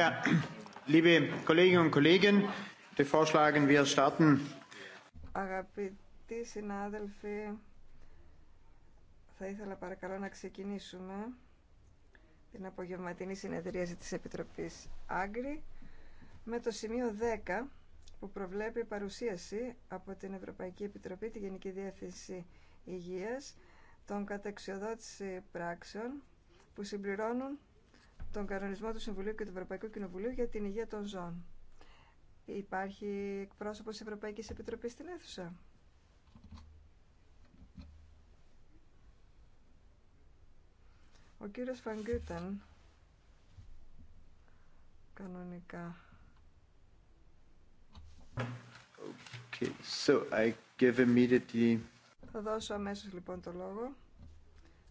Ja, liebe Kolleginnen und Αγαπητοί συνάδελφοι, θα ήθελα παρακαλώ να ξεκινήσουμε την απογευματινή συνεδρίαση της Επιτροπής Άγκρη με το σημείο 10 που προβλέπει παρουσίαση από την Ευρωπαϊκή Επιτροπή, τη Γενική Διεύθυνση Υγείας, των κατεξιοδότηση πράξεων που συμπληρώνουν τον κανονισμό του Συμβουλίου και του Ευρωπαϊκού Κοινοβουλίου για την υγεία των ζώων. Υπάρχει εκπρόσωπο της Ευρωπαϊκή Επιτροπή στην αίθουσα. Ο κύριος Φαγκούτεν, κανονικά. Okay, so I give immediately... Θα δώσω αμέσως λοιπόν το λόγο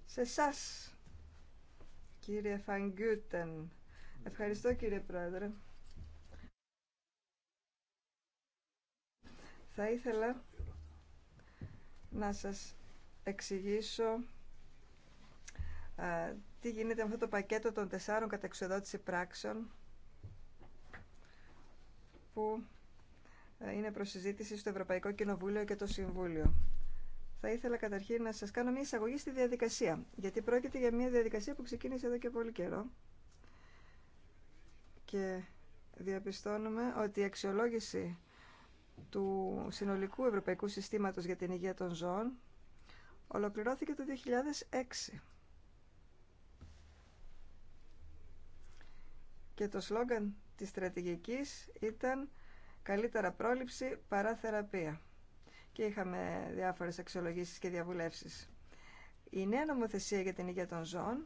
σε εσάς κύριε Φανγκούτεν, Ευχαριστώ κύριε Πρόεδρε. Θα ήθελα να σας εξηγήσω τι γίνεται με αυτό το πακέτο των τεσσάρων κατεξοδότηση πράξεων που ε, είναι προσυζήτηση στο Ευρωπαϊκό Κοινοβούλιο και το Συμβούλιο. Θα ήθελα καταρχήν να σας κάνω μια εισαγωγή στη διαδικασία, γιατί πρόκειται για μια διαδικασία που ξεκίνησε εδώ και πολύ καιρό και διαπιστώνουμε ότι η αξιολόγηση του συνολικού ευρωπαϊκού συστήματος για την υγεία των ζώων ολοκληρώθηκε το 2006. Και το σλόγγαν της στρατηγικής ήταν «Καλύτερα πρόληψη παρά θεραπεία» και είχαμε διάφορες αξιολογήσεις και διαβουλεύσεις. Η νέα νομοθεσία για την υγεία των ζώων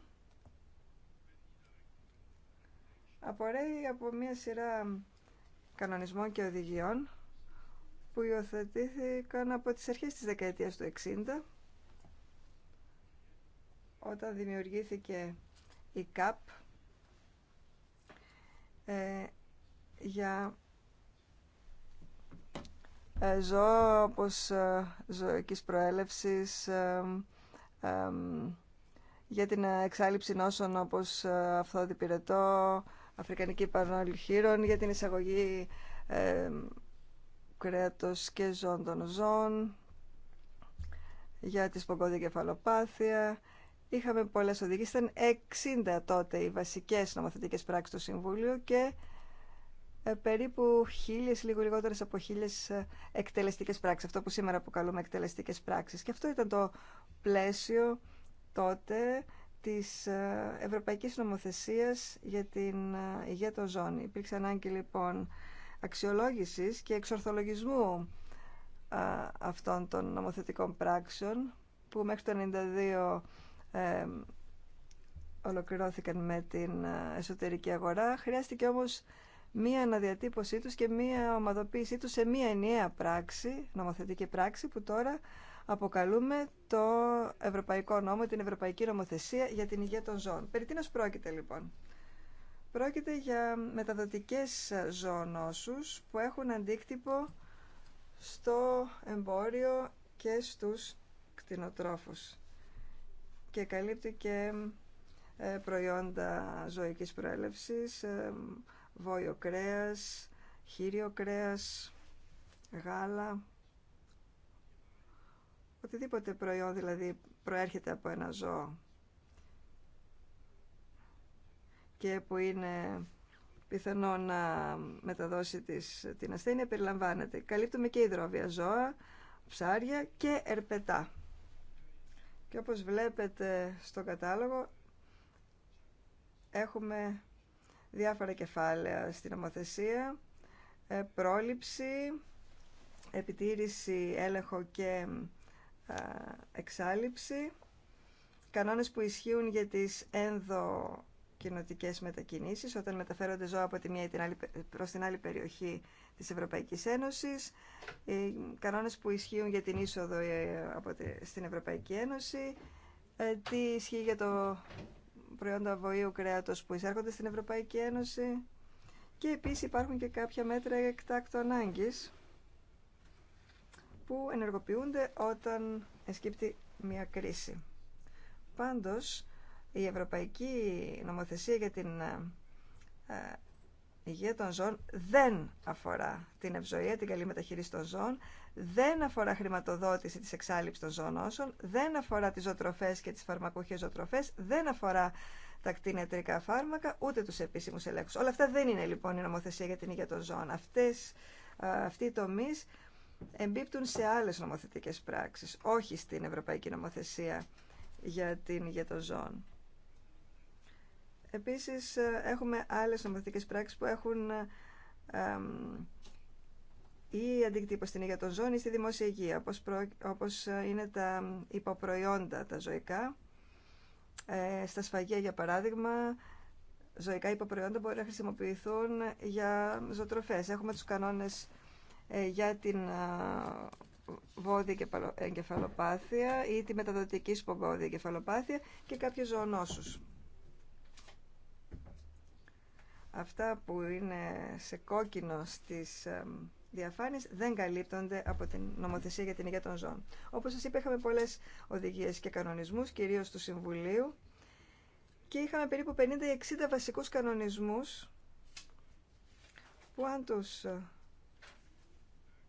απορρέει από μια σειρά κανονισμών και οδηγιών που υιοθετήθηκαν από τις αρχές της δεκαετίας του 60 όταν δημιουργήθηκε η ΚΑΠ ε, για ε, Ζώο, όπως ε, ζωικής προέλευσης, ε, για την εξάλληψη νόσων όπως αυθόδη πυρετό, αφρικανική παρνόλη χείρων, για την εισαγωγή κρέατος και ζών των ζώων, για τη σπογκώδη κεφαλοπάθεια. Είχαμε πολλές οδηγίες, ήταν 60 τότε οι βασικές νομοθετικές πράξεις του Συμβούλιο και ε, περίπου χίλιε λίγο λιγότερες από χίλιε ε, εκτελεστικές πράξεις, αυτό που σήμερα αποκαλούμε εκτελεστικές πράξεις. Και αυτό ήταν το πλαίσιο τότε της ε, Ευρωπαϊκής Νομοθεσίας για την υγεία των ζώων. Υπήρξε ανάγκη λοιπόν αξιολόγηση και εξορθολογισμού αυτών των νομοθετικών πράξεων που μέχρι το 1992 ε, ολοκληρώθηκαν με την εσωτερική αγορά. Χρειάστηκε όμως μία αναδιατύπωσή τους και μία ομαδοποίησή τους σε μία ενιαία πράξη, νομοθετική πράξη που τώρα αποκαλούμε το Ευρωπαϊκό Νόμο, την Ευρωπαϊκή Νομοθεσία για την Υγεία των Ζώων. Περί τίνος πρόκειται λοιπόν. Πρόκειται για μεταδοτικές ζωονόσους που έχουν αντίκτυπο στο εμπόριο και στους κτηνοτρόφους και καλύπτει και ε, προϊόντα ζωικής προέλευσης, ε, βόλιο κρέας, χείριο κρέας, γάλα, οτιδήποτε προϊόν δηλαδή προέρχεται από ένα ζώο και που είναι πιθανό να μεταδώσει τις, την ασθένεια περιλαμβάνεται. Καλύπτουμε και υδρόβια ζώα, ψάρια και ερπετά. Και όπως βλέπετε στο κατάλογο έχουμε διάφορα κεφάλαια στην νομοθεσία, ε, πρόληψη, επιτήρηση, έλεγχο και εξάλληψη, κανόνες που ισχύουν για τις ενδοκοινοτικές μετακινήσεις, όταν μεταφέρονται ζώα από τη μία την άλλη, προς την άλλη περιοχή της Ευρωπαϊκής Ένωσης, ε, κανόνες που ισχύουν για την είσοδο ε, από στην Ευρωπαϊκή Ένωση, τι ισχύει για το προϊόντα βοήου κρέατος που εισέρχονται στην Ευρωπαϊκή Ένωση και επίσης υπάρχουν και κάποια μέτρα εκτάκτου ανάγκης που ενεργοποιούνται όταν εσκύπτει μια κρίση. Πάντως, η Ευρωπαϊκή Νομοθεσία για την ε, ε, υγεία των ζώων δεν αφορά την ευζοία, την καλή μεταχείριση των ζώων, δεν αφορά χρηματοδότηση της εξάλληψης των ζωνώσεων, δεν αφορά τις ζωτροφές και τις φαρμακοχές ζωοτροφές, δεν αφορά τα κτηνιατρικά φάρμακα, ούτε τους επίσημους ελέγχους. Όλα αυτά δεν είναι λοιπόν η νομοθεσία για την υγεία των ζώων. Αυτές, αυτοί οι τομείς εμπίπτουν σε άλλες νομοθετικές πράξεις, όχι στην Ευρωπαϊκή Νομοθεσία για την υγεία των ζώων. Επίσης, ε, έχουμε άλλες νομοθετικές πράξεις που έχουν ε, ή αντίκτυπο στην υγεία των ζώων ή στη δημόσια υγεία, όπως, ε, είναι τα υποπροϊόντα τα ζωικά. Ε, στα σφαγεία, για παράδειγμα, ζωικά υποπροϊόντα μπορεί να χρησιμοποιηθούν για ζωτροφές. Έχουμε τους κανόνες ε, για την βόδια εγκεφαλοπάθεια ή τη μεταδοτική σπογγόδια εγκεφαλοπάθεια και κάποιες ζωονόσους. Αυτά που είναι σε κόκκινο στις δεν καλύπτονται από την νομοθεσία για την υγεία των ζώων. Όπως σας είπα, είχαμε πολλές οδηγίες και κανονισμούς, κυρίως του Συμβουλίου, και είχαμε περίπου 50-60 βασικούς κανονισμούς που αν τους ε,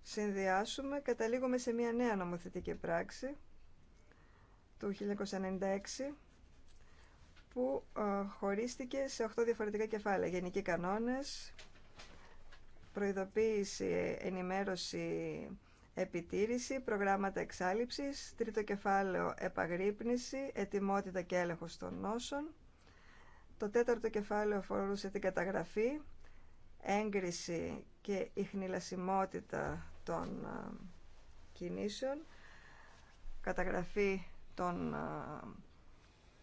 συνδυάσουμε καταλήγουμε σε μια νέα νομοθετική πράξη του 1996 που ε, χωρίστηκε σε 8 διαφορετικά κεφάλαια. Γενικοί κανόνες, προειδοποίηση, ενημέρωση, επιτήρηση, προγράμματα εξάλληψης, τρίτο κεφάλαιο επαγρύπνηση, ετοιμότητα και έλεγχος των νόσων. Το τέταρτο κεφάλαιο αφορούσε την καταγραφή, έγκριση και ηχνηλασιμότητα των κινήσεων, καταγραφή των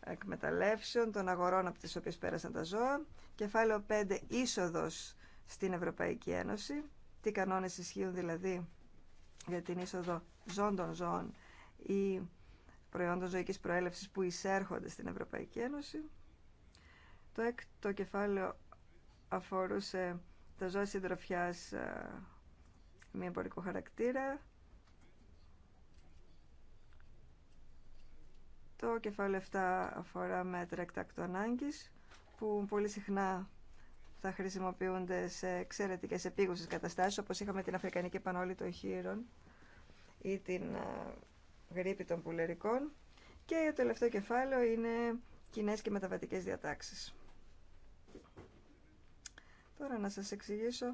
εκμεταλλεύσεων, των αγορών από τις οποίες πέρασαν τα ζώα. Κεφάλαιο 5. Είσοδος στην Ευρωπαϊκή Ένωση, τι κανόνες ισχύουν δηλαδή για την είσοδο ζών των ζώων ή προϊόντων ζωικής προέλευσης που εισέρχονται στην Ευρωπαϊκή Ένωση. Το έκτο κεφάλαιο αφορούσε τα ζώα συντροφιάς ε, μη εμπορικού χαρακτήρα. Το κεφάλαιο 7 αφορά μέτρα εκτάκτου ανάγκης που πολύ συχνά θα χρησιμοποιούνται σε εξαιρετικέ επίγουσε καταστάσει, όπω είχαμε την Αφρικανική Πανόλη των Χείρων ή την ε, γρήπη των πουλερικών. Και το τελευταίο κεφάλαιο είναι κοινέ και μεταβατικέ διατάξει. Τώρα να σας εξηγήσω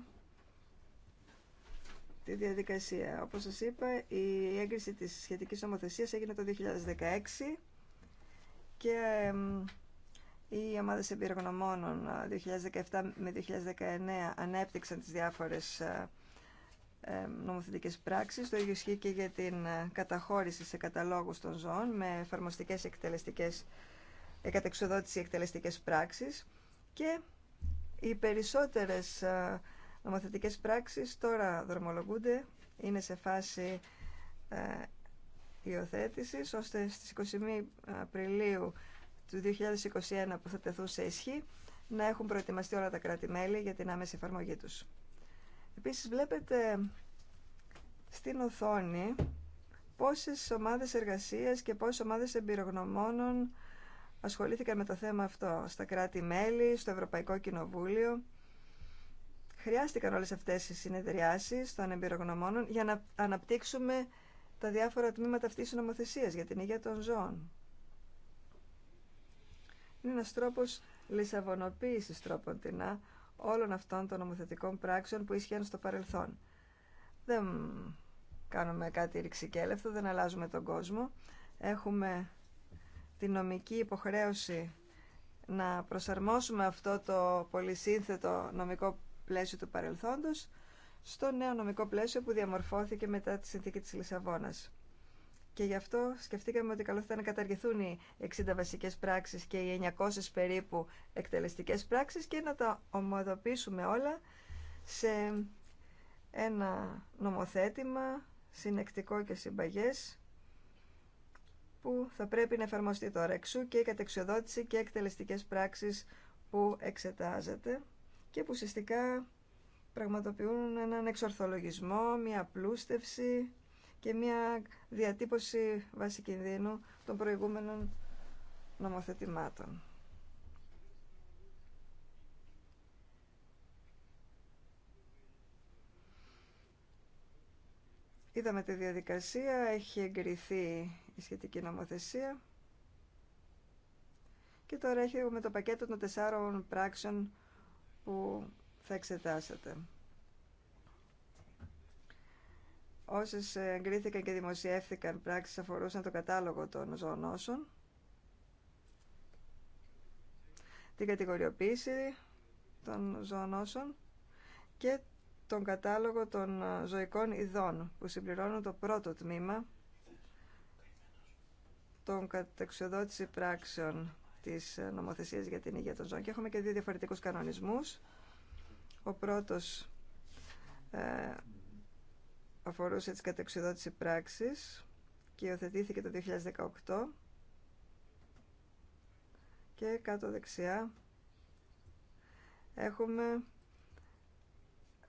τη διαδικασία. Όπως σας είπα, η έγκριση της σχετικής νομοθεσίας έγινε το 2016 και οι ομάδε εμπειρογνωμόνων 2017 ε, με 2019 ανέπτυξαν τις διάφορες ε, ε, νομοθετικές πράξεις. Το ίδιο ισχύει και για την καταχώρηση σε καταλόγους των ζώων με εφαρμοστικέ εκτελεστικέ εκατεξοδότηση εκτελεστικές πράξεις και οι περισσότερες νομοθετικές πράξεις τώρα δρομολογούνται, είναι σε φάση υιοθέτηση ώστε στι 21 Απριλίου του 2021 που θα τεθούν σε ισχύ να έχουν προετοιμαστεί όλα τα κράτη-μέλη για την άμεση εφαρμογή τους. Επίσης βλέπετε στην οθόνη πόσες ομάδες εργασίας και πόσες ομάδες εμπειρογνωμόνων ασχολήθηκαν με το θέμα αυτό στα κράτη-μέλη, στο Ευρωπαϊκό Κοινοβούλιο. Χρειάστηκαν όλες αυτές οι συνεδριάσεις των εμπειρογνωμόνων για να αναπτύξουμε τα διάφορα τμήματα αυτής της νομοθεσίας για την υγεία των ζώων είναι ένας τρόπος λισαβονοποίησης τρόπον τεινά όλων αυτών των νομοθετικών πράξεων που ίσχυαν στο παρελθόν. Δεν κάνουμε κάτι ρηξικέλευτο, δεν αλλάζουμε τον κόσμο. Έχουμε τη νομική υποχρέωση να προσαρμόσουμε αυτό το πολυσύνθετο νομικό πλαίσιο του παρελθόντος στο νέο νομικό πλαίσιο που διαμορφώθηκε μετά τη συνθήκη της Λισαβόνας. Και γι' αυτό σκεφτήκαμε ότι καλό θα ήταν να καταργηθούν οι 60 βασικές πράξεις και οι 900 περίπου εκτελεστικές πράξεις και να τα ομοδοποιήσουμε όλα σε ένα νομοθέτημα συνεκτικό και συμπαγές που θα πρέπει να εφαρμοστεί τώρα εξού και η κατεξοδότηση και εκτελεστικές πράξεις που εξετάζεται και που ουσιαστικά πραγματοποιούν έναν εξορθολογισμό, μια πλούστευση και μια διατύπωση βάση κινδύνου των προηγούμενων νομοθετημάτων. Είδαμε τη διαδικασία, έχει εγκριθεί η σχετική νομοθεσία και τώρα με το πακέτο των τεσσάρων πράξεων που θα εξετάσετε. όσες εγκρίθηκαν και δημοσιεύθηκαν πράξεις αφορούσαν το κατάλογο των ζωονόσων, την κατηγοριοποίηση των ζωονόσων και τον κατάλογο των ζωικών ειδών που συμπληρώνουν το πρώτο τμήμα των κατεξοδότηση πράξεων της νομοθεσίας για την υγεία των ζώων. Και έχουμε και δύο διαφορετικούς κανονισμούς. Ο πρώτος ε, αφορούσε τις κατεξοδότηση πράξης και υιοθετήθηκε το 2018 και κάτω δεξιά έχουμε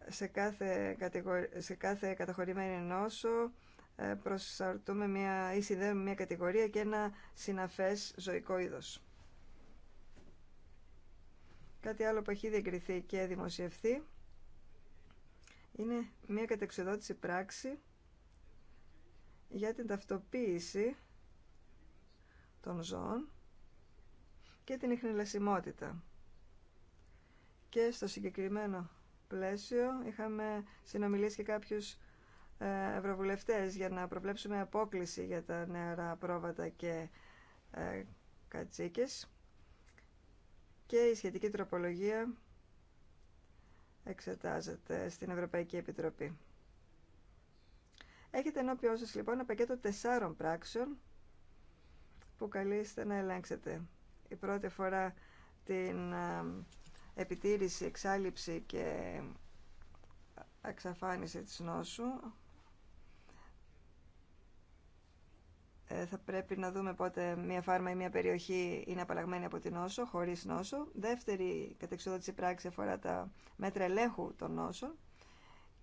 σε κάθε, σε κάθε καταχωρημένη νόσο ε, προσαρτούμε μια... ή συνδέουμε μια κατηγορία και ένα συναφές ζωικό είδος. Κάτι άλλο που έχει διεγκριθεί και δημοσιευθεί είναι μια κατεξοδότηση πράξη για την ταυτοποίηση των ζώων και την ειχνηλασιμότητα. Και στο συγκεκριμένο πλαίσιο είχαμε συνομιλήσει και κάποιους ε, ευρωβουλευτές για να προβλέψουμε απόκληση για τα νεαρά πρόβατα και ε, κατσίκες και η σχετική τροπολογία εξετάζεται στην Ευρωπαϊκή Επιτροπή. Έχετε ενώπιό σας λοιπόν ένα πακέτο τεσσάρων πράξεων που καλείστε να ελέγξετε. Η πρώτη φορά την επιτήρηση, εξάλληψη και εξαφάνιση της νόσου Ε, θα πρέπει να δούμε πότε μια φάρμα ή μια περιοχή είναι απαλλαγμένη από την νόσο, χωρίς νόσο. Δεύτερη κατεξοδότηση πράξη αφορά τα μέτρα ελέγχου των νόσων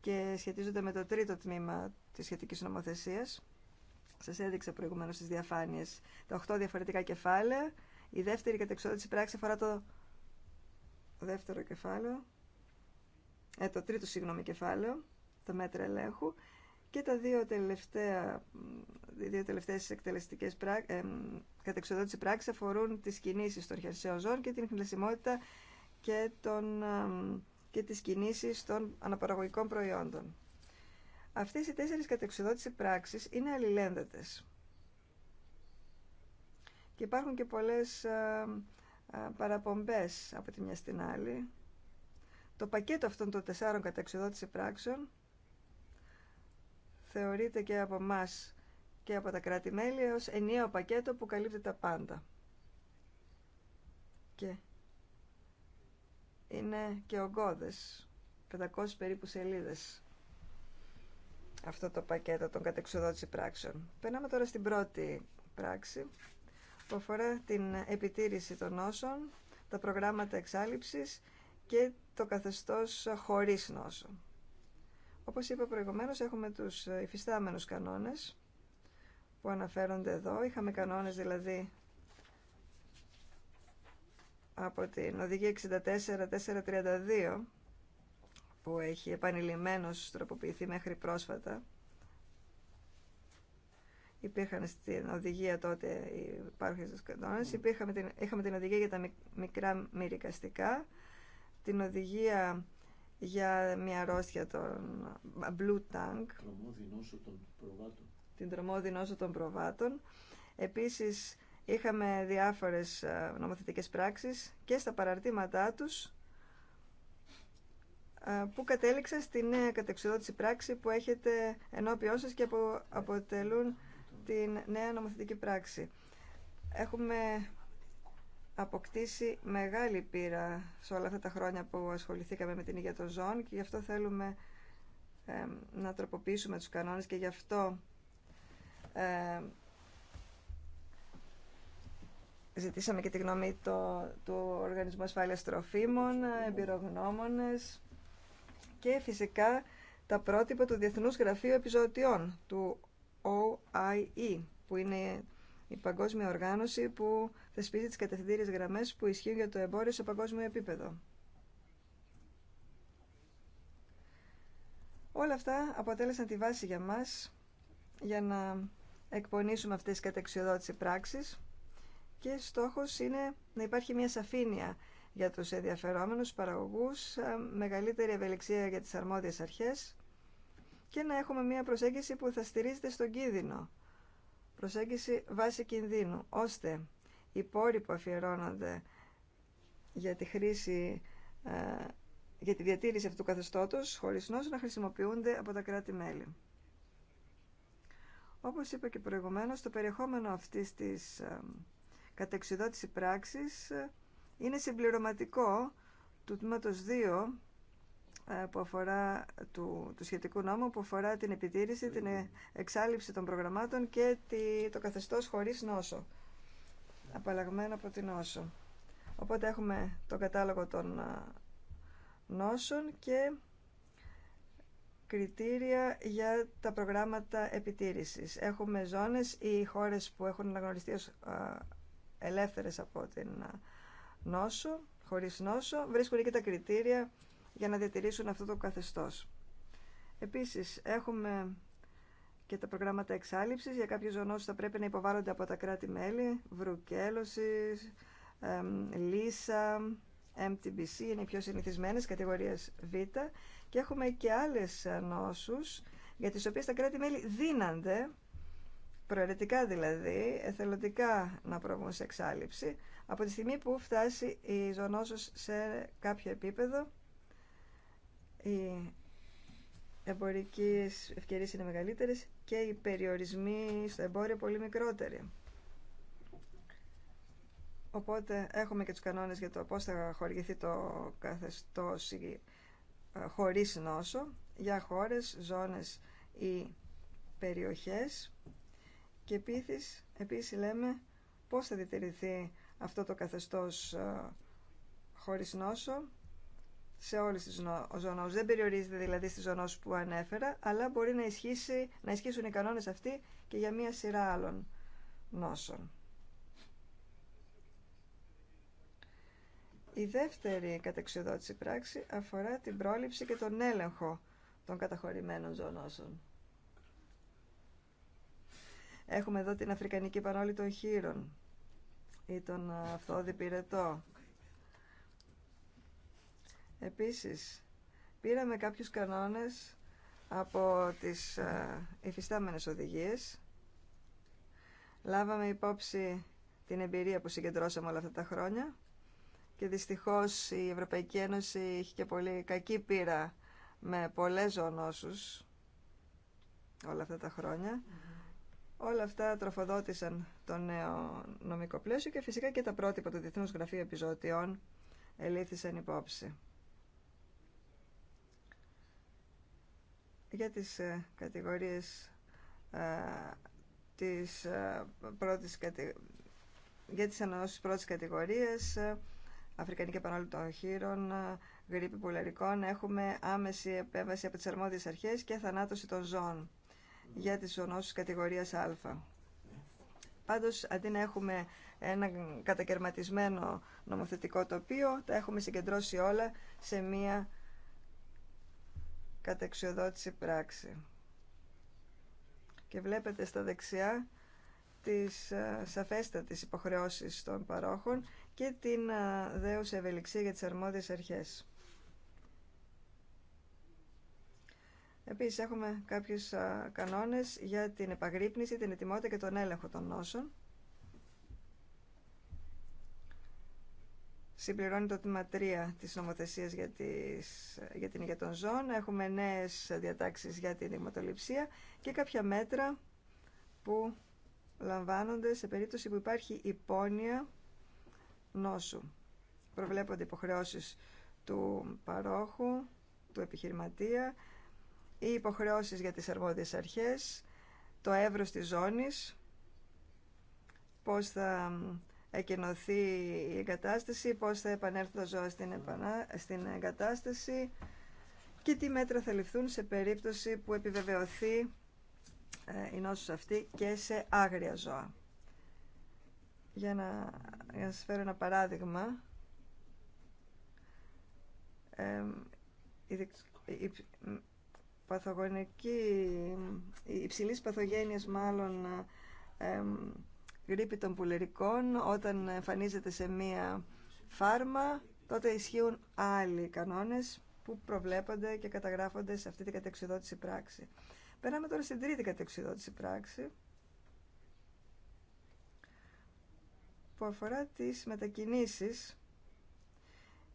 και σχετίζονται με το τρίτο τμήμα της σχετικής νομοθεσία. Σας έδειξα προηγουμένως τις διαφάνειες τα οχτώ διαφορετικά κεφάλαια. Η δεύτερη κατεξοδότηση πράξη αφορά το δεύτερο κεφάλαιο, ε, το τρίτο συγγνώμη κεφάλαιο, τα μέτρα ελέγχου και τα δύο τελευταία, οι δύο τελευταίες εκτελεστικές πράξεις κατεξοδότηση πράξη αφορούν τις κινήσεις των χερσαίων ζώων και την χρησιμότητα και, και τις κινήσεις των αναπαραγωγικών προϊόντων. Αυτές οι τέσσερις κατεξοδότηση πράξεις είναι αλληλένδετες. Και υπάρχουν και πολλές παραπομπές από τη μια στην άλλη. Το πακέτο αυτών των τεσσάρων κατεξοδότηση πράξεων θεωρείται και από εμά και από τα κράτη-μέλη ως ενιαίο πακέτο που καλύπτει τα πάντα. Και είναι και ογκώδες, 500 περίπου σελίδες αυτό το πακέτο των κατεξοδότηση πράξεων. Περνάμε τώρα στην πρώτη πράξη που αφορά την επιτήρηση των νόσων, τα προγράμματα εξάλληψης και το καθεστώς χωρίς νόσο. Όπως είπα προηγουμένως, έχουμε τους ε, υφιστάμενους κανόνες που αναφέρονται εδώ. Είχαμε κανόνες δηλαδή από την Οδηγία 64-432 που έχει επανειλημμένως τροποποιηθεί μέχρι πρόσφατα. Υπήρχαν στην οδηγία τότε οι υπάρχοντες κανόνες. Υπήρχαμε την, είχαμε την οδηγία για τα μικρά μυρικαστικά, την οδηγία για μια αρρώστια των Blue Tank, την τρομόδη νόσο των προβάτων. Επίσης, είχαμε διάφορες νομοθετικές πράξεις και στα παραρτήματά τους που κατέληξαν στη νέα κατεξοδότηση πράξη που έχετε ενώπιόν σας και που αποτελούν την νέα νομοθετική πράξη. Έχουμε αποκτήσει μεγάλη πείρα σε όλα αυτά τα χρόνια που ασχοληθήκαμε με την υγεία των ζώων και γι' αυτό θέλουμε να τροποποιήσουμε τους κανόνες και γι' αυτό ζητήσαμε και τη γνώμη το, του Οργανισμού Ασφάλειας Τροφίμων, εμπειρογνώμονες και φυσικά τα πρότυπα του Διεθνούς Γραφείου Επιζωτιών, του OIE, που είναι η παγκόσμια οργάνωση που θεσπίζει τις κατευθυντήριες γραμμές που ισχύουν για το εμπόριο σε παγκόσμιο επίπεδο. Όλα αυτά αποτέλεσαν τη βάση για μας για να εκπονήσουμε αυτές τις καταξιοδότησες πράξεις και στόχος είναι να υπάρχει μια σαφήνεια για τους ενδιαφερόμενους παραγωγούς, ε, μεγαλύτερη ευελιξία για τις αρμόδιες αρχές και να έχουμε μια προσέγγιση που θα στηρίζεται στον κίνδυνο προσέγγιση βάση κινδύνου, ώστε οι πόροι που αφιερώνονται για τη χρήση ε, για τη διατήρηση αυτού του καθεστώτος χωρίς νόσο να χρησιμοποιούνται από τα κράτη-μέλη. Όπως είπα και προηγουμένως, το περιεχόμενο αυτής της ε, κατεξιδότηση πράξης ε, είναι συμπληρωματικό του τμήματος 2 ε, που αφορά του, σχετικού νόμου που αφορά την επιτήρηση, την εξάλληψη των προγραμμάτων και το καθεστώς χωρίς νόσο, απαλλαγμένο από την νόσο. Οπότε έχουμε το κατάλογο των ε, νόσων και κριτήρια για τα προγράμματα επιτήρησης. Έχουμε ζώνες ή χώρες που έχουν αναγνωριστεί ως ε, ελεύθερες από την νόσο, χωρίς νόσο. Βρίσκουν και τα κριτήρια για να διατηρήσουν αυτό το καθεστώς. Επίσης, έχουμε και τα προγράμματα εξάλληψης. Για κάποιες ζωνώσεις θα πρέπει να υποβάλλονται από τα κράτη-μέλη, βρουκέλωση, λύσα, MTBC, είναι οι πιο συνηθισμένες κατηγορίες Β. Και έχουμε και άλλες νόσους, για τις οποίες τα κράτη-μέλη δίνανται, προαιρετικά δηλαδή, εθελοντικά να προβούν σε εξάλληψη, από τη στιγμή που φτάσει η ζωνόσος σε κάποιο επίπεδο οι εμπορικέ ευκαιρίε είναι μεγαλύτερε και οι περιορισμοί στο εμπόριο πολύ μικρότεροι. Οπότε έχουμε και τους κανόνες για το πώς θα χορηγηθεί το καθεστώς ε, χωρίς νόσο για χώρες, ζώνες ή περιοχές και επίσης, επίσης λέμε πώς θα διατηρηθεί αυτό το καθεστώς ε, χωρίς νόσο σε όλε τι ζωνώσεις. Δεν περιορίζεται δηλαδή στι ζωνώσεις που ανέφερα, αλλά μπορεί να, ισχύσει, να ισχύσουν οι κανόνε αυτοί και για μία σειρά άλλων νόσων. Η δεύτερη κατεξοδότηση πράξη αφορά την πρόληψη και τον έλεγχο των καταχωρημένων ζωνώσεων. Έχουμε εδώ την Αφρικανική Πανόλη των Χείρων ή τον ε, αυτόδη Πυρετό Επίσης, πήραμε κάποιους κανόνες από τις ε, υφιστάμενες οδηγίες. Λάβαμε υπόψη την εμπειρία που συγκεντρώσαμε όλα αυτά τα χρόνια και δυστυχώς η Ευρωπαϊκή Ένωση είχε και πολύ κακή πείρα με πολλές ζωονόσους όλα αυτά τα χρόνια. Mm-hmm. Όλα αυτά τροφοδότησαν το νέο νομικό πλαίσιο και φυσικά και τα πρότυπα του Διεθνούς Γραφείου Επιζωτιών ελήφθησαν υπόψη. για τις ε, κατηγορίες ε, της ε, πρώτης για τις ανανώσεις πρώτης κατηγορίας Αφρικανική Επανόλη των Χείρων γρήπη πουλερικών έχουμε άμεση επέμβαση από τις αρμόδιες αρχές και θανάτωση των ζώων για τις ζωνώσεις κατηγορίας Α. Πάντως, αντί να έχουμε ένα κατακαιρματισμένο νομοθετικό τοπίο, τα έχουμε συγκεντρώσει όλα σε μία εξοδότηση πράξη. Και βλέπετε στα δεξιά τις ε, σαφέστατες υποχρεώσεις των παρόχων και την ε, δέουσα ευελιξία για τις αρμόδιες αρχές. Επίσης έχουμε κάποιους ε, κανόνες για την επαγρύπνηση, την ετοιμότητα και τον έλεγχο των νόσων. συμπληρώνει το τμήμα 3 της νομοθεσίας για, τις, για την υγεία των ζώων. Έχουμε νέες διατάξεις για την δειγματοληψία και κάποια μέτρα που λαμβάνονται σε περίπτωση που υπάρχει υπόνοια νόσου. Προβλέπονται υποχρεώσεις του παρόχου, του επιχειρηματία, ή υποχρεώσεις για τις αρμόδιες αρχές, το εύρος της ζώνης, πώς θα εκενωθεί η εγκατάσταση, πώς θα επανέλθουν τα ζώα στην, στην εγκατάσταση και τι μέτρα θα ληφθούν σε περίπτωση που επιβεβαιωθεί ε, η νόσος αυτή και σε άγρια ζώα. Για να, για να σας φέρω ένα παράδειγμα, η παθογονική, η υψηλής παθογένειας μάλλον ε, γρήπη των πουλερικών όταν εμφανίζεται σε μία φάρμα τότε ισχύουν άλλοι κανόνες που προβλέπονται και καταγράφονται σε αυτή την κατεξοδότηση πράξη. Περνάμε τώρα στην τρίτη κατεξοδότηση πράξη που αφορά τις μετακινήσεις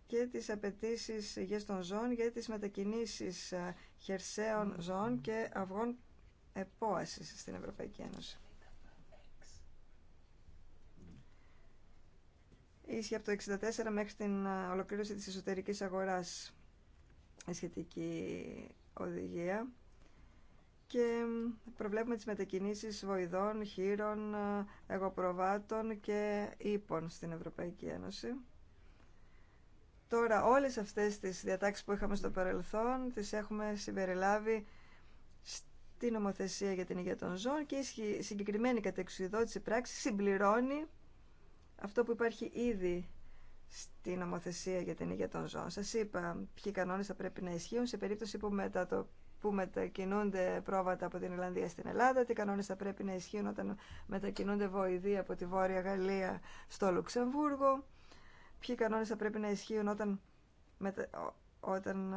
και τις απαιτήσεις υγείας των ζώων για τις μετακινήσεις ε, χερσαίων ζώων και αυγών επόασης στην Ευρωπαϊκή Ένωση. ίσχυε από το 1964 μέχρι την ε, ολοκλήρωση της εσωτερικής αγοράς η σχετική οδηγία και προβλέπουμε τις μετακινήσεις βοηδών, χείρων, ε, εγωπροβάτων και ύπων στην Ευρωπαϊκή Ένωση. Τώρα όλες αυτές τις διατάξεις που είχαμε στο παρελθόν τις έχουμε συμπεριλάβει στην νομοθεσία για την υγεία των ζώων και η συγκεκριμένη κατεξουδότηση πράξη συμπληρώνει αυτό που υπάρχει ήδη στην νομοθεσία για την υγεία των ζώων. Σας είπα ποιοι κανόνες θα πρέπει να ισχύουν σε περίπτωση που, μετα που μετακινούνται πρόβατα από την Ιρλανδία στην Ελλάδα, τι κανόνες θα πρέπει να ισχύουν όταν μετακινούνται βοηδοί από τη Βόρεια Γαλλία στο Λουξεμβούργο, ποιοι κανόνες θα πρέπει να ισχύουν όταν, μετα, όταν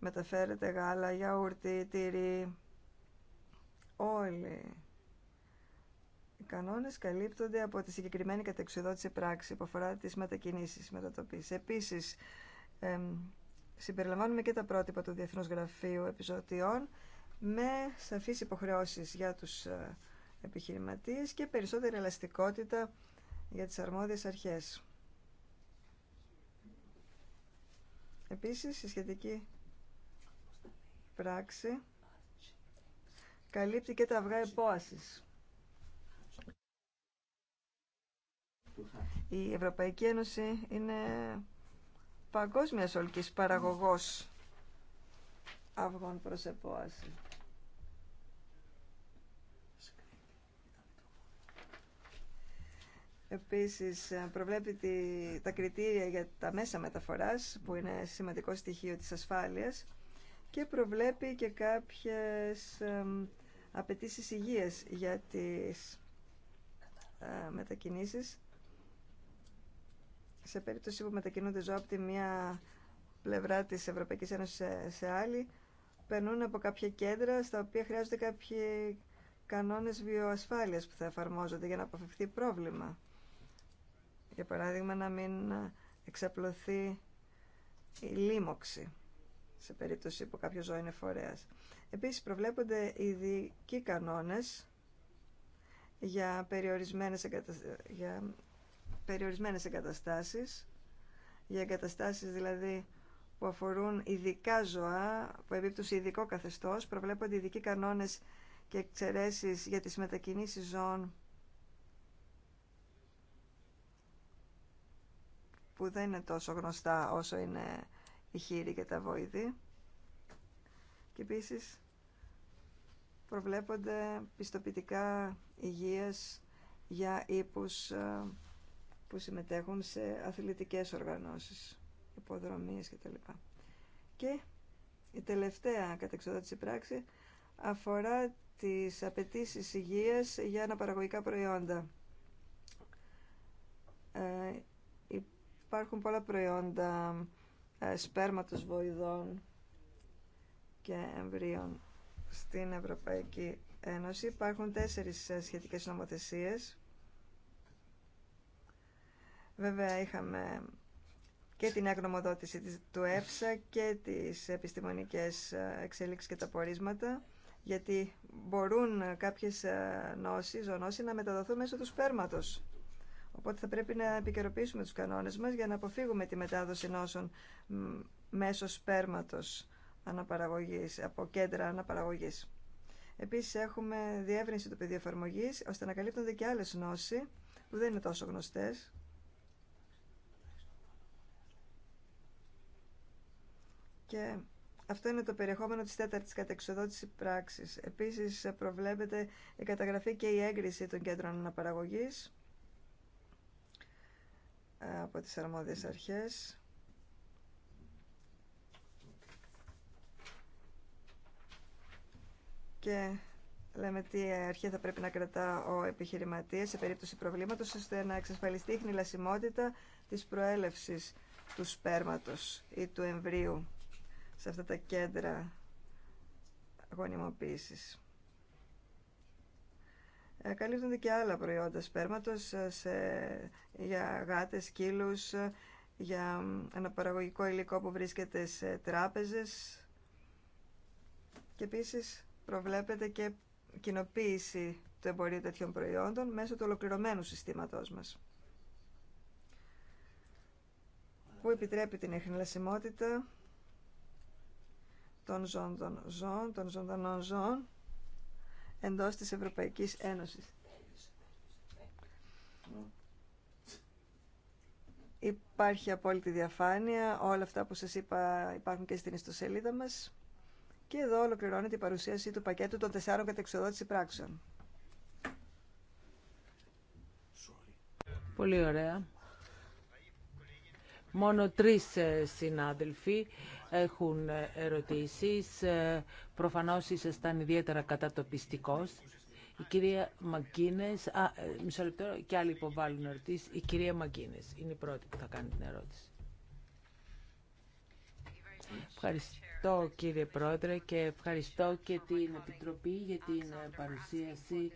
μεταφέρεται γάλα, γιαούρτι, τυρί, όλοι οι κανόνες καλύπτονται από τη συγκεκριμένη κατεξοδότηση πράξη που αφορά τις μετακινήσεις, μετατοπής. Επίσης, συμπεριλαμβάνουμε και τα πρότυπα του Διεθνούς Γραφείου Επιζωτιών με σαφείς υποχρεώσεις για τους ε, επιχειρηματίες και περισσότερη ελαστικότητα για τις αρμόδιες αρχές. Επίσης, η σχετική πράξη καλύπτει και τα αυγά επόασης. Η Ευρωπαϊκή Ένωση είναι παγκόσμια ολική παραγωγός αυγών προς επόαση. Επίσης, ε, προβλέπει τα κριτήρια για τα μέσα μεταφοράς, που είναι σημαντικό στοιχείο της ασφάλειας, και προβλέπει και κάποιες απαιτήσει υγείας για τις ε, μετακινήσεις σε περίπτωση που μετακινούνται ζώα από τη μία πλευρά της Ευρωπαϊκής Ένωσης σε άλλη, περνούν από κάποια κέντρα στα οποία χρειάζονται κάποιοι κανόνες βιοασφάλειας που θα εφαρμόζονται για να αποφευθεί πρόβλημα. Για παράδειγμα, να μην εξαπλωθεί η λίμωξη σε περίπτωση που κάποιο ζώο είναι φορέας. Επίσης, προβλέπονται ειδικοί κανόνες για περιορισμένες, για περιορισμένες εγκαταστάσεις, για εγκαταστάσεις δηλαδή που αφορούν ειδικά ζώα, που επίπτωση ειδικό καθεστώς, προβλέπονται ειδικοί κανόνες και εξαιρέσεις για τις μετακινήσεις ζώων που δεν είναι τόσο γνωστά όσο είναι η χείρη και τα βοηδή. Και επίσης προβλέπονται πιστοποιητικά υγείας για ύπους ε, που συμμετέχουν σε αθλητικές οργανώσεις, υποδρομίες κτλ. Και η τελευταία κατεξοδότηση πράξη αφορά τις απαιτήσει υγείας για αναπαραγωγικά προϊόντα. Ε, υπάρχουν πολλά προϊόντα ε, σπέρματος βοηδών και εμβρίων στην Ευρωπαϊκή Ένωση. Υπάρχουν τέσσερις ε, σχετικές νομοθεσίες Βέβαια είχαμε και την αγνομοδότηση του ΕΦΣΑ και τις επιστημονικές ε, εξέλιξεις και τα πορίσματα, γιατί μπορούν ε, κάποιες ε, νόσεις, ζωνώσεις, να μεταδοθούν μέσω του σπέρματος. Οπότε θα πρέπει να επικαιροποιήσουμε τους κανόνες μας για να αποφύγουμε τη μετάδοση νόσων μέσω σπέρματος αναπαραγωγής, από κέντρα αναπαραγωγής. Επίσης έχουμε διεύρυνση του πεδίου εφαρμογή ώστε να καλύπτονται και άλλες νόσοι που δεν είναι τόσο γνωστές Και αυτό είναι το περιεχόμενο της τέταρτης κατεξοδότησης πράξης. Επίσης προβλέπεται η καταγραφή και η έγκριση των κέντρων αναπαραγωγής ε, από τις αρμόδιες αρχές. Και λέμε τι αρχή θα πρέπει να κρατά ο επιχειρηματίας σε περίπτωση προβλήματος ώστε να εξασφαλιστεί η χνηλασιμότητα της προέλευσης του σπέρματος ή του εμβρίου σε αυτά τα κέντρα γονιμοποίησης. Ε, καλύπτονται και άλλα προϊόντα σπέρματος ε, για γάτες, σκύλους, ε, για ένα παραγωγικό υλικό που βρίσκεται σε τράπεζες και επίσης προβλέπεται και κοινοποίηση του εμπορίου τέτοιων προϊόντων μέσω του ολοκληρωμένου συστήματός μας που επιτρέπει την εχνηλασιμότητα των ζώων των ζώων, των ζωντανών ζώων εντός της Ευρωπαϊκής Ένωσης. Υπάρχει απόλυτη διαφάνεια, όλα αυτά που σας είπα υπάρχουν και στην ιστοσελίδα μας. Και εδώ ολοκληρώνεται η παρουσίαση του πακέτου των τεσσάρων κατεξοδότηση πράξεων. Πολύ ωραία. Μόνο τρεις ε, συνάδελφοι έχουν ερωτήσεις. Ε, προφανώς ήσασταν ιδιαίτερα κατατοπιστικός. Η κυρία Μαγκίνες, α, ε, μισό λεπτό, και άλλοι υποβάλλουν ερωτήσεις. Η κυρία Μαγκίνες είναι η πρώτη που θα κάνει την ερώτηση. Ευχαριστώ κύριε Πρόεδρε και ευχαριστώ και την Επιτροπή για την παρουσίαση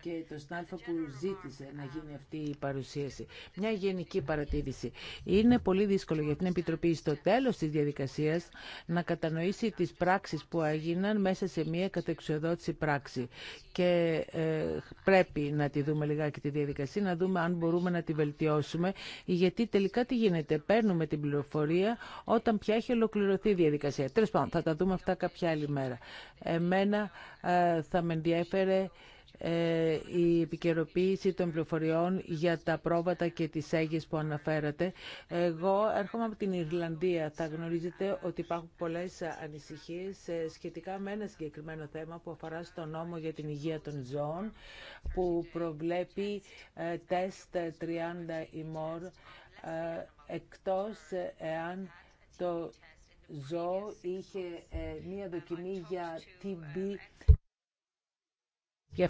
και το συνάδελφο που ζήτησε να γίνει αυτή η παρουσίαση. Μια γενική παρατήρηση. Είναι πολύ δύσκολο για την Επιτροπή στο τέλος της διαδικασίας να κατανοήσει τις πράξεις που έγιναν μέσα σε μια κατεξοδότηση πράξη. Και ε, πρέπει να τη δούμε λιγάκι τη διαδικασία, να δούμε αν μπορούμε να τη βελτιώσουμε, γιατί τελικά τι γίνεται. Παίρνουμε την πληροφορία όταν πια έχει ολοκληρωθεί η διαδικασία. Τέλο πάντων, θα τα δούμε αυτά κάποια άλλη μέρα. Εμένα ε, θα με ενδιέφερε ε, η επικαιροποίηση των πληροφοριών για τα πρόβατα και τις έγιες που αναφέρατε. Εγώ έρχομαι από την Ιρλανδία. Θα γνωρίζετε ότι υπάρχουν πολλές ανησυχίες ε, σχετικά με ένα συγκεκριμένο θέμα που αφορά στο νόμο για την υγεία των ζώων που προβλέπει ε, τεστ 30 ημών εκτός εάν το ζώο είχε μία δοκιμή για TB ε,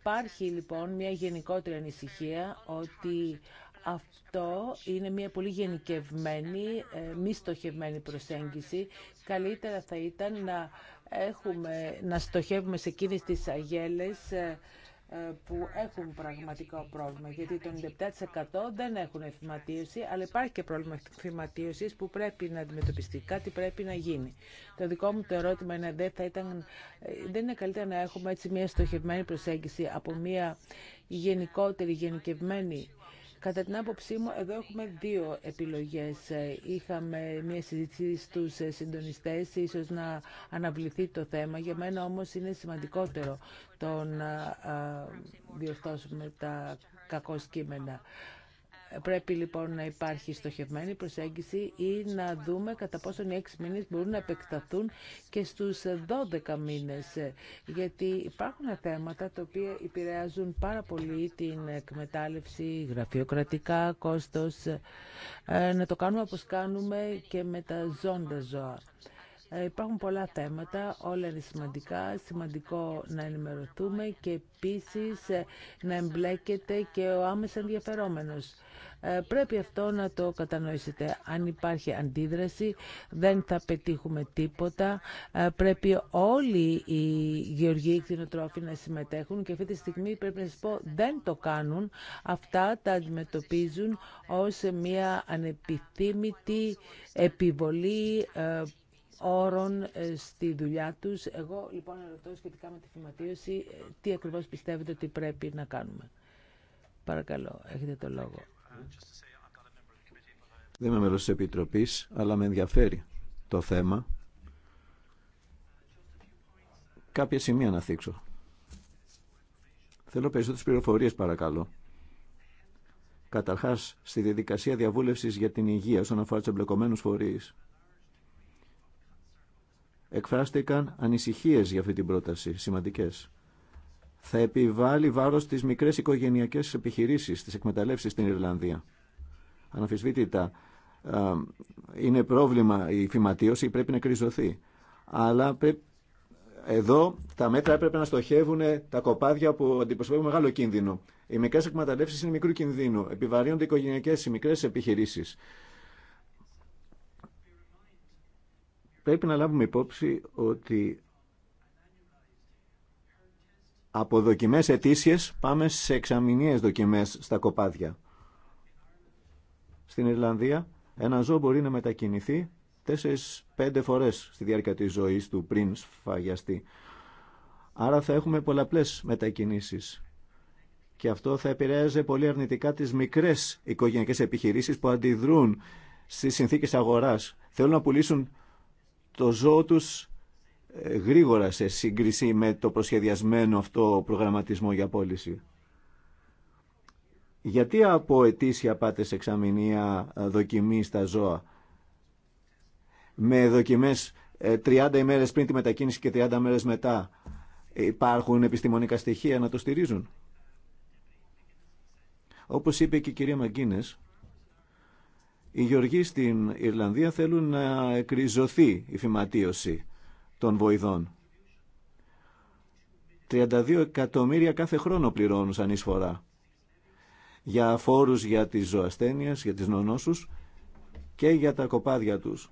Υπάρχει λοιπόν μια γενικότερη ανησυχία ότι αυτό είναι μια πολύ γενικευμένη, ε, μη στοχευμένη προσέγγιση. Καλύτερα θα ήταν να, έχουμε, να στοχεύουμε σε εκείνες τις αγέλες ε, που έχουν πραγματικό πρόβλημα. Γιατί το 97% δεν έχουν εφηματίωση, αλλά υπάρχει και πρόβλημα εφηματίωση που πρέπει να αντιμετωπιστεί. Κάτι πρέπει να γίνει. Το δικό μου το ερώτημα είναι δεν, θα ήταν, δεν είναι καλύτερα να έχουμε έτσι μια στοχευμένη προσέγγιση από μια γενικότερη, γενικευμένη Κατά την άποψή μου, εδώ έχουμε δύο επιλογές. Ε, είχαμε μια συζήτηση στους ε, συντονιστές, ίσως να αναβληθεί το θέμα. Για μένα όμως είναι σημαντικότερο το να διορθώσουμε τα κακό κείμενα. Πρέπει λοιπόν να υπάρχει στοχευμένη προσέγγιση ή να δούμε κατά πόσον οι έξι μήνες μπορούν να επεκταθούν και στους 12 μήνες. Γιατί υπάρχουν θέματα τα οποία επηρεάζουν πάρα πολύ την εκμετάλλευση, γραφειοκρατικά, κόστος. Ε, να το κάνουμε όπως κάνουμε και με τα ζώντα ζώα. Ε, υπάρχουν πολλά θέματα, όλα είναι σημαντικά, σημαντικό να ενημερωθούμε και επίσης ε, να εμπλέκεται και ο άμεσα ενδιαφερόμενος. Ε, πρέπει αυτό να το κατανοήσετε. Αν υπάρχει αντίδραση δεν θα πετύχουμε τίποτα. Ε, πρέπει όλοι οι γεωργοί κτηνοτροφοί να συμμετέχουν και αυτή τη στιγμή πρέπει να σας πω δεν το κάνουν. Αυτά τα αντιμετωπίζουν ως μια ανεπιθύμητη επιβολή ε, όρων στη δουλειά τους. Εγώ λοιπόν ρωτώ σχετικά με τη θυματίωση τι ακριβώς πιστεύετε ότι πρέπει να κάνουμε. Παρακαλώ, έχετε το λόγο. Δεν είμαι μέλος της Επιτροπής, αλλά με ενδιαφέρει το θέμα. Κάποια σημεία να θίξω. Θέλω περισσότερες πληροφορίες παρακαλώ. Καταρχάς, στη διαδικασία διαβούλευσης για την υγεία όσον αφορά τους εμπλεκομένους φορείς. Εκφράστηκαν ανησυχίες για αυτή την πρόταση, σημαντικές θα επιβάλλει βάρος στις μικρές οικογενειακές επιχειρήσεις, στις εκμεταλλεύσεις στην Ιρλανδία. ε, είναι πρόβλημα η φυματίωση, πρέπει να κρυζωθεί. Αλλά εδώ τα μέτρα έπρεπε να στοχεύουν τα κοπάδια που αντιπροσωπεύουν μεγάλο κίνδυνο. Οι μικρές εκμεταλλεύσεις είναι μικρού κινδύνου. Επιβαρύνονται οι οικογενειακές, οι μικρέ επιχειρήσει. Πρέπει να λάβουμε υπόψη ότι από δοκιμές ετήσιες πάμε σε εξαμηνίες δοκιμές στα κοπάδια. Στην Ιρλανδία ένα ζώο μπορεί να μετακινηθεί τέσσερις-πέντε φορές στη διάρκεια της ζωής του πριν σφαγιαστεί. Άρα θα έχουμε πολλαπλές μετακινήσεις. Και αυτό θα επηρέαζε πολύ αρνητικά τις μικρές οικογενειακές επιχειρήσεις που αντιδρούν στις συνθήκες αγοράς. Θέλουν να πουλήσουν το ζώο τους γρήγορα σε σύγκριση με το προσχεδιασμένο αυτό προγραμματισμό για πώληση. Γιατί από ετήσια πάτε σε εξαμηνία ε, δοκιμή στα ζώα με δοκιμές 30 ε, ημέρες πριν τη μετακίνηση και 30 μέρες μετά υπάρχουν επιστημονικά στοιχεία να το στηρίζουν. Όπως είπε και η κυρία Μαγκίνες, οι γεωργοί στην Ιρλανδία θέλουν να εκριζωθεί η φυματίωση των βοηδών. 32 εκατομμύρια κάθε χρόνο πληρώνουν σαν εισφορά για φόρους για τις ζωασθένειες, για τις νονόσους και για τα κοπάδια τους.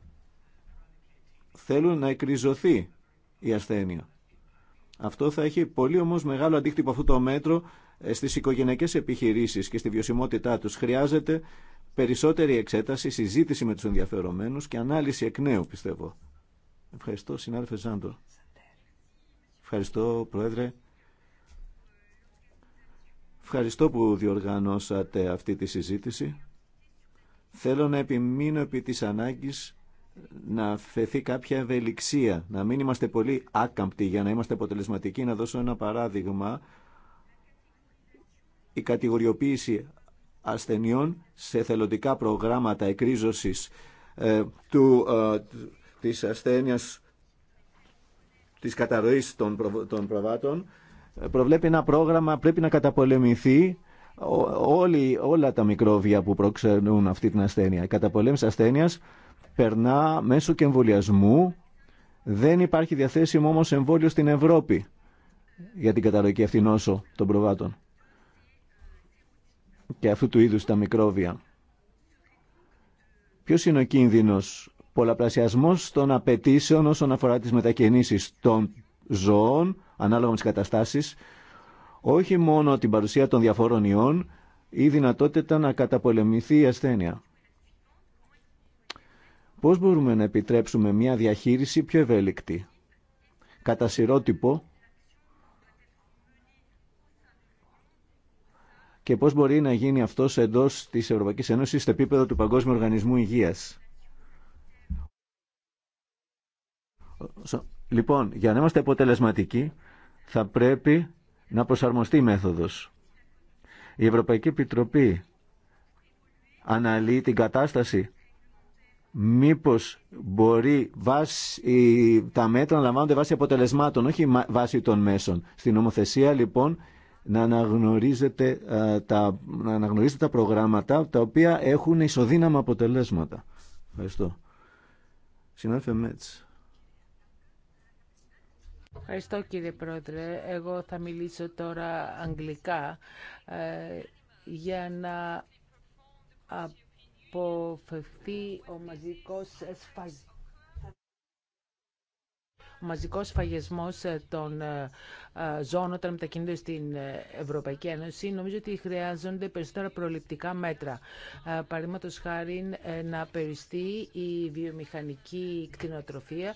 Θέλουν να εκριζωθεί η ασθένεια. Αυτό θα έχει πολύ όμως μεγάλο αντίκτυπο αυτό το μέτρο ε, στις οικογενειακές επιχειρήσεις και στη βιωσιμότητά τους. Χρειάζεται περισσότερη εξέταση, συζήτηση με τους ενδιαφερομένους και ανάλυση εκ νέου, πιστεύω. Ευχαριστώ, συνάδελφε Ζάντο. Ευχαριστώ, Πρόεδρε. Ευχαριστώ που διοργανώσατε αυτή τη συζήτηση. Θέλω να επιμείνω επί της ανάγκης να θεθεί κάποια ευελιξία, να μην είμαστε πολύ άκαμπτοι για να είμαστε αποτελεσματικοί. Να δώσω ένα παράδειγμα. Η κατηγοριοποίηση ασθενειών σε θελοντικά προγράμματα εκρίζωσης ε, του, ε, της ασθένειας της καταρροής των, προβάτων προβλέπει ένα πρόγραμμα, πρέπει να καταπολεμηθεί όλη όλα τα μικρόβια που προξενούν αυτή την ασθένεια. Η καταπολέμηση ασθένειας περνά μέσω και εμβολιασμού. Δεν υπάρχει διαθέσιμο όμως εμβόλιο στην Ευρώπη για την καταρροή αυτή νόσο των προβάτων και αυτού του είδους τα μικρόβια. Ποιος είναι ο κίνδυνος πολλαπλασιασμός των απαιτήσεων όσον αφορά τις μετακινήσεις των ζώων, ανάλογα με τις καταστάσεις, όχι μόνο την παρουσία των διαφόρων ιών ή δυνατότητα να καταπολεμηθεί η ασθένεια. Πώς μπορούμε να επιτρέψουμε μια διαχείριση πιο ευέλικτη. Κατά σειρότυπο και πώς μπορεί να γίνει αυτός εντός της Ευρωπαϊκής Ένωσης στο επίπεδο του Παγκόσμιου Οργανισμού Υγείας. Λοιπόν, για να είμαστε αποτελεσματικοί θα πρέπει να προσαρμοστεί η μέθοδος. Η Ευρωπαϊκή Επιτροπή αναλύει την κατάσταση. Μήπως μπορεί βάση, τα μέτρα να λαμβάνονται βάσει αποτελεσμάτων, όχι βάσει των μέσων. Στην νομοθεσία λοιπόν να αναγνωρίζετε, τα, να αναγνωρίζετε τα προγράμματα τα οποία έχουν ισοδύναμα αποτελέσματα. Ευχαριστώ. Συνάδελφε Μέτς. Ευχαριστώ κύριε Πρόεδρε. Εγώ θα μιλήσω τώρα αγγλικά ε, για να αποφευθεί ο μαζικός σφασμός ο μαζικός φαγισμός ε, των ε, ε, ζώων όταν μετακινούνται στην Ευρωπαϊκή Ένωση νομίζω ότι χρειάζονται περισσότερα προληπτικά μέτρα. Παραδείγματο χάρη να περιστεί η βιομηχανική κτηνοτροφία,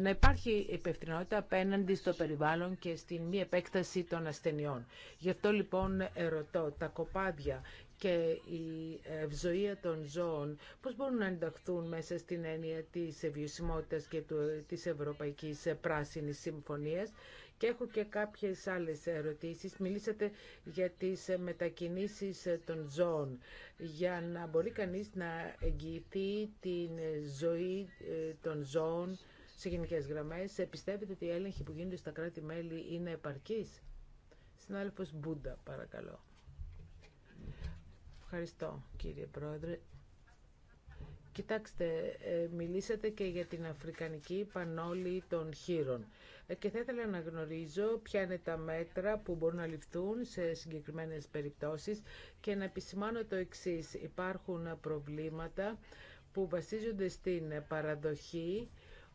να υπάρχει υπευθυνότητα απέναντι στο περιβάλλον και στην μη επέκταση των ασθενειών. Γι' αυτό λοιπόν ερωτώ, τα κοπάδια και η ε, ευζοία των ζώων πώς μπορούν να ενταχθούν μέσα στην έννοια της ευβιωσιμότητας και της Ευρωπαϊκής Πράσινης Συμφωνίας. Και έχω και κάποιες άλλες ερωτήσεις. Μιλήσατε για τις μετακινήσεις των ζώων. Για να μπορεί κανείς να εγγυηθεί την ζωή ε, των ζώων σε γενικές γραμμές, πιστεύετε ότι οι έλεγχοι που γίνονται στα κράτη-μέλη είναι επαρκείς. Συνάδελφος Μπούντα, παρακαλώ. Ευχαριστώ κύριε Πρόεδρε. Κοιτάξτε, ε, μιλήσατε και για την Αφρικανική Πανόλη των Χείρων ε, και θα ήθελα να γνωρίζω ποια είναι τα μέτρα που μπορούν να ληφθούν σε συγκεκριμένες περιπτώσεις και να επισημάνω το εξής. Υπάρχουν προβλήματα που βασίζονται στην παραδοχή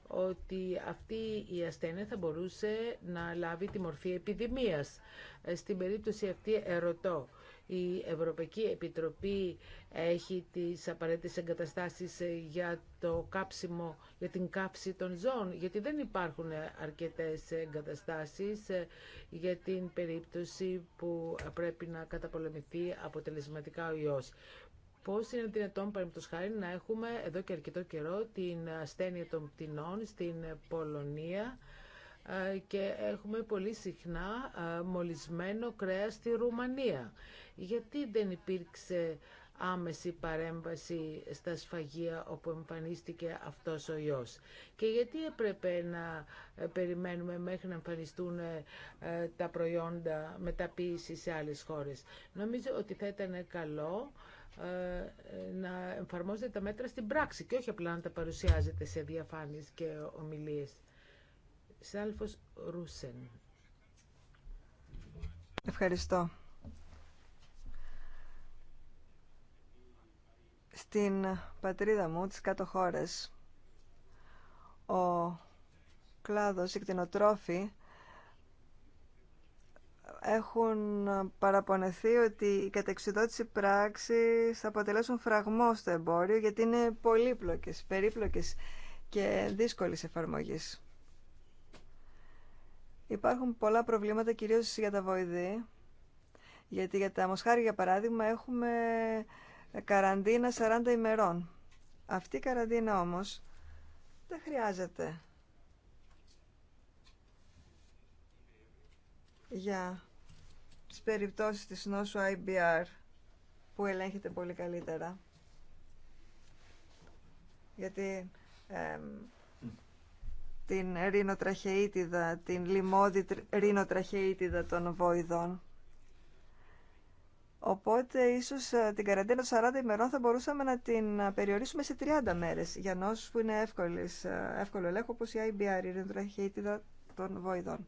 ότι αυτή η ασθένεια θα μπορούσε να λάβει τη μορφή επιδημίας. Ε, στην περίπτωση αυτή ερωτώ η Ευρωπαϊκή Επιτροπή έχει τις απαραίτητες εγκαταστάσεις ε, για, το κάψιμο, για την κάψη των ζώων, γιατί δεν υπάρχουν αρκετές εγκαταστάσεις ε, για την περίπτωση που πρέπει να καταπολεμηθεί αποτελεσματικά ο ιός. Πώ είναι δυνατόν, παραδείγματο χάρη, να έχουμε εδώ και αρκετό καιρό την ασθένεια των πτηνών στην Πολωνία ε, και έχουμε πολύ συχνά μολυσμένο κρέας στη Ρουμανία. Γιατί δεν υπήρξε άμεση παρέμβαση στα σφαγεία όπου εμφανίστηκε αυτός ο ιός. Και γιατί έπρεπε να ε, περιμένουμε μέχρι να εμφανιστούν ε, ε, τα προϊόντα μεταποίηση σε άλλες χώρες. Νομίζω ότι θα ήταν καλό να εμφαρμόζεται τα μέτρα στην πράξη και όχι απλά να τα παρουσιάζετε σε διαφάνειες και ομιλίες. Σάλφος Ρούσεν. Ευχαριστώ. Στην πατρίδα μου, τις κάτω χώρες, ο κλάδος, οι κτηνοτρόφοι έχουν παραπονεθεί ότι η κατεξιδότηση πράξη θα αποτελέσουν φραγμό στο εμπόριο γιατί είναι πολύπλοκες, περίπλοκες και δύσκολες εφαρμογής. Υπάρχουν πολλά προβλήματα κυρίως για τα βοηδή, γιατί για τα μοσχάρια, για παράδειγμα, έχουμε ε, καραντίνα 40 ημερών. Αυτή η καραντίνα όμως δεν χρειάζεται για τις περιπτώσεις της νόσου IBR που ελέγχεται πολύ καλύτερα. Γιατί την ρινοτραχεΐτιδα, την λιμόδι ρινοτραχεΐτιδα των βοηδών Οπότε ίσως ε, την καραντίνα των 40 ημερών θα μπορούσαμε να την ε, περιορίσουμε σε 30 μέρες για νόσου που είναι εύκολες. Ε, εύκολο ελέγχο όπω η IBR, η ρευδραχύτητα των βοηδών.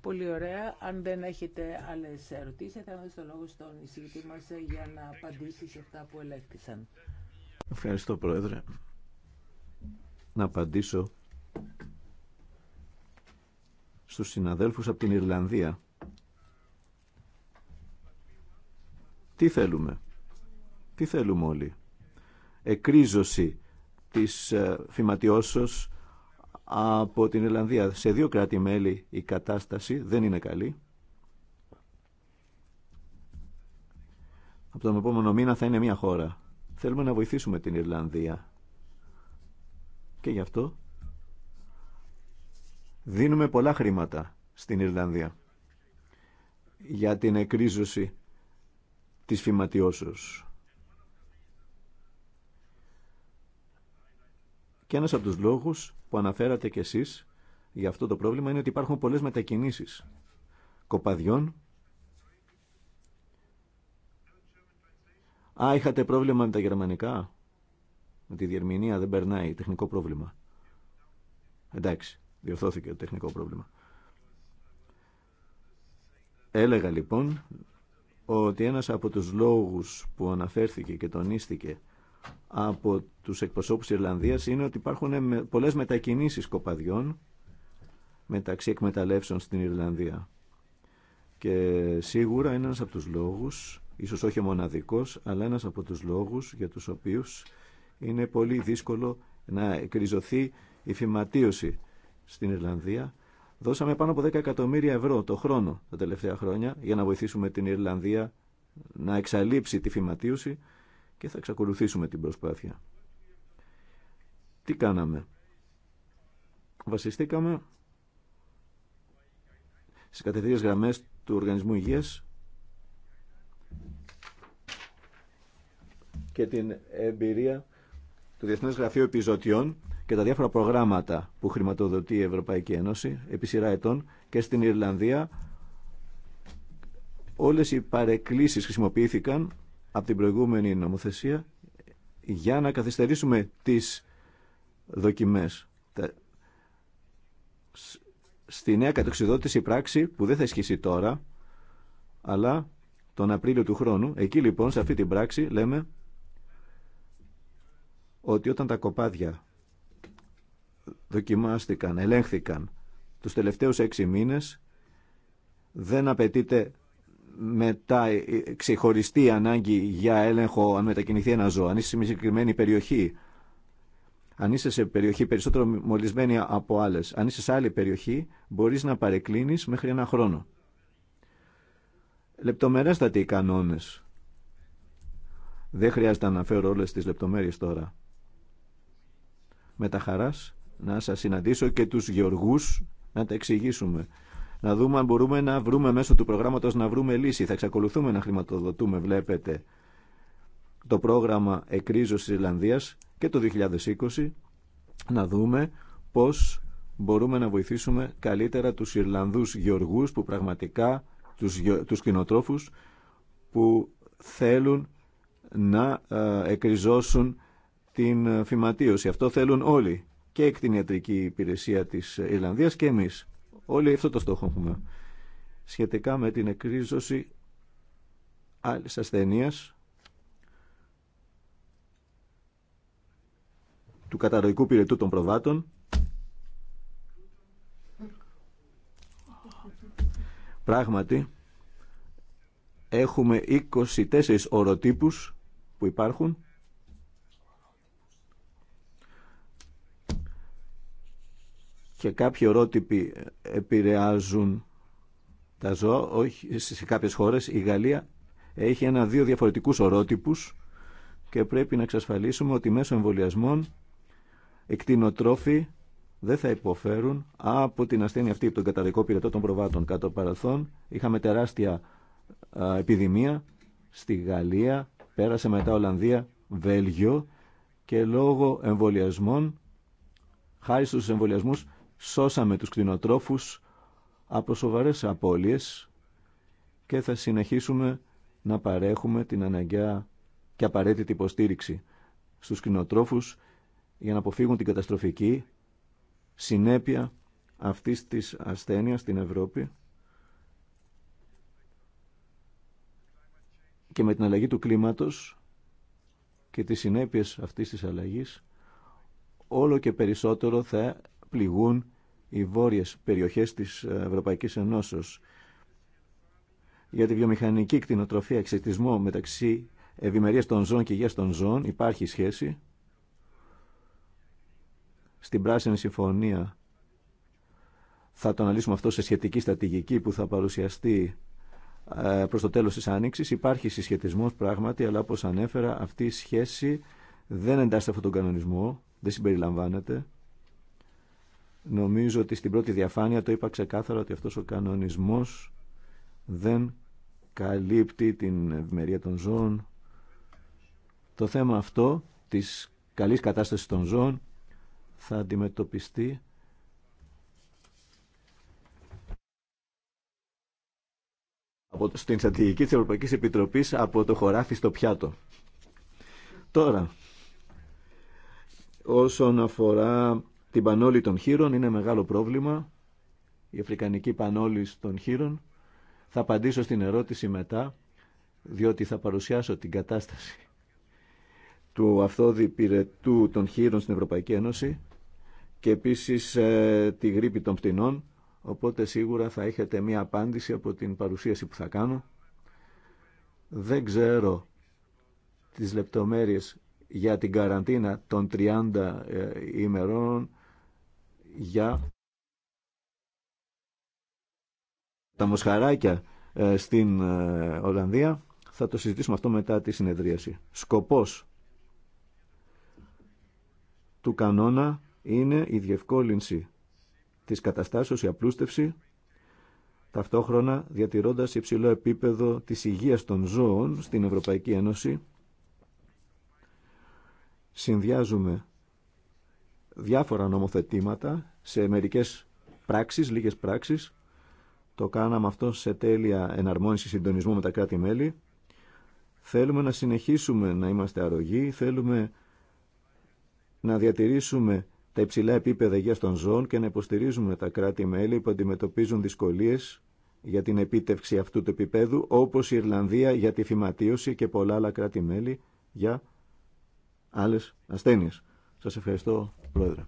Πολύ ωραία. Αν δεν έχετε άλλε ερωτήσει, θα δώσω το λόγο στον εισηγητή μα για να απαντήσει σε αυτά που ελέγχθησαν. Ευχαριστώ Πρόεδρε. Να απαντήσω στους συναδέλφους από την Ιρλανδία Τι θέλουμε. Τι θέλουμε όλοι. Εκρίζωση της ε, φυματιώσεως από την Ιρλανδία Σε δύο κράτη-μέλη η κατάσταση δεν είναι καλή. Από τον επόμενο μήνα θα είναι μια χώρα. Θέλουμε να βοηθήσουμε την Ιρλανδία. Και γι' αυτό δίνουμε πολλά χρήματα στην Ιρλανδία για την εκρίζωση της φυματιώσεως. Και ένας από τους λόγους που αναφέρατε κι εσείς για αυτό το πρόβλημα είναι ότι υπάρχουν πολλές μετακινήσεις κοπαδιών. Α, είχατε πρόβλημα με τα γερμανικά. Με τη διερμηνία δεν περνάει, τεχνικό πρόβλημα. Εντάξει, διορθώθηκε το τεχνικό πρόβλημα. Έλεγα λοιπόν, ότι ένας από τους λόγους που αναφέρθηκε και τονίστηκε από τους εκπροσώπους της Ιρλανδίας είναι ότι υπάρχουν πολλές μετακινήσεις κοπαδιών μεταξύ εκμεταλλεύσεων στην Ιρλανδία. Και σίγουρα ένας από τους λόγους, ίσως όχι μοναδικός, αλλά ένας από τους λόγους για τους οποίους είναι πολύ δύσκολο να εκριζωθεί η φυματίωση στην Ιρλανδία Δώσαμε πάνω από 10 εκατομμύρια ευρώ το χρόνο τα τελευταία χρόνια για να βοηθήσουμε την Ιρλανδία να εξαλείψει τη φυματίωση και θα εξακολουθήσουμε την προσπάθεια. Τι κάναμε. Βασιστήκαμε στις κατευθείαν γραμμές του Οργανισμού Υγείας και την εμπειρία του Διεθνές Γραφείου Επιζωτιών και τα διάφορα προγράμματα που χρηματοδοτεί η Ευρωπαϊκή Ένωση επί σειρά ετών και στην Ιρλανδία όλες οι παρεκκλήσεις χρησιμοποιήθηκαν από την προηγούμενη νομοθεσία για να καθυστερήσουμε τις δοκιμές. Στη νέα κατοξιδότηση πράξη που δεν θα ισχύσει τώρα, αλλά τον Απρίλιο του χρόνου, εκεί λοιπόν σε αυτή την πράξη λέμε ότι όταν τα κοπάδια δοκιμάστηκαν, ελέγχθηκαν τους τελευταίους έξι μήνες δεν απαιτείται μετά ξεχωριστή ανάγκη για έλεγχο αν μετακινηθεί ένα ζώο, αν είσαι σε μια συγκεκριμένη περιοχή, αν είσαι σε περιοχή περισσότερο μολυσμένη από άλλες, αν είσαι σε άλλη περιοχή, μπορείς να παρεκκλίνεις μέχρι ένα χρόνο. Λεπτομερέστατοι οι κανόνε. Δεν χρειάζεται να αναφέρω όλε τι λεπτομέρειε τώρα. Με τα χαράς να σας συναντήσω και τους γεωργούς να τα εξηγήσουμε. Να δούμε αν μπορούμε να βρούμε μέσω του προγράμματος να βρούμε λύση. Θα εξακολουθούμε να χρηματοδοτούμε, βλέπετε, το πρόγραμμα εκρίζωσης Ιρλανδίας και το 2020 να δούμε πώς μπορούμε να βοηθήσουμε καλύτερα τους Ιρλανδούς γεωργούς που πραγματικά, τους, τους κοινοτρόφους που θέλουν να ε, εκριζώσουν την ε, φυματίωση. Αυτό θέλουν όλοι και την ιατρική υπηρεσία της Ιρλανδίας και εμείς. Όλοι αυτό το στόχο έχουμε. Σχετικά με την εκρίζωση άλλης ασθενείας του καταρροϊκού πυρετού των προβάτων πράγματι έχουμε 24 οροτύπους που υπάρχουν και κάποιοι ορότυποι επηρεάζουν τα ζώα, όχι σε κάποιες χώρες. Η Γαλλία έχει ένα-δύο διαφορετικούς ορότυπους και πρέπει να εξασφαλίσουμε ότι μέσω εμβολιασμών εκτινοτρόφοι δεν θα υποφέρουν από την ασθένεια αυτή, τον καταδικό πυρετό των προβάτων. Κατά το παρελθόν είχαμε τεράστια επιδημία στη Γαλλία, πέρασε μετά Ολλανδία, Βέλγιο και λόγω εμβολιασμών, χάρη στους εμβολιασμούς, σώσαμε τους κτηνοτρόφους από σοβαρές απώλειες και θα συνεχίσουμε να παρέχουμε την αναγκαία και απαραίτητη υποστήριξη στους κτηνοτρόφους για να αποφύγουν την καταστροφική συνέπεια αυτής της ασθένειας στην Ευρώπη και με την αλλαγή του κλίματος και τις συνέπειες αυτής της αλλαγής όλο και περισσότερο θα πληγούν οι βόρειες περιοχές της Ευρωπαϊκής Ενώσεως. Για τη βιομηχανική κτηνοτροφία εξαιρετισμό μεταξύ ευημερίας των ζώων και υγείας των ζώων υπάρχει σχέση. Στην Πράσινη Συμφωνία θα το αναλύσουμε αυτό σε σχετική στρατηγική που θα παρουσιαστεί ε, προς το τέλος της Άνοιξης. Υπάρχει συσχετισμός πράγματι, αλλά όπως ανέφερα αυτή η σχέση δεν εντάσσεται αυτόν τον κανονισμό, δεν συμπεριλαμβάνεται. Νομίζω ότι στην πρώτη διαφάνεια το είπα ξεκάθαρα ότι αυτός ο κανονισμός δεν καλύπτει την ευμερία των ζώων. Το θέμα αυτό της καλής κατάστασης των ζώων θα αντιμετωπιστεί από, στην στρατηγική της Ευρωπαϊκής Επιτροπής από το χωράφι στο πιάτο. Τώρα, όσον αφορά την πανόλη των χείρων είναι μεγάλο πρόβλημα. Η αφρικανική πανόλη των χείρων. Θα απαντήσω στην ερώτηση μετά, διότι θα παρουσιάσω την κατάσταση του αυθόδη πυρετού των χείρων στην Ευρωπαϊκή Ένωση και επίσης ε, τη γρήπη των πτηνών, οπότε σίγουρα θα έχετε μία απάντηση από την παρουσίαση που θα κάνω. Δεν ξέρω τις λεπτομέρειες για την καραντίνα των 30 ε, ημερών για τα μοσχαράκια ε, στην ε, Ολλανδία. Θα το συζητήσουμε αυτό μετά τη συνεδρίαση. Σκοπός του κανόνα είναι η διευκόλυνση της καταστάσεως, η απλούστευση, ταυτόχρονα διατηρώντας υψηλό επίπεδο της υγείας των ζώων στην Ευρωπαϊκή Ένωση. Συνδυάζουμε διάφορα νομοθετήματα σε μερικές πράξεις, λίγες πράξεις. Το κάναμε αυτό σε τέλεια εναρμόνιση συντονισμού με τα κράτη-μέλη. Θέλουμε να συνεχίσουμε να είμαστε αρρωγοί, θέλουμε να διατηρήσουμε τα υψηλά επίπεδα υγεία των ζώων και να υποστηρίζουμε τα κράτη-μέλη που αντιμετωπίζουν δυσκολίες για την επίτευξη αυτού του επίπεδου, όπως η Ιρλανδία για τη φυματίωση και πολλά άλλα κράτη-μέλη για άλλες ασθένειες. Σας ευχαριστώ, Πρόεδρε.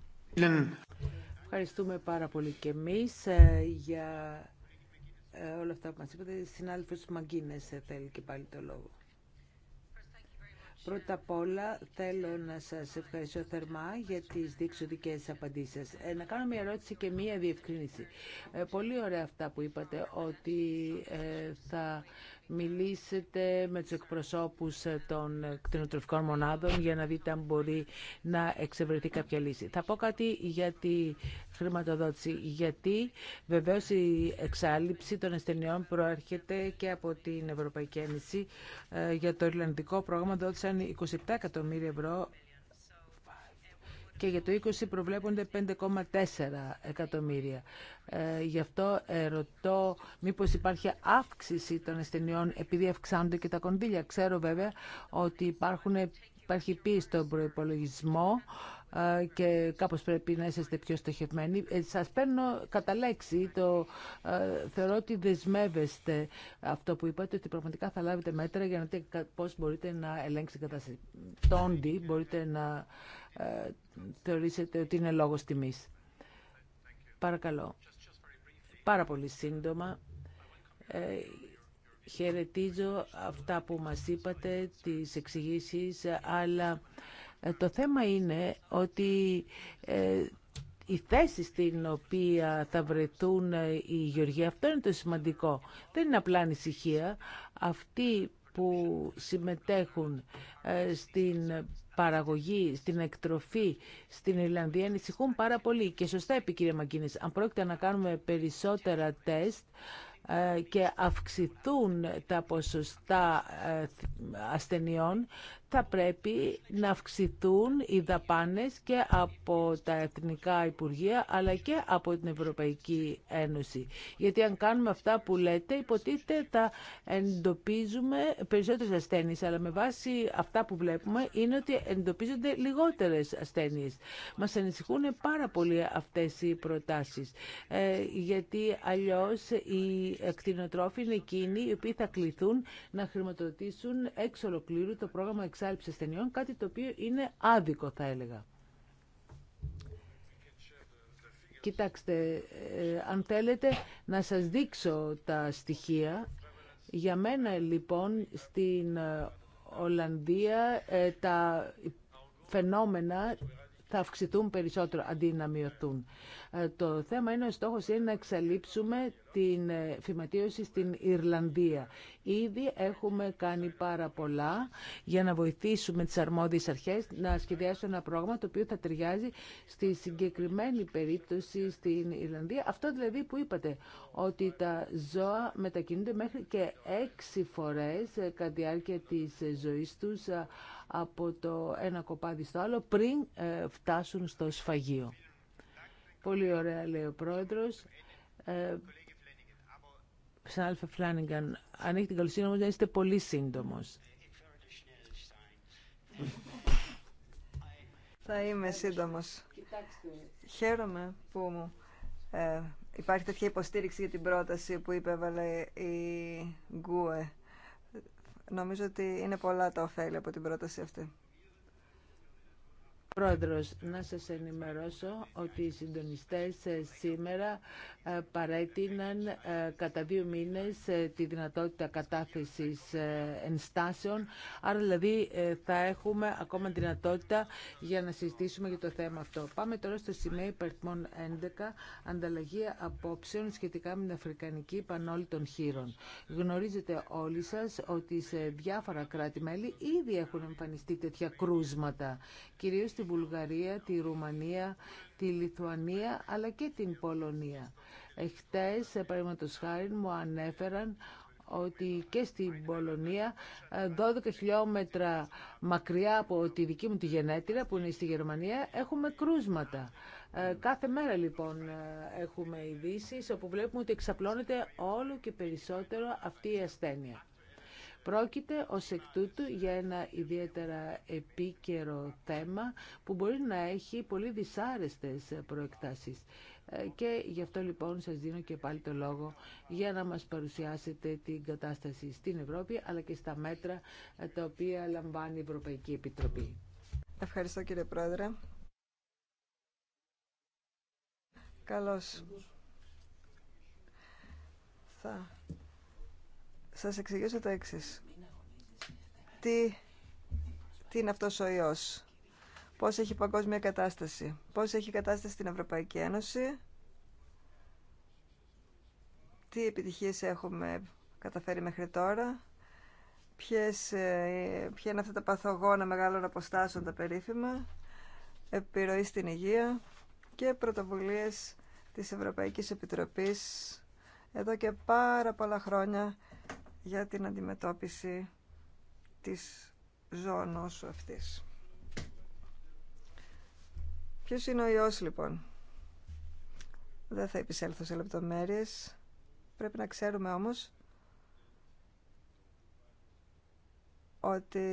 Ευχαριστούμε πάρα πολύ και εμείς ε, για ε, όλα αυτά που μας είπατε. Συνάδελφος Μαγκίνες ε, θέλει και πάλι το λόγο. Πρώτα απ' όλα θέλω να σας ευχαριστώ θερμά για τις διεξοδικές απαντήσεις σας. Ε, να κάνω μια ερώτηση και μια διευκρίνηση. πολύ ωραία αυτά που είπατε ότι θα μιλήσετε με τους εκπροσώπους των κτηνοτροφικών μονάδων για να δείτε αν μπορεί να εξευρεθεί κάποια λύση. Θα πω κάτι για τη χρηματοδότηση, γιατί βεβαίως η εξάλληψη των ασθενειών προέρχεται και από την Ευρωπαϊκή Ένωση. Ε, για το Ιρλανδικό πρόγραμμα δόθησαν 27 εκατομμύρια ευρώ και για το 20 προβλέπονται 5,4 εκατομμύρια. Ε, γι' αυτό ρωτώ μήπως υπάρχει αύξηση των ασθενειών επειδή αυξάνονται και τα κονδύλια. Ξέρω βέβαια ότι υπάρχουν υπάρχει πίεση στον προπολογισμό ε, και κάπως πρέπει να είσαστε πιο στοχευμένοι. Ε, σας παίρνω κατά λέξη, το, ε, θεωρώ ότι δεσμεύεστε αυτό που είπατε, ότι πραγματικά θα λάβετε μέτρα για να δείτε πώς μπορείτε να ελέγξετε την κατάσταση. Τόντι μπορείτε να θεωρήσετε ότι είναι λόγος τιμής. Παρακαλώ. Πάρα πολύ σύντομα. Χαιρετίζω αυτά που μας είπατε, τις εξηγήσεις, αλλά ε, το θέμα είναι ότι ε, η θέση στην οποία θα βρεθούν ε, οι Γεωργοί, αυτό είναι το σημαντικό. Δεν είναι απλά ανησυχία. Αυτοί που συμμετέχουν στην παραγωγή, στην εκτροφή στην Ιρλανδία ανησυχούν πάρα πολύ. Και σωστά είπε κύριε Μακίνης, αν πρόκειται να κάνουμε περισσότερα τεστ, ε, και αυξηθούν τα ποσοστά ε, ασθενειών, θα πρέπει να αυξηθούν οι δαπάνες και από τα Εθνικά Υπουργεία αλλά και από την Ευρωπαϊκή Ένωση. Γιατί αν κάνουμε αυτά που λέτε, υποτίθεται θα εντοπίζουμε περισσότερες ασθένειες, αλλά με βάση αυτά που βλέπουμε είναι ότι εντοπίζονται λιγότερες ασθένειες. Μας ανησυχούν πάρα πολύ αυτές οι προτάσεις, ε, γιατί αλλιώς οι κτηνοτρόφοι είναι εκείνοι οι οποίοι θα κληθούν να χρηματοδοτήσουν εξ ολοκλήρου το πρόγραμμα κάτι το οποίο είναι άδικο θα έλεγα. Κοιτάξτε, ε, αν θέλετε να σας δείξω τα στοιχεία. Για μένα λοιπόν στην ε, Ολλανδία ε, τα φαινόμενα θα αυξηθούν περισσότερο αντί να μειωθούν. Ε, το θέμα είναι, ο στόχος είναι να εξαλείψουμε την ε, φυματίωση στην Ιρλανδία. Ήδη έχουμε κάνει πάρα πολλά για να βοηθήσουμε τις αρμόδιες αρχές να σχεδιάσουν ένα πρόγραμμα το οποίο θα ταιριάζει στη συγκεκριμένη περίπτωση στην Ιρλανδία. Αυτό δηλαδή που είπατε, ότι τα ζώα μετακινούνται μέχρι και έξι φορές ε, κατά τη διάρκεια της ζωής τους από το ένα κοπάδι στο άλλο πριν ε, φτάσουν στο σφαγείο. Πολύ ωραία λέει ο πρόεδρος. Ε, Άλφα Φλάνιγκαν, αν την καλοσύνη όμως να είστε πολύ σύντομος. Θα είμαι σύντομος. Χαίρομαι που ε, υπάρχει τέτοια υποστήριξη για την πρόταση που υπέβαλε η Γκουε. Νομίζω ότι είναι πολλά τα ωφέλη από την πρόταση αυτή. Πρόεδρος, να σας ενημερώσω ότι οι συντονιστές ε, σήμερα ε, παρέτειναν ε, κατά δύο μήνες τη δυνατότητα κατάθεσης ενστάσεων, άρα δηλαδή θα έχουμε ακόμα δυνατότητα για να συζητήσουμε για το θέμα αυτό. Πάμε τώρα στο σημείο υπερθμών 11, ανταλλαγή απόψεων σχετικά με την Αφρικανική Πανόλη των Χείρων. Γνωρίζετε όλοι σας ότι σε διάφορα κράτη-μέλη ήδη έχουν εμφανιστεί τέτοια κρούσματα, κυρίως τη Βουλγαρία, τη Ρουμανία, τη Λιθουανία αλλά και την Πολωνία. Εχθές, σε παραδείγματος χάρη, μου ανέφεραν ότι και στην Πολωνία 12 ε, χιλιόμετρα μακριά από τη δική μου τη γενέτειρα που είναι στη Γερμανία έχουμε κρούσματα. Ε, κάθε μέρα λοιπόν ε, έχουμε ειδήσει όπου βλέπουμε ότι εξαπλώνεται όλο και περισσότερο αυτή η ασθένεια. Πρόκειται ως εκ τούτου για ένα ιδιαίτερα επίκαιρο θέμα που μπορεί να έχει πολύ δυσάρεστες προεκτάσεις. Ε, και γι' αυτό λοιπόν σας δίνω και πάλι το λόγο για να μας παρουσιάσετε την κατάσταση στην Ευρώπη αλλά και στα μέτρα ε, τα οποία λαμβάνει η Ευρωπαϊκή Επιτροπή. Ευχαριστώ κύριε Πρόεδρε. Καλώς. Θα σας εξηγήσω το εξή. Τι, τι είναι αυτός ο ιός, πώς έχει παγκόσμια κατάσταση, πώς έχει κατάσταση στην Ευρωπαϊκή Ένωση, τι επιτυχίες έχουμε καταφέρει μέχρι τώρα, ποιες, ε, ποια είναι αυτά τα παθογόνα μεγάλων αποστάσεων τα περίφημα, επιρροή στην υγεία και πρωτοβουλίες της Ευρωπαϊκής Επιτροπής εδώ και πάρα πολλά χρόνια για την αντιμετώπιση της ζώνος αυτής. Ποιος είναι ο ιός λοιπόν. Δεν θα επισέλθω σε λεπτομέρειες. Πρέπει να ξέρουμε όμως ότι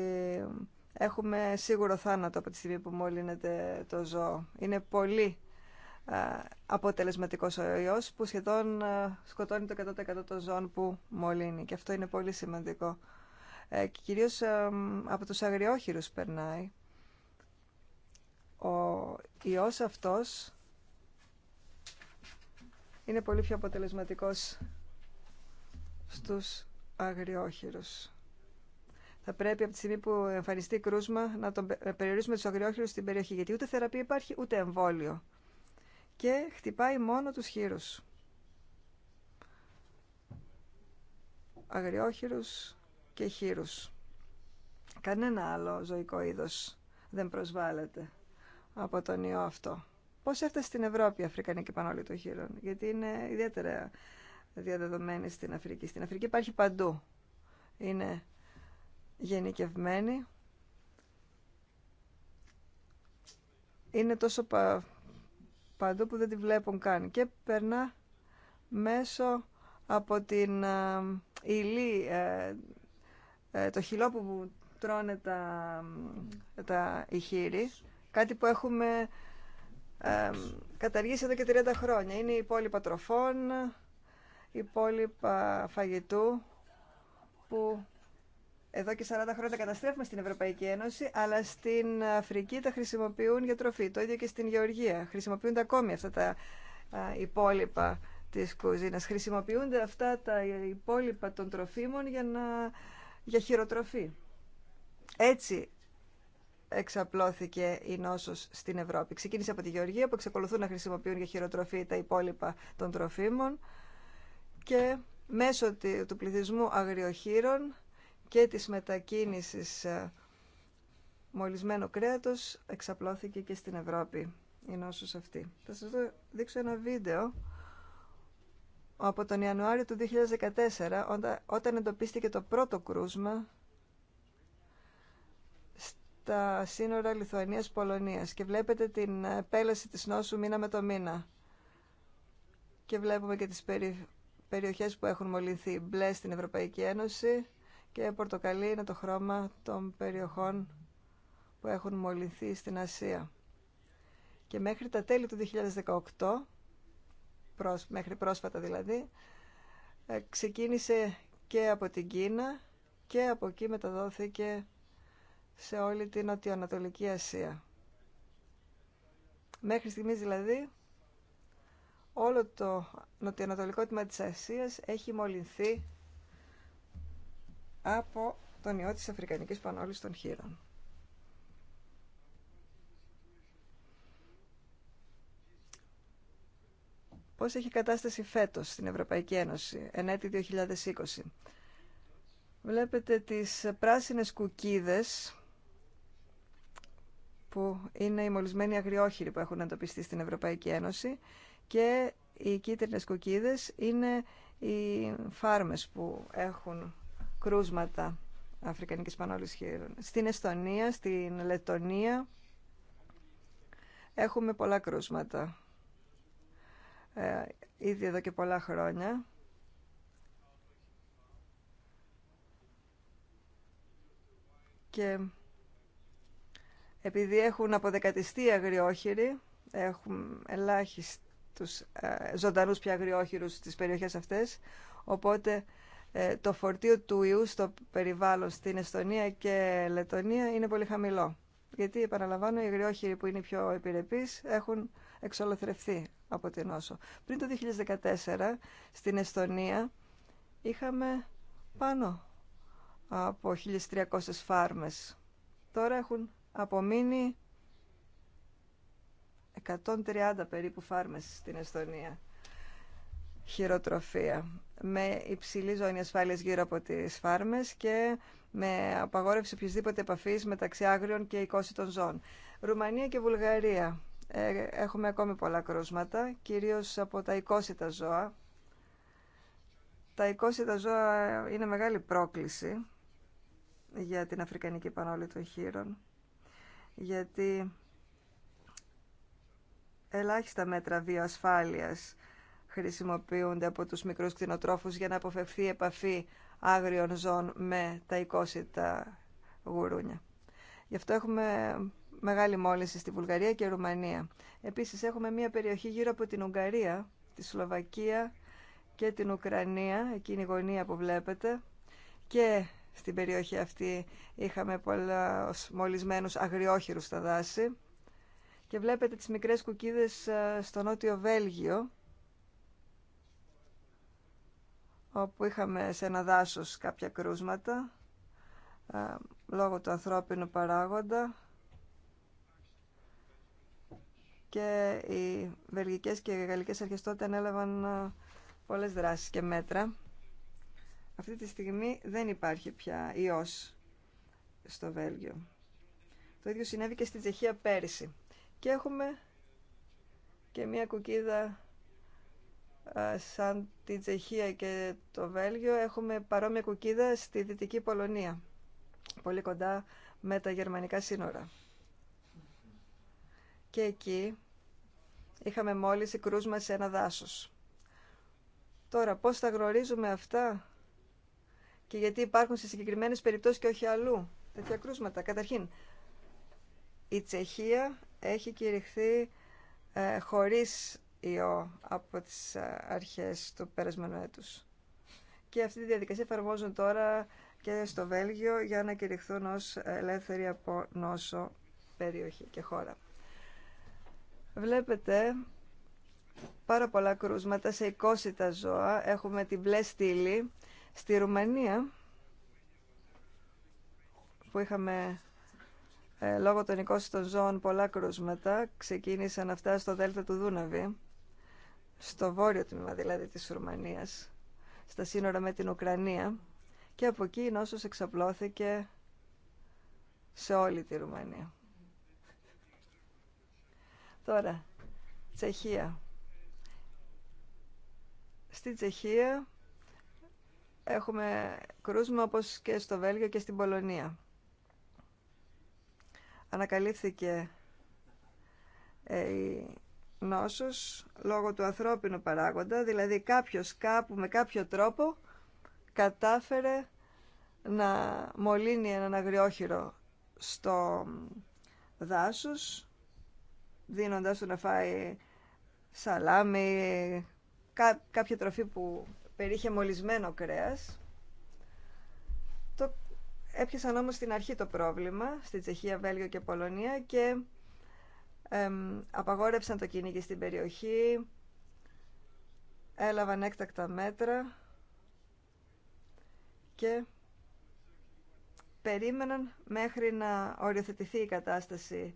έχουμε σίγουρο θάνατο από τη στιγμή που μολύνεται το ζώο. Είναι πολύ αποτελεσματικός ο ιός που σχεδόν ε, σκοτώνει το 100% των ζώων που μολύνει και αυτό είναι πολύ σημαντικό. Ε, και κυρίως ε, από τους αγριόχειρους περνάει. Ο ιός αυτός είναι πολύ πιο αποτελεσματικός στους αγριόχειρους. Θα πρέπει από τη στιγμή που εμφανιστεί κρούσμα να τον περιορίσουμε τους αγριόχειρους στην περιοχή, γιατί ούτε θεραπεία υπάρχει ούτε εμβόλιο και χτυπάει μόνο τους χείρους. Αγριόχειρους και χείρους. Κανένα άλλο ζωικό είδος δεν προσβάλλεται από τον ιό αυτό. Πώς έφτασε στην Ευρώπη η Αφρικανική Πανόλη των Χείρων, γιατί είναι ιδιαίτερα διαδεδομένη στην Αφρική. Στην Αφρική υπάρχει παντού. Είναι γενικευμένη. Είναι τόσο παντού που δεν τη βλέπουν καν και περνά μέσω από την ε, ε, ε, το χυλό που τρώνε τα, τα ηχείρη, κάτι που έχουμε ε, καταργήσει εδώ και 30 χρόνια. Είναι η υπόλοιπα τροφών, υπόλοιπα φαγητού που εδώ και 40 χρόνια καταστρέφουμε στην Ευρωπαϊκή Ένωση, αλλά στην Αφρική τα χρησιμοποιούν για τροφή. Το ίδιο και στην Γεωργία. Χρησιμοποιούνται ακόμη αυτά τα υπόλοιπα τη κουζίνα. Χρησιμοποιούνται αυτά τα υπόλοιπα των τροφίμων για, να, για χειροτροφή. Έτσι εξαπλώθηκε η νόσος στην Ευρώπη. Ξεκίνησε από τη Γεωργία που εξακολουθούν να χρησιμοποιούν για χειροτροφή τα υπόλοιπα των τροφίμων και μέσω του πληθυσμού αγριοχείρων και της μετακίνησης ε, μολυσμένο κρέατος εξαπλώθηκε και στην Ευρώπη η νόσος αυτή. Θα σας δείξω ένα βίντεο από τον Ιανουάριο του 2014 όταν εντοπίστηκε το πρώτο κρούσμα στα σύνορα Λιθουανίας-Πολωνίας και βλέπετε την επέλαση της νόσου μήνα με το μήνα. Και βλέπουμε και τις περιοχές που έχουν μολυνθεί μπλε στην Ευρωπαϊκή Ένωση και πορτοκαλί είναι το χρώμα των περιοχών που έχουν μολυνθεί στην Ασία. Και μέχρι τα τέλη του 2018, μέχρι πρόσφατα δηλαδή, ε, ξεκίνησε και από την Κίνα και από εκεί μεταδόθηκε σε όλη την Νοτιοανατολική Ασία. Μέχρι στιγμής δηλαδή όλο το νοτιοανατολικό τμήμα της Ασίας έχει μολυνθεί από τον ιό της Αφρικανικής Πανόλης των Χείρων. Πώς έχει κατάσταση φέτος στην Ευρωπαϊκή Ένωση, εν έτη 2020. Βλέπετε τις πράσινες κουκίδες που είναι οι μολυσμένοι αγριόχειροι που έχουν εντοπιστεί στην Ευρωπαϊκή Ένωση και οι κίτρινες κουκίδες είναι οι φάρμες που έχουν κρούσματα αφρικανικής πανόλης χείρων. Στην Εστονία, στην Λετονία έχουμε πολλά κρούσματα. Ε, ήδη εδώ και πολλά χρόνια. Και επειδή έχουν αποδεκατιστεί αγριόχειροι, έχουν ελάχιστους ε, ζωντανούς πια αγριόχειρους στις περιοχές αυτές, οπότε ε, το φορτίο του ιού στο περιβάλλον στην Εστονία και Λετωνία είναι πολύ χαμηλό. Γιατί, επαναλαμβάνω, οι αγριόχειροι που είναι οι πιο επιρρεπείς έχουν εξολοθρευθεί από την όσο. Πριν το 2014, στην Εστονία, είχαμε πάνω από 1.300 φάρμες. Τώρα έχουν απομείνει 130 περίπου φάρμες στην Εστονία χειροτροφία με υψηλή ζώνη ασφάλειας γύρω από τις φάρμες και με απαγόρευση οποιασδήποτε επαφής μεταξύ άγριων και οικόσιτων ζώων. Ρουμανία και Βουλγαρία. Ε, έχουμε ακόμη πολλά κρούσματα, κυρίως από τα οικόσιτα ζώα. Τα οικόσιτα ζώα είναι μεγάλη πρόκληση για την Αφρικανική Πανόλη των Χείρων, γιατί ελάχιστα μέτρα βιοασφάλειας χρησιμοποιούνται από τους μικρούς κτηνοτρόφους για να αποφευθεί η επαφή άγριων ζώων με τα οικόσιτα γουρούνια. Γι' αυτό έχουμε μεγάλη μόλυνση στη Βουλγαρία και Ρουμανία. Επίσης έχουμε μια περιοχή γύρω από την Ουγγαρία, τη Σλοβακία και την Ουκρανία, εκείνη η γωνία που βλέπετε. Και στην περιοχή αυτή είχαμε πολλά μολυσμένους αγριόχειρους στα δάση. Και βλέπετε τις μικρές κουκίδες ε, στο νότιο Βέλγιο όπου είχαμε σε ένα δάσος κάποια κρούσματα ε, λόγω του ανθρώπινου παράγοντα και οι βελγικές και οι γαλλικές αρχές τότε ανέλαβαν ε, πολλές δράσεις και μέτρα. Αυτή τη στιγμή δεν υπάρχει πια ιός στο Βέλγιο. Το ίδιο συνέβη και στη Τσεχία πέρυσι. Και έχουμε και μια κουκίδα σαν την Τσεχία και το Βέλγιο έχουμε παρόμοια κουκίδα στη Δυτική Πολωνία, πολύ κοντά με τα γερμανικά σύνορα. Και εκεί είχαμε μόλις κρούσμα σε ένα δάσος. Τώρα, πώς τα γνωρίζουμε αυτά και γιατί υπάρχουν σε συγκεκριμένες περιπτώσεις και όχι αλλού τέτοια κρούσματα. Καταρχήν, η Τσεχία έχει κηρυχθεί ε, χωρίς ιό από τις ε, αρχές του περασμένου έτους. Και αυτή τη διαδικασία εφαρμόζουν τώρα και στο Βέλγιο για να κηρυχθούν ως ελεύθερη από νόσο περιοχή και χώρα. Βλέπετε πάρα πολλά κρούσματα σε 20 ζώα. Έχουμε την μπλε στήλη στη Ρουμανία που είχαμε ε, λόγω των 20 των ζώων πολλά κρούσματα. Ξεκίνησαν αυτά στο Δέλτα του Δούναβη στο βόρειο τμήμα δηλαδή της Ρουμανίας, στα σύνορα με την Ουκρανία και από εκεί η νόσος εξαπλώθηκε σε όλη τη Ρουμανία. Τώρα, Τσεχία. Στη Τσεχία έχουμε κρούσμα όπως και στο Βέλγιο και στην Πολωνία. Ανακαλύφθηκε ε, η νόσος λόγω του ανθρώπινου παράγοντα, δηλαδή κάποιος κάπου με κάποιο τρόπο κατάφερε να μολύνει έναν αγριόχειρο στο δάσος, δίνοντάς του να φάει σαλάμι, κάποια τροφή που περίχε μολυσμένο κρέας. Το έπιασαν όμως στην αρχή το πρόβλημα, στη Τσεχία, Βέλγιο και Πολωνία και απαγόρεψαν το κυνήγι στην περιοχή, έλαβαν έκτακτα μέτρα και περίμεναν μέχρι να οριοθετηθεί η κατάσταση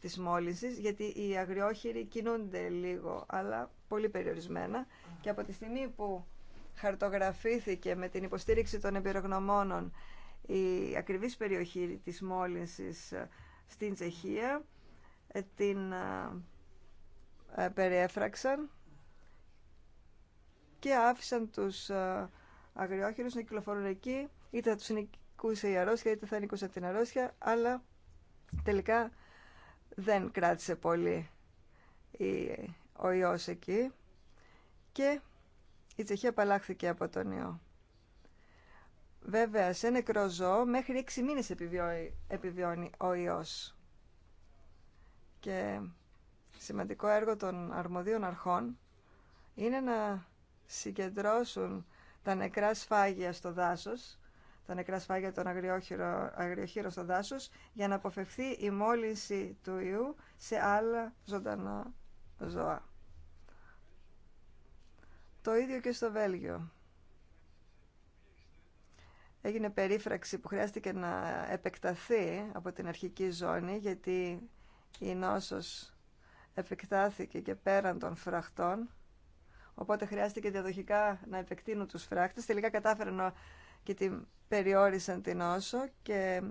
της μόλυνσης, γιατί οι αγριόχειροι κινούνται λίγο, αλλά πολύ περιορισμένα. Και από τη στιγμή που χαρτογραφήθηκε με την υποστήριξη των εμπειρογνωμόνων η ακριβής περιοχή της μόλυνσης ε, στην Τσεχία, την ε, περιέφραξαν και άφησαν τους αγριόχειρους να κυκλοφορούν εκεί είτε θα τους νικούσε η αρρώστια είτε θα νικούσε την αρρώστια αλλά τελικά δεν κράτησε πολύ ο ιός εκεί και η Τσεχία απαλλάχθηκε από τον ιό. Βέβαια, σε νεκρό ζώο μέχρι 6 μήνες επιβιώνει ο ιός. Και σημαντικό έργο των αρμοδίων αρχών είναι να συγκεντρώσουν τα νεκρά σφάγια στο δάσος, τα νεκρά σφάγια των αγριοχείρων στο δάσος, για να αποφευθεί η μόλυνση του ιού σε άλλα ζωντανά ζώα. Το ίδιο και στο Βέλγιο. Έγινε περίφραξη που χρειάστηκε να επεκταθεί από την αρχική ζώνη, γιατί η νόσος επεκτάθηκε και πέραν των φραχτών, οπότε χρειάστηκε διαδοχικά να επεκτείνουν τους φράχτες. Τελικά κατάφεραν και την περιόρισαν την νόσο και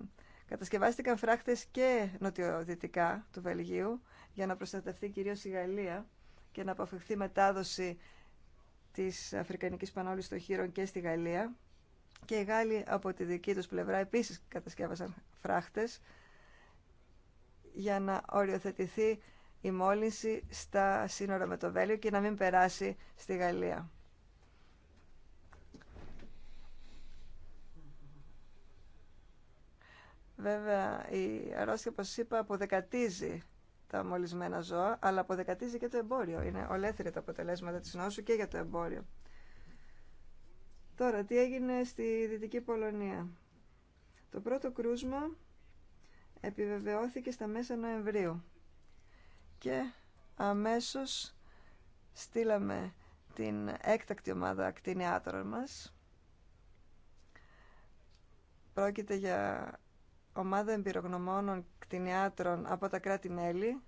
κατασκευάστηκαν φράχτες και νοτιοδυτικά του Βελγίου για να προστατευτεί κυρίως η Γαλλία και να αποφευχθεί μετάδοση της Αφρικανικής Πανόλης των Χείρων και στη Γαλλία. Και οι Γάλλοι από τη δική τους πλευρά επίσης κατασκεύασαν φράχτες για να οριοθετηθεί η μόλυνση στα σύνορα με το Βέλιο και να μην περάσει στη Γαλλία. Βέβαια, η αρρώστια, όπως είπα, αποδεκατίζει τα μολυσμένα ζώα, αλλά αποδεκατίζει και το εμπόριο. Είναι ολέθρια τα αποτελέσματα της νόσου και για το εμπόριο. Τώρα, τι έγινε στη Δυτική Πολωνία. Το πρώτο κρούσμα επιβεβαιώθηκε στα μέσα Νοεμβρίου και αμέσως στείλαμε την έκτακτη ομάδα ακτινιάτρων μας. Πρόκειται για ομάδα εμπειρογνωμόνων κτηνιάτρων από τα κράτη-μέλη.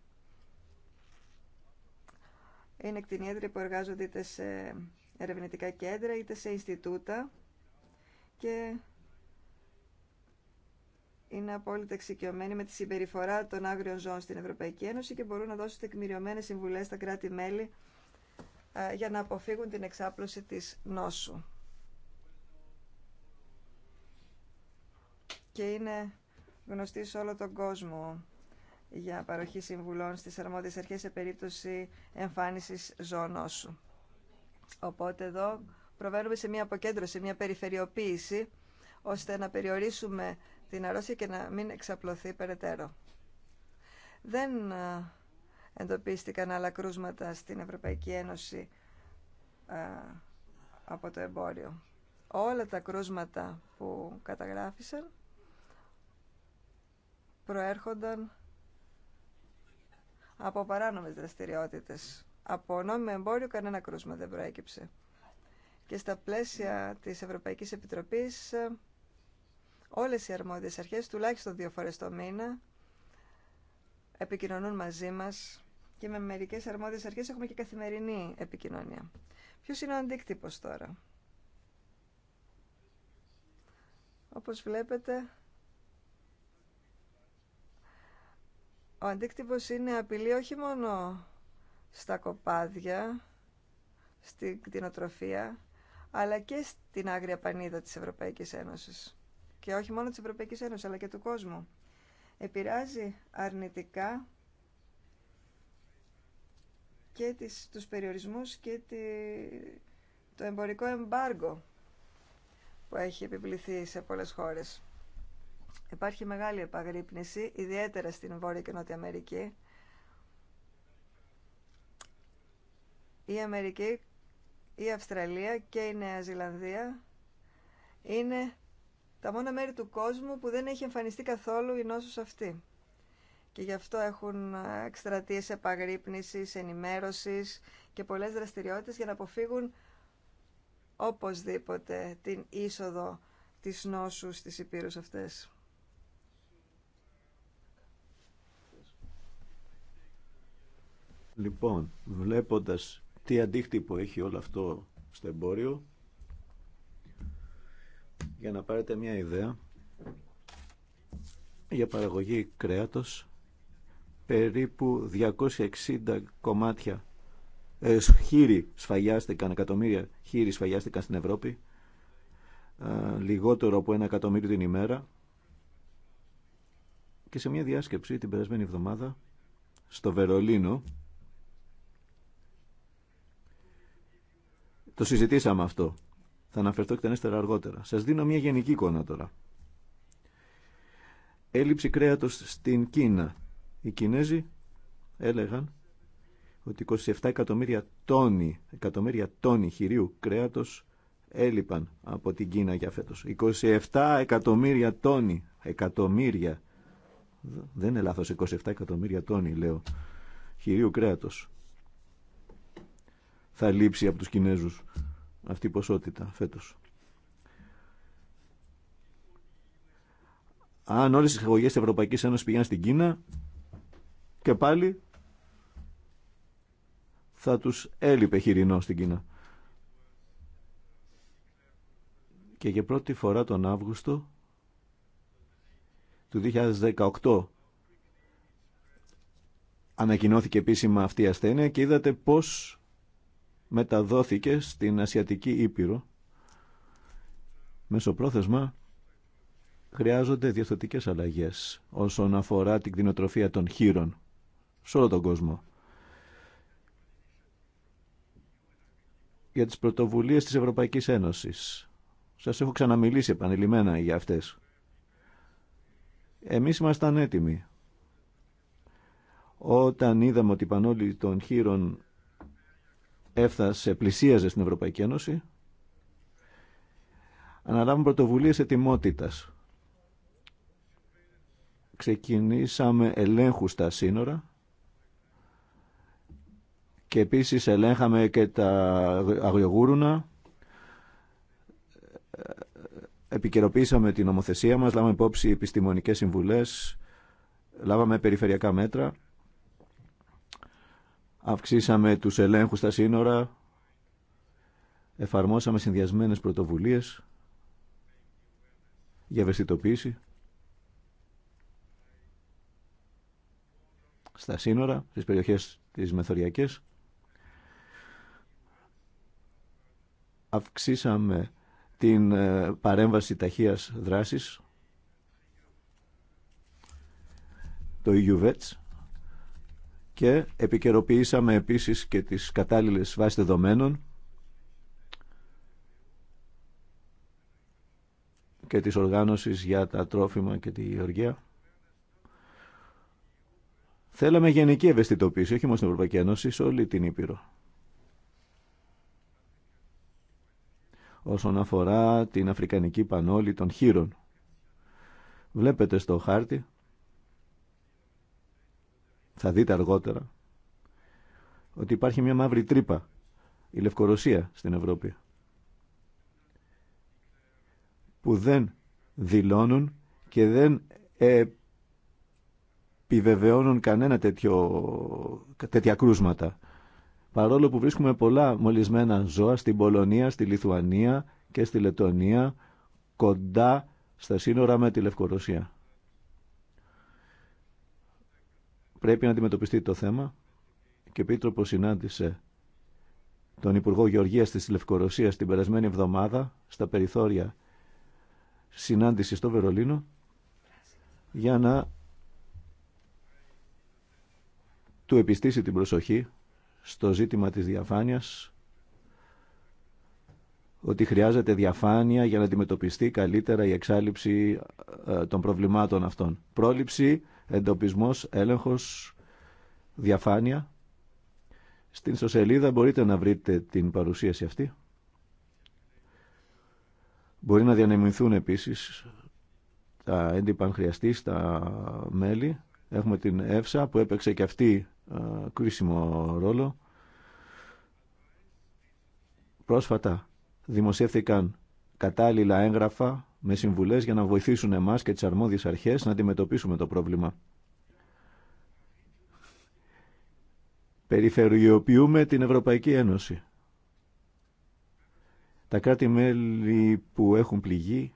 Είναι κτηνίατροι που εργάζονται είτε σε ερευνητικά κέντρα είτε σε Ινστιτούτα και είναι απόλυτα εξοικειωμένοι με τη συμπεριφορά των άγριων ζώων στην Ευρωπαϊκή Ένωση και μπορούν να δώσουν τεκμηριωμένες συμβουλές στα κράτη-μέλη ε, για να αποφύγουν την εξάπλωση της νόσου. Και είναι γνωστή σε όλο τον κόσμο για παροχή συμβουλών στις αρμόδιες αρχές σε περίπτωση εμφάνισης ζώων νόσου. Οπότε εδώ προβαίνουμε σε μια αποκέντρωση, μια περιφερειοποίηση, ώστε να περιορίσουμε την αρρώστια και να μην εξαπλωθεί περαιτέρω. Δεν ε, εντοπίστηκαν άλλα κρούσματα στην Ευρωπαϊκή Ένωση ε, από το εμπόριο. Όλα τα κρούσματα που καταγράφησαν προέρχονταν από παράνομες δραστηριότητες. Από νόμιμο εμπόριο κανένα κρούσμα δεν προέκυψε. Και στα πλαίσια της Ευρωπαϊκής Επιτροπής ε, όλες οι αρμόδιες αρχές τουλάχιστον δύο φορές το μήνα επικοινωνούν μαζί μας και με μερικές αρμόδιες αρχές έχουμε και καθημερινή επικοινωνία. Ποιος είναι ο αντίκτυπος τώρα. Όπως βλέπετε, ο αντίκτυπος είναι απειλή όχι μόνο στα κοπάδια, στην κτηνοτροφία, αλλά και στην άγρια πανίδα της Ευρωπαϊκής Ένωσης και όχι μόνο της Ευρωπαϊκής Ένωσης αλλά και του κόσμου. Επηρεάζει αρνητικά και τις, τους περιορισμούς και το εμπορικό εμπάργκο που έχει επιβληθεί σε πολλές χώρες. Υπάρχει μεγάλη επαγρύπνηση, ιδιαίτερα στην Βόρεια και Νότια Αμερική. Η Αμερική, η Αυστραλία και η Νέα Ζηλανδία είναι τα μόνα μέρη του κόσμου που δεν έχει εμφανιστεί καθόλου η νόσος αυτή. Και γι' αυτό έχουν εκστρατείες επαγρύπνησης, ενημέρωσης και πολλές δραστηριότητες για να αποφύγουν οπωσδήποτε την είσοδο της νόσου στις υπήρους αυτές. Λοιπόν, βλέποντας τι αντίκτυπο έχει όλο αυτό στο εμπόριο, για να πάρετε μια ιδέα για παραγωγή κρέατος περίπου 260 κομμάτια ε, χείρι σφαγιάστηκαν, εκατομμύρια χείρι σφαγιάστηκαν στην Ευρώπη ε, λιγότερο από ένα εκατομμύριο την ημέρα και σε μια διάσκεψη την περασμένη εβδομάδα στο Βερολίνο το συζητήσαμε αυτό θα αναφερθώ εκτενέστερα αργότερα. Σας δίνω μια γενική εικόνα τώρα. Έλλειψη κρέατος στην Κίνα. Οι Κινέζοι έλεγαν ότι 27 εκατομμύρια τόνοι, εκατομμύρια τόνοι χειρίου κρέατος έλειπαν από την Κίνα για φέτος. 27 εκατομμύρια τόνοι, εκατομμύρια, δεν είναι 27 εκατομμύρια τόνοι λέω, χειρίου κρέατος θα λείψει από τους Κινέζους αυτή η ποσότητα φέτος. Αν όλες οι εισαγωγές της Ευρωπαϊκής Ένωσης πηγαίνουν στην Κίνα και πάλι θα τους έλειπε χοιρινό στην Κίνα. Και για πρώτη φορά τον Αύγουστο του 2018 ανακοινώθηκε επίσημα αυτή η ασθένεια και είδατε πώς μεταδόθηκε στην Ασιατική Ήπειρο. Μεσοπρόθεσμα χρειάζονται διαστατικές αλλαγές όσον αφορά την κτηνοτροφία των χείρων σε όλο τον κόσμο. Για τις πρωτοβουλίες της Ευρωπαϊκής Ένωσης. Σας έχω ξαναμιλήσει επανειλημμένα για αυτές. Εμείς ήμασταν έτοιμοι. Όταν είδαμε ότι οι πανόλοι των χείρων έφτασε, πλησίαζε στην Ευρωπαϊκή Ένωση, αναλάβουμε πρωτοβουλίες ετοιμότητας. Ξεκινήσαμε ελέγχου στα σύνορα και επίσης ελέγχαμε και τα αγριογούρουνα. Επικαιροποίησαμε την νομοθεσία μας, λάβαμε υπόψη επιστημονικές συμβουλές, λάβαμε περιφερειακά μέτρα. Αυξήσαμε τους ελέγχους στα σύνορα, εφαρμόσαμε συνδυασμένες πρωτοβουλίες για ευαισθητοποίηση στα σύνορα, στις περιοχές της μεθοριακές. Αυξήσαμε την ε, παρέμβαση ταχείας δράσης, το EUVETS, και επικαιροποιήσαμε επίσης και τις κατάλληλες βάσεις δεδομένων και της οργάνωσης για τα τρόφιμα και τη γεωργία. Θέλαμε γενική ευαισθητοποίηση, όχι μόνο στην Ευρωπαϊκή Ένωση, σε όλη την Ήπειρο. Όσον αφορά την Αφρικανική Πανόλη των Χείρων. Βλέπετε στο χάρτη θα δείτε αργότερα, ότι υπάρχει μια μαύρη τρύπα, η Λευκορωσία στην Ευρώπη, που δεν δηλώνουν και δεν επιβεβαιώνουν κανένα τέτοιο, τέτοια κρούσματα. Παρόλο που βρίσκουμε πολλά μολυσμένα ζώα στην Πολωνία, στη Λιθουανία και στη Λετωνία, κοντά στα σύνορα με τη Λευκορωσία. Πρέπει να αντιμετωπιστεί το θέμα και ο Επίτροπος συνάντησε τον Υπουργό Γεωργίας της Λευκορωσίας την περασμένη εβδομάδα στα περιθώρια συνάντηση στο Βερολίνο για να του επιστήσει την προσοχή στο ζήτημα της διαφάνειας ότι χρειάζεται διαφάνεια για να αντιμετωπιστεί καλύτερα η εξάλληψη ε, των προβλημάτων αυτών. Πρόληψη εντοπισμός, έλεγχος, διαφάνεια. Στην ιστοσελίδα μπορείτε να βρείτε την παρουσίαση αυτή. Μπορεί να διανεμηθούν επίσης τα έντυπα αν χρειαστεί στα μέλη. Έχουμε την ΕΦΣΑ που έπαιξε και αυτή κρίσιμο ρόλο. Πρόσφατα δημοσιεύθηκαν κατάλληλα έγγραφα με συμβουλές για να βοηθήσουν εμά και τις αρμόδιες αρχές να αντιμετωπίσουμε το πρόβλημα. Περιφερειοποιούμε την Ευρωπαϊκή Ένωση. Τα κράτη-μέλη που έχουν πληγεί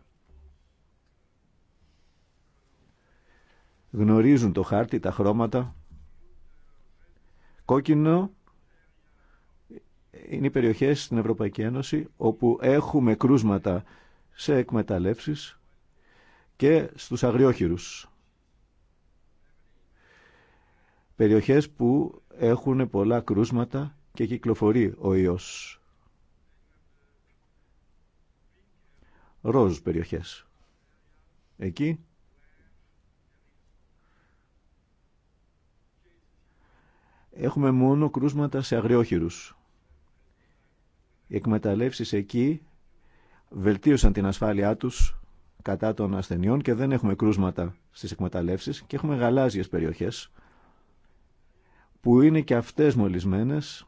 γνωρίζουν το χάρτη, τα χρώματα. Κόκκινο είναι οι περιοχές στην Ευρωπαϊκή Ένωση όπου έχουμε κρούσματα σε εκμεταλλεύσεις και στους αγριόχειρους. Περιοχές που έχουν πολλά κρούσματα και κυκλοφορεί ο ιός. Ροζ περιοχές. Εκεί έχουμε μόνο κρούσματα σε αγριόχειρους. Οι εκμεταλλεύσεις εκεί βελτίωσαν την ασφάλειά τους κατά των ασθενειών και δεν έχουμε κρούσματα στις εκμεταλλεύσεις και έχουμε γαλάζιες περιοχές που είναι και αυτές μολυσμένες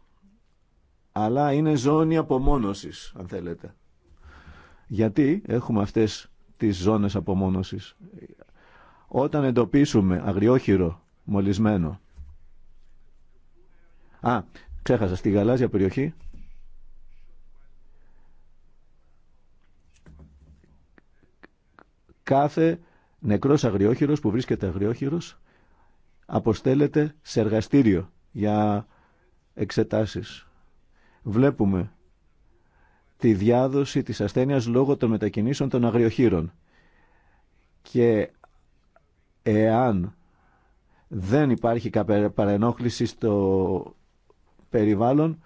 αλλά είναι ζώνη απομόνωσης αν θέλετε. Γιατί έχουμε αυτές τις ζώνες απομόνωσης. Όταν εντοπίσουμε αγριόχειρο μολυσμένο Α, ξέχασα, στη γαλάζια περιοχή κάθε νεκρός αγριόχειρος που βρίσκεται αγριόχειρος αποστέλλεται σε εργαστήριο για εξετάσεις. Βλέπουμε τη διάδοση της ασθένειας λόγω των μετακινήσεων των αγριοχείρων. Και εάν δεν υπάρχει παρενόχληση στο περιβάλλον,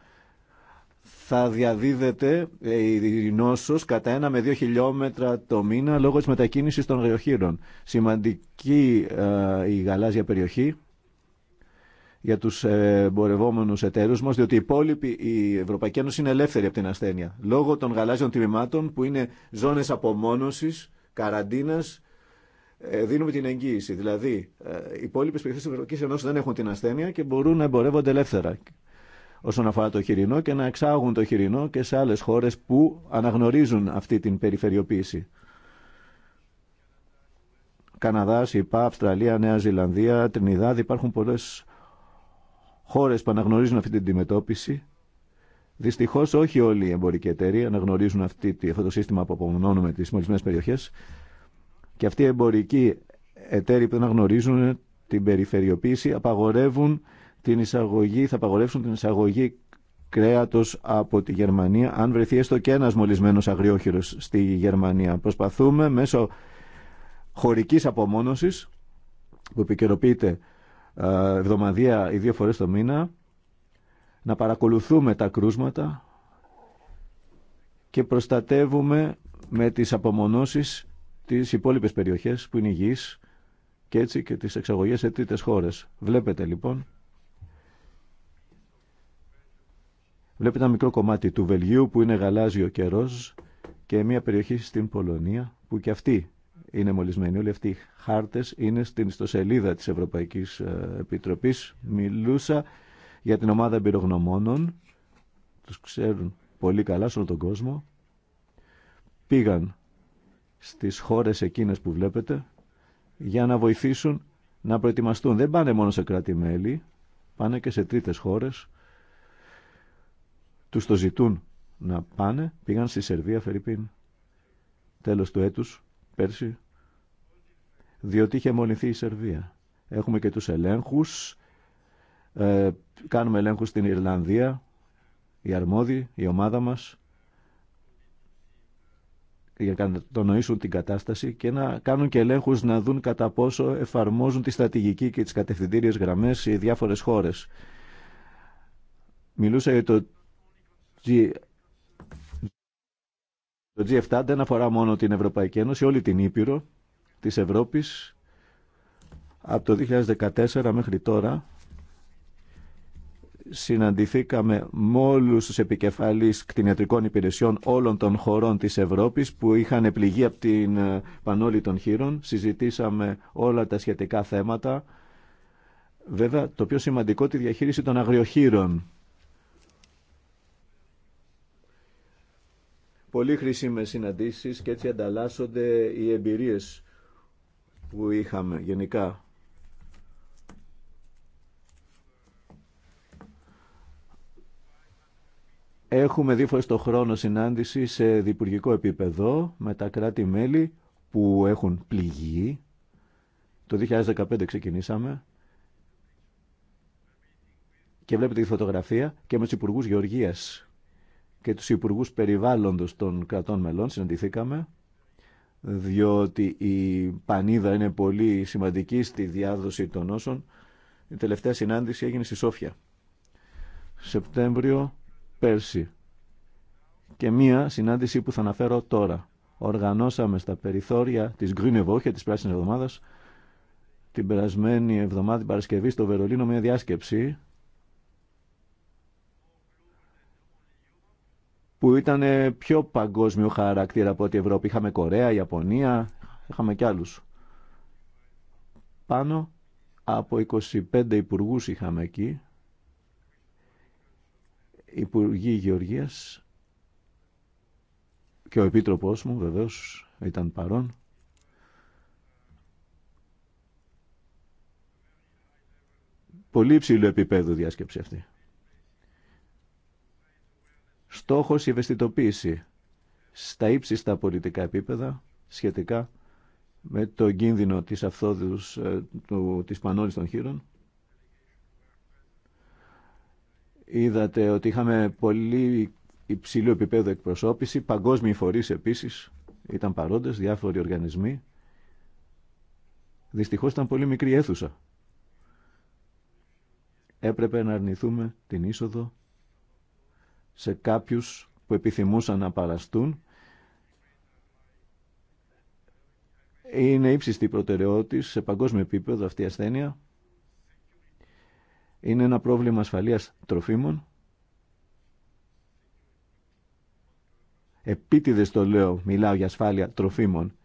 θα διαδίδεται ε, η νόσος κατά ένα με δύο χιλιόμετρα το μήνα λόγω της μετακίνησης των αγριοχείρων. Σημαντική ε, η γαλάζια περιοχή για τους ε, εμπορευόμενους εταίρους μας, διότι η υπόλοιπη η Ευρωπαϊκή Ένωση είναι ελεύθερη από την ασθένεια. Λόγω των γαλάζιων τμήματων που είναι ζώνες απομόνωσης, καραντίνας, δίνουμε την εγγύηση. Δηλαδή, οι υπόλοιπε περιοχέ τη Ευρωπαϊκή Ένωση δεν έχουν την ασθένεια και μπορούν να εμπορεύονται ελεύθερα όσον αφορά το χοιρινό και να εξάγουν το χοιρινό και σε άλλες χώρες που αναγνωρίζουν αυτή την περιφερειοποίηση. Καναδά, ΣΥΠΑ, Αυστραλία, Νέα Ζηλανδία, Τρινιδάδ, υπάρχουν πολλές χώρες που αναγνωρίζουν αυτή την αντιμετώπιση. Δυστυχώς όχι όλοι οι εμπορικοί εταιροί αναγνωρίζουν αυτή, αυτό το σύστημα που απομονώνουμε τι μολυσμένε περιοχέ και αυτοί οι εμπορικοί εταίροι που αναγνωρίζουν την περιφερειοποίηση απαγορεύουν την εισαγωγή, θα απαγορεύσουν την εισαγωγή κρέατος από τη Γερμανία, αν βρεθεί έστω και ένας μολυσμένος αγριόχειρος στη Γερμανία. Προσπαθούμε μέσω χωρικής απομόνωσης, που επικαιροποιείται εβδομαδία ή δύο φορές το μήνα, να παρακολουθούμε τα κρούσματα και προστατεύουμε με τις απομονώσεις τις υπόλοιπες περιοχές που είναι υγιείς και έτσι και τις εξαγωγές σε τρίτες χώρες. Βλέπετε λοιπόν Βλέπετε ένα μικρό κομμάτι του Βελγίου που είναι γαλάζιο και ροζ και μια περιοχή στην Πολωνία που και αυτή είναι μολυσμένη. Όλοι αυτοί οι χάρτες είναι στην ιστοσελίδα της Ευρωπαϊκής ε, Επιτροπής. Μιλούσα για την ομάδα εμπειρογνωμόνων. Τους ξέρουν πολύ καλά σε όλο τον κόσμο. Πήγαν στις χώρες εκείνες που βλέπετε για να βοηθήσουν να προετοιμαστούν. Δεν πάνε μόνο σε κράτη-μέλη, πάνε και σε τρίτες χώρες τους το ζητούν να πάνε, πήγαν στη Σερβία, Φερρυπίν, τέλος του έτους, πέρσι, διότι είχε μολυνθεί η Σερβία. Έχουμε και τους ελέγχους, ε, κάνουμε ελέγχους στην Ιρλανδία, οι αρμόδιοι, η ομάδα μας, για να τονοήσουν την κατάσταση και να κάνουν και ελέγχους να δουν κατά πόσο εφαρμόζουν τη στρατηγική και τις κατευθυντήριες γραμμές σε διάφορες χώρες. Μιλούσα για το το G7 δεν αφορά μόνο την Ευρωπαϊκή Ένωση, όλη την Ήπειρο της Ευρώπης. Από το 2014 μέχρι τώρα συναντηθήκαμε με όλους τους επικεφαλείς κτηνιατρικών υπηρεσιών όλων των χωρών της Ευρώπης που είχαν πληγεί από την ε, πανόλη των χείρων. Συζητήσαμε όλα τα σχετικά θέματα. Βέβαια, το πιο σημαντικό, τη διαχείριση των αγριοχείρων Πολύ χρήσιμες συναντήσεις και έτσι ανταλλάσσονται οι εμπειρίες που είχαμε γενικά. Έχουμε δύο φορές το χρόνο συνάντηση σε διπουργικό επίπεδο με τα κράτη-μέλη που έχουν πληγεί. Το 2015 ξεκινήσαμε και βλέπετε τη φωτογραφία και με του υπουργού Γεωργίας και τους Υπουργούς Περιβάλλοντος των κρατών μελών συναντηθήκαμε διότι η πανίδα είναι πολύ σημαντική στη διάδοση των όσων. Η τελευταία συνάντηση έγινε στη Σόφια. Σεπτέμβριο πέρσι. Και μία συνάντηση που θα αναφέρω τώρα. Οργανώσαμε στα περιθώρια της βόχια της Πράσινης Εβδομάδας την περασμένη εβδομάδα την Παρασκευή στο Βερολίνο μια διάσκεψη που ήταν πιο παγκόσμιο χαρακτήρα από ό,τι Ευρώπη. Είχαμε Κορέα, Ιαπωνία, είχαμε κι άλλους. Πάνω από 25 υπουργούς είχαμε εκεί, Υπουργοί Γεωργίας και ο Επίτροπός μου βεβαίως ήταν παρόν. Πολύ ψηλό επίπεδο διάσκεψη αυτή. Στόχος η ευαισθητοποίηση στα ύψιστα πολιτικά επίπεδα σχετικά με το κίνδυνο της αυθόδους ε, του, της πανόλης των χείρων. Είδατε ότι είχαμε πολύ υψηλό επίπεδο εκπροσώπηση, παγκόσμιοι φορείς επίσης ήταν παρόντες, διάφοροι οργανισμοί. Δυστυχώς ήταν πολύ μικρή αίθουσα. Έπρεπε να αρνηθούμε την είσοδο σε κάποιους που επιθυμούσαν να παραστούν. Είναι ύψιστη προτεραιότητα σε παγκόσμιο επίπεδο αυτή η ασθένεια. Είναι ένα πρόβλημα ασφαλείας τροφίμων. Επίτηδες το λέω, μιλάω για ασφάλεια τροφίμων.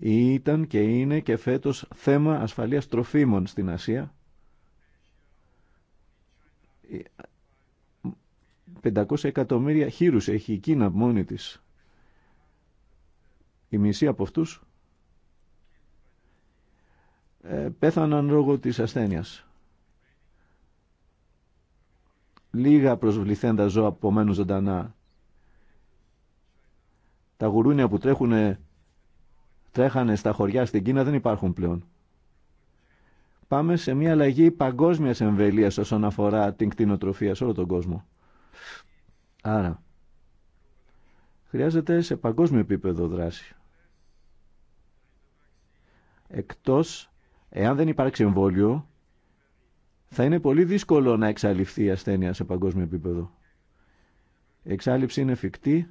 Ήταν και είναι και φέτος θέμα ασφαλείας τροφίμων στην Ασία 500 εκατομμύρια χείρους έχει η Κίνα μόνη της. Η μισή από αυτούς ε, πέθαναν λόγω της ασθένειας. Λίγα προσβληθέντα ζώα απομένουν ζωντανά. Τα γουρούνια που τρέχουνε, τρέχανε στα χωριά στην Κίνα δεν υπάρχουν πλέον. Πάμε σε μια αλλαγή παγκόσμιας εμβελίας όσον αφορά την κτηνοτροφία σε όλο τον κόσμο. Άρα, χρειάζεται σε παγκόσμιο επίπεδο δράση. Εκτός, εάν δεν υπάρξει εμβόλιο, θα είναι πολύ δύσκολο να εξαλειφθεί η ασθένεια σε παγκόσμιο επίπεδο. Η εξάλληψη είναι εφικτή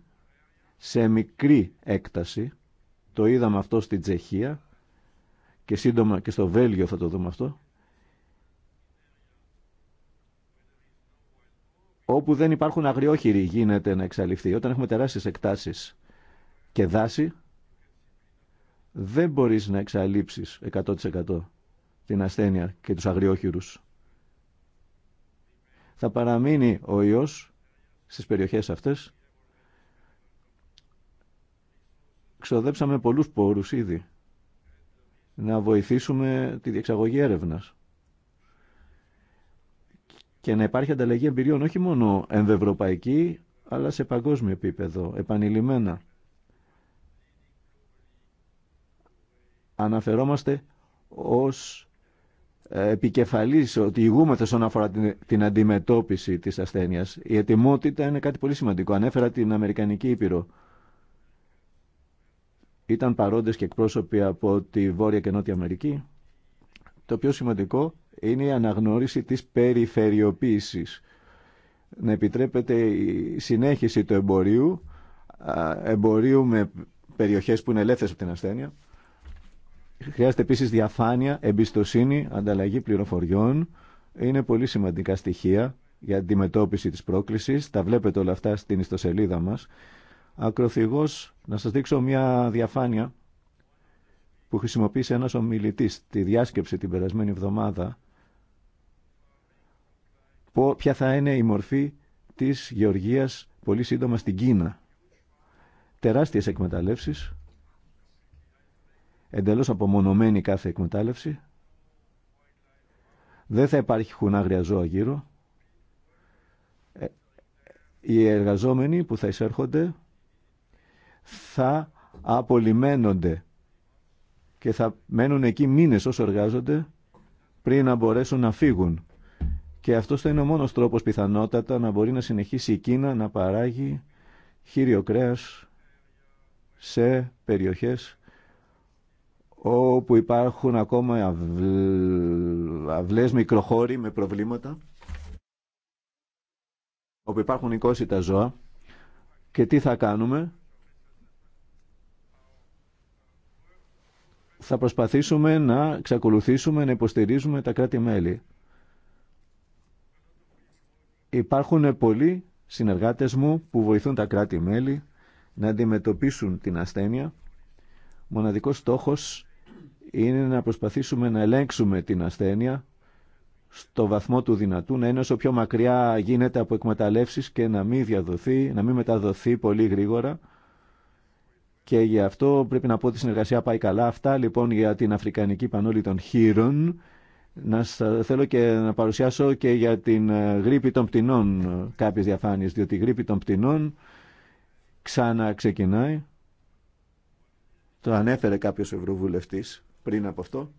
σε μικρή έκταση. Το είδαμε αυτό στην Τσεχία και σύντομα και στο Βέλγιο θα το δούμε αυτό. όπου δεν υπάρχουν αγριόχειροι γίνεται να εξαλειφθεί. Όταν έχουμε τεράστιες εκτάσεις και δάση, δεν μπορείς να εξαλείψεις 100% την ασθένεια και τους αγριόχειρους. Θα παραμείνει ο ιός στις περιοχές αυτές. Ξοδέψαμε πολλούς πόρους ήδη να βοηθήσουμε τη διεξαγωγή έρευνας και να υπάρχει ανταλλαγή εμπειριών όχι μόνο ενδευρωπαϊκή, αλλά σε παγκόσμιο επίπεδο, επανειλημμένα. Αναφερόμαστε ως ε, επικεφαλής ότι ηγούμεθα όσον αφορά την αντιμετώπιση της ασθένειας. Η ετοιμότητα είναι κάτι πολύ σημαντικό. Ανέφερα την Αμερικανική Ήπειρο. Ήταν παρόντες και εκπρόσωποι από τη Βόρεια και Νότια Αμερική. Το πιο σημαντικό είναι η αναγνώριση της περιφερειοποίησης. Να επιτρέπεται η συνέχιση του εμπορίου, εμπορίου με περιοχές που είναι ελεύθερες από την ασθένεια. Χρειάζεται επίσης διαφάνεια, εμπιστοσύνη, ανταλλαγή πληροφοριών. Είναι πολύ σημαντικά στοιχεία για αντιμετώπιση της πρόκλησης. Τα βλέπετε όλα αυτά στην ιστοσελίδα μας. Ακροθυγός, να σας δείξω μια διαφάνεια που χρησιμοποίησε ένας ομιλητής στη διάσκεψη την περασμένη εβδομάδα ποια θα είναι η μορφή της γεωργίας πολύ σύντομα στην Κίνα. Τεράστιες εκμεταλλεύσεις, εντελώς απομονωμένη κάθε εκμετάλλευση, δεν θα υπάρχουν άγρια ζώα γύρω. Ε, οι εργαζόμενοι που θα εισέρχονται θα απολυμένονται και θα μένουν εκεί μήνες όσο εργάζονται πριν να μπορέσουν να φύγουν. Και αυτό θα είναι ο μόνος τρόπος πιθανότατα να μπορεί να συνεχίσει η Κίνα να παράγει χείριο κρέας σε περιοχές όπου υπάρχουν ακόμα αυλ... αυλές μικροχώροι με προβλήματα όπου υπάρχουν τα ζώα και τι θα κάνουμε θα προσπαθήσουμε να εξακολουθήσουμε να υποστηρίζουμε τα κράτη-μέλη. Υπάρχουν πολλοί συνεργάτες μου που βοηθούν τα κράτη-μέλη να αντιμετωπίσουν την ασθένεια. Μοναδικός στόχος είναι να προσπαθήσουμε να ελέγξουμε την ασθένεια στο βαθμό του δυνατού, να είναι όσο πιο μακριά γίνεται από εκμεταλλεύσεις και να μην διαδοθεί, να μην μεταδοθεί πολύ γρήγορα. Και γι' αυτό πρέπει να πω ότι η συνεργασία πάει καλά. Αυτά λοιπόν για την Αφρικανική Πανόλη των Χείρων. Να θέλω και να παρουσιάσω και για την ε, γρήπη των πτηνών ε, κάποιες διαφάνειες, διότι η γρήπη των πτηνών ξανά ξεκινάει. Το ανέφερε κάποιος ευρωβουλευτής πριν από αυτό.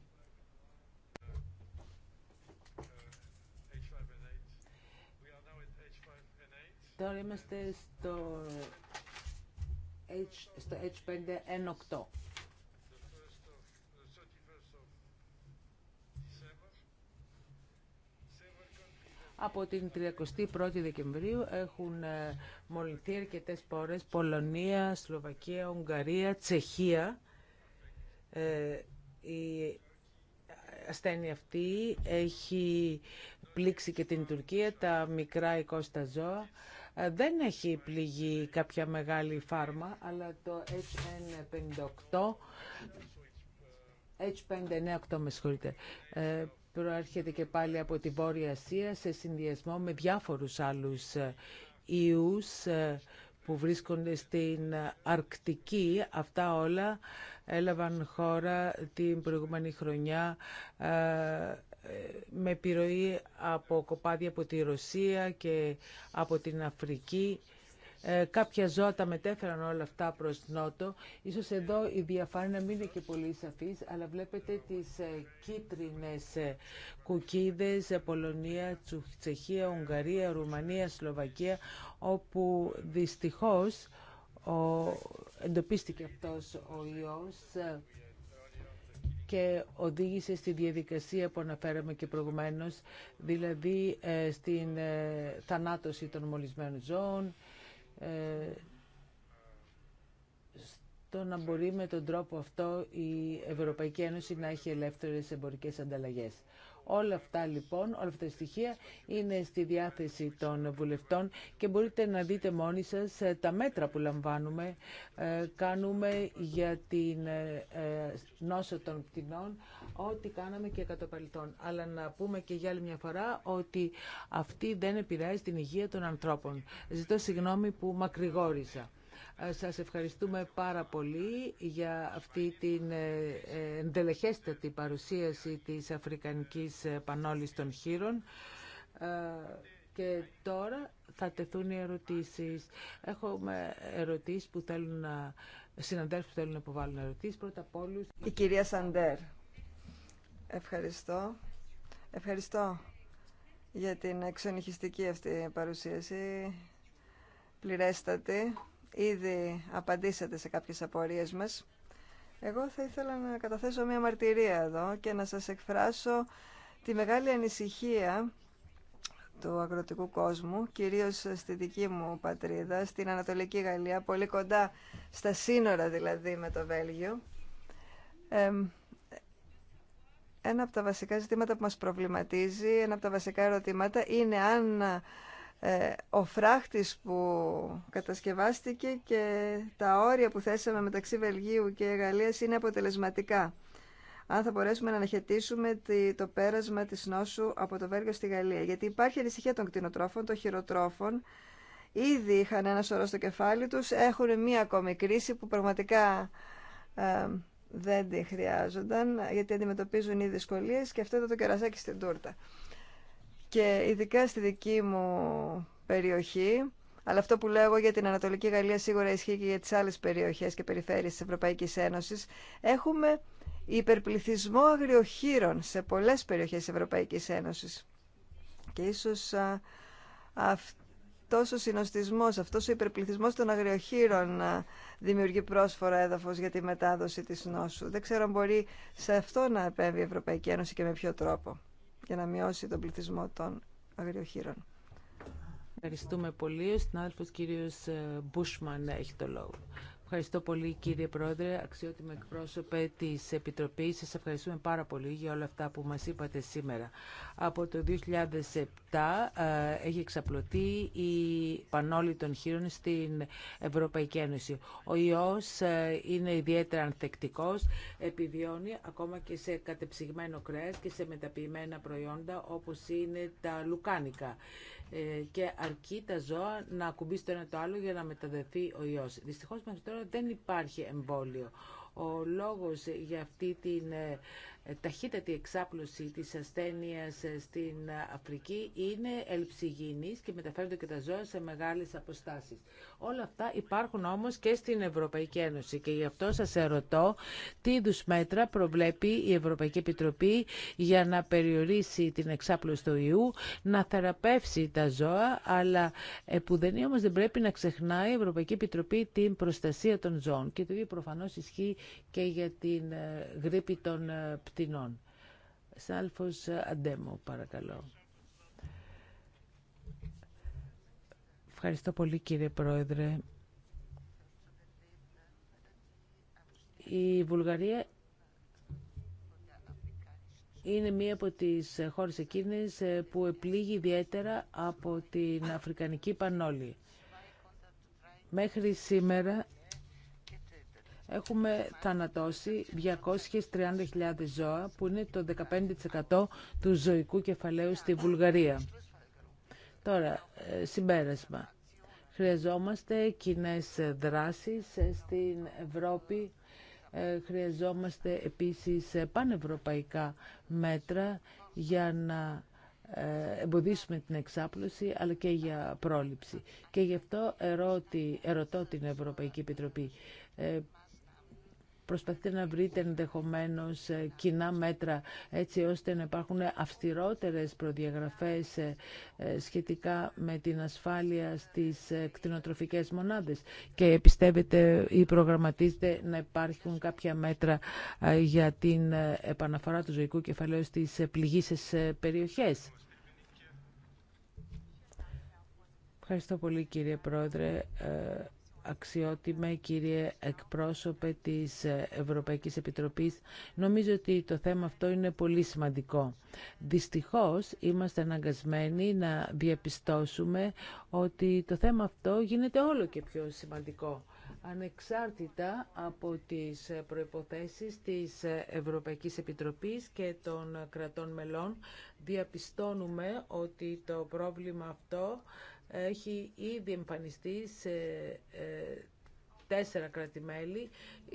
Τώρα είμαστε στο H, στο H5N8. Από την 31η Δεκεμβρίου έχουν ε, μολυνθεί αρκετέ πόρε Πολωνία, Σλοβακία, Ουγγαρία, Τσεχία. Ε, η ασθένεια αυτή έχει πλήξει και την Τουρκία, τα μικρά οικόστα ζώα. Ε, δεν έχει πληγεί κάποια μεγάλη φάρμα, αλλά το h 58 H598 με ε, προέρχεται και πάλι από την Βόρεια Ασία σε συνδυασμό με διάφορους άλλους ε, ιούς που βρίσκονται στην Αρκτική. Αυτά όλα έλαβαν χώρα την προηγούμενη χρονιά ε, με επιρροή από κοπάδια από τη Ρωσία και από την Αφρική. Ε, κάποια ζώα τα μετέφεραν όλα αυτά προς νότο. Ίσως εδώ η διαφάνεια μην είναι και πολύ σαφής, αλλά βλέπετε τις ε, κίτρινες ε, κουκίδες, ε, Πολωνία, Τσεχία, Ουγγαρία, Ρουμανία, Σλοβακία, όπου δυστυχώς ο, εντοπίστηκε αυτός ο ιός ε, και οδήγησε στη διαδικασία που αναφέραμε και προηγουμένως, δηλαδή ε, στην ε, θανάτωση των μολυσμένων ζώων, ε, στο να μπορεί με τον τρόπο αυτό η Ευρωπαϊκή Ένωση να έχει ελεύθερες εμπορικές ανταλλαγές. Όλα αυτά λοιπόν, όλα αυτά τα στοιχεία είναι στη διάθεση των βουλευτών και μπορείτε να δείτε μόνοι σας ε, τα μέτρα που λαμβάνουμε, ε, κάνουμε για την ε, νόσο των πτηνών, ό,τι κάναμε και κατά παρελθόν. Αλλά να πούμε και για άλλη μια φορά ότι αυτή δεν επηρεάζει την υγεία των ανθρώπων. Ζητώ συγγνώμη που μακρηγόρησα. Σας ευχαριστούμε πάρα πολύ για αυτή την ε, ε, εντελεχέστατη παρουσίαση της Αφρικανικής Πανόλης των Χείρων. Ε, και τώρα θα τεθούν οι ερωτήσεις. Έχουμε ερωτήσεις που θέλουν να... Συναντέρφους που θέλουν να υποβάλουν ερωτήσεις. Πρώτα απ' όλους... Η κυρία Σαντέρ. Ευχαριστώ. Ευχαριστώ για την εξονυχιστική αυτή παρουσίαση. Πληρέστατη ήδη απαντήσατε σε κάποιες απορίες μας. Εγώ θα ήθελα να καταθέσω μια μαρτυρία εδώ και να σας εκφράσω τη μεγάλη ανησυχία του αγροτικού κόσμου, κυρίως στη δική μου πατρίδα, στην Ανατολική Γαλλία, πολύ κοντά στα σύνορα δηλαδή με το Βέλγιο. ένα από τα βασικά ζητήματα που μας προβληματίζει, ένα από τα βασικά ερωτήματα είναι αν ε, ο φράχτης που κατασκευάστηκε και τα όρια που θέσαμε μεταξύ Βελγίου και Γαλλίας είναι αποτελεσματικά. Αν θα μπορέσουμε να αναχαιτήσουμε το πέρασμα της νόσου από το Βέλγιο στη Γαλλία. Γιατί υπάρχει ανησυχία των κτηνοτρόφων, των χειροτρόφων. Ήδη είχαν ένα σωρό στο κεφάλι τους. Έχουν μία ακόμη κρίση που πραγματικά ε, δεν τη χρειάζονταν. Γιατί αντιμετωπίζουν ήδη δυσκολίες και αυτό ήταν το κερασάκι στην τούρτα. Και ειδικά στη δική μου περιοχή, αλλά αυτό που λέω εγώ για την Ανατολική Γαλλία σίγουρα ισχύει και για τις άλλες περιοχές και περιφέρειες της Ευρωπαϊκής Ένωσης, έχουμε υπερπληθυσμό αγριοχείρων σε πολλές περιοχές της Ευρωπαϊκής Ένωσης. Και ίσως α, αυτός ο συνοστισμός, αυτός ο υπερπληθυσμός των αγριοχείρων α, δημιουργεί πρόσφορα έδαφος για τη μετάδοση της νόσου. Δεν ξέρω αν μπορεί σε αυτό να επέμβει η Ευρωπαϊκή Ένωση και με ποιο τρόπο για να μειώσει τον πληθυσμό των αγριοχείρων. Ευχαριστούμε πολύ. Ο συνάδελφος κύριος ε, Μπούσμαν έχει το λόγο. Ευχαριστώ πολύ κύριε Πρόεδρε, αξιότιμο εκπρόσωπε της Επιτροπής. Σας ευχαριστούμε πάρα πολύ για όλα αυτά που μας είπατε σήμερα. Από το 2007 ε, έχει εξαπλωθεί η πανόλη των χείρων στην Ευρωπαϊκή Ένωση. Ο ιός ε, είναι ιδιαίτερα ανθεκτικός, επιβιώνει ακόμα και σε κατεψυγμένο κρέας και σε μεταποιημένα προϊόντα όπως είναι τα λουκάνικα. Ε, και αρκεί τα ζώα να ακουμπήσει το ένα το άλλο για να μεταδεθεί ο ιός. Δυστυχώς μέχρι τώρα δεν υπάρχει εμβόλιο. Ο λόγος για αυτή την ε, ε, ταχύτατη εξάπλωση της ασθένειας ε, στην Αφρική είναι ελψιγίνης και μεταφέρονται και τα ζώα σε μεγάλες αποστάσεις. Όλα αυτά υπάρχουν όμως και στην Ευρωπαϊκή Ένωση και γι' αυτό σας ερωτώ τι είδου μέτρα προβλέπει η Ευρωπαϊκή Επιτροπή για να περιορίσει την εξάπλωση του ιού, να θεραπεύσει τα ζώα, αλλά επουδενή όμως δεν πρέπει να ξεχνάει η Ευρωπαϊκή Επιτροπή την προστασία των ζώων και το ίδιο προφανώς ισχύει και για την ε, γρήπη των πτηνών. Σάλφος Αντέμο, παρακαλώ. Ευχαριστώ πολύ κύριε Πρόεδρε. Η Βουλγαρία είναι μία από τις χώρες εκείνες που επλήγει ιδιαίτερα από την Αφρικανική Πανόλη. Μέχρι σήμερα έχουμε θανατώσει 230.000 ζώα, που είναι το 15% του ζωικού κεφαλαίου στη Βουλγαρία. Τώρα, ε, συμπέρασμα. Χρειαζόμαστε κοινέ δράσεις ε, στην Ευρώπη. Ε, χρειαζόμαστε επίσης πανευρωπαϊκά μέτρα για να εμποδίσουμε την εξάπλωση αλλά και για πρόληψη. Και γι' αυτό ερωτώ την Ευρωπαϊκή Επιτροπή Προσπαθείτε να βρείτε ενδεχομένω ε, κοινά μέτρα έτσι ώστε να υπάρχουν αυστηρότερες προδιαγραφές ε, ε, σχετικά με την ασφάλεια στις κτηνοτροφικές μονάδες και πιστεύετε ή προγραμματίζετε να υπάρχουν κάποια μέτρα για την επαναφορά του ζωικού κεφαλαίου στις πληγήσεις περιοχές. Ευχαριστώ πολύ κύριε Πρόεδρε αξιότιμε κύριε εκπρόσωπε της Ευρωπαϊκής Επιτροπής. Νομίζω ότι το θέμα αυτό είναι πολύ σημαντικό. Δυστυχώς είμαστε αναγκασμένοι να διαπιστώσουμε ότι το θέμα αυτό γίνεται όλο και πιο σημαντικό ανεξάρτητα από τις προϋποθέσεις της Ευρωπαϊκής Επιτροπής και των κρατών μελών. Διαπιστώνουμε ότι το πρόβλημα αυτό έχει ήδη εμφανιστεί σε ε, τέσσερα κρατημέλη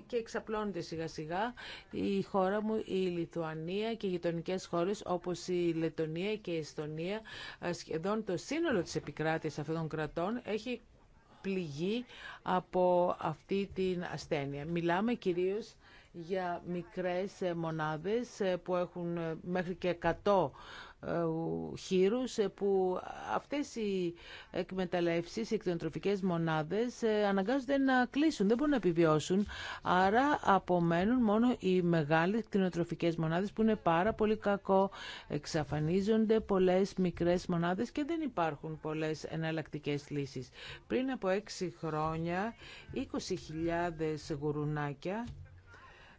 και εξαπλώνεται σιγά σιγά η χώρα μου, η Λιθουανία και οι γειτονικέ χώρες όπως η Λετωνία και η Εστονία. Ε, σχεδόν το σύνολο της επικράτειας αυτών των κρατών έχει πληγεί από αυτή την ασθένεια. Μιλάμε κυρίως για μικρές ε, μονάδες που έχουν μέχρι και 100 ε, χείρους ε, που αυτές οι εκμεταλλεύσεις, οι μονάδες ε, αναγκάζονται να κλείσουν, δεν μπορούν να επιβιώσουν. Άρα απομένουν μόνο οι μεγάλες εκτενοτροφικές μονάδες που είναι πάρα πολύ κακό. Εξαφανίζονται πολλές μικρές μονάδες και δεν υπάρχουν πολλές εναλλακτικέ λύσεις. Πριν από έξι χρόνια, 20.000 γουρουνάκια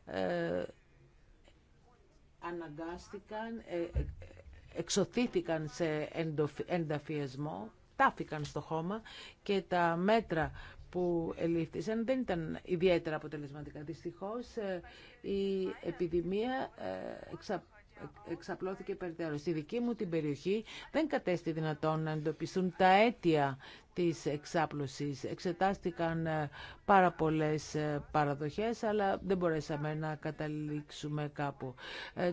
ε, αναγκάστηκαν, εξωθήθηκαν σε ενταφιασμό, τάφηκαν στο χώμα και τα μέτρα που ελήφθησαν δεν ήταν ιδιαίτερα αποτελεσματικά. Δυστυχώς ε, η επιδημία ε, εξαπλώθηκε εξαπλώθηκε περαιτέρω. Στη δική μου την περιοχή δεν κατέστη δυνατόν να εντοπιστούν τα αίτια της εξάπλωσης. Εξετάστηκαν ε, πάρα πολλές παραδοχές, αλλά δεν μπορέσαμε να καταλήξουμε κάπου.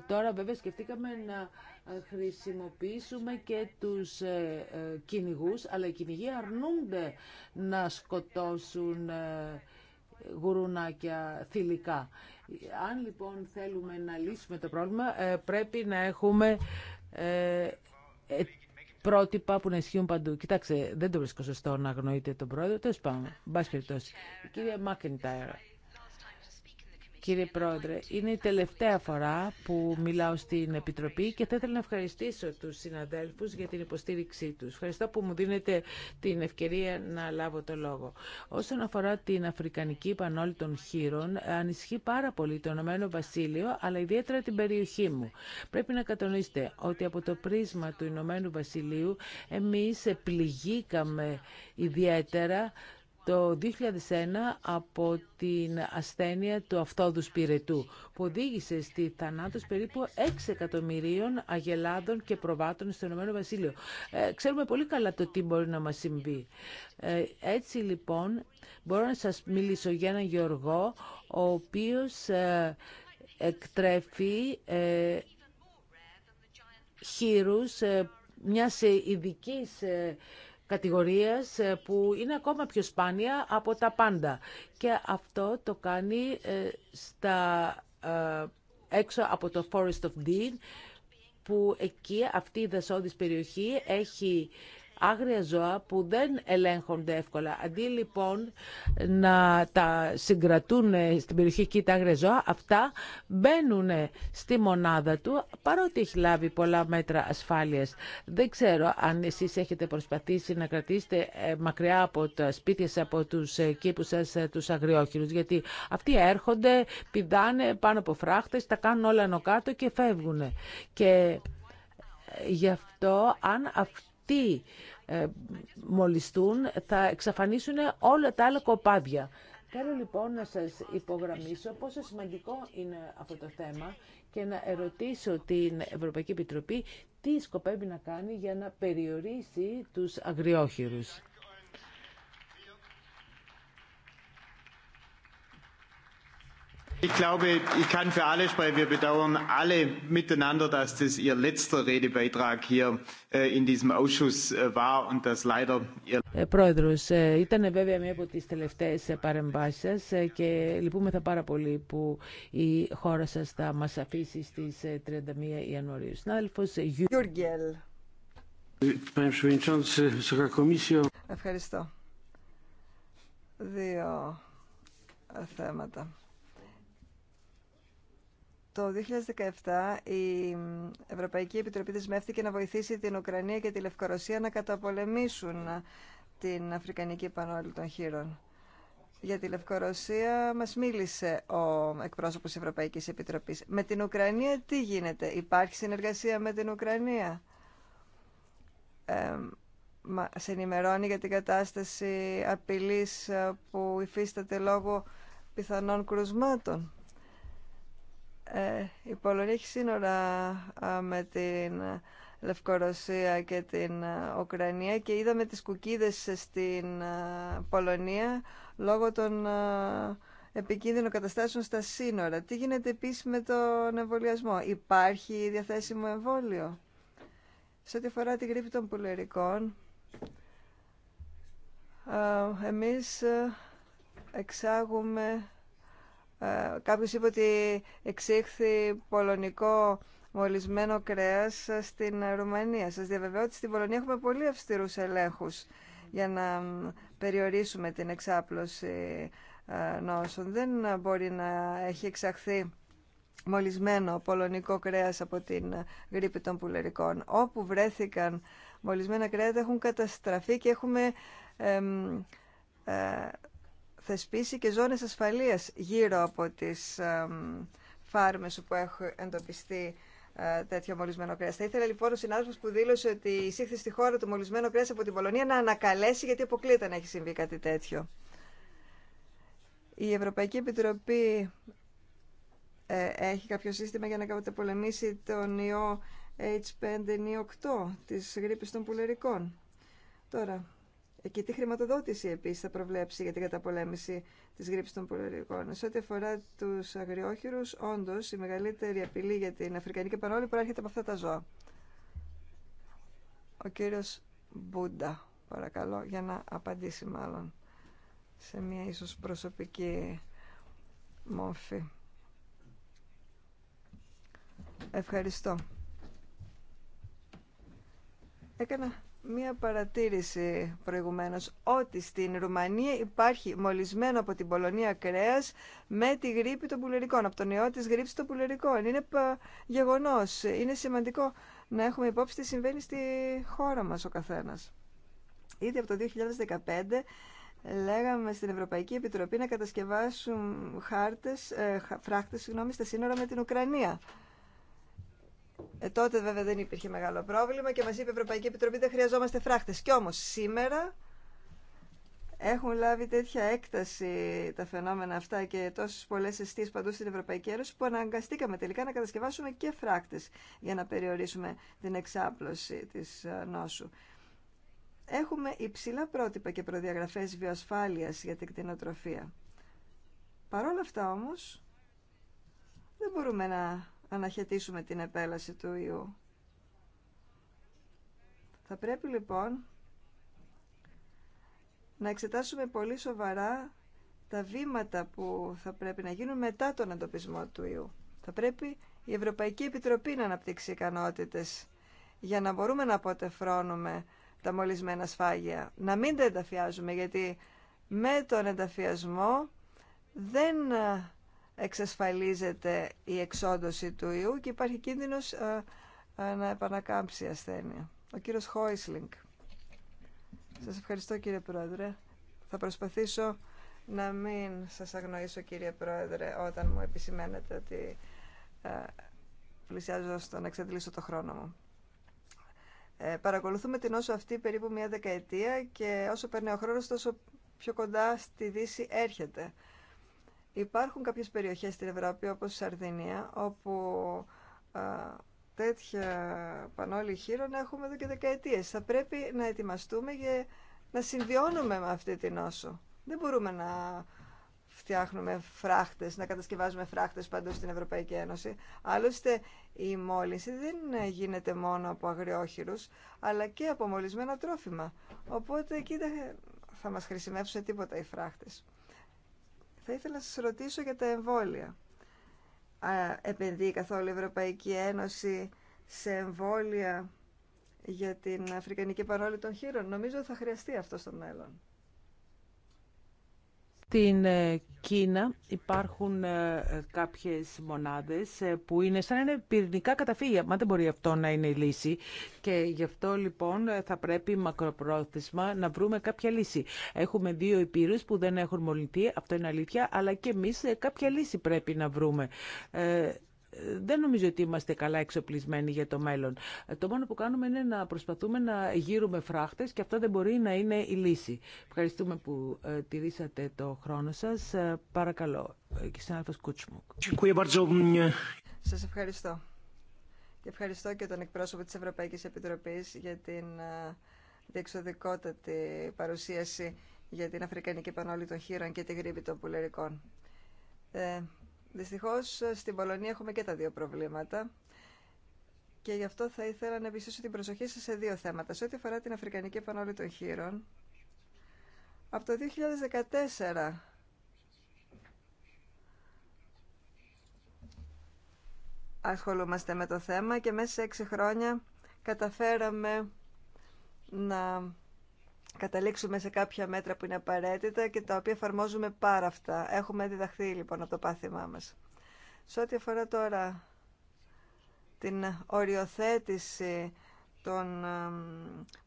τώρα βέβαια σκεφτήκαμε να χρησιμοποιήσουμε και τους ε, ε, κυνηγού, αλλά οι κυνηγοί αρνούνται να σκοτώσουν ε, γουρουνάκια θηλυκά. Αν λοιπόν θέλουμε να λύσουμε το πρόβλημα, πρέπει να έχουμε πρότυπα που να ισχύουν παντού. Κοιτάξτε, δεν το βρίσκω σωστό να αγνοείτε τον πρόεδρο. Τέλο πάντων, μπα περιπτώσει. Κύριε Μάκεντάιρα. Κύριε Πρόεδρε, είναι η τελευταία φορά που μιλάω στην Επιτροπή και θα ήθελα να ευχαριστήσω τους συναδέλφους για την υποστήριξή τους. Ευχαριστώ που μου δίνετε την ευκαιρία να λάβω το λόγο. Όσον αφορά την Αφρικανική Πανόλη των Χείρων, ανισχύει πάρα πολύ το Ηνωμένο Βασίλειο, αλλά ιδιαίτερα την περιοχή μου. Πρέπει να κατανοήσετε ότι από το πρίσμα του Ηνωμένου Βασιλείου εμείς πληγήκαμε ιδιαίτερα το 2001 από την ασθένεια του αυτόδους πυρετού που οδήγησε στη θανάτωση περίπου 6 εκατομμυρίων αγελάδων και προβάτων στο Ηνωμένο Βασίλειο. Ε, ξέρουμε πολύ καλά το τι μπορεί να μας συμβεί. Ε, έτσι λοιπόν μπορώ να σας μιλήσω για έναν Γεωργό ο οποίος ε, εκτρέφει ε, χείρους μιας ειδικής κατηγορίας ε, που είναι ακόμα πιο σπάνια από τα πάντα. Και αυτό το κάνει ε, στα, ε, έξω από το Forest of Dean, που εκεί αυτή η δασόδης περιοχή έχει άγρια ζώα που δεν ελέγχονται εύκολα. Αντί λοιπόν να τα συγκρατούν στην περιοχή εκεί τα άγρια ζώα, αυτά μπαίνουν στη μονάδα του παρότι έχει λάβει πολλά μέτρα ασφάλειας. Δεν ξέρω αν εσείς έχετε προσπαθήσει να κρατήσετε ε, μακριά από τα σπίτια σας, από τους ε, κήπους σας, ε, τους αγριόχειρους, γιατί αυτοί έρχονται, πηδάνε πάνω από φράχτες, τα κάνουν όλα ενωκάτω και φεύγουν. Και γι' αυτό αν τι ε, μολυστούν θα εξαφανίσουν όλα τα άλλα κοπάδια. Θέλω λοιπόν να σας υπογραμμίσω πόσο σημαντικό είναι αυτό το θέμα και να ερωτήσω την Ευρωπαϊκή Επιτροπή τι σκοπεύει να κάνει για να περιορίσει τους αγριόχειρους. Ich glaube, ich kann für alle sprechen. Wir bedauern alle miteinander, dass das Ihr letzter Redebeitrag hier äh, in diesem Ausschuss äh, war und dass leider Ihr. Ε, πρόεδρος, ε, ήταν βέβαια μία από τις τελευταίες ε, παρεμβάσεις σας και λυπούμεθα πάρα πολύ που η χώρα σας θα μας αφήσει στις 31 Ιανουαρίου. Συνάδελφος Γιούργελ. Ευχαριστώ. Δύο θέματα. Το 2017 η Ευρωπαϊκή Επιτροπή δεσμεύτηκε να βοηθήσει την Ουκρανία και τη Λευκορωσία να καταπολεμήσουν την Αφρικανική Πανόλη των Χείρων. Για τη Λευκορωσία μας μίλησε ο εκπρόσωπος της Ευρωπαϊκής Επιτροπής. Με την Ουκρανία τι γίνεται, υπάρχει συνεργασία με την Ουκρανία. Ε, μα, σε ενημερώνει για την κατάσταση απειλής που υφίσταται λόγω πιθανών κρουσμάτων. Ε, η Πολωνία έχει σύνορα με την ε, Λευκορωσία και την ε, Ουκρανία και είδαμε τις κουκίδες στην Πολωνία λόγω των επικίνδυνων καταστάσεων στα σύνορα. Τι γίνεται επίσης με τον εμβολιασμό. Υπάρχει διαθέσιμο εμβόλιο. Σε ό,τι αφορά τη γρήπη των πουλερικών, εμείς εξάγουμε ε, κάποιος είπε ότι εξήχθη πολωνικό μολυσμένο κρέας στην Ρουμανία. Σας διαβεβαιώ ότι στην Πολωνία έχουμε πολύ αυστηρούς ελέγχους για να περιορίσουμε την εξάπλωση ε, νόσων. Δεν μπορεί να έχει εξαχθεί μολυσμένο πολωνικό κρέας από την γρήπη των πουλερικών. Όπου βρέθηκαν μολυσμένα κρέατα έχουν καταστραφεί και έχουμε ε, θεσπίσει και ζώνες ασφαλείας γύρω από τις φάρμες που έχουν εντοπιστεί ε, τέτοιο μολυσμένο κρέα. Θα ήθελα λοιπόν ο συνάδελφο που δήλωσε ότι εισήχθη στη χώρα του μολυσμένο κρέα από την Πολωνία να ανακαλέσει γιατί αποκλείεται να έχει συμβεί κάτι τέτοιο. Η Ευρωπαϊκή Επιτροπή ε, έχει κάποιο σύστημα για να καταπολεμήσει τον ιό H5N8 της γρήπης των πουλερικών. Τώρα, και τι χρηματοδότηση επίση θα προβλέψει για την καταπολέμηση τη γρήψης των πολεμικών. Σε ό,τι αφορά του αγριόχειρου, όντω η μεγαλύτερη απειλή για την Αφρικανική Πανόλη προέρχεται από αυτά τα ζώα. Ο κύριο Μπούντα, παρακαλώ, για να απαντήσει μάλλον σε μια ίσω προσωπική μόρφη. Ευχαριστώ. Έκανα μία παρατήρηση προηγουμένως ότι στην Ρουμανία υπάρχει μολυσμένο από την Πολωνία κρέας με τη γρήπη των πουλερικών, από τον ιό της γρήπης των πουλερικών. Είναι γεγονός, είναι σημαντικό να έχουμε υπόψη τι συμβαίνει στη χώρα μας ο καθένας. Ήδη από το 2015 λέγαμε στην Ευρωπαϊκή Επιτροπή να κατασκευάσουν χάρτες, ε, φράχτες συγγνώμη, στα σύνορα με την Ουκρανία. Ε, τότε βέβαια δεν υπήρχε μεγάλο πρόβλημα και μας είπε η Ευρωπαϊκή Επιτροπή δεν χρειαζόμαστε φράχτες. Κι όμως σήμερα έχουν λάβει τέτοια έκταση τα φαινόμενα αυτά και τόσε πολλέ αιστείε παντού στην Ευρωπαϊκή Ένωση που αναγκαστήκαμε τελικά να κατασκευάσουμε και φράκτε για να περιορίσουμε την εξάπλωση τη ε, νόσου. Έχουμε υψηλά πρότυπα και προδιαγραφέ βιοασφάλεια για την κτηνοτροφία. Παρ' όλα αυτά όμω δεν μπορούμε να αναχαιτήσουμε την επέλαση του ιού. Θα πρέπει λοιπόν να εξετάσουμε πολύ σοβαρά τα βήματα που θα πρέπει να γίνουν μετά τον εντοπισμό του ιού. Θα πρέπει η Ευρωπαϊκή Επιτροπή να αναπτύξει ικανότητες για να μπορούμε να αποτεφρώνουμε τα μολυσμένα σφάγια. Να μην τα ενταφιάζουμε, γιατί με τον ενταφιασμό δεν εξασφαλίζεται η εξόντωση του ιού και υπάρχει κίνδυνος ε, ε, να επανακάμψει η ασθένεια. Ο κύριος Χόισλινγκ. Σας ευχαριστώ κύριε Πρόεδρε. Θα προσπαθήσω να μην σας αγνοήσω κύριε Πρόεδρε όταν μου επισημαίνετε ότι ε, πλησιάζω στο να εξαντλήσω το χρόνο μου. Ε, παρακολουθούμε την όσο αυτή περίπου μια δεκαετία και όσο περνάει ο χρόνος τόσο πιο κοντά στη Δύση έρχεται. Υπάρχουν κάποιες περιοχές στην Ευρώπη, όπως η Σαρδινία, όπου τέτοια πανόλη χείρων έχουμε εδώ και δεκαετίες. Θα πρέπει να ετοιμαστούμε για να συνδυώνουμε με αυτή την νόσο. Δεν μπορούμε να φτιάχνουμε φράχτες, να κατασκευάζουμε φράχτες παντού στην Ευρωπαϊκή Ένωση. Άλλωστε η μόλυνση δεν γίνεται μόνο από αγριόχειρους, αλλά και από μολυσμένα τρόφιμα. Οπότε εκεί θα μας χρησιμεύσουν τίποτα οι φράχτες. Θα ήθελα να σας ρωτήσω για τα εμβόλια. Επενδύει καθόλου η Ευρωπαϊκή Ένωση σε εμβόλια για την Αφρικανική παρόλη των Χείρων. Νομίζω θα χρειαστεί αυτό στο μέλλον. Στην ε, Κίνα υπάρχουν ε, κάποιες μονάδες ε, που είναι σαν ένα πυρηνικά καταφύγια. Μα δεν μπορεί αυτό να είναι η λύση. Και γι' αυτό λοιπόν θα πρέπει μακροπρόθεσμα να βρούμε κάποια λύση. Έχουμε δύο υπήρους που δεν έχουν μολυνθεί, αυτό είναι αλήθεια, αλλά και εμείς κάποια λύση πρέπει να βρούμε δεν νομίζω ότι είμαστε καλά εξοπλισμένοι για το μέλλον. Το μόνο που κάνουμε είναι να προσπαθούμε να γύρουμε φράχτες και αυτό δεν μπορεί να είναι η λύση. Ευχαριστούμε που ε, τηρήσατε το χρόνο σας. Ε, παρακαλώ, ε, Κισάνθος Κούτσμουκ. Σας ευχαριστώ. Και ευχαριστώ και τον εκπρόσωπο της Ευρωπαϊκής Επιτροπής για την διεξοδικότατη παρουσίαση για την Αφρικανική Πανόλη των Χείρων και τη γρήπη των πουλερικών. Δυστυχώς στην Πολωνία έχουμε και τα δύο προβλήματα και γι' αυτό θα ήθελα να επιστήσω την προσοχή σας σε δύο θέματα. Σε ό,τι αφορά την Αφρικανική Επανόλη των Χείρων, από το 2014 ασχολούμαστε με το θέμα και μέσα σε έξι χρόνια καταφέραμε να καταλήξουμε σε κάποια μέτρα που είναι απαραίτητα και τα οποία εφαρμόζουμε πάρα αυτά. Έχουμε διδαχθεί λοιπόν από το πάθημά μας. Σε ό,τι αφορά τώρα την οριοθέτηση των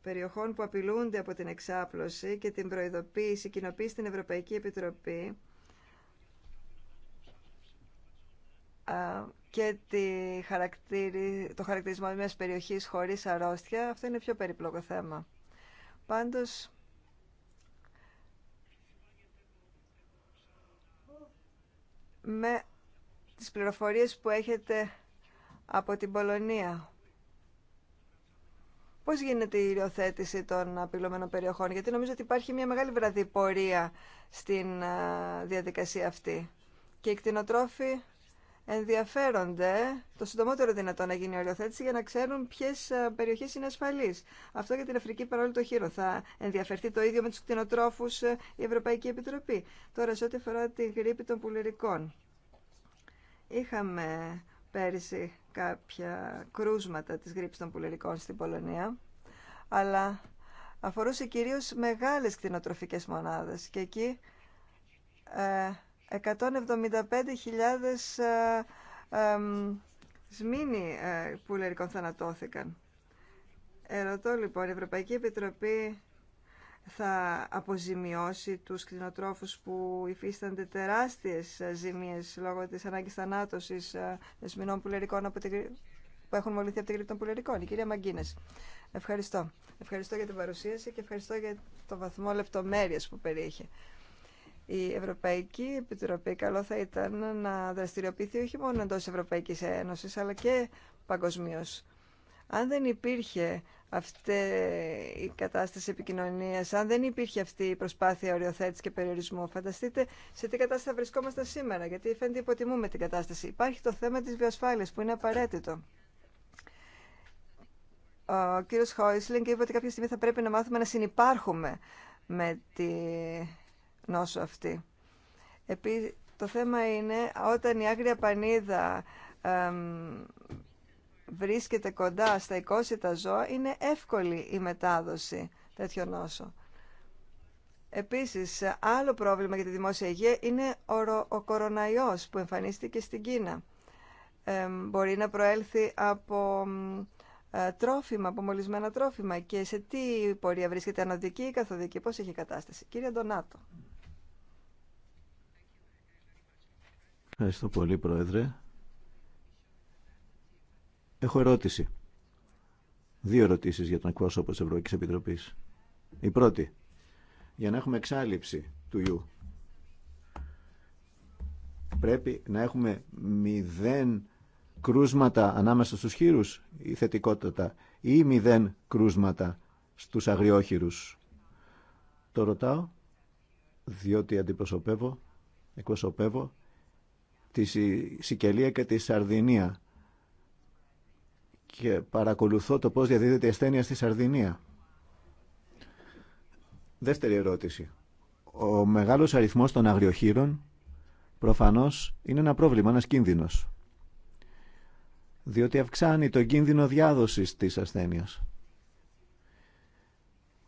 περιοχών που απειλούνται από την εξάπλωση και την προειδοποίηση, κοινοποίηση στην Ευρωπαϊκή Επιτροπή και τη χαρακτήρι, το χαρακτηρισμό μιας περιοχής χωρίς αρρώστια, αυτό είναι πιο περίπλοκο θέμα. Πάντως, με τις πληροφορίες που έχετε από την Πολωνία, πώς γίνεται η υιοθέτηση των απειλωμένων περιοχών, γιατί νομίζω ότι υπάρχει μια μεγάλη βραδιπορία στην ε, διαδικασία αυτή. Και οι κτηνοτρόφοι ενδιαφέρονται το συντομότερο δυνατό να γίνει η οριοθέτηση για να ξέρουν ποιε περιοχέ είναι ασφαλεί. Αυτό για την Αφρική παρόλο το χείρο. Θα ενδιαφερθεί το ίδιο με του κτηνοτρόφου ε, η Ευρωπαϊκή Επιτροπή. Τώρα, σε ό,τι αφορά τη γρήπη των πουλερικών. Είχαμε πέρυσι κάποια κρούσματα της γρήπης των πουλερικών στην Πολωνία, αλλά αφορούσε κυρίως μεγάλες κτηνοτροφικές μονάδες και εκεί ε, 175.000 ε, σμήνοι ε, πουλερικών θανατώθηκαν. Ερωτώ λοιπόν, η Ευρωπαϊκή Επιτροπή θα αποζημιώσει τους κτηνοτρόφους που υφίστανται τεράστιες ε, ζημίες λόγω της ανάγκης θανάτωσης σμηνών πουλερικών από την... που έχουν μολυνθεί από την κρήτη των πουλερικών. Η κυρία Μαγκίνες. Ευχαριστώ. Ευχαριστώ για την παρουσίαση και ευχαριστώ για το βαθμό λεπτομέρειας που περιέχει. Η Ευρωπαϊκή Επιτροπή καλό θα ήταν να δραστηριοποιηθεί όχι μόνο εντό Ευρωπαϊκής Ένωσης αλλά και παγκοσμίω. Αν δεν υπήρχε αυτή η κατάσταση επικοινωνίας, αν δεν υπήρχε αυτή η προσπάθεια οριοθέτηση και περιορισμού, φανταστείτε σε τι κατάσταση θα βρισκόμαστε σήμερα, γιατί φαίνεται υποτιμούμε την κατάσταση. Υπάρχει το θέμα της βιοσφάλειας που είναι απαραίτητο. Ο κύριος Χόισλινγκ είπε ότι κάποια στιγμή θα πρέπει να μάθουμε να συνεπάρχουμε με τη νόσο αυτή. Επί, το θέμα είναι όταν η άγρια πανίδα βρίσκεται κοντά στα τα ζώα είναι εύκολη η μετάδοση τέτοιων νόσων. Επίσης, άλλο πρόβλημα για τη δημόσια υγεία είναι ο, κοροναϊός που εμφανίστηκε στην Κίνα. Ε, μπορεί να προέλθει από ε, τρόφιμα, από μολυσμένα τρόφιμα και σε τι πορεία βρίσκεται ανωδική ή καθοδική, πώς έχει η κατάσταση. κατασταση Ντονάτο. Ευχαριστώ πολύ, Πρόεδρε. Έχω ερώτηση. Δύο ερωτήσεις για τον εκπρόσωπο της Ευρωπαϊκής Επιτροπής. Η πρώτη, για να έχουμε εξάλληψη του ιού, πρέπει να έχουμε μηδέν κρούσματα ανάμεσα στους χείρους, η θετικότητα, ή μηδέν κρούσματα στους αγριόχειρους. Το ρωτάω, διότι αντιπροσωπεύω, εκπροσωπεύω τη Σικελία και τη Σαρδινία και παρακολουθώ το πώς διαδίδεται η ασθένεια στη Σαρδινία. Δεύτερη ερώτηση. Ο μεγάλος αριθμός των αγριοχείρων προφανώς είναι ένα πρόβλημα, ένας κίνδυνος. Διότι αυξάνει το κίνδυνο διάδοσης της ασθένειας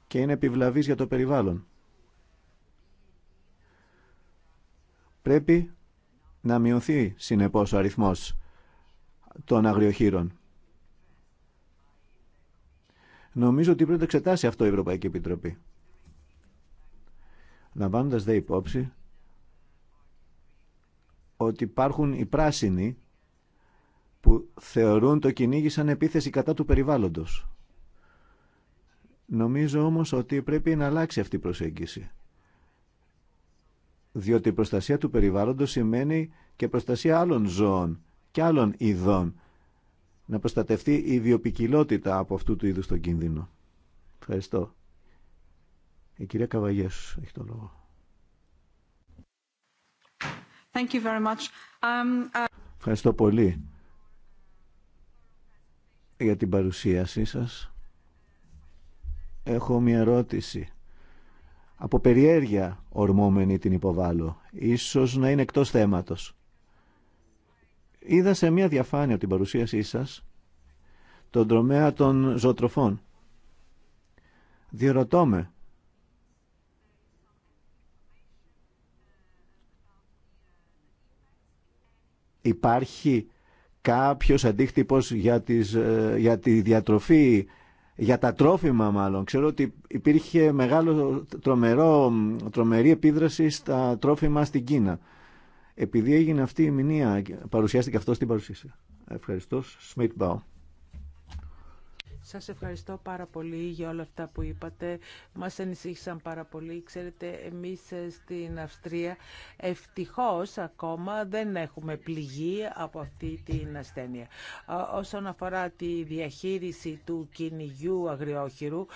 και είναι επιβλαβής για το περιβάλλον. Πρέπει να μειωθεί συνεπώς ο αριθμός των αγριοχείρων. Νομίζω ότι πρέπει να εξετάσει αυτό η Ευρωπαϊκή Επιτροπή. Λαμβάνοντας δε υπόψη ότι υπάρχουν οι πράσινοι που θεωρούν το κυνήγι σαν επίθεση κατά του περιβάλλοντος. Νομίζω όμως ότι πρέπει να αλλάξει αυτή η προσέγγιση διότι η προστασία του περιβάλλοντος σημαίνει και προστασία άλλων ζώων και άλλων ειδών. Να προστατευτεί η βιοπικιλότητα από αυτού του είδους τον κίνδυνο. Ευχαριστώ. Η κυρία Καβαγιές έχει το λόγο. Thank you very much. Um, uh, Ευχαριστώ πολύ για την παρουσίασή σας. Έχω μια ερώτηση από περιέργεια ορμόμενη την υποβάλλω. Ίσως να είναι εκτός θέματος. Είδα σε μία διαφάνεια την παρουσίασή σας τον τρομέα των ζωοτροφών. Διερωτώ με. Υπάρχει κάποιος αντίκτυπος για, τις, ε, για τη διατροφή για τα τρόφιμα μάλλον. Ξέρω ότι υπήρχε μεγάλο τρομερό, τρομερή επίδραση στα τρόφιμα στην Κίνα. Επειδή έγινε αυτή η μηνύα, παρουσιάστηκε αυτό στην παρουσίαση. Ευχαριστώ. Σμιτ Μπάου. Σας ευχαριστώ πάρα πολύ για όλα αυτά που είπατε. Μας ενισχύσαν πάρα πολύ. Ξέρετε, εμείς ε, στην Αυστρία ευτυχώς ακόμα δεν έχουμε πληγή από αυτή την ασθένεια. Όσον αφορά τη διαχείριση του κυνηγιού αγριόχειρου,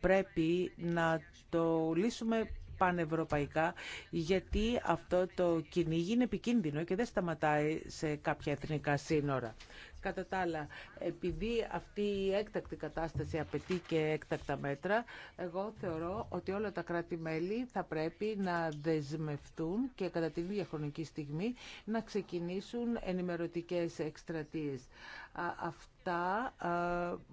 πρέπει να το λύσουμε πανευρωπαϊκά, γιατί αυτό το κυνήγι είναι επικίνδυνο και δεν σταματάει σε κάποια εθνικά σύνορα. Κατά τα άλλα, επειδή αυτή η έκτακτη κατάσταση απαιτεί και έκτακτα μέτρα, εγώ θεωρώ ότι όλα τα κράτη-μέλη θα πρέπει να δεσμευτούν και κατά την διαχρονική στιγμή να ξεκινήσουν ενημερωτικές εκστρατείες. Αυτά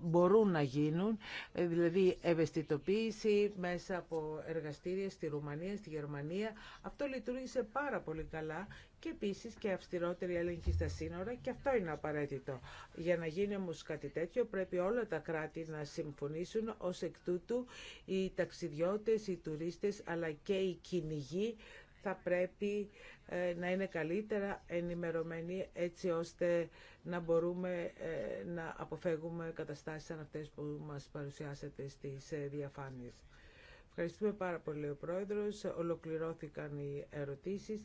μπορούν να γίνουν, ε, δηλαδή ευαισθητοποίηση μέσα από εργαστήρια στη Ρουμανία, στη Γερμανία. Αυτό λειτουργήσε πάρα πολύ καλά και επίση και αυστηρότερη έλεγχη στα σύνορα και αυτό είναι απαραίτητο. Για να γίνει όμω κάτι τέτοιο πρέπει όλα τα κράτη να συμφωνήσουν ω εκ τούτου οι ταξιδιώτες, οι τουρίστες αλλά και οι κυνηγοί θα πρέπει ε, να είναι καλύτερα ενημερωμένοι έτσι ώστε να μπορούμε ε, να αποφεύγουμε καταστάσεις σαν αυτές που μας παρουσιάσετε στις ε, διαφάνειες. Ευχαριστούμε πάρα πολύ ο Πρόεδρος. Ολοκληρώθηκαν οι ερωτήσεις.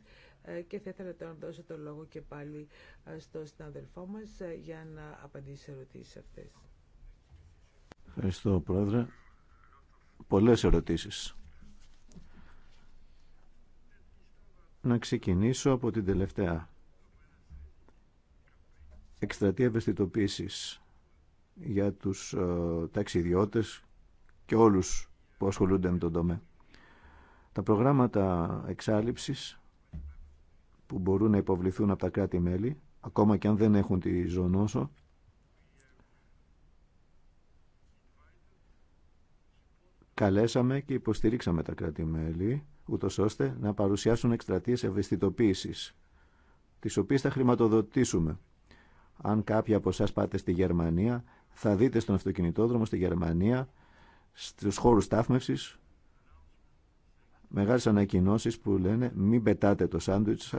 Ε, και θα ήθελα τώρα να δώσω το λόγο και πάλι ε, στο συναδελφό μας ε, για να απαντήσει σε ερωτήσεις αυτές. Ευχαριστώ Πρόεδρε. Πολλές ερωτήσεις. Να ξεκινήσω από την τελευταία. Εκστρατεία ευαισθητοποίησης για τους ε, ταξιδιώτες και όλους που ασχολούνται με τον τομέα. Τα προγράμματα εξάλληψης που μπορούν να υποβληθούν από τα κράτη-μέλη, ακόμα και αν δεν έχουν τη ζωνόσο. Καλέσαμε και υποστηρίξαμε τα κράτη-μέλη, ούτως ώστε να παρουσιάσουν εκστρατείες ευαισθητοποίησης, τις οποίες θα χρηματοδοτήσουμε. Αν κάποιοι από εσά πάτε στη Γερμανία, θα δείτε στον αυτοκινητόδρομο στη Γερμανία, στους χώρους στάθμευσης, μεγάλε ανακοινώσει που λένε μην πετάτε το σάντουιτ σα,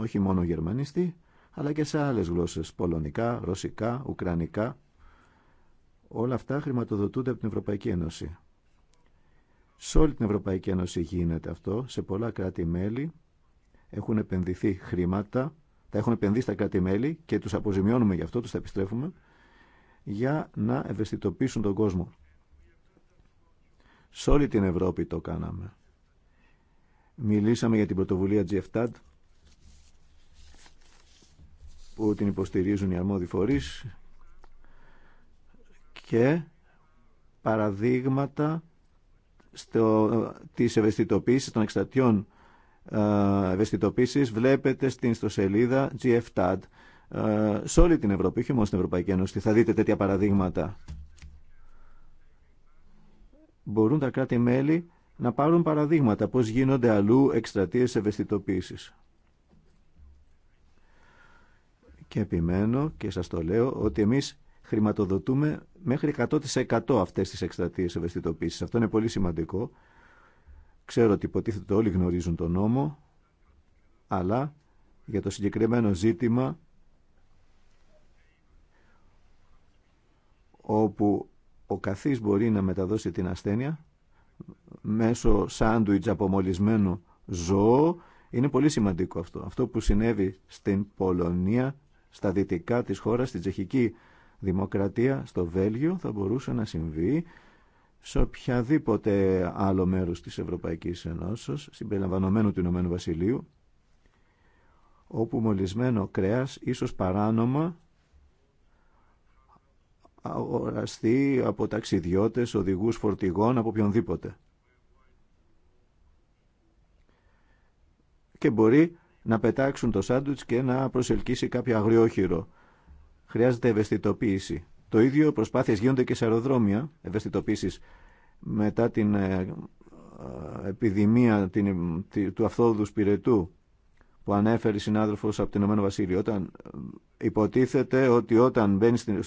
όχι μόνο γερμανιστή αλλά και σε άλλε γλώσσε. πολωνικά, ρωσικά, ουκρανικά όλα αυτά χρηματοδοτούνται από την Ευρωπαϊκή Ένωση σε όλη την Ευρωπαϊκή Ένωση γίνεται αυτό σε πολλά κράτη-μέλη έχουν επενδυθεί χρήματα τα έχουν επενδύσει τα κράτη-μέλη και τους αποζημιώνουμε γι' αυτό, του τα επιστρέφουμε για να ευαισθητοποιήσουν τον κόσμο σε όλη την Ευρώπη το κάναμε Μιλήσαμε για την πρωτοβουλία GFTAD που την υποστηρίζουν οι αρμόδιοι φορείς και παραδείγματα στο, της ευαισθητοποίησης των εξτατιών ε, ευαισθητοποίησης βλέπετε στην ιστοσελίδα GFTAD ε, σε όλη την Ευρώπη, όχι μόνο στην Ευρωπαϊκή Ένωση. Θα δείτε τέτοια παραδείγματα. Μπορούν τα κράτη-μέλη να πάρουν παραδείγματα πώς γίνονται αλλού εκστρατείες ευαισθητοποίησης. Και επιμένω και σας το λέω ότι εμείς χρηματοδοτούμε μέχρι 100% αυτές τις εκστρατείες ευαισθητοποίησης. Αυτό είναι πολύ σημαντικό. Ξέρω ότι υποτίθεται όλοι γνωρίζουν τον νόμο, αλλά για το συγκεκριμένο ζήτημα όπου ο καθής μπορεί να μεταδώσει την ασθένεια μέσω σάντουιτς από μολυσμένο ζώο. Είναι πολύ σημαντικό αυτό. Αυτό που συνέβη στην Πολωνία, στα δυτικά της χώρας, στην τσεχική δημοκρατία, στο Βέλγιο, θα μπορούσε να συμβεί σε οποιαδήποτε άλλο μέρος της Ευρωπαϊκής Ενώσεως, συμπεριλαμβανομένου του Ηνωμένου Βασιλείου, όπου μολυσμένο κρέας, ίσως παράνομα, αγοραστεί από ταξιδιώτες, οδηγούς φορτηγών, από οποιονδήποτε. και μπορεί να πετάξουν το σάντουιτς και να προσελκύσει κάποιο αγριόχειρο. Χρειάζεται ευαισθητοποίηση. Το ίδιο προσπάθειες γίνονται και σε αεροδρόμια ευαισθητοποίησης μετά την ε, ε, επιδημία την, του αυθόδου πυρετού που ανέφερε η συνάδελφος από την Ηνωμένο Βασίλειο. Όταν ε, υποτίθεται ότι όταν μπαίνει στην,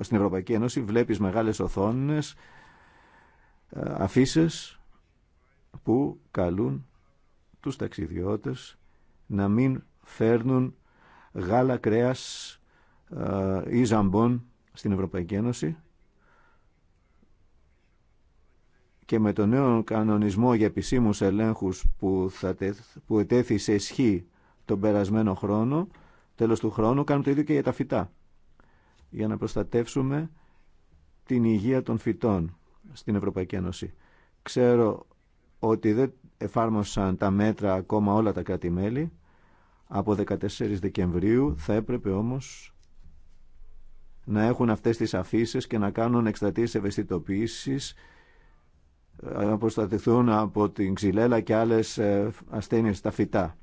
στην Ευρωπαϊκή Ένωση βλέπεις μεγάλες οθόνες, αφήσει που καλούν τους ταξιδιώτες να μην φέρνουν γάλα, κρέας ε, ή ζαμπών στην Ευρωπαϊκή Ένωση και με τον νέο κανονισμό για επισήμους ελέγχους που, θα, που ετέθη σε ισχύ τον περασμένο χρόνο, τέλος του χρόνου, κάνουμε το ίδιο και για τα φυτά, για να προστατεύσουμε την υγεία των φυτών στην Ευρωπαϊκή Ένωση. Ξέρω ότι δεν εφάρμοσαν τα μέτρα ακόμα όλα τα κράτη-μέλη. Από 14 Δεκεμβρίου θα έπρεπε όμως να έχουν αυτές τις αφήσει και να κάνουν εκστρατείες ευαισθητοποίησης ε, να προστατευτούν από την ξυλέλα και άλλες ε, ασθένειες στα φυτά.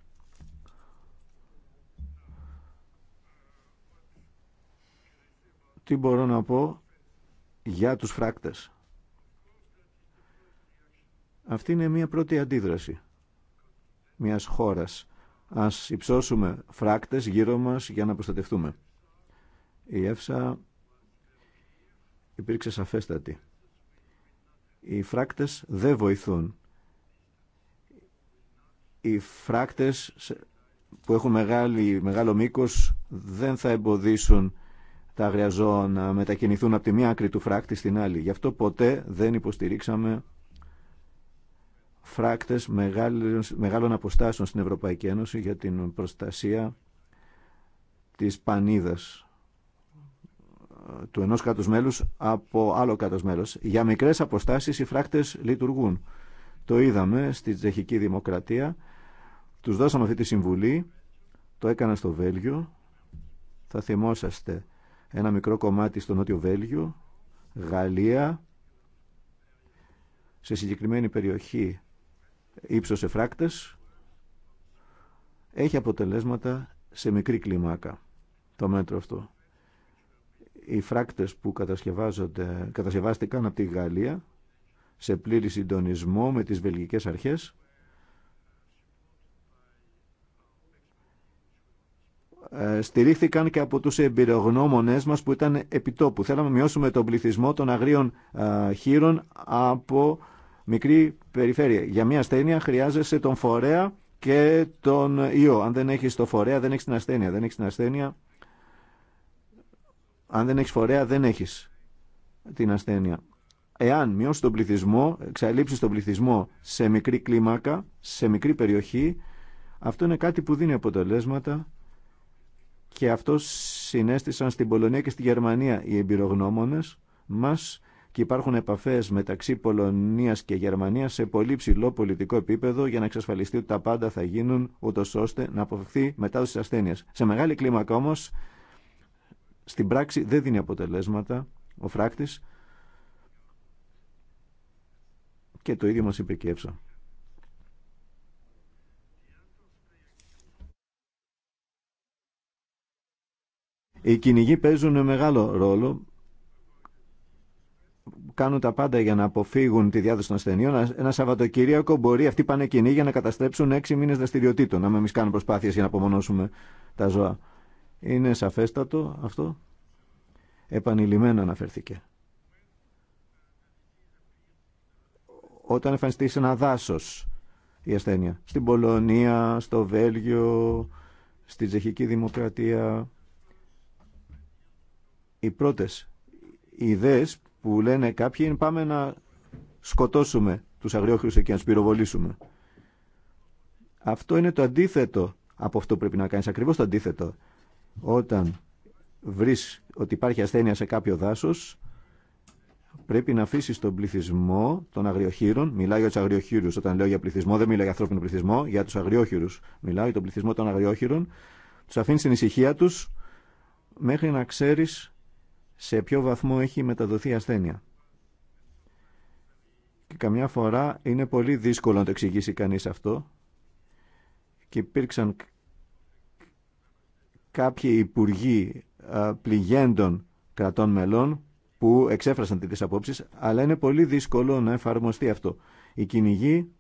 Τι μπορώ να πω για τους φράκτες. Αυτή είναι μια πρώτη αντίδραση μιας χώρας. Ας υψώσουμε φράκτες γύρω μας για να προστατευτούμε. Η ΕΦΣΑ υπήρξε σαφέστατη. Οι φράκτες δεν βοηθούν. Οι φράκτες που έχουν μεγάλη, μεγάλο μήκος δεν θα εμποδίσουν τα αγριαζώνα να μετακινηθούν από τη μία άκρη του φράκτη στην άλλη. Γι' αυτό ποτέ δεν υποστηρίξαμε φράκτες μεγάλων αποστάσεων στην Ευρωπαϊκή Ένωση για την προστασία της πανίδας ε, του ενός κάτω μέλους από άλλο κάτω μέλος. Για μικρές αποστάσεις οι φράκτες λειτουργούν. Το είδαμε στη Τσεχική Δημοκρατία. Τους δώσαμε αυτή τη συμβουλή. Το έκανα στο Βέλγιο. Θα θυμόσαστε ένα μικρό κομμάτι στο Νότιο Βέλγιο, Γαλλία, σε συγκεκριμένη περιοχή ύψος εφράκτες έχει αποτελέσματα σε μικρή κλιμάκα το μέτρο αυτό. Οι φράκτες που κατασκευάζονται, κατασκευάστηκαν από τη Γαλλία σε πλήρη συντονισμό με τις βελγικές αρχές ε, στηρίχθηκαν και από τους εμπειρογνώμονές μας που ήταν επιτόπου. Θέλαμε να μειώσουμε τον πληθυσμό των αγρίων ε, χείρων από μικρή περιφέρεια. Για μια ασθένεια χρειάζεσαι τον φορέα και τον ιό. Αν δεν έχεις το φορέα δεν έχεις την ασθένεια. Δεν έχεις την ασθένεια... Αν δεν έχεις φορέα δεν έχεις την ασθένεια. Εάν μειώσει τον πληθυσμό, εξαλείψει τον πληθυσμό σε μικρή κλίμακα, σε μικρή περιοχή, αυτό είναι κάτι που δίνει αποτελέσματα και αυτό συνέστησαν στην Πολωνία και στη Γερμανία οι εμπειρογνώμονες μας και υπάρχουν επαφές μεταξύ Πολωνίας και Γερμανίας σε πολύ ψηλό πολιτικό επίπεδο για να εξασφαλιστεί ότι τα πάντα θα γίνουν ούτω ώστε να αποφευθεί μετάδοση τη ασθένεια. Σε μεγάλη κλίμακα όμω στην πράξη δεν δίνει αποτελέσματα ο φράκτης και το ίδιο μας είπε Οι κυνηγοί παίζουν μεγάλο ρόλο κάνουν τα πάντα για να αποφύγουν τη διάδοση των ασθενείων, ένα Σαββατοκύριακο μπορεί αυτοί πάνε κοινοί για να καταστρέψουν έξι μήνε δραστηριοτήτων. να μην κάνουμε προσπάθειε για να απομονώσουμε τα ζώα. Είναι σαφέστατο αυτό. Επανειλημμένα αναφέρθηκε. Όταν εμφανιστεί σε ένα δάσο η ασθένεια. Στην Πολωνία, στο Βέλγιο, στη Τσεχική Δημοκρατία. Οι πρώτες οι ιδέες που λένε κάποιοι είναι πάμε να σκοτώσουμε τους αγριόχειρους εκεί, να σπυροβολήσουμε. Αυτό είναι το αντίθετο από αυτό που πρέπει να κάνεις. Ακριβώς το αντίθετο. Όταν βρεις ότι υπάρχει ασθένεια σε κάποιο δάσος, πρέπει να αφήσει τον πληθυσμό των αγριοχείρων. Μιλάει για του αγριοχείρου. Όταν λέω για πληθυσμό, δεν μιλάει για ανθρώπινο πληθυσμό, για του αγριόχειρου. Μιλάω για τον πληθυσμό των αγριόχειρων. Του αφήνει στην ησυχία του μέχρι να ξέρει σε ποιο βαθμό έχει μεταδοθεί ασθένεια. Και καμιά φορά είναι πολύ δύσκολο να το εξηγήσει κανείς αυτό. Και υπήρξαν κάποιοι υπουργοί πληγέντων κρατών μελών που εξέφρασαν τις απόψεις, αλλά είναι πολύ δύσκολο να εφαρμοστεί αυτό. Η κυνηγή,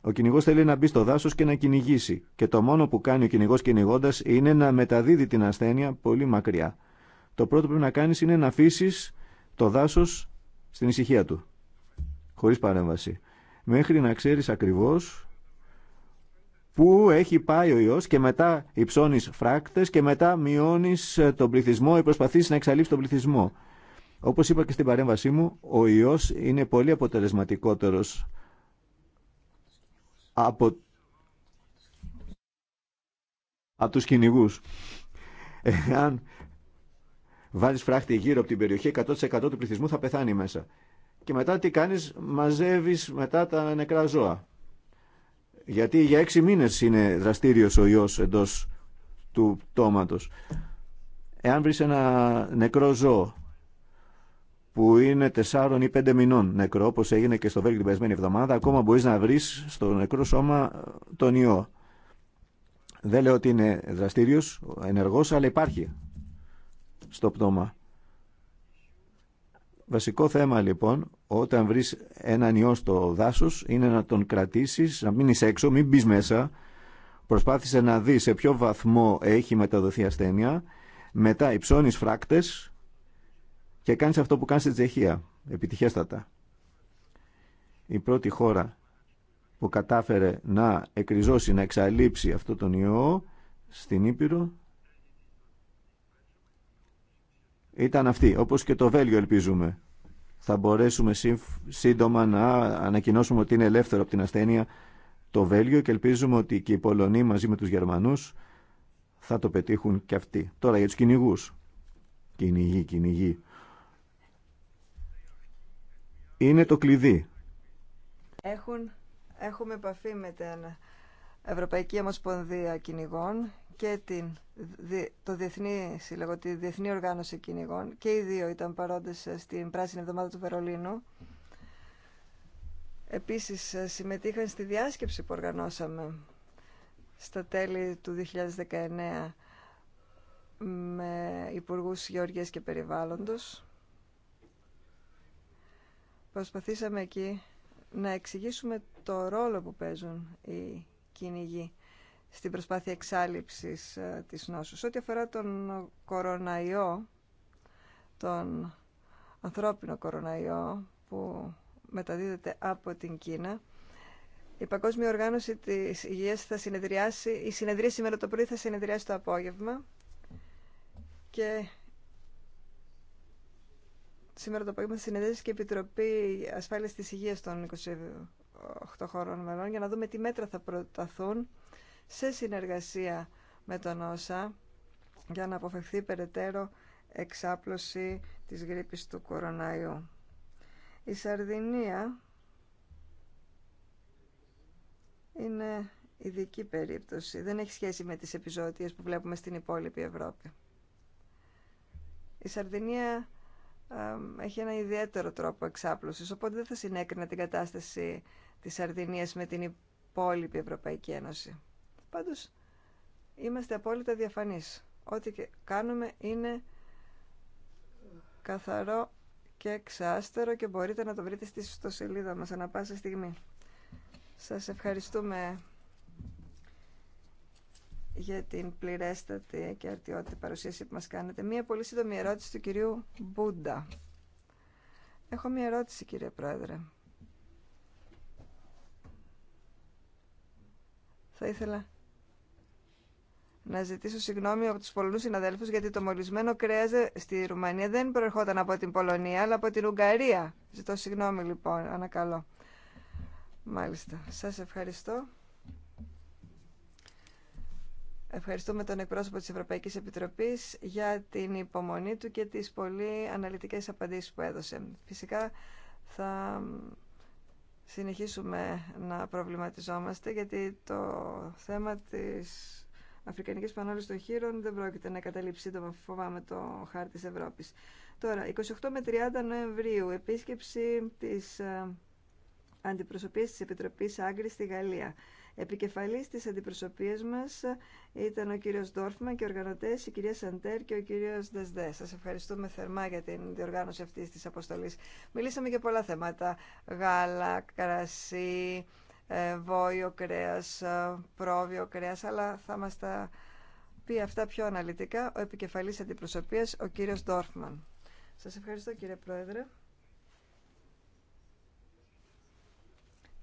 ο κυνηγός θέλει να μπει στο δάσος και να κυνηγήσει. Και το μόνο που κάνει ο κυνηγός κυνηγώντα είναι να μεταδίδει την ασθένεια πολύ μακριά το πρώτο που πρέπει να κάνεις είναι να αφήσει το δάσος στην ησυχία του, χωρίς παρέμβαση. Μέχρι να ξέρεις ακριβώς πού έχει πάει ο ιός και μετά υψώνεις φράκτες και μετά μειώνεις ε, τον πληθυσμό ή προσπαθείς να εξαλείψεις τον πληθυσμό. Όπως είπα και στην παρέμβασή μου, ο ιός είναι πολύ αποτελεσματικότερος από, από τους κυνηγούς. Εάν Βάζει φράχτη γύρω από την περιοχή, 100% του πληθυσμού θα πεθάνει μέσα. Και μετά τι κάνει, μαζεύει μετά τα νεκρά ζώα. Γιατί για έξι μήνε είναι δραστήριο ο ιός εντό του πτώματο. Εάν βρει ένα νεκρό ζώο που είναι τεσσάρων ή πέντε μηνών νεκρό, όπω έγινε και στο Βέλγιο την περασμένη εβδομάδα, ακόμα μπορεί να βρει στο νεκρό σώμα τον ιό. Δεν λέω ότι είναι δραστήριο, ενεργό, αλλά υπάρχει στο πτώμα. Βασικό θέμα λοιπόν, όταν βρεις έναν ιό στο δάσος, είναι να τον κρατήσεις, να μείνεις έξω, μην μπει μέσα. Προσπάθησε να δεις σε ποιο βαθμό έχει μεταδοθεί ασθένεια. Μετά υψώνεις φράκτες και κάνεις αυτό που κάνεις στη Τσεχία, επιτυχέστατα. Η πρώτη χώρα που κατάφερε να εκριζώσει, να εξαλείψει αυτό τον ιό στην Ήπειρο ήταν αυτή, όπως και το Βέλγιο ελπίζουμε. Θα μπορέσουμε σύντομα να ανακοινώσουμε ότι είναι ελεύθερο από την ασθένεια το Βέλγιο και ελπίζουμε ότι και οι Πολωνοί μαζί με τους Γερμανούς θα το πετύχουν και αυτοί. Τώρα για τους κυνηγούς. Κυνηγοί, κυνηγοί. Είναι το κλειδί. Έχουν, έχουμε επαφή με την Ευρωπαϊκή Ομοσπονδία Κυνηγών και το Διεθνή Σύλλογο, τη Διεθνή Οργάνωση Κυνηγών και οι δύο ήταν παρόντες στην Πράσινη Εβδομάδα του Βερολίνου. Επίσης συμμετείχαν στη διάσκεψη που οργανώσαμε στα τέλη του 2019 με Υπουργούς Γεωργίας και Περιβάλλοντος. Προσπαθήσαμε εκεί να εξηγήσουμε το ρόλο που παίζουν οι κυνηγοί στην προσπάθεια εξάλληψης ε, της νόσου. Ό,τι αφορά τον κοροναϊό, τον ανθρώπινο κοροναϊό που μεταδίδεται από την Κίνα, η Παγκόσμια Οργάνωση της Υγείας θα συνεδριάσει, η συνεδρία σήμερα το πρωί θα συνεδριάσει το απόγευμα και σήμερα το απόγευμα θα συνεδριάσει και η Επιτροπή Ασφάλειας της Υγείας των 28 χωρών μελών για να δούμε τι μέτρα θα προταθούν σε συνεργασία με τον ΩΣΑ για να αποφευθεί περαιτέρω εξάπλωση της γρίπης του κοροναϊού. Η Σαρδινία είναι ειδική περίπτωση. Δεν έχει σχέση με τις επιζώτιες που βλέπουμε στην υπόλοιπη Ευρώπη. Η Σαρδινία έχει ένα ιδιαίτερο τρόπο εξάπλωσης, οπότε δεν θα συνέκρινα την κατάσταση της Σαρδινίας με την υπόλοιπη Ευρωπαϊκή Ένωση. Πάντως είμαστε απόλυτα διαφανείς. Ό,τι κάνουμε είναι καθαρό και εξάστερο και μπορείτε να το βρείτε στη ιστοσελίδα μας ανα πάσα στιγμή. Σας ευχαριστούμε για την πληρέστατη και αρτιότητα παρουσίαση που μας κάνετε. Μία πολύ σύντομη ερώτηση του κυρίου Μπούντα. Έχω μία ερώτηση κύριε Πρόεδρε. Θα ήθελα να ζητήσω συγγνώμη από του πολλού συναδέλφους γιατί το μολυσμένο κρέας στη Ρουμανία δεν προερχόταν από την Πολωνία αλλά από την Ουγγαρία. Ζητώ συγγνώμη λοιπόν, ανακαλώ. Μάλιστα, σας ευχαριστώ. Ευχαριστούμε τον εκπρόσωπο της Ευρωπαϊκής Επιτροπής για την υπομονή του και τις πολύ αναλυτικές απαντήσεις που έδωσε. Φυσικά θα συνεχίσουμε να προβληματιζόμαστε γιατί το θέμα της Αφρικανικής πανόλε των Χείρων δεν πρόκειται να καταλήψει το φοβάμαι, το χάρτη της Ευρώπης. Τώρα, 28 με 30 Νοεμβρίου, επίσκεψη της ε, αντιπροσωπείας της Επιτροπής Άγκρη στη Γαλλία. Επικεφαλής της αντιπροσωπείας μας ήταν ο κύριος Ντόρφμαν και οργανωτές η κυρία Σαντέρ και ο κύριος Δεσδέ. Σας ευχαριστούμε θερμά για την διοργάνωση αυτής της αποστολής. Μιλήσαμε για πολλά θέματα. Γάλα, κρασί, ε, Βόιο κρέας, ε, πρόβιο κρέας, αλλά θα μας τα πει αυτά πιο αναλυτικά ο επικεφαλής αντιπροσωπείας, ο κύριος Ντόρφμαν. Σας ευχαριστώ κύριε Πρόεδρε.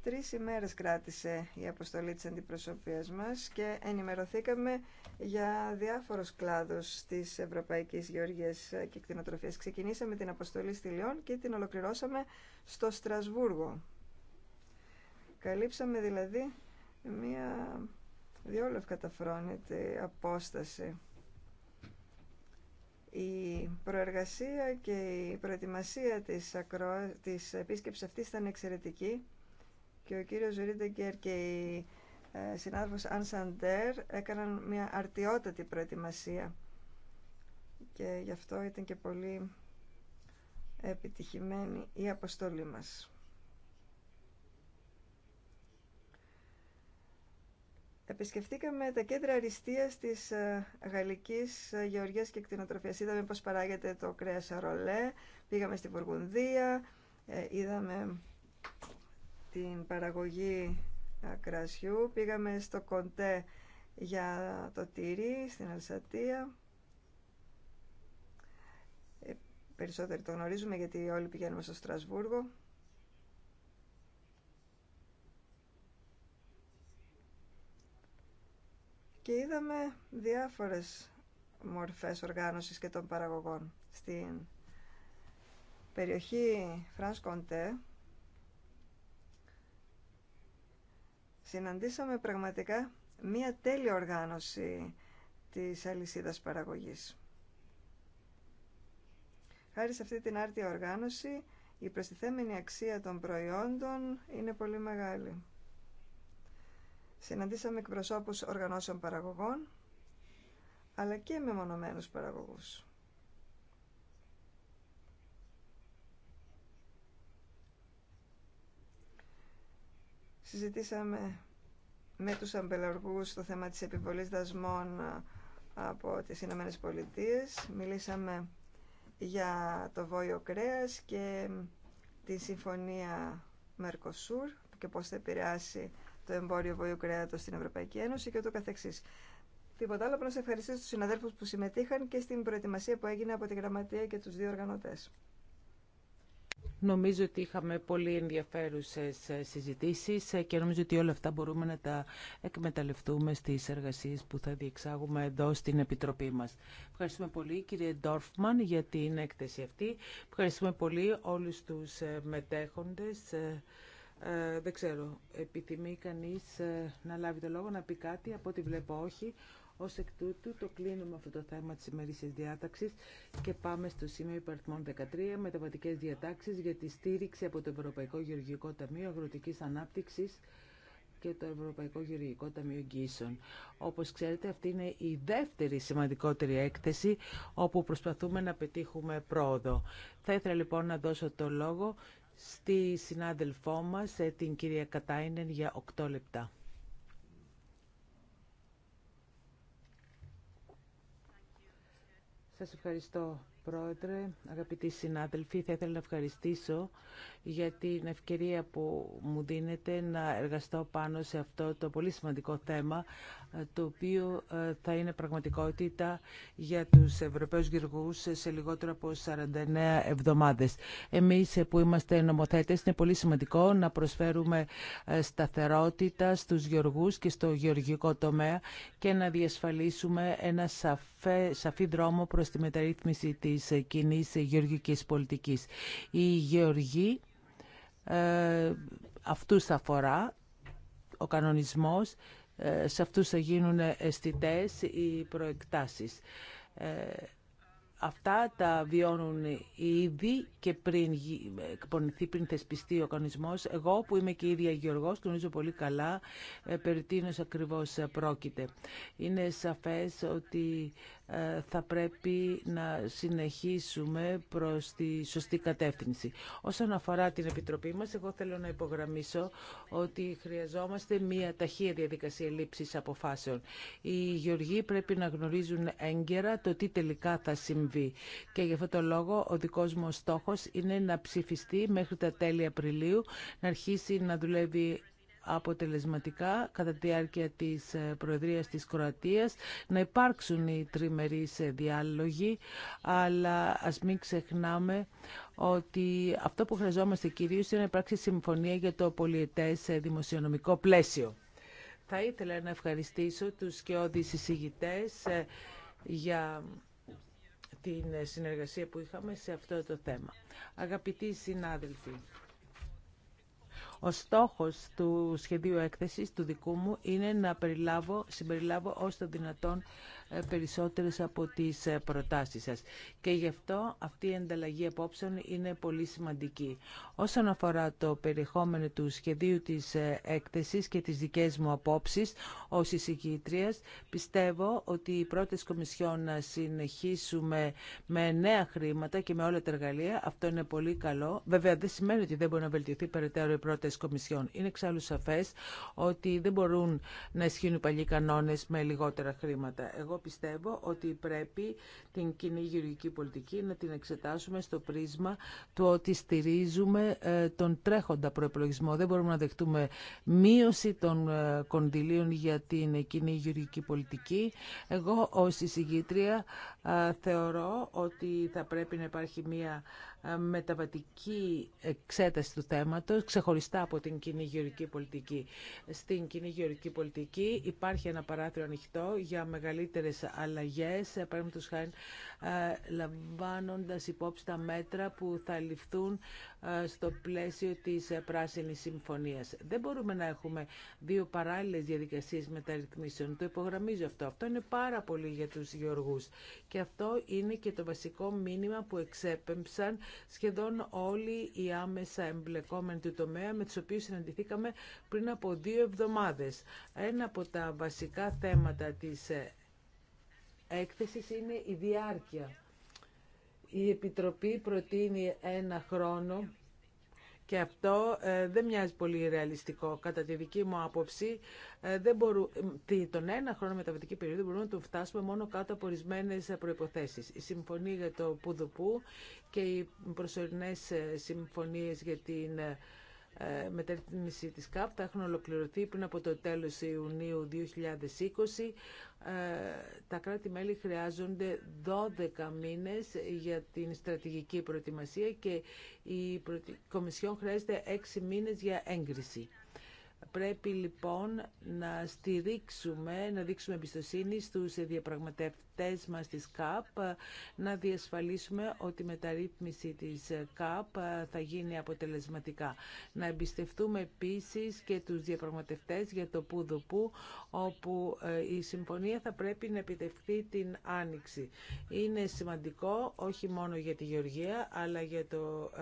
Τρεις ημέρες κράτησε η αποστολή της αντιπροσωπείας μας και ενημερωθήκαμε για διάφορους κλάδους της Ευρωπαϊκής Γεωργίας και Κτηνοτροφίας. Ξεκινήσαμε την αποστολή στη Λιόν και την ολοκληρώσαμε στο Στρασβούργο. Καλύψαμε δηλαδή μία διόλου καταφρόνητη απόσταση. Η προεργασία και η προετοιμασία της, ακρο... της επίσκεψης αυτής ήταν εξαιρετική και ο κύριος Ρίντεγκερ και η ε, συνάδελφος Αν Σαντέρ έκαναν μια αρτιότατη προετοιμασία και γι' αυτό ήταν και πολύ επιτυχημένη η αποστολή μας. Επισκεφτήκαμε τα κέντρα αριστείας της ε, γαλλικής ε, γεωργίας και κτηνοτροφίας. Είδαμε πώς παράγεται το κρέας ρολέ, πήγαμε στην Βουργουνδία, ε, είδαμε την παραγωγή κρασιού, πήγαμε στο Κοντέ για το τύρι, στην Αλσατία. Περισσότεροι το γνωρίζουμε γιατί όλοι πηγαίνουμε στο Στρασβούργο. και είδαμε διάφορες μορφές οργάνωσης και των παραγωγών. Στην περιοχή Φρανς Κοντέ συναντήσαμε πραγματικά μία τέλεια οργάνωση της αλυσίδας παραγωγής. Χάρη σε αυτή την άρτια οργάνωση, η προστιθέμενη αξία των προϊόντων είναι πολύ μεγάλη. Συναντήσαμε εκπροσώπους οργανώσεων παραγωγών, αλλά και μεμονωμένους παραγωγούς. Συζητήσαμε με τους αμπελαργούς το θέμα της επιβολής δασμών ε, από τις Ηνωμένε Πολιτείες. Μιλήσαμε για το Βόλιο Κρέας και τη Συμφωνία Μερκοσούρ και πώς θα επηρεάσει το εμπόριο βοήου κρέατος στην Ευρωπαϊκή Ένωση και ούτω καθεξής. Τίποτα άλλο, απλώ ευχαριστήσω του συναδέλφου που συμμετείχαν και στην προετοιμασία που έγινε από τη Γραμματεία και του δύο οργανώτε. Νομίζω ότι είχαμε πολύ ενδιαφέρουσες ε, συζητήσεις ε, και νομίζω ότι όλα αυτά μπορούμε να τα εκμεταλλευτούμε στις εργασίες που θα διεξάγουμε εδώ στην Επιτροπή μας. Ευχαριστούμε πολύ κύριε Ντόρφμαν για την έκθεση αυτή. Ευχαριστούμε πολύ όλου του ε, μετέχοντες. Ε, δεν ξέρω, επιθυμεί κανείς ε, να λάβει το λόγο, να πει κάτι, από ό,τι βλέπω όχι. Ως εκ τούτου το κλείνουμε αυτό το θέμα της ημερήσιας διάταξης και πάμε στο σημείο υπαρθμών 13, μεταβατικές διατάξεις για τη στήριξη από το Ευρωπαϊκό Γεωργικό Ταμείο Αγροτικής Ανάπτυξης και το Ευρωπαϊκό Γεωργικό Ταμείο Εγγύσεων. Όπως ξέρετε αυτή είναι η δεύτερη σημαντικότερη έκθεση όπου προσπαθούμε να πετύχουμε πρόοδο. Θα ήθελα λοιπόν να δώσω το λόγο στη συνάδελφό μας, ε, την κυρία Κατάινεν, για 8 λεπτά. Σας ευχαριστώ, Πρόεδρε, αγαπητοί συνάδελφοι, θα ήθελα να ευχαριστήσω για την ευκαιρία που μου δίνετε να εργαστώ πάνω σε αυτό το πολύ σημαντικό θέμα, το οποίο ε, θα είναι πραγματικότητα για τους Ευρωπαίους Γυργούς σε λιγότερο από 49 εβδομάδες. Εμείς ε, που είμαστε νομοθέτες είναι πολύ σημαντικό να προσφέρουμε ε, σταθερότητα στους γεωργούς και στο γεωργικό τομέα και να διασφαλίσουμε ένα σαφό σαφή δρόμο προς τη μεταρρύθμιση της κοινή γεωργικής πολιτικής. Η γεωργή ε, αυτούς αφορά ο κανονισμός, ε, σε αυτούς θα γίνουν αισθητέ οι προεκτάσεις. Ε, Αυτά τα βιώνουν ήδη και πριν εκπονηθεί, πριν θεσπιστεί ο κανονισμός. Εγώ που είμαι και η ίδια Γεωργός γνωρίζω πολύ καλά ε, περί τίνος ακριβώς ε, πρόκειται. Είναι σαφές ότι ε, θα πρέπει να συνεχίσουμε προς τη σωστή κατεύθυνση. Όσον αφορά την Επιτροπή μας, εγώ θέλω να υπογραμμίσω ότι χρειαζόμαστε μία ταχεία διαδικασία λήψης αποφάσεων. Οι γεωργοί πρέπει να γνωρίζουν έγκαιρα το τι τελικά θα συμβεί. Και γι' αυτό το λόγο ο δικός μου στόχος είναι να ψηφιστεί μέχρι τα τέλη Απριλίου, να αρχίσει να δουλεύει αποτελεσματικά κατά τη διάρκεια της ε, Προεδρίας της Κροατίας, να υπάρξουν οι τριμερείς ε, διάλογοι, αλλά ας μην ξεχνάμε ότι αυτό που χρειαζόμαστε κυρίως είναι να υπάρξει συμφωνία για το πολιετές ε, δημοσιονομικό πλαίσιο. Θα ήθελα να ευχαριστήσω τους και συζητητές για την συνεργασία που είχαμε σε αυτό το θέμα. Αγαπητοί συνάδελφοι, ο στόχος του σχεδίου έκθεσης του δικού μου είναι να συμπεριλάβω όσο δυνατόν ε, περισσότερες από τις ε, προτάσεις σας. Και γι' αυτό αυτή η ανταλλαγή απόψεων είναι πολύ σημαντική. Όσον αφορά το περιεχόμενο του σχεδίου της ε, έκθεσης και τις δικές μου απόψεις ως εισηγήτριας, πιστεύω ότι οι πρώτες κομισιόν να συνεχίσουμε με νέα χρήματα και με όλα τα εργαλεία, αυτό είναι πολύ καλό. Βέβαια δεν σημαίνει ότι δεν μπορεί να βελτιωθεί περαιτέρω οι πρώτες κομισιόν. Είναι εξάλλου σαφές ότι δεν μπορούν να ισχύουν οι παλιοί κανόνες με λιγότερα χρήματα εγώ πιστεύω ότι πρέπει την κοινή γεωργική πολιτική να την εξετάσουμε στο πρίσμα του ότι στηρίζουμε ε, τον τρέχοντα προεπλογισμό. Δεν μπορούμε να δεχτούμε μείωση των ε, κονδυλίων για την κοινή γεωργική πολιτική. Εγώ ως εισηγήτρια ε, θεωρώ ότι θα πρέπει να υπάρχει μία ε, μεταβατική εξέταση του θέματος, ξεχωριστά από την κοινή γεωρική πολιτική. Στην κοινή γεωρική πολιτική υπάρχει ένα παράθυρο ανοιχτό για μεγαλύτερες αλλαγές, ε, παραδείγματος χάρη ε, λαμβάνοντας υπόψη τα μέτρα που θα ληφθούν ε, στο πλαίσιο της ε, Πράσινης Συμφωνίας. Δεν μπορούμε να έχουμε δύο παράλληλες διαδικασίες μεταρρυθμίσεων. Το υπογραμμίζω αυτό. Αυτό είναι πάρα πολύ για τους γεωργούς. Και αυτό είναι και το βασικό μήνυμα που εξέπεμψαν σχεδόν όλοι οι άμεσα εμπλεκόμενοι του τομέα με τους οποίους συναντηθήκαμε πριν από δύο εβδομάδες. Ένα από τα βασικά θέματα της ε, έκθεσης είναι η διάρκεια η Επιτροπή προτείνει ένα χρόνο και αυτό ε, δεν μοιάζει πολύ ρεαλιστικό. Κατά τη δική μου άποψη, ε, δεν μπορού... τον ένα χρόνο μεταβατική περίοδο μπορούμε να τον φτάσουμε μόνο κάτω από ορισμένε προποθέσει. Η συμφωνία για το Πουδουπού και οι προσωρινέ ε, συμφωνίε για την ε, μεταρρύθμιση της ΚΑΠ θα έχουν ολοκληρωθεί πριν από το τέλος Ιουνίου 2020. Ε, τα κράτη-μέλη χρειάζονται 12 μήνες για την στρατηγική προετοιμασία και η Κομισιόν χρειάζεται 6 μήνες για έγκριση. Πρέπει λοιπόν να στηρίξουμε, να δείξουμε εμπιστοσύνη στους διαπραγματευτές μας της ΚΑΠ να διασφαλίσουμε ότι η μεταρρύθμιση της ΚΑΠ ε, θα γίνει αποτελεσματικά. Να εμπιστευτούμε επίσης και τους διαπραγματευτές για το που που όπου ε, η συμφωνία θα πρέπει να επιτευχθεί την άνοιξη. Είναι σημαντικό όχι μόνο για τη Γεωργία, αλλά για το, ε,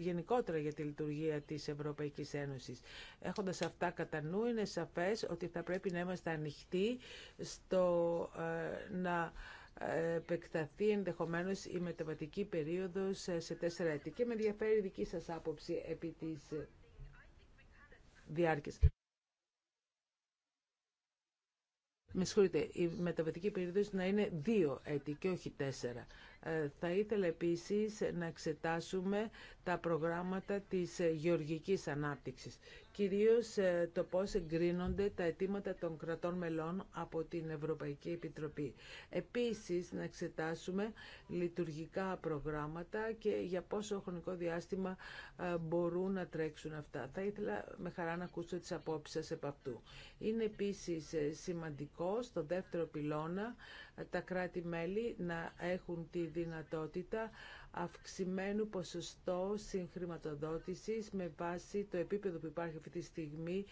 γενικότερα για τη λειτουργία της Ευρωπαϊκής Ένωσης. Έχοντας αυτά κατά νου, είναι σαφές ότι θα πρέπει να είμαστε ανοιχτοί στο να να επεκταθεί ενδεχομένως η μεταβατική περίοδος σε τέσσερα έτη. Και με ενδιαφέρει δική σας άποψη επί της διάρκειας. Με συγχωρείτε, η μεταβατική περίοδος να είναι δύο έτη και όχι τέσσερα. Ε, θα ήθελα επίσης να εξετάσουμε τα προγράμματα της γεωργικής ανάπτυξης κυρίως ε, το πώς εγκρίνονται τα αιτήματα των κρατών μελών από την Ευρωπαϊκή Επιτροπή. Επίσης, να εξετάσουμε λειτουργικά προγράμματα και για πόσο χρονικό διάστημα ε, μπορούν να τρέξουν αυτά. Θα ήθελα με χαρά να ακούσω τις απόψεις σας επ' αυτού. Είναι επίσης ε, σημαντικό στο δεύτερο πυλώνα τα κράτη-μέλη να έχουν τη δυνατότητα αυξημένου ποσοστό συγχρηματοδότησης με βάση το επίπεδο που υπάρχει αυτή τη στιγμή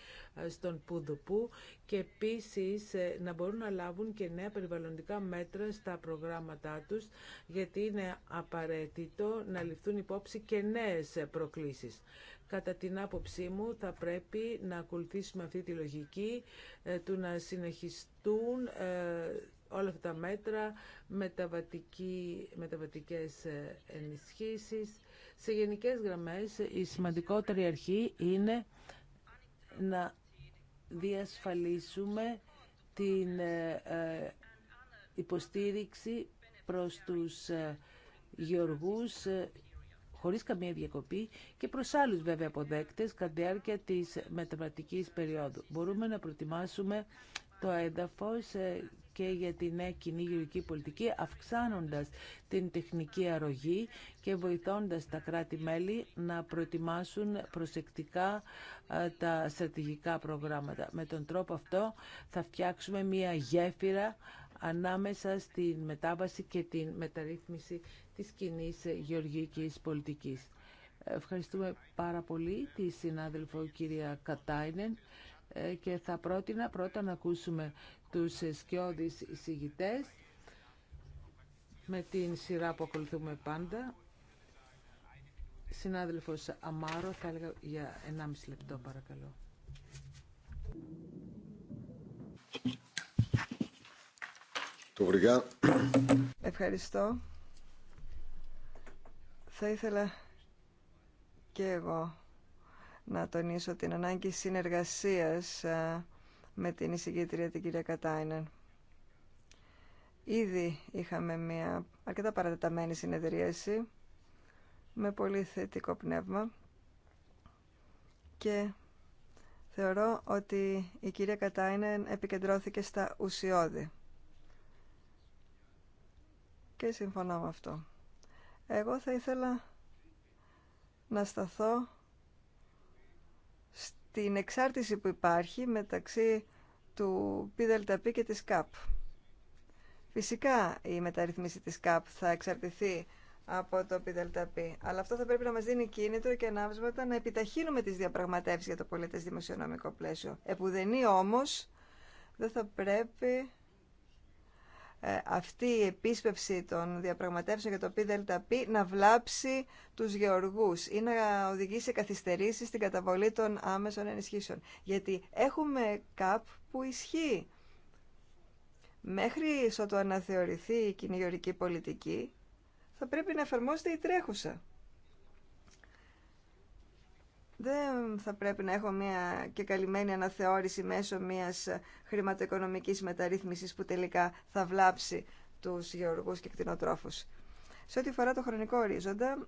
ε, στον Πουδουπού και επίσης ε, να μπορούν να λάβουν και νέα περιβαλλοντικά μέτρα στα προγράμματά τους γιατί είναι απαραίτητο να ληφθούν υπόψη και νέες προκλήσεις. Κατά την άποψή μου θα πρέπει να ακολουθήσουμε αυτή τη λογική ε, του να συνεχιστούν όλα αυτά τα μέτρα, μεταβατική, μεταβατικές ε, ενισχύσεις. Σε γενικές γραμμές η σημαντικότερη αρχή είναι να διασφαλίσουμε την ε, ε, υποστήριξη προς τους γεωργούς χωρίς καμία διακοπή και προς άλλους βέβαια αποδέκτες κατά τη διάρκεια της μεταβατικής περίοδου. Μπορούμε να προετοιμάσουμε το έδαφος και για την νέα κοινή γεωργική πολιτική, αυξάνοντας την τεχνική αρρωγή και βοηθώντας τα κράτη-μέλη να προετοιμάσουν προσεκτικά τα στρατηγικά προγράμματα. Με τον τρόπο αυτό θα φτιάξουμε μια γέφυρα ανάμεσα στην μετάβαση και την μεταρρύθμιση της κοινή γεωργικής πολιτικής. Ευχαριστούμε πάρα πολύ τη συνάδελφο κυρία Κατάινεν και θα πρότεινα πρώτα να ακούσουμε τους σκιώδεις εισηγητές με την σειρά που ακολουθούμε πάντα. Συνάδελφος Αμάρο, θα έλεγα για 1,5 λεπτό παρακαλώ. Ευχαριστώ. Θα ήθελα και εγώ να τονίσω την ανάγκη συνεργασίας ε, με την εισηγήτρια την κυρία Κατάινεν. Ήδη είχαμε μια αρκετά παρατεταμένη συνεδρίαση με πολύ θετικό πνεύμα και θεωρώ ότι η κυρία Κατάινεν επικεντρώθηκε στα ουσιώδη. Και συμφωνώ με αυτό. Εγώ θα ήθελα να σταθώ την εξάρτηση που υπάρχει μεταξύ του ΠΔΠ και της ΚΑΠ. Φυσικά η μεταρρυθμίση της ΚΑΠ θα εξαρτηθεί από το ΠΔΠ, αλλά αυτό θα πρέπει να μας δίνει κίνητρο και ανάβσματα να επιταχύνουμε τις διαπραγματεύσεις για το πολίτες δημοσιονομικό πλαίσιο. Επουδενή όμως δεν θα πρέπει ε, αυτή η επίσπευση των διαπραγματεύσεων για το ΠΔΠ να βλάψει τους γεωργούς ή να οδηγήσει καθυστερήσεις στην καταβολή των άμεσων ενισχύσεων. Γιατί έχουμε ΚΑΠ που ισχύει. Μέχρι ότου αναθεωρηθεί η κοινή πολιτική θα πρέπει να εφαρμόσετε η τρέχουσα δεν θα πρέπει να έχω μια και καλυμμένη αναθεώρηση μέσω μιας χρηματοοικονομικής μεταρρύθμισης που τελικά θα βλάψει τους γεωργούς και κτηνοτρόφους. Σε ό,τι αφορά το χρονικό ορίζοντα,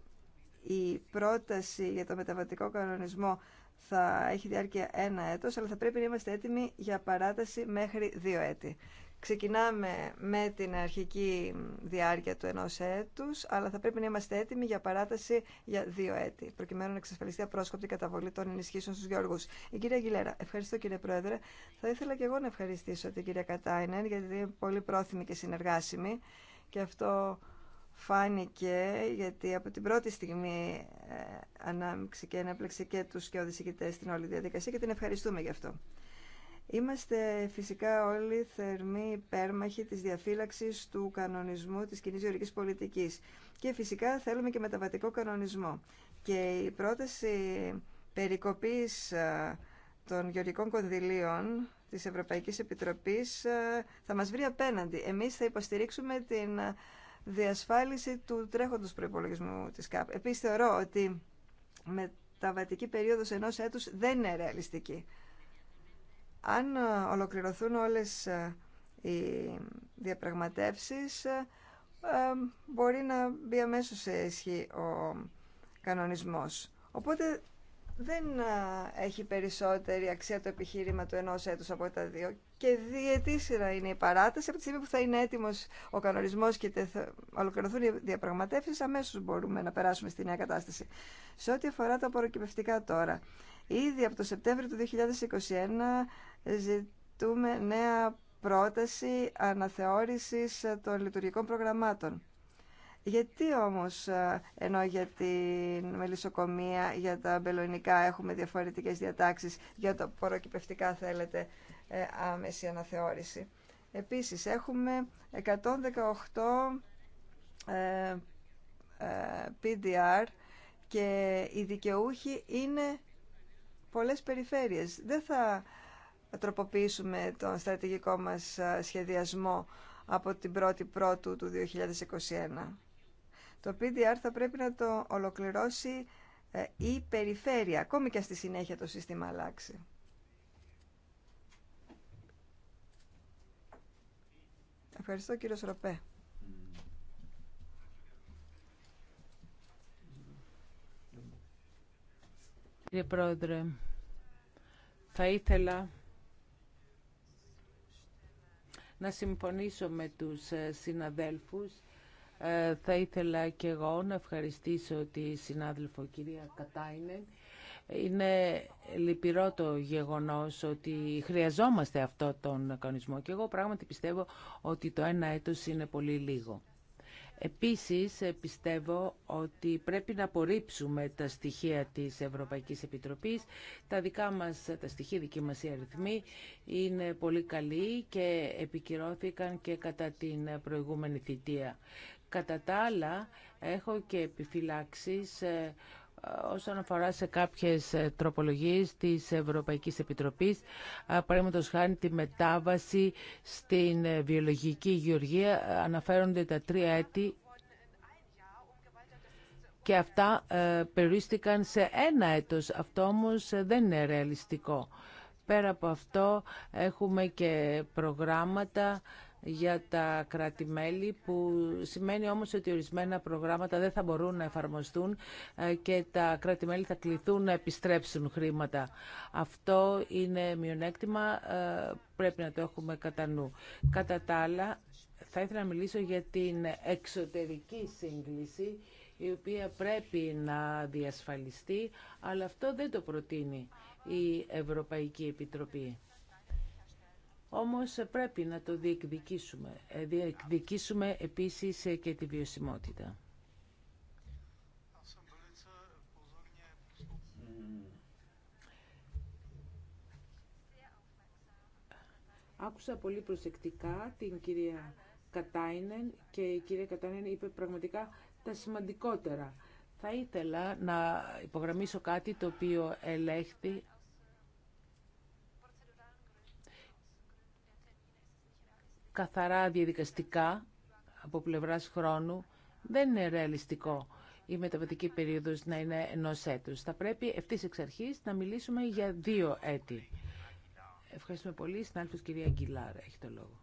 η πρόταση για το μεταβατικό κανονισμό θα έχει διάρκεια ένα έτος, αλλά θα πρέπει να είμαστε έτοιμοι για παράταση μέχρι δύο έτη. Ξεκινάμε με την αρχική διάρκεια του ενός έτους, αλλά θα πρέπει να είμαστε έτοιμοι για παράταση για δύο έτη, προκειμένου να εξασφαλιστεί απρόσκοπτη καταβολή των ενισχύσεων στους Γιώργους. Η κυρία Γιλέρα, ευχαριστώ κύριε Πρόεδρε. Θα ήθελα και εγώ να ευχαριστήσω την κυρία Κατάινεν, γιατί είναι πολύ πρόθυμη και συνεργάσιμη και αυτό φάνηκε, γιατί από την πρώτη στιγμή ε, ανάμειξε και έναπλεξε και τους και οδησηγητές στην όλη διαδικασία και την ευχαριστούμε γι' αυτό. Είμαστε φυσικά όλοι θερμοί υπέρμαχοι της διαφύλαξης του κανονισμού της κοινή γεωργικής πολιτικής και φυσικά θέλουμε και μεταβατικό κανονισμό. Και η πρόταση περικοπής ε, των γεωργικών κονδυλίων της Ευρωπαϊκής Επιτροπής ε, θα μας βρει απέναντι. Εμείς θα υποστηρίξουμε την διασφάλιση του τρέχοντος προϋπολογισμού της ΚΑΠ. Επίσης θεωρώ ότι μεταβατική περίοδος ενός έτους δεν είναι ρεαλιστική. Αν ε, ολοκληρωθούν όλες ε, οι διαπραγματεύσεις, ε, μπορεί να μπει αμέσω σε ισχύ ο κανονισμός. Οπότε δεν έχει περισσότερη αξία το επιχείρημα του ενός έτους από τα δύο και διετή είναι η παράταση. Από τη στιγμή που θα είναι έτοιμος ο κανονισμός και θα ολοκληρωθούν οι διαπραγματεύσεις, αμέσως μπορούμε να περάσουμε στη νέα κατάσταση. Σε ό,τι αφορά τα απορροκυπευτικά τώρα, Ήδη από το Σεπτέμβριο του 2021 ζητούμε νέα πρόταση αναθεώρησης των λειτουργικών προγραμμάτων. Γιατί όμως, ε, ενώ για την μελισσοκομεία, για τα μπελονικά έχουμε διαφορετικές διατάξεις, για τα προκυπευτικά θέλετε ε, άμεση αναθεώρηση. Επίσης, έχουμε 118 ε, PDR και οι δικαιούχοι είναι πολλές περιφέρειες. Δεν θα τροποποιήσουμε τον στρατηγικό μας σχεδιασμό από την 1η Πρώτου του 2021. Το PDR θα πρέπει να το ολοκληρώσει ε, η περιφέρεια, ακόμη και στη συνέχεια το σύστημα αλλάξει. Ευχαριστώ κύριο Σροπέ. Κύριε Πρόεδρε, θα ήθελα να συμφωνήσω με τους ε, συναδέλφους. Ε, θα ήθελα και εγώ να ευχαριστήσω τη συνάδελφο κυρία Κατάινεν. Είναι λυπηρό το γεγονός ότι χρειαζόμαστε αυτό τον κανονισμό και εγώ πράγματι πιστεύω ότι το ένα έτος είναι πολύ λίγο. Επίσης, ε, πιστεύω ότι πρέπει να απορρίψουμε τα στοιχεία της Ευρωπαϊκής Επιτροπής. Τα δικά μας, τα στοιχεία δική μας οι αριθμοί είναι πολύ καλοί και επικυρώθηκαν και κατά την προηγούμενη θητεία. Κατά τα άλλα, έχω και επιφυλάξεις ε, ε, όσον αφορά σε κάποιες ε, τροπολογίες της Ευρωπαϊκής Επιτροπής, ε, παραδείγματο χάνει τη μετάβαση στην βιολογική γεωργία, αναφέρονται τα τρία έτη και αυτά περιορίστηκαν σε ένα έτος. Αυτό όμως δεν είναι ρεαλιστικό. Πέρα από αυτό έχουμε και προγράμματα για τα κρατη που σημαίνει όμως ότι ορισμένα προγράμματα δεν θα μπορούν να εφαρμοστούν ε, και τα κρατη θα κληθούν να επιστρέψουν χρήματα. Αυτό είναι μειονέκτημα, ε, πρέπει να το έχουμε κατά νου. Κατά τα άλλα, θα ήθελα να μιλήσω για την εξωτερική σύγκληση η οποία πρέπει να διασφαλιστεί, αλλά αυτό δεν το προτείνει η Ευρωπαϊκή Επιτροπή. Όμως πρέπει να το διεκδικήσουμε. Ε, διεκδικήσουμε επίσης ε, και τη βιωσιμότητα. Άκουσα πολύ προσεκτικά την κυρία Κατάινεν και η κυρία Κατάινεν είπε πραγματικά τα σημαντικότερα. Θα ήθελα να υπογραμμίσω κάτι το οποίο ελέγχθη καθαρά διαδικαστικά από πλευράς χρόνου δεν είναι ρεαλιστικό η μεταβατική περίοδος να είναι ενό έτου. Θα πρέπει ευθύ εξ αρχή να μιλήσουμε για δύο έτη. Ευχαριστούμε πολύ. Συνάλφος κυρία Αγγιλάρα έχει το λόγο.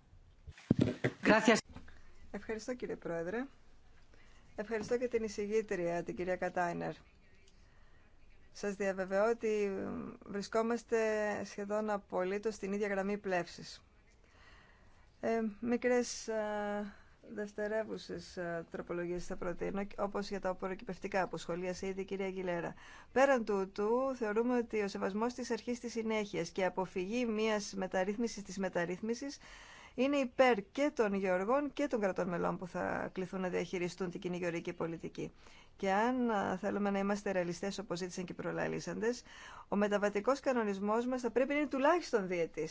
Ευχαριστώ κύριε Πρόεδρε. Ευχαριστώ και την εισηγήτρια, την κυρία Κατάινερ. Σας διαβεβαιώ ότι ε, βρισκόμαστε σχεδόν απολύτως στην ίδια γραμμή πλεύσης. Ε, μικρές ε, δευτερεύουσε ε, τροπολογίε θα προτείνω, όπω για τα προκυπευτικά που σχολίασε ήδη η κυρία Αγγιλέρα. Πέραν τούτου, θεωρούμε ότι ο σεβασμό τη αρχή τη συνέχεια και αποφυγή μια μεταρρύθμιση τη μεταρρύθμιση είναι υπέρ και των γεωργών και των κρατών μελών που θα κληθούν να διαχειριστούν την κοινή γεωργική πολιτική. Και αν θέλουμε να είμαστε ρεαλιστέ, όπω ζήτησαν και οι προλαλήσαντε, ο μεταβατικό κανονισμό μα θα πρέπει να είναι τουλάχιστον διετή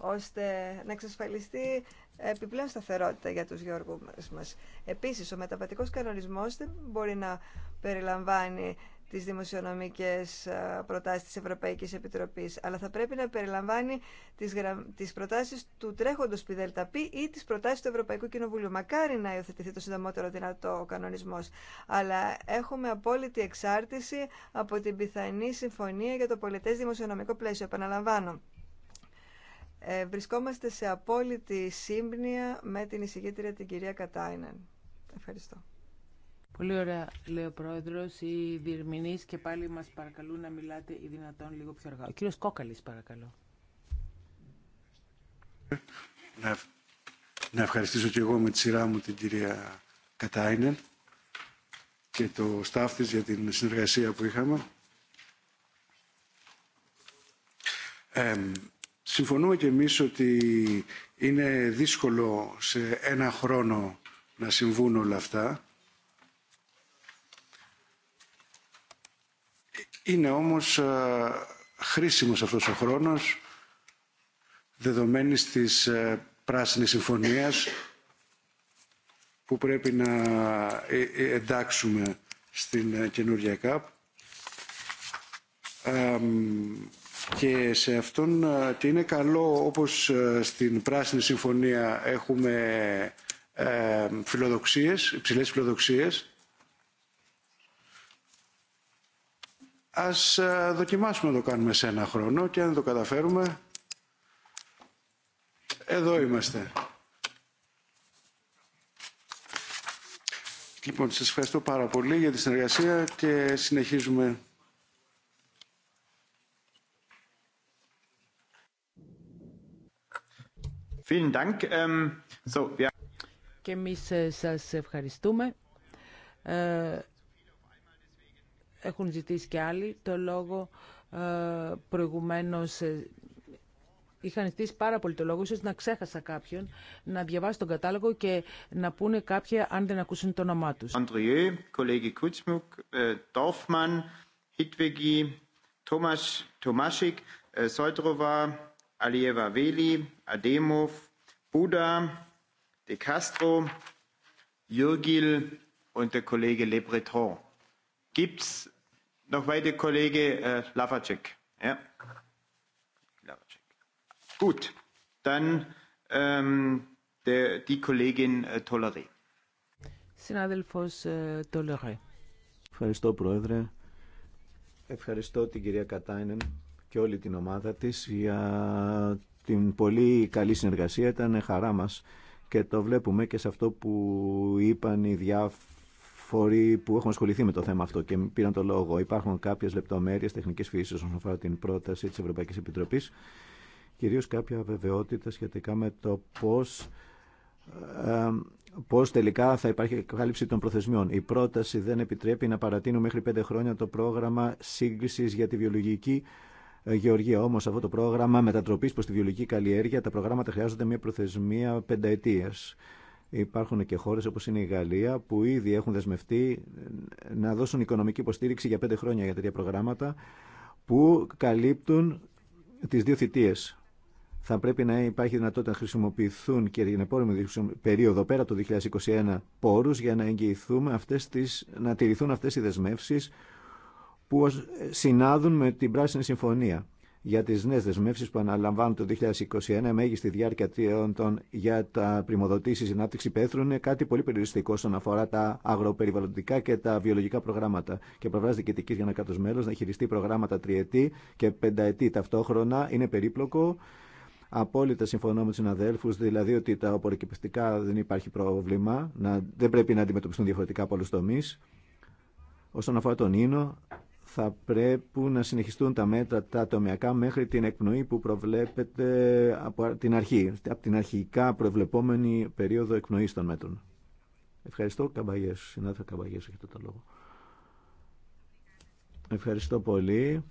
ώστε να εξασφαλιστεί επιπλέον σταθερότητα για τους γεωργούς μας. Επίσης, ο μεταβατικός κανονισμός δεν μπορεί να περιλαμβάνει τις δημοσιονομικές ε, προτάσεις της Ευρωπαϊκής Επιτροπής, αλλά θα πρέπει να περιλαμβάνει τις, γραμ... τις προτάσεις του τρέχοντος ΠΔΠ ή τις προτάσεις του Ευρωπαϊκού Κοινοβουλίου. Μακάρι να υιοθετηθεί το συντομότερο δυνατό ο κανονισμός, αλλά έχουμε απόλυτη εξάρτηση από την πιθανή συμφωνία για το πολιτές δημοσιονομικό πλαίσιο. Επαναλαμβάνω, ε, βρισκόμαστε σε απόλυτη σύμπνοια με την εισηγήτρια την κυρία Κατάινεν. Ευχαριστώ. Πολύ ωραία, λέει ο πρόεδρο. Οι διερμηνεί και πάλι μα παρακαλούν να μιλάτε ή δυνατόν λίγο πιο αργά. Ο κύριο Κόκαλη, παρακαλώ. Να, ευχαριστήσω και εγώ με τη σειρά μου την κυρία Κατάινεν και το Στάφτη για την συνεργασία που είχαμε. Ε, Συμφωνούμε και εμείς ότι είναι δύσκολο σε ένα χρόνο να συμβούν όλα αυτά. Είναι όμως ε, χρήσιμος αυτός ο χρόνος δεδομένης της ε, πράσινης συμφωνίας που πρέπει να ε, εντάξουμε στην καινούργια ΚΑΠ και σε αυτόν και είναι καλό όπως στην Πράσινη Συμφωνία έχουμε ε, φιλοδοξίες, υψηλές φιλοδοξίες. Ας δοκιμάσουμε να το κάνουμε σε ένα χρόνο και αν το καταφέρουμε, εδώ είμαστε. Λοιπόν, σας ευχαριστώ πάρα πολύ για τη συνεργασία και συνεχίζουμε Ähm, και εμεί ε, σα ευχαριστούμε. Ε, έχουν ζητήσει και άλλοι το λόγο ε, προηγουμένως είχαν ζητήσει πάρα πολύ το λόγο, ίσως να ξέχασα κάποιον, να διαβάσει τον κατάλογο και να πούνε κάποιοι αν δεν ακούσουν το όνομά του. Αντριέ, κολέγη Κουτσμουκ, Χιτβεγγι, Τομάσικ, Alieva Veli, Ademov, Buda, De Castro, Jürgil und der Kollege Le Breton. Gibt es noch weitere Kollege äh, Lavacek? Ja. Lavacek. Gut, dann ähm, der, die Kollegin äh, Tolleré. Συνάδελφος Τολερέ. Ευχαριστώ Πρόεδρε. Ευχαριστώ την κυρία Κατάινεν και όλη την ομάδα της για την πολύ καλή συνεργασία. Ήταν χαρά μας και το βλέπουμε και σε αυτό που είπαν οι διάφοροι που έχουν ασχοληθεί με το θέμα αυτό και πήραν το λόγο. Υπάρχουν κάποιες λεπτομέρειες τεχνικής φύσης όσον αφορά την πρόταση της Ευρωπαϊκής Επιτροπής κυρίως κάποια βεβαιότητα σχετικά με το πώς, ε, τελικά θα υπάρχει κάλυψη των προθεσμιών. Η πρόταση δεν επιτρέπει να παρατείνουμε μέχρι πέντε χρόνια το πρόγραμμα σύγκριση για τη βιολογική ε, γεωργία. Όμω αυτό το πρόγραμμα μετατροπή προ τη βιολογική καλλιέργεια, τα προγράμματα χρειάζονται μια προθεσμία πενταετία. Υπάρχουν και χώρε όπω είναι η Γαλλία που ήδη έχουν δεσμευτεί ε, να δώσουν οικονομική υποστήριξη για πέντε χρόνια για τέτοια προγράμματα που καλύπτουν τι δύο θητείε. Θα πρέπει να υπάρχει δυνατότητα να χρησιμοποιηθούν και την επόμενη περίοδο πέρα από το 2021 πόρου για να εγγυηθούμε αυτές τις, να τηρηθούν αυτέ οι δεσμεύσει που ε, συνάδουν με την Πράσινη Συμφωνία για τις νέες δεσμεύσεις που αναλαμβάνουν το 2021 μέγιστη διάρκεια των για τα πρημοδοτήσεις στην ανάπτυξη πέθρου είναι κάτι πολύ περιοριστικό όσον αφορά τα αγροπεριβαλλοντικά και τα βιολογικά προγράμματα και προβράζει διοικητικής για ένα κάτω μέλος να χειριστεί προγράμματα τριετή και πενταετή ταυτόχρονα είναι περίπλοκο Απόλυτα συμφωνώ με του συναδέλφου, δηλαδή ότι τα οπορικεπιστικά δεν υπάρχει πρόβλημα, να, δεν πρέπει να αντιμετωπιστούν διαφορετικά από όλου τομεί. Όσον αφορά τον Ίνο, θα πρέπει να συνεχιστούν τα μέτρα τα ατομιακά μέχρι την εκπνοή που προβλέπεται από την αρχή, από την αρχικά προβλεπόμενη περίοδο εκπνοής των μέτρων. Ευχαριστώ, καμπάγέ. Συνάδελφα Καμπαγέ, έχετε το λόγο. Ευχαριστώ πολύ.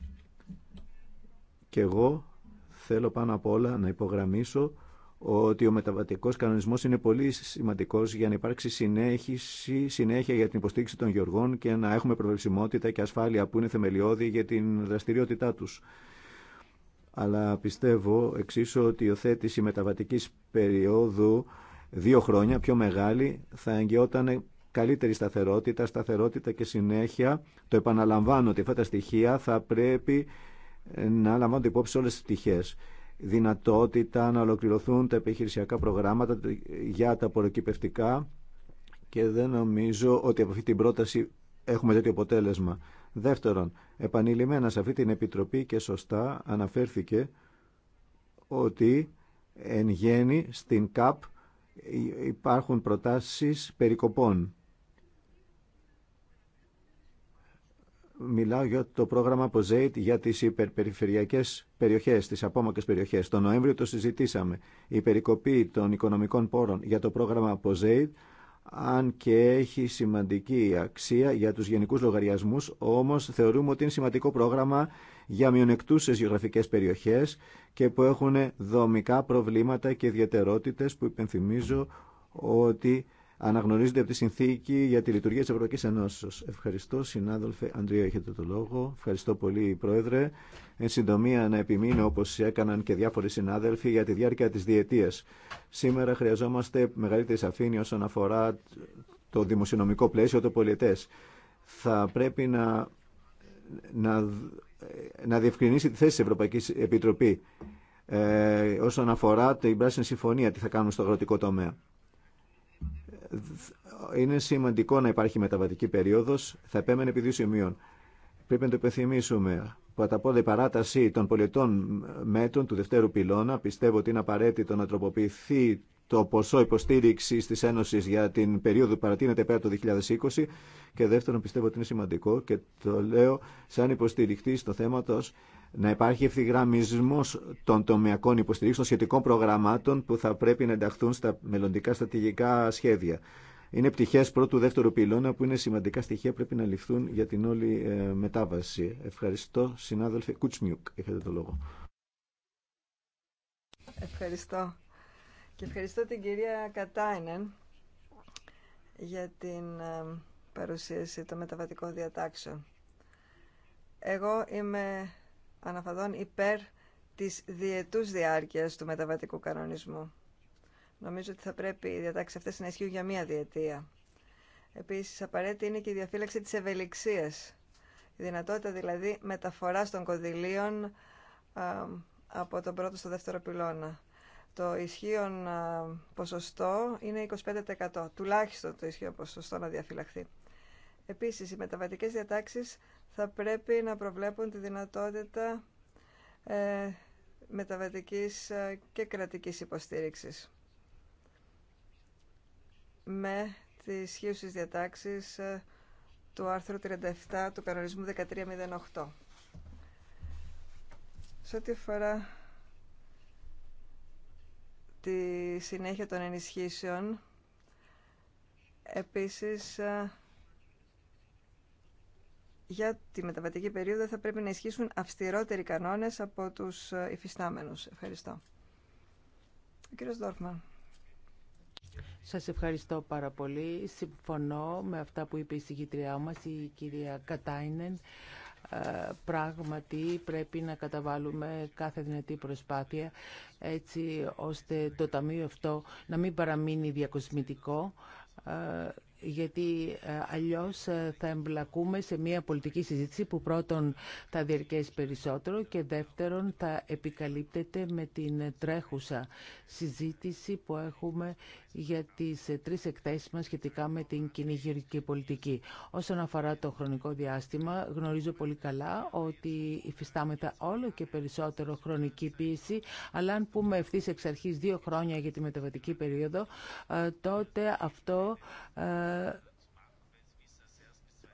Και εγώ θέλω πάνω απ' όλα να υπογραμμίσω ότι ο μεταβατικός κανονισμός είναι πολύ σημαντικός για να υπάρξει συνέχιση, συνέχεια για την υποστήριξη των γεωργών και να έχουμε προβλησιμότητα και ασφάλεια που είναι θεμελιώδη για την δραστηριότητά τους. Αλλά πιστεύω εξίσου ότι η οθέτηση μεταβατικής περίοδου δύο χρόνια πιο μεγάλη θα εγγυόταν καλύτερη σταθερότητα, σταθερότητα και συνέχεια. Το επαναλαμβάνω ότι αυτά τα στοιχεία θα πρέπει να λαμβάνονται υπόψη όλες τις πτυχές δυνατότητα να ολοκληρωθούν τα επιχειρησιακά προγράμματα για τα προκυπευτικά και δεν νομίζω ότι από αυτή την πρόταση έχουμε τέτοιο αποτέλεσμα. Δεύτερον, επανειλημμένα σε αυτή την Επιτροπή και σωστά αναφέρθηκε ότι εν γέννη στην ΚΑΠ υπάρχουν προτάσεις περικοπών μιλάω για το πρόγραμμα POSEIT για τις υπερπεριφερειακές περιοχές, τις απόμακρες περιοχές. Το Νοέμβριο το συζητήσαμε. Η περικοπή των οικονομικών πόρων για το πρόγραμμα POSEIT, αν και έχει σημαντική αξία για τους γενικούς λογαριασμούς, όμως θεωρούμε ότι είναι σημαντικό πρόγραμμα για μειονεκτούσες γεωγραφικέ περιοχέ και που έχουν δομικά προβλήματα και ιδιαιτερότητε που υπενθυμίζω ότι αναγνωρίζονται από τη συνθήκη για τη λειτουργία της Ευρωπαϊκής Ενώσεως. Ευχαριστώ, συνάδελφε Αντρία, έχετε το λόγο. Ευχαριστώ πολύ, Πρόεδρε. Εν συντομία, να επιμείνω, όπως έκαναν και διάφοροι συνάδελφοι, για τη διάρκεια της διετίας. Σήμερα χρειαζόμαστε μεγαλύτερη σαφήνη όσον αφορά το δημοσιονομικό πλαίσιο, το πολιτές. Θα πρέπει να, να, να διευκρινίσει τη θέση της Ευρωπαϊκής Επιτροπή ε, όσον αφορά την Πράσινη Συμφωνία, τι θα κάνουμε στο αγροτικό τομέα είναι σημαντικό να υπάρχει μεταβατική περίοδος, θα επέμενε επί δύο σημείων. Πρέπει να το υπενθυμίσουμε. Πρώτα απ' η παράταση των πολιτών μέτρων του δευτέρου πυλώνα. Πιστεύω ότι είναι απαραίτητο να τροποποιηθεί το ποσό υποστήριξη τη Ένωση για την περίοδο που παρατείνεται πέρα το 2020. Και δεύτερον, πιστεύω ότι είναι σημαντικό και το λέω σαν υποστηριχτή στο θέματο να υπάρχει ευθυγραμμισμό των τομιακών υποστηρίξεων σχετικών προγραμμάτων που θα πρέπει να ενταχθούν στα μελλοντικά στρατηγικά σχέδια. Είναι πτυχέ πρώτου-δεύτερου πυλώνα που είναι σημαντικά στοιχεία πρέπει να ληφθούν για την όλη ε, μετάβαση. Ευχαριστώ, συνάδελφε Κουτσμιούκ. Έχετε το λόγο. Ευχαριστώ. Και ευχαριστώ την κυρία Κατάινεν για την ε, παρουσίαση των μεταβατικών διατάξεων. Εγώ είμαι αναφαδόν υπέρ της διετούς διάρκειας του μεταβατικού κανονισμού. Νομίζω ότι θα πρέπει οι διατάξει αυτές να ισχύουν για μία διετία. Επίσης, απαραίτητη είναι και η διαφύλαξη της ευελιξίας. Η δυνατότητα δηλαδή μεταφοράς των κονδυλίων από τον πρώτο στο δεύτερο πυλώνα. Το ισχύον ποσοστό είναι 25%. Τουλάχιστον το ισχύον ποσοστό να διαφυλαχθεί. Επίσης, οι μεταβατικές διατάξεις θα πρέπει να προβλέπουν τη δυνατότητα ε, μεταβατικής ε, και κρατικής υποστήριξης με τις χείουσες διατάξεις ε, του άρθρου 37 του κανονισμού 1308. Σε ό,τι αφορά τη συνέχεια των ενισχύσεων, επίσης ε, για τη μεταβατική περίοδο θα πρέπει να ισχύσουν αυστηρότεροι κανόνες από τους ε, υφιστάμενους. Ευχαριστώ. Ο κύριος Ντόρφμαν. Σας ευχαριστώ πάρα πολύ. Συμφωνώ με αυτά που είπε η συγκητριά μας, η κυρία Κατάινεν. Ε, πράγματι πρέπει να καταβάλουμε κάθε δυνατή προσπάθεια έτσι ώστε το ταμείο αυτό να μην παραμείνει διακοσμητικό ε, γιατί ε, αλλιώς ε, θα εμπλακούμε σε μια πολιτική συζήτηση που πρώτον θα διαρκέσει περισσότερο και δεύτερον θα επικαλύπτεται με την τρέχουσα συζήτηση που έχουμε για τις ε, τρεις εκθέσεις μας σχετικά με την κοινή πολιτική. Όσον αφορά το χρονικό διάστημα, γνωρίζω πολύ καλά ότι υφιστάμεθα όλο και περισσότερο χρονική πίεση, αλλά αν πούμε ευθύ εξ αρχής δύο χρόνια για τη μεταβατική περίοδο, τότε αυτό ε,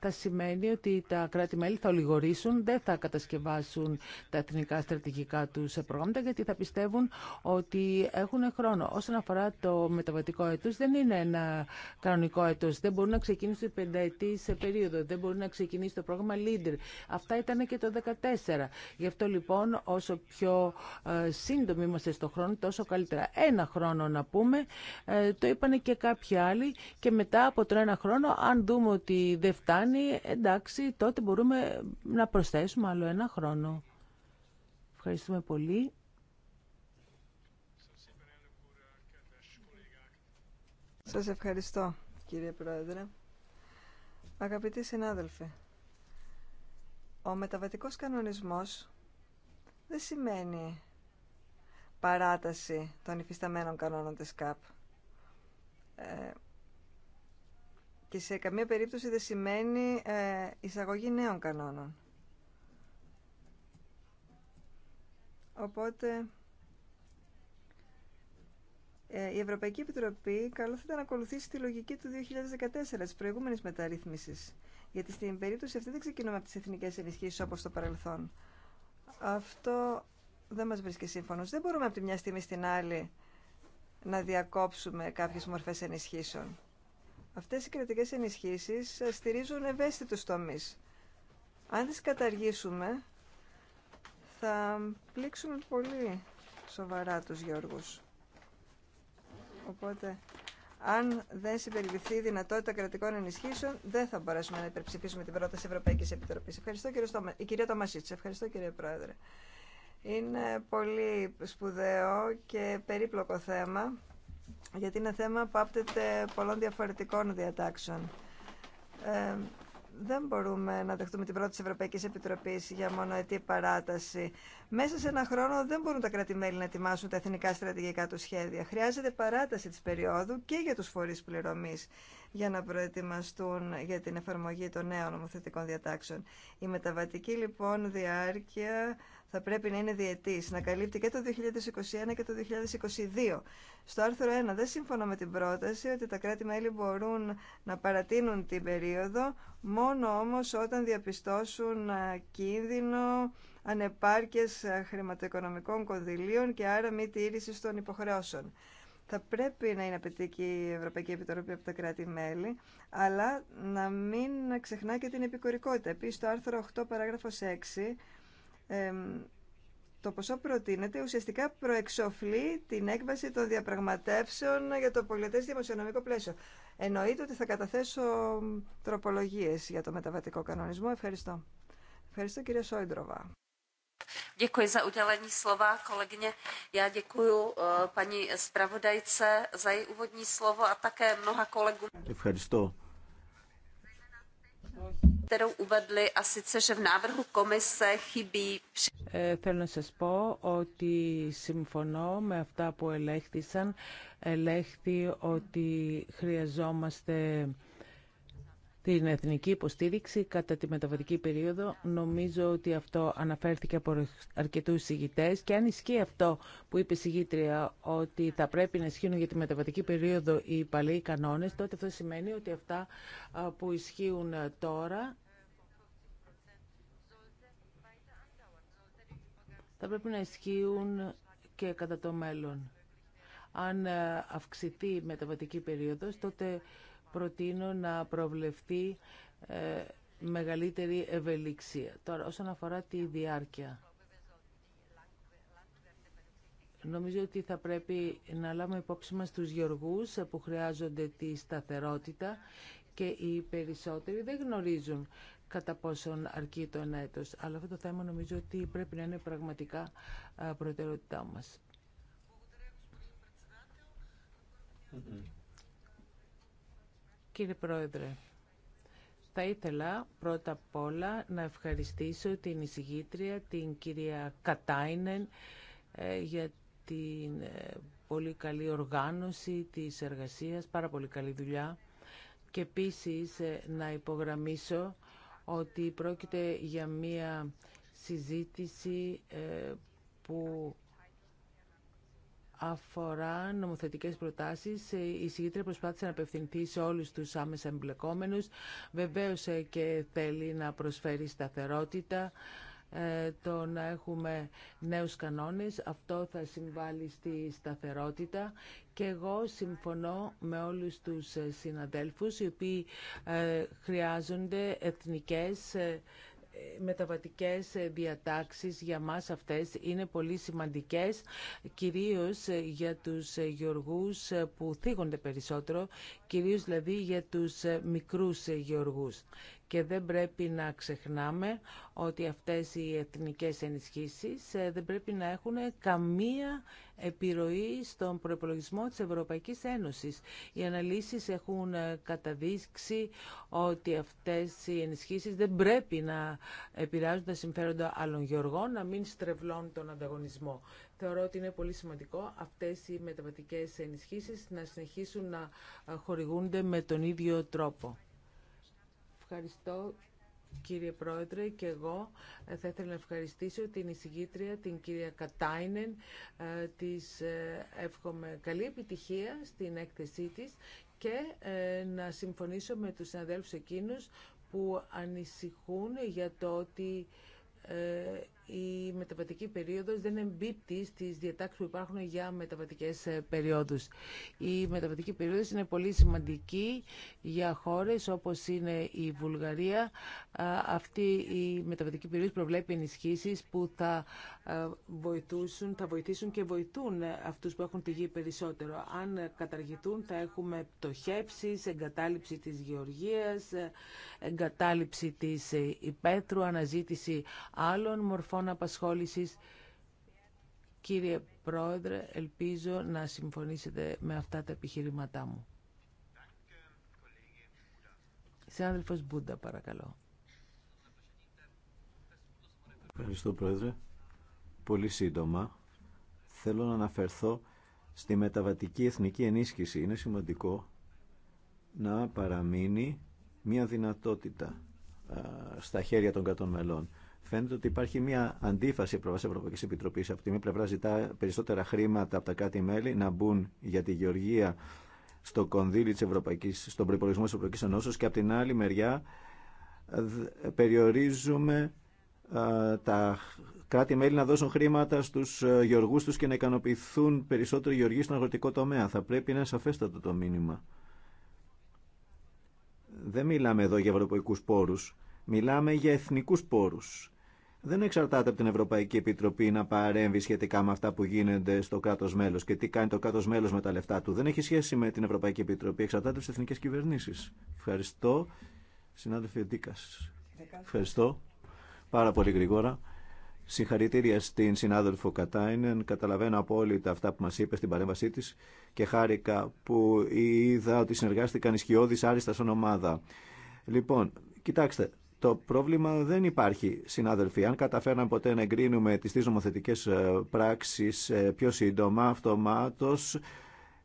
θα σημαίνει ότι τα κράτη-μέλη θα ολιγορήσουν, δεν θα κατασκευάσουν τα εθνικά στρατηγικά του προγράμματα, γιατί θα πιστεύουν ότι έχουν χρόνο. Όσον αφορά το μεταβατικό έτος, δεν είναι ένα κανονικό έτος. Δεν μπορούν να ξεκινήσουν πενταετή σε περίοδο, δεν μπορούν να ξεκινήσει το πρόγραμμα Leader. Αυτά ήταν και το 2014. Γι' αυτό λοιπόν, όσο πιο ε, σύντομοι είμαστε στο χρόνο, τόσο καλύτερα. Ένα χρόνο να πούμε, ε, το είπαν και κάποιοι άλλοι, και μετά από τον ένα χρόνο, αν δούμε ότι δεν φτάνει, κάνει, εντάξει, τότε μπορούμε να προσθέσουμε άλλο ένα χρόνο. Ευχαριστούμε πολύ. Σας ευχαριστώ, κύριε Πρόεδρε. Αγαπητοί συνάδελφοι, ο μεταβατικός κανονισμός δεν σημαίνει παράταση των υφισταμένων κανόνων της ΚΑΠ. Ε, και σε καμία περίπτωση δεν σημαίνει ε, εισαγωγή νέων κανόνων. Οπότε ε, η Ευρωπαϊκή Επιτροπή καλό θα ήταν να ακολουθήσει τη λογική του 2014, της προηγούμενης μεταρρύθμισης. Γιατί στην περίπτωση αυτή δεν ξεκινούμε από τις εθνικές ενισχύσεις όπως το παρελθόν. Αυτό δεν μας βρίσκει σύμφωνο. Δεν μπορούμε από τη μια στιγμή στην άλλη να διακόψουμε κάποιες μορφές ενισχύσεων. Αυτές οι κρατικές ενισχύσεις στηρίζουν ευαίσθητους τομείς. Αν τις καταργήσουμε, θα πλήξουμε πολύ σοβαρά τους Γιώργους. Οπότε, αν δεν συμπεριληφθεί η δυνατότητα κρατικών ενισχύσεων, δεν θα μπορέσουμε να υπερψηφίσουμε την πρόταση Ευρωπαϊκή Επιτροπή. Ευχαριστώ, κύριε Στομα... η κυρία Ευχαριστώ, κύριε Πρόεδρε. Είναι πολύ σπουδαίο και περίπλοκο θέμα γιατί είναι θέμα που άπτεται πολλών διαφορετικών διατάξεων. Ε, δεν μπορούμε να δεχτούμε την πρώτη Ευρωπαϊκή Επιτροπής για μονοετή παράταση. Μέσα σε ένα χρόνο δεν μπορούν τα κράτη-μέλη να ετοιμάσουν τα εθνικά στρατηγικά του σχέδια. Χρειάζεται παράταση της περίοδου και για τους φορείς πληρωμής για να προετοιμαστούν για την εφαρμογή των νέων νομοθετικών διατάξεων. Η μεταβατική λοιπόν διάρκεια θα πρέπει να είναι διετής, να καλύπτει και το 2021 και το 2022. Στο άρθρο 1 δεν σύμφωνα με την πρόταση ότι τα κράτη-μέλη μπορούν να παρατείνουν την περίοδο, μόνο όμως όταν διαπιστώσουν ε, κίνδυνο ανεπάρκειας ε, χρηματοοικονομικών κονδυλίων και άρα μη τήρηση των υποχρεώσεων θα πρέπει να είναι και η Ευρωπαϊκή Επιτροπή από τα κράτη-μέλη, αλλά να μην ξεχνά και την επικορικότητα. Επίσης, το άρθρο 8, παράγραφος 6, το ποσό προτείνεται ουσιαστικά προεξοφλεί την έκβαση των διαπραγματεύσεων για το πολιτές δημοσιονομικό πλαίσιο. Εννοείται ότι θα καταθέσω τροπολογίες για το μεταβατικό κανονισμό. Ευχαριστώ. Ευχαριστώ κύριε Σόιντροβα. Děkuji za udělení slova. Kolegyně, já děkuji paní zpravodajce za její úvodní slovo a také mnoha kolegům. Ευχαριστώ kterou uvedli, a sice, že v návrhu komise chybí... Ε, θέλω να σας πω ότι συμφωνώ με αυτά που ελέγχθησαν. Ελέγχθη ότι χρειαζόμαστε την εθνική υποστήριξη κατά τη μεταβατική περίοδο. Νομίζω ότι αυτό αναφέρθηκε από αρκετούς συγητές και αν ισχύει αυτό που είπε η συγητρία, ότι θα πρέπει να ισχύουν για τη μεταβατική περίοδο οι παλαιοί κανόνες, τότε αυτό σημαίνει ότι αυτά που ισχύουν τώρα θα πρέπει να ισχύουν και κατά το μέλλον. Αν αυξηθεί η μεταβατική περίοδος, τότε προτείνω να προβλεφθεί ε, μεγαλύτερη ευελιξία. Τώρα, όσον αφορά τη διάρκεια, νομίζω ότι θα πρέπει να λάβουμε υπόψη μας τους γεωργούς που χρειάζονται τη σταθερότητα και οι περισσότεροι δεν γνωρίζουν κατά πόσον αρκεί το ένα έτος. Αλλά αυτό το θέμα νομίζω ότι πρέπει να είναι πραγματικά προτεραιότητά μας. Κύριε Πρόεδρε, θα ήθελα πρώτα απ' όλα να ευχαριστήσω την εισηγήτρια, την κυρία Κατάινεν, ε, για την ε, πολύ καλή οργάνωση της εργασίας, πάρα πολύ καλή δουλειά. Και επίσης ε, να υπογραμμίσω ότι πρόκειται για μία συζήτηση που αφορά νομοθετικές προτάσεις. Ε, η συγκήτρια προσπάθησε να απευθυνθεί σε όλους τους άμεσα εμπλεκόμενους. Βεβαίως ε, και θέλει να προσφέρει σταθερότητα ε, το να έχουμε νέους κανόνες. Αυτό θα συμβάλλει στη σταθερότητα και εγώ συμφωνώ με όλους τους συναδέλφους οι οποίοι χρειάζονται εθνικές μεταβατικές διατάξεις για μας αυτές είναι πολύ σημαντικές, κυρίως για τους γεωργούς που θίγονται περισσότερο, κυρίως δηλαδή για τους μικρούς γεωργούς και δεν πρέπει να ξεχνάμε ότι αυτές οι εθνικές ενισχύσεις ε, δεν πρέπει να έχουν καμία επιρροή στον προπολογισμό της Ευρωπαϊκής Ένωσης. Οι αναλύσεις έχουν ε, καταδείξει ότι αυτές οι ενισχύσεις δεν πρέπει να επηρεάζουν τα συμφέροντα άλλων γεωργών, να μην στρεβλώνουν τον ανταγωνισμό. Θεωρώ ότι είναι πολύ σημαντικό αυτές οι μεταβατικές ενισχύσεις να συνεχίσουν να ε, χορηγούνται με τον ίδιο τρόπο. Ευχαριστώ κύριε Πρόεδρε και εγώ ε, θα ήθελα να ευχαριστήσω την εισηγήτρια, την κυρία Κατάινεν. Ε, της ε, εύχομαι καλή επιτυχία στην έκθεσή της και να συμφωνήσω με τους συναδέλφους εκείνους που ανησυχούν για το ότι η μεταβατική περίοδος δεν εμπίπτει στις διατάξεις που υπάρχουν για μεταβατικές ε, περιόδους. Η μεταβατική περίοδος είναι πολύ σημαντική για χώρες όπως είναι η Βουλγαρία. Αυτή η μεταβατική περίοδος προβλέπει ενισχύσεις που θα ε, βοηθούσουν, θα βοηθήσουν και βοηθούν αυτούς που έχουν τη γη περισσότερο. Αν καταργηθούν θα έχουμε πτωχεύσεις, εγκατάλειψη της γεωργίας, ε, εγκατάλειψη της υπαίθρου, αναζήτηση άλλων μορφών μορφών απασχόλησης. Κύριε Πρόεδρε, ελπίζω να συμφωνήσετε με αυτά τα επιχειρήματά μου. Συνάδελφος Μπούντα, παρακαλώ. Ευχαριστώ, Πρόεδρε. Πολύ σύντομα, θέλω να αναφερθώ στη μεταβατική εθνική ενίσχυση. Είναι σημαντικό να παραμείνει μια δυνατότητα στα χέρια των κατών μελών. Φαίνεται ότι υπάρχει μια αντίφαση προ τη Ευρωπαϊκή Επιτροπή. Από τη μία πλευρά ζητά περισσότερα χρήματα από τα κάτι μέλη να μπουν για τη γεωργία στο κονδύλι της Ευρωπαϊκής, στον προπολογισμό τη Ευρωπαϊκή Ενώσεω και από την άλλη μεριά περιορίζουμε τα κράτη-μέλη να δώσουν χρήματα στους ε, γεωργούς τους και να ικανοποιηθούν περισσότερο οι γεωργοί στον αγροτικό τομέα. Θα πρέπει να είναι σαφέστατο το μήνυμα. Δεν μιλάμε εδώ για ευρωπαϊκούς πόρους, μιλάμε για εθνικούς πόρους δεν εξαρτάται από την Ευρωπαϊκή Επιτροπή να παρέμβει σχετικά με αυτά που γίνονται στο κράτο μέλο και τι κάνει το κράτο μέλο με τα λεφτά του. Δεν έχει σχέση με την Ευρωπαϊκή Επιτροπή, εξαρτάται από τι εθνικέ κυβερνήσει. Ευχαριστώ, συνάδελφε Ντίκα. Ευχαριστώ πάρα πολύ γρήγορα. Συγχαρητήρια στην συνάδελφο Κατάινεν. Καταλαβαίνω απόλυτα αυτά που μα είπε στην παρέμβασή τη και χάρηκα που είδα ότι συνεργάστηκαν ισχυώδει άριστα σαν ομάδα. Λοιπόν, κοιτάξτε, το πρόβλημα δεν υπάρχει, συνάδελφοι. Αν καταφέραμε ποτέ να εγκρίνουμε τις τρεις νομοθετικές ε, πράξεις ε, πιο σύντομα, αυτομάτως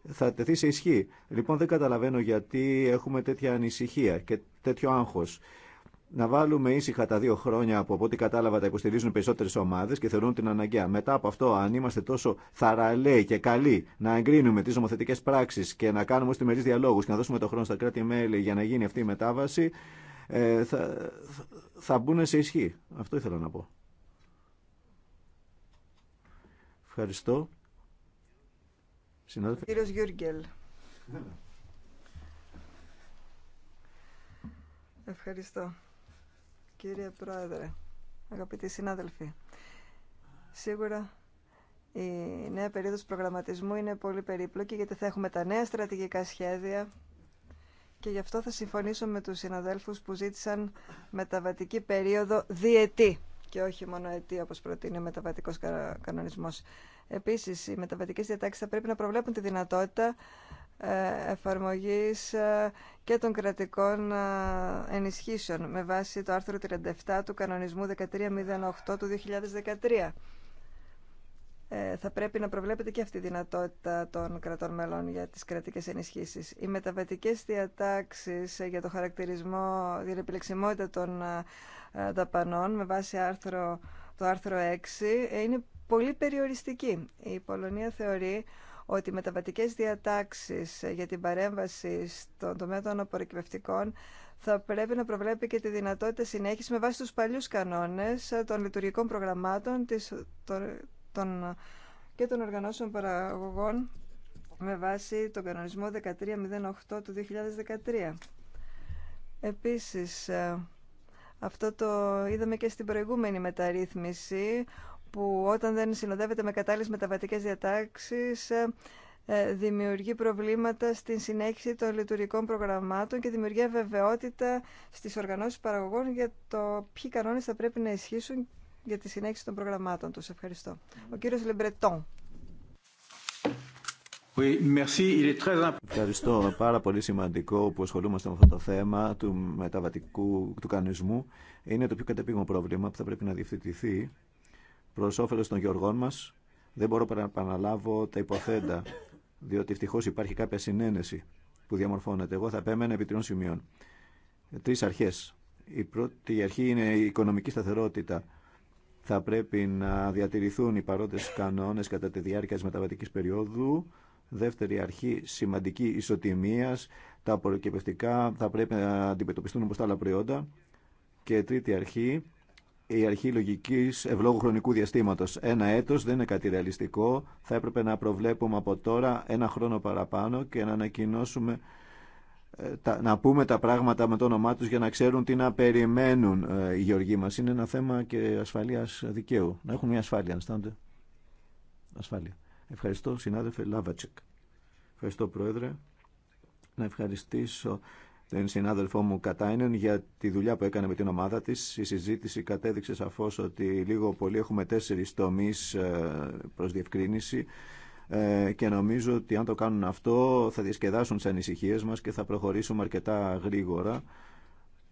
θα τεθεί σε ισχύ. Λοιπόν, δεν καταλαβαίνω γιατί έχουμε τέτοια ανησυχία και τέτοιο άγχος. Να βάλουμε ήσυχα τα δύο χρόνια από ό,τι κατάλαβα τα υποστηρίζουν περισσότερε ομάδε και θεωρούν την αναγκαία. Μετά από αυτό, αν είμαστε τόσο θαραλέοι και καλοί να εγκρίνουμε τι νομοθετικέ πράξει και να κάνουμε στιμερεί διαλόγου και να δώσουμε το χρόνο στα κράτη-μέλη για να γίνει αυτή η μετάβαση, ε, θα, θα μπουν σε ισχύ. Αυτό ήθελα να πω. Ευχαριστώ. Συνάδελφε. Κύριος Γιούργκελ. Ευχαριστώ. Κύριε Πρόεδρε, αγαπητοί συνάδελφοι, σίγουρα η νέα περίοδος προγραμματισμού είναι πολύ περίπλοκη γιατί θα έχουμε τα νέα στρατηγικά σχέδια και γι' αυτό θα συμφωνήσω με τους συναδέλφους που ζήτησαν μεταβατική περίοδο διετή και όχι μόνο ετή όπως προτείνει ο μεταβατικός κανονισμός. Επίσης, οι μεταβατικές διατάξεις θα πρέπει να προβλέπουν τη δυνατότητα ε, εφαρμογής ε, και των κρατικών ε, ενισχύσεων με βάση το άρθρο 37 του κανονισμού 1308 του 2013 ε, θα πρέπει να προβλέπεται και αυτή η δυνατότητα των κρατών μελών για τις κρατικές ενισχύσεις. Οι μεταβατικές διατάξεις ε, για το χαρακτηρισμό, την επιλεξιμότητα των ε, δαπανών με βάση άρθρο, το άρθρο 6 είναι πολύ περιοριστική. Η Πολωνία θεωρεί ότι οι μεταβατικές διατάξεις για την παρέμβαση στον τομέα των απορροκυπευτικών θα πρέπει να προβλέπει και τη δυνατότητα συνέχιση με βάση τους παλιούς κανόνες των λειτουργικών προγραμμάτων, και των οργανώσεων παραγωγών με βάση τον κανονισμό 1308 του 2013. Επίσης, ε, αυτό το είδαμε και στην προηγούμενη μεταρρύθμιση που όταν δεν συνοδεύεται με κατάλληλες μεταβατικές διατάξεις ε, ε, δημιουργεί προβλήματα στην συνέχιση των λειτουργικών προγραμμάτων και δημιουργεί αβεβαιότητα στις οργανώσεις παραγωγών για το ποιοι κανόνες θα πρέπει να ισχύσουν για τη συνέχιση των προγραμμάτων Του Ευχαριστώ. Ο κύριο Λεμπρετόν. Ευχαριστώ. Πάρα πολύ σημαντικό που ασχολούμαστε με αυτό το θέμα του μεταβατικού του κανονισμού. Είναι το πιο κατεπήγον πρόβλημα που θα πρέπει να διευθετηθεί προ όφελο των γεωργών μα. Δεν μπορώ παρά να επαναλάβω τα υποθέντα, διότι ευτυχώ υπάρχει κάποια συνένεση που διαμορφώνεται. Εγώ θα επέμενα επί τριών σημείων. Τρει αρχέ. Η πρώτη αρχή είναι η οικονομική σταθερότητα θα πρέπει να διατηρηθούν οι παρόντες κανόνες κατά τη διάρκεια της μεταβατικής περίοδου. Δεύτερη αρχή, σημαντική ισοτιμίας. Τα απορροκεπευτικά θα πρέπει να αντιμετωπιστούν όπως τα άλλα προϊόντα. Και τρίτη αρχή, η αρχή λογική ευλόγου χρονικού διαστήματο. Ένα έτο δεν είναι κάτι ρεαλιστικό. Θα έπρεπε να προβλέπουμε από τώρα ένα χρόνο παραπάνω και να ανακοινώσουμε ε, να πούμε τα πράγματα με το όνομά τους για να ξέρουν τι να περιμένουν ε, οι γεωργοί μας. Είναι ένα θέμα και ασφαλείας δικαίου. Να έχουν μια ασφάλεια, αν Ασφάλεια. Ευχαριστώ, συνάδελφε Λάβατσεκ. Ευχαριστώ, Πρόεδρε. Να ευχαριστήσω τον συνάδελφό μου Κατάινεν για τη δουλειά που έκανε με την ομάδα της. Η συζήτηση κατέδειξε σαφώς ότι λίγο πολύ έχουμε τέσσερις τομείς ε, προς διευκρίνηση. Ε, και νομίζω ότι αν το κάνουν αυτό θα διασκεδάσουν τι ανησυχίε μας και θα προχωρήσουμε αρκετά γρήγορα.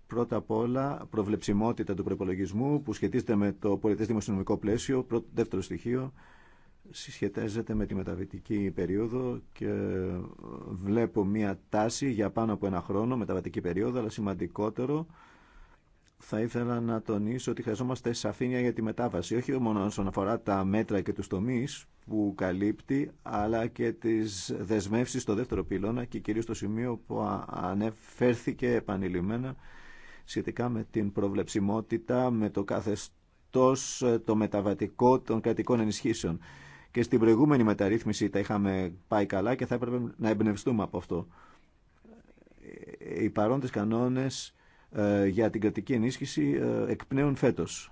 Πρώτα απ' όλα, προβλεψιμότητα του προπολογισμού που σχετίζεται με το πολιτέ δημοσιονομικό πλαίσιο. Πρώτο, δεύτερο στοιχείο, συσχετίζεται με τη μεταβατική περίοδο και βλέπω μία τάση για πάνω από ένα χρόνο μεταβατική περίοδο, αλλά σημαντικότερο θα ήθελα να τονίσω ότι χρειαζόμαστε σαφήνεια για τη μετάβαση, όχι μόνο όσον αφορά τα μέτρα και του τομεί που καλύπτει, αλλά και τις δεσμεύσει στο δεύτερο πυλώνα και κυρίως το σημείο που ανεφέρθηκε επανειλημμένα σχετικά με την προβλεψιμότητα, με το καθεστώ το μεταβατικό των κρατικών ενισχύσεων. Και στην προηγούμενη μεταρρύθμιση τα είχαμε πάει καλά και θα έπρεπε να εμπνευστούμε από αυτό. Οι παρόντες κανόνες ε, για την κρατική ενίσχυση ε, εκπνέουν φέτος.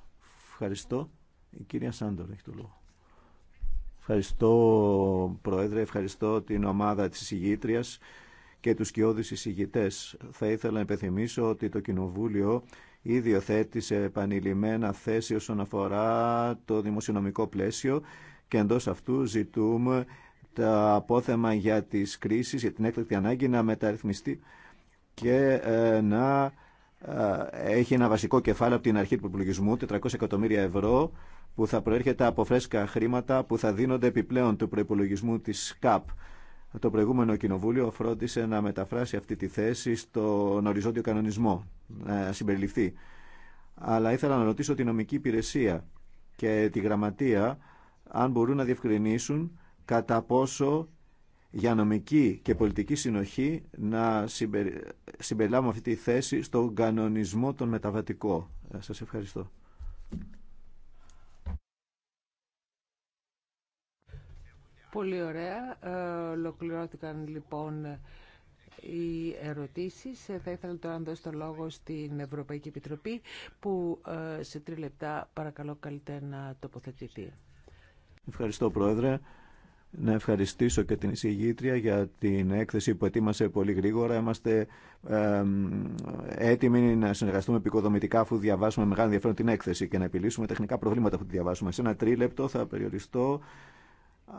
Ευχαριστώ. Η κυρία Σάντορ έχει το λόγο. Ευχαριστώ, Πρόεδρε. Ευχαριστώ την ομάδα της συγγήτριας και τους κοιόδης εισηγητές. Θα ήθελα να υπενθυμίσω ότι το Κοινοβούλιο ήδη οθέτησε επανειλημμένα θέση όσον αφορά το δημοσιονομικό πλαίσιο και εντός αυτού ζητούμε τα απόθεμα για τις κρίσεις, για την έκτακτη ανάγκη να μεταρρυθμιστεί και ε, να ε, έχει ένα βασικό κεφάλαιο από την αρχή του προπολογισμού, 400 εκατομμύρια ευρώ, που θα προέρχεται από φρέσκα χρήματα που θα δίνονται επιπλέον του προπολογισμού της ΚΑΠ. Το προηγούμενο κοινοβούλιο φρόντισε να μεταφράσει αυτή τη θέση στον οριζόντιο κανονισμό, να συμπεριληφθεί. Αλλά ήθελα να ρωτήσω τη νομική υπηρεσία και τη γραμματεία αν μπορούν να διευκρινίσουν κατά πόσο για νομική και πολιτική συνοχή να συμπερι... αυτή τη θέση στον κανονισμό των μεταβατικό. Ε, σας ευχαριστώ. Πολύ ωραία. Ε, ολοκληρώθηκαν λοιπόν οι ερωτήσεις. Ε, θα ήθελα τώρα να δώσω το λόγο στην Ευρωπαϊκή Επιτροπή που σε τρία λεπτά παρακαλώ καλύτερα να τοποθετηθεί. Ευχαριστώ Πρόεδρε να ευχαριστήσω και την εισηγήτρια για την έκθεση που ετοίμασε πολύ γρήγορα. Είμαστε έτοιμοι να συνεργαστούμε επικοδομητικά αφού διαβάσουμε μεγάλο ενδιαφέρον την έκθεση και να επιλύσουμε τεχνικά προβλήματα που τη διαβάσουμε. Σε ένα τρίλεπτο θα περιοριστώ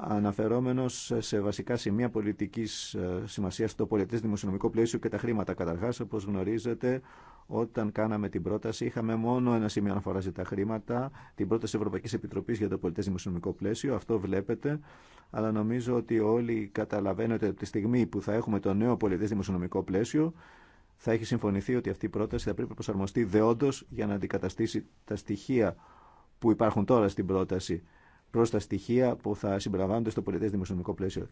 αναφερόμενος σε βασικά σημεία πολιτικής ε, σημασίας στο πολιτικο δημοσιονομικό πλαίσιο και τα χρήματα. Καταρχάς, όπως γνωρίζετε, όταν κάναμε την πρόταση, είχαμε μόνο ένα σημείο αναφορά για τα χρήματα, την πρόταση Ευρωπαϊκή Επιτροπή για το πολιτέ δημοσιονομικό πλαίσιο. Αυτό βλέπετε. Αλλά νομίζω ότι όλοι καταλαβαίνετε ότι από τη στιγμή που θα έχουμε το νέο πολιτέ δημοσιονομικό πλαίσιο, θα έχει συμφωνηθεί ότι αυτή η πρόταση θα πρέπει να προσαρμοστεί δεόντω για να αντικαταστήσει τα στοιχεία που υπάρχουν τώρα στην πρόταση προ τα στοιχεία που θα συμπεριλαμβάνονται στο πολιτέ δημοσιονομικό πλαίσιο.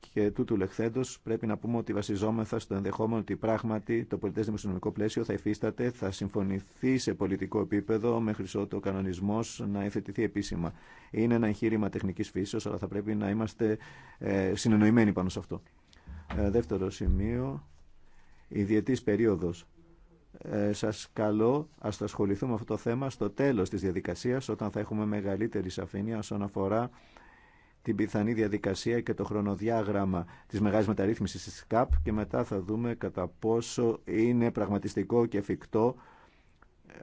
Και τούτου λεχθέντο πρέπει να πούμε ότι βασιζόμεθα στο ενδεχόμενο ότι πράγματι το πολιτέ δημοσιονομικό πλαίσιο θα υφίσταται, θα συμφωνηθεί σε πολιτικό επίπεδο μέχρι ότου ο κανονισμό να εθετηθεί επίσημα. Είναι ένα εγχείρημα τεχνική φύσεω, αλλά θα πρέπει να είμαστε ε, συνεννοημένοι πάνω σε αυτό. Ε, δεύτερο σημείο, η περίοδο. Ε, σας καλώ ας ασχοληθούμε αυτό το θέμα στο τέλο τη διαδικασία, όταν θα έχουμε μεγαλύτερη σαφήνεια όσον αφορά την πιθανή διαδικασία και το χρονοδιάγραμμα της μεγάλης μεταρρύθμισης της ΚΑΠ και μετά θα δούμε κατά πόσο είναι πραγματιστικό και εφικτό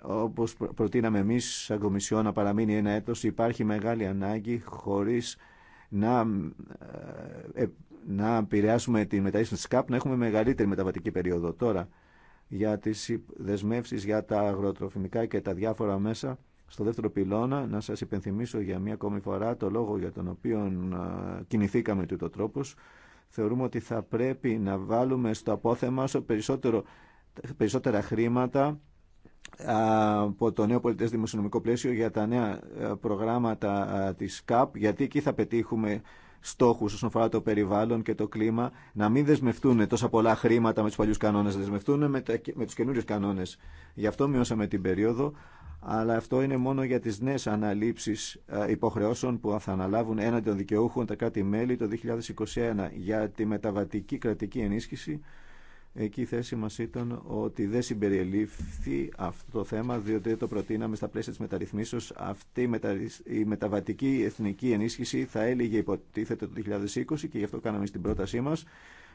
όπως προτείναμε εμείς σαν Κομισιό να παραμείνει ένα έτος υπάρχει μεγάλη ανάγκη χωρίς να, ε, ε, να επηρεάσουμε τη μεταρρύθμιση της ΚΑΠ να έχουμε μεγαλύτερη μεταβατική περίοδο τώρα για τις δεσμεύσεις για τα αγροτροφημικά και τα διάφορα μέσα στο δεύτερο πυλώνα, να σας υπενθυμίσω για μία ακόμη φορά το λόγο για τον οποίο κινηθήκαμε τούτο τρόπος. Θεωρούμε ότι θα πρέπει να βάλουμε στο απόθεμα όσο περισσότερο, περισσότερα χρήματα από το νέο πολιτές δημοσιονομικό πλαίσιο για τα νέα ε, προγράμματα της ΚΑΠ, γιατί εκεί θα πετύχουμε στόχους όσον αφορά το περιβάλλον και το κλίμα, να μην δεσμευτούν τόσα πολλά χρήματα με του παλιού κανόνε, να δεσμευτούν με, τα, με του καινούριου κανόνε. Γι' αυτό μειώσαμε την περίοδο, αλλά αυτό είναι μόνο για τις νέες αναλήψεις ε, υποχρεώσεων που θα αναλάβουν έναντι των δικαιούχων τα κράτη-μέλη το 2021 για τη μεταβατική κρατική ενίσχυση. Εκεί η θέση μας ήταν ότι δεν συμπεριελήφθη αυτό το θέμα, διότι το προτείναμε στα πλαίσια της μεταρρυθμίσεως. Αυτή η μεταβατική εθνική ενίσχυση θα έλεγε υποτίθεται το 2020 και γι' αυτό κάναμε στην πρότασή μας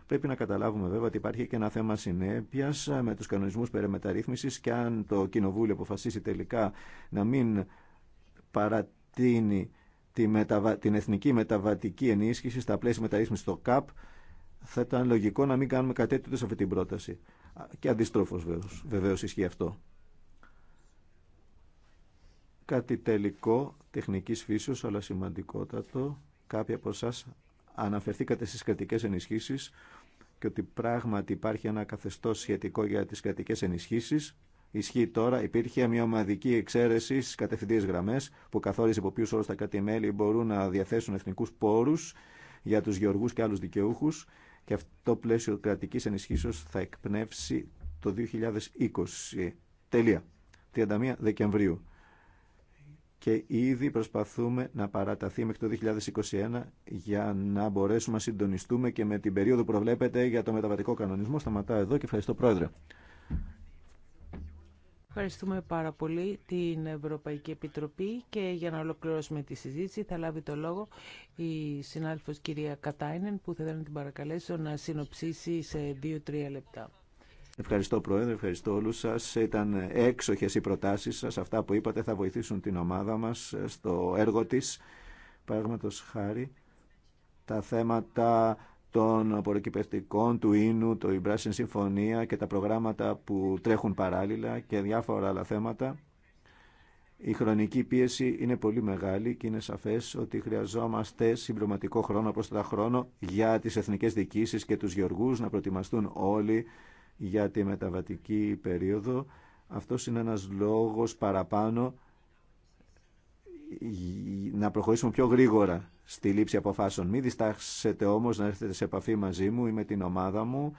Πρέπει να καταλάβουμε βέβαια ότι υπάρχει και ένα θέμα συνέπεια ε, με του κανονισμού περιμεταρρύθμιση και αν το Κοινοβούλιο αποφασίσει τελικά να μην παρατείνει τη την εθνική μεταβατική ενίσχυση στα πλαίσια μεταρρύθμιση στο ΚΑΠ, θα ήταν λογικό να μην κάνουμε κάτι τέτοιο σε αυτή την πρόταση. Και αντιστρόφω βεβαίω ισχύει αυτό. Κάτι τελικό, τεχνική φύσεω, αλλά σημαντικότατο. Κάποιοι από εσά αναφερθήκατε στι κρατικέ ενισχύσει και ότι πράγματι υπάρχει ένα καθεστώ σχετικό για τι κρατικέ ενισχύσει. Ισχύει τώρα, υπήρχε μια ομαδική εξαίρεση στι κατευθυντήριε γραμμέ που καθόριζε από ποιου όρου τα κράτη-μέλη μπορούν να διαθέσουν εθνικού πόρου για του γεωργού και άλλου δικαιούχου και αυτό το πλαίσιο κρατική ενισχύσεω θα εκπνεύσει το 2020. Τελεία. 31 Δεκεμβρίου και ήδη προσπαθούμε να παραταθεί μέχρι το 2021 για να μπορέσουμε να συντονιστούμε και με την περίοδο που προβλέπεται για το μεταβατικό κανονισμό. Σταματάω εδώ και ευχαριστώ Πρόεδρε. Ευχαριστούμε πάρα πολύ την Ευρωπαϊκή Επιτροπή και για να ολοκληρώσουμε τη συζήτηση θα λάβει το λόγο η συνάδελφος κυρία Κατάινεν που θα ήθελα να την παρακαλέσω να συνοψίσει σε 2-3 λεπτά. Ευχαριστώ Πρόεδρε, ευχαριστώ όλους σας. Ήταν έξοχες οι προτάσεις σας. Αυτά που είπατε θα βοηθήσουν την ομάδα μας στο έργο της. Πράγματος χάρη τα θέματα των απορροκυπευτικών του Ίνου, το η Συμφωνία και τα προγράμματα που τρέχουν παράλληλα και διάφορα άλλα θέματα. Η χρονική πίεση είναι πολύ μεγάλη και είναι σαφές ότι χρειαζόμαστε συμπληρωματικό χρόνο προς τα χρόνο για τις εθνικές διοικήσεις και τους γεωργούς να προετοιμαστούν όλοι για τη μεταβατική περίοδο. Αυτό είναι ένας λόγος παραπάνω να προχωρήσουμε πιο γρήγορα στη λήψη αποφάσεων. Μην διστάξετε όμως να έρθετε σε επαφή μαζί μου ή με την ομάδα μου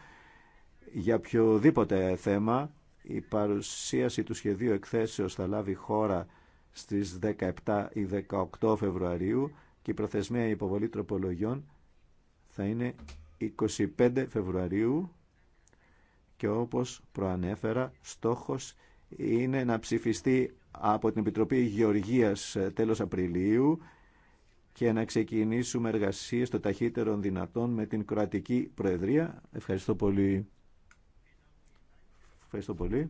για οποιοδήποτε θέμα. Η παρουσίαση του σχεδίου εκθέσεως θα λάβει χώρα στις 17 ή 18 Φεβρουαρίου και η προθεσμία υποβολή τροπολογιών θα είναι 25 Φεβρουαρίου και όπως προανέφερα στόχος είναι να ψηφιστεί από την Επιτροπή Γεωργίας τέλος Απριλίου και να ξεκινήσουμε εργασίες το ταχύτερο δυνατόν με την Κροατική Προεδρία. Ευχαριστώ πολύ. Ευχαριστώ πολύ.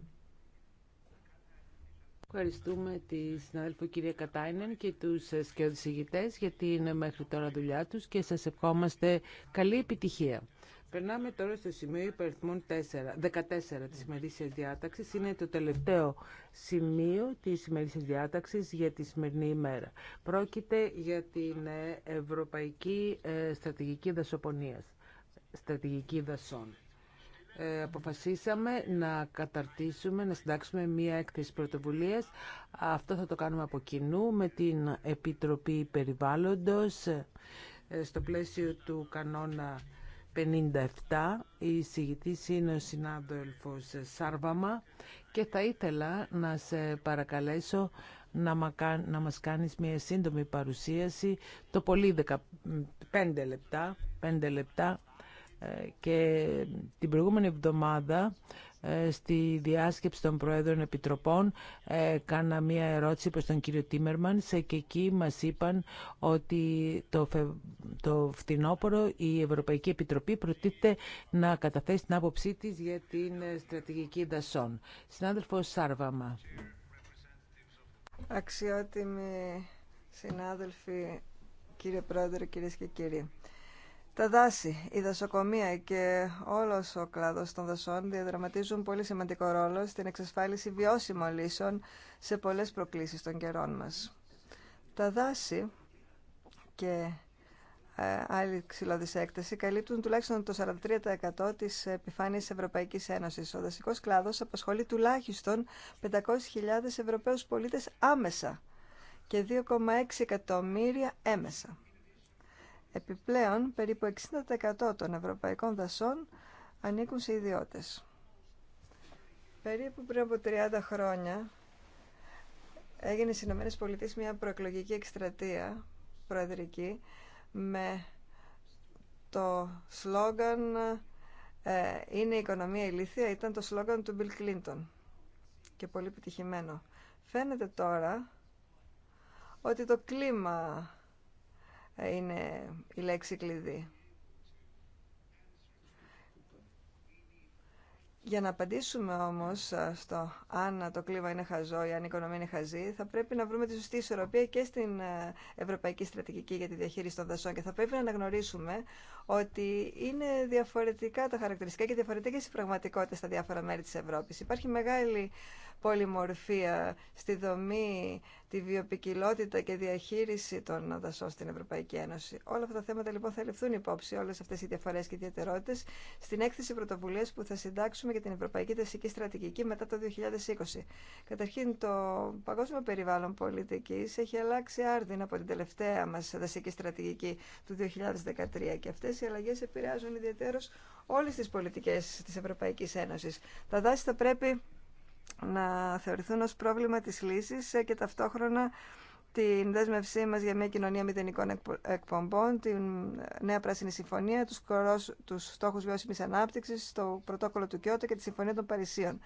Ευχαριστούμε τη συνάδελφο κυρία Κατάινεν και τους σκιώδης για την μέχρι τώρα δουλειά τους και σας ευχόμαστε καλή επιτυχία. Περνάμε τώρα στο σημείο υπεριθμών 14 της ημερήσιας διάταξης. Είναι το τελευταίο σημείο της ημερήσιας διάταξης για τη σημερινή ημέρα. Πρόκειται για την ε, Ευρωπαϊκή ε, Στρατηγική Δασοπονίας, Στρατηγική Δασών. Ε, αποφασίσαμε να καταρτήσουμε, να συντάξουμε μία έκθεση πρωτοβουλίας. Αυτό θα το κάνουμε από κοινού με την Επιτροπή Περιβάλλοντος στο πλαίσιο του κανόνα 57. Η συγητή είναι ο συνάδελφος Σάρβαμα και θα ήθελα να σε παρακαλέσω να μας κάνεις μια σύντομη παρουσίαση, το πολύ 15 λεπτά, 5 λεπτά ε, και την προηγούμενη εβδομάδα ε, στη διάσκεψη των Προέδρων Επιτροπών ε, κάνα μία ερώτηση προς τον κύριο Τίμερμαν και εκεί μας είπαν ότι το, φε... φθινόπωρο η Ευρωπαϊκή Επιτροπή προτίθεται να καταθέσει την άποψή της για την ε, στρατηγική δασών. Συνάδελφος Σάρβαμα. Αξιότιμοι συνάδελφοι, κύριε Πρόεδρε, κυρίες και κύριοι. Τα δάση, η δασοκομεία και όλος ο κλάδος των δασών διαδραματίζουν πολύ σημαντικό ρόλο στην εξασφάλιση βιώσιμων λύσεων σε πολλές προκλήσεις των καιρών μας. Τα δάση και ε, άλλη ξυλώδης έκταση καλύπτουν τουλάχιστον το 43% της επιφάνειας Ευρωπαϊκής Ένωσης. Ο δασικός κλάδος απασχολεί τουλάχιστον 500.000 Ευρωπαίους πολίτες άμεσα και 2,6 εκατομμύρια έμεσα. Επιπλέον, περίπου 60% των ευρωπαϊκών δασών ανήκουν σε ιδιώτες. Περίπου πριν από 30 χρόνια έγινε στις Ηνωμένες Πολιτείες μια προεκλογική εκστρατεία προεδρική με το σλόγγαν ε, «Είναι η οικονομία ηλίθια» ήταν το σλόγγαν του Μπιλ Κλίντον και πολύ επιτυχημένο. Φαίνεται τώρα ότι το κλίμα ε, είναι η λέξη κλειδί. Για να απαντήσουμε όμως ε, στο αν το κλίμα είναι χαζό ή αν η οικονομία είναι χαζή, θα πρέπει να βρούμε τη σωστή ισορροπία και στην ε, Ευρωπαϊκή Στρατηγική για τη Διαχείριση των Δασών και θα πρέπει να αναγνωρίσουμε ότι είναι διαφορετικά τα χαρακτηριστικά και διαφορετικές οι πραγματικότητες στα διάφορα μέρη της Ευρώπης. Υπάρχει μεγάλη πολυμορφία στη δομή, τη βιοπικιλότητα και διαχείριση των δασών στην Ευρωπαϊκή Ένωση. Όλα αυτά τα θέματα λοιπόν θα ληφθούν υπόψη, όλε αυτέ οι διαφορέ και ιδιαιτερότητε, στην έκθεση πρωτοβουλία που θα συντάξουμε για την Ευρωπαϊκή Δασική Στρατηγική μετά το 2020. Καταρχήν, το παγκόσμιο περιβάλλον πολιτική έχει αλλάξει άρδιν από την τελευταία μα δασική στρατηγική του 2013 και αυτέ οι αλλαγέ επηρεάζουν ιδιαίτερω όλε τι πολιτικέ τη Ευρωπαϊκή Ένωση. Τα δάση θα πρέπει να θεωρηθούν ως πρόβλημα της λύσης ε, και ταυτόχρονα την δέσμευσή μας για μια κοινωνία μηδενικών εκπομπών, την Νέα Πράσινη Συμφωνία, τους, κορός, τους στόχους βιώσιμης ανάπτυξης, το πρωτόκολλο του Κιώτο και τη Συμφωνία των Παρισίων.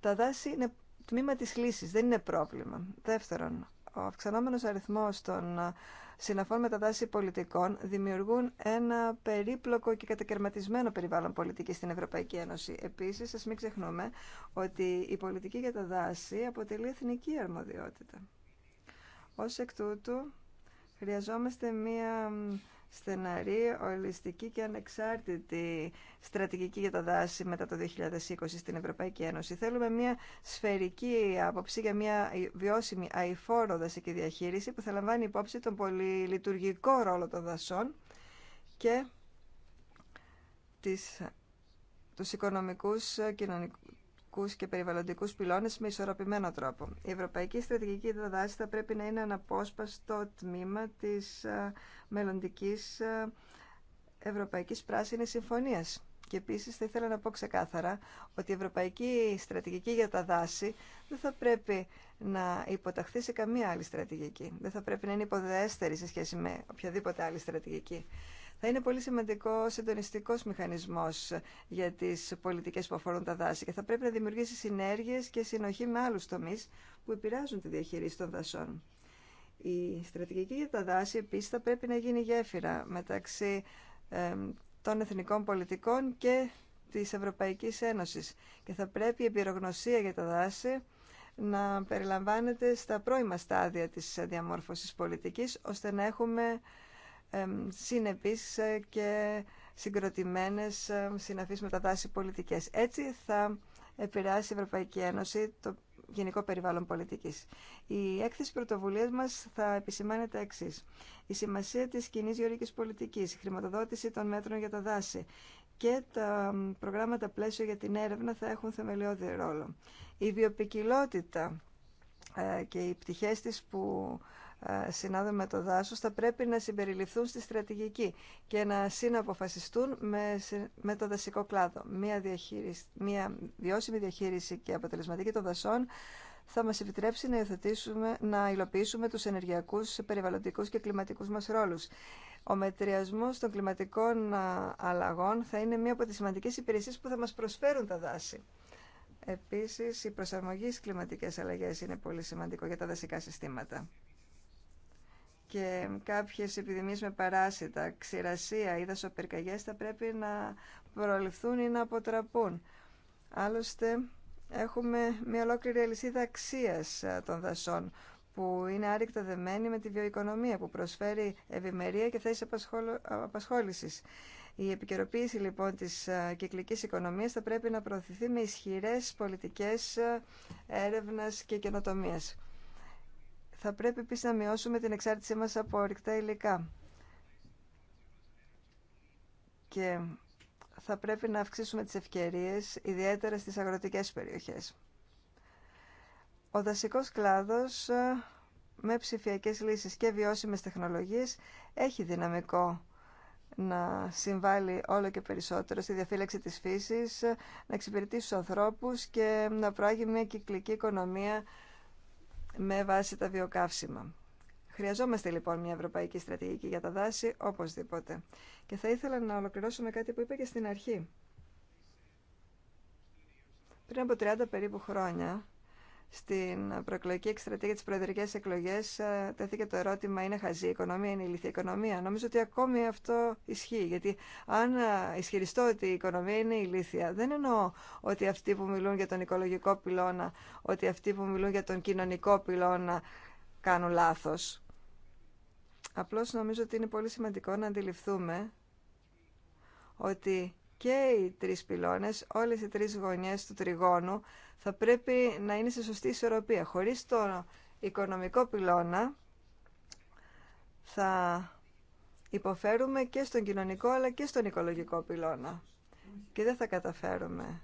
Τα δάση είναι τμήμα της λύσης, δεν είναι πρόβλημα. Δεύτερον, ο αυξανόμενος αριθμός των ε, συναφών μεταδάσης πολιτικών δημιουργούν ένα περίπλοκο και κατακαιρματισμένο περιβάλλον πολιτικής στην Ευρωπαϊκή Ένωση. Επίσης, ας μην ξεχνούμε ότι η πολιτική για τα δάση αποτελεί εθνική αρμοδιότητα. Ως εκ τούτου, χρειαζόμαστε μία στεναρή, ολιστική και ανεξάρτητη στρατηγική για τα δάση μετά το 2020 στην Ευρωπαϊκή Ένωση. Θέλουμε μια σφαιρική άποψη για μια βιώσιμη αηφόρο δασική διαχείριση που θα λαμβάνει υπόψη τον πολυλειτουργικό ρόλο των δασών και τις, τους οικονομικούς, και περιβαλλοντικού πυλώνε με ισορροπημένο τρόπο. Η Ευρωπαϊκή Στρατηγική Δράση θα πρέπει να είναι αναπόσπαστο τμήμα τη ε, μελλοντική ε, ευρωπαϊκή πράσινη συμφωνία. Και επίση θα ήθελα να πω ξεκάθαρα ότι η Ευρωπαϊκή Στρατηγική για τα Δάση δεν θα πρέπει να υποταχθεί σε καμία άλλη στρατηγική. Δεν θα πρέπει να είναι υποδέστερη σε σχέση με οποιαδήποτε άλλη στρατηγική θα είναι πολύ σημαντικό συντονιστικό μηχανισμό για τι πολιτικέ που αφορούν τα δάση και θα πρέπει να δημιουργήσει συνέργειε και συνοχή με άλλου τομεί που επηρεάζουν τη διαχείριση των δασών. Η στρατηγική για τα δάση επίση θα πρέπει να γίνει γέφυρα μεταξύ των εθνικών πολιτικών και τη Ευρωπαϊκή Ένωση και θα πρέπει η εμπειρογνωσία για τα δάση να περιλαμβάνεται στα πρώιμα στάδια της διαμόρφωσης πολιτικής, ώστε να έχουμε συνεπείς ε, και συγκροτημένες ε, συναφείς δάση πολιτικές. Έτσι θα επηρεάσει η Ευρωπαϊκή Ένωση το γενικό περιβάλλον πολιτικής. Η έκθεση πρωτοβουλίας μας θα επισημάνει τα εξή. Η σημασία της κοινή γεωρικής πολιτικής, η χρηματοδότηση των μέτρων για τα δάση και τα προγράμματα πλαίσιο για την έρευνα θα έχουν θεμελιώδη ρόλο. Η βιοπικιλότητα ε, και οι πτυχές της που ε, Συνάδων με το δάσο θα πρέπει να συμπεριληφθούν στη στρατηγική και να συναποφασιστούν με, με το δασικό κλάδο. Μία, διαχείριση, μία βιώσιμη διαχείριση και αποτελεσματική των δασών θα μας επιτρέψει να, να υλοποιήσουμε τους ενεργειακούς, περιβαλλοντικούς και κλιματικούς μας ρόλους. Ο μετριασμός των κλιματικών αλλαγών θα είναι μία από τις σημαντικές υπηρεσίες που θα μας προσφέρουν τα δάση. Επίσης, η προσαρμογή στις κλιματικές αλλαγές είναι πολύ σημαντικό για τα δασικά συστήματα και κάποιες επιδημίες με παράσιτα, ξηρασία ή δασοπερκαγιές θα πρέπει να προληφθούν ή να αποτραπούν. Άλλωστε έχουμε μια ολόκληρη αλυσίδα αξία ε, των δασών που είναι άρρηκτα δεμένη με τη βιοοικονομία που προσφέρει ευημερία και θέσεις απασχόλησης. Η επικαιροποίηση λοιπόν της ε, κυκλικής οικονομίας θα πρέπει να προωθηθεί με ισχυρές πολιτικές ε, έρευνας και καινοτομίας. Θα πρέπει επίσης να μειώσουμε την εξάρτησή μας από ορυκτά υλικά. Και θα πρέπει να αυξήσουμε τις ευκαιρίες, ιδιαίτερα στις αγροτικές περιοχές. Ο δασικός κλάδος ε, με ψηφιακές λύσεις και βιώσιμες τεχνολογίες έχει δυναμικό να συμβάλλει όλο και περισσότερο στη διαφύλαξη της φύσης, να εξυπηρετήσει τους ανθρώπους και να προάγει μια κυκλική οικονομία με βάση τα βιοκαύσιμα. Χρειαζόμαστε λοιπόν μια ευρωπαϊκή στρατηγική για τα δάση οπωσδήποτε. Και θα ήθελα να ολοκληρώσω με κάτι που είπα και στην αρχή. Πριν από 30 περίπου χρόνια στην προεκλογική εκστρατεία για τι προεδρικέ εκλογέ ε, τέθηκε το ερώτημα: Είναι χαζή η οικονομία, είναι ηλίθια η οικονομία. Νομίζω ότι ακόμη αυτό ισχύει. Γιατί αν ε, ισχυριστώ ότι η οικονομία είναι ηλίθια, δεν εννοώ ότι αυτοί που μιλούν για τον οικολογικό πυλώνα, ότι αυτοί που μιλούν για τον κοινωνικό πυλώνα κάνουν λάθο. Απλώ νομίζω ότι είναι πολύ σημαντικό να αντιληφθούμε ότι και οι τρεις πυλώνες, όλες οι τρεις γωνιές του τριγώνου θα πρέπει να είναι σε σωστή ισορροπία. Χωρίς το οικονομικό πυλώνα θα υποφέρουμε και στον κοινωνικό αλλά και στον οικολογικό πυλώνα και δεν θα καταφέρουμε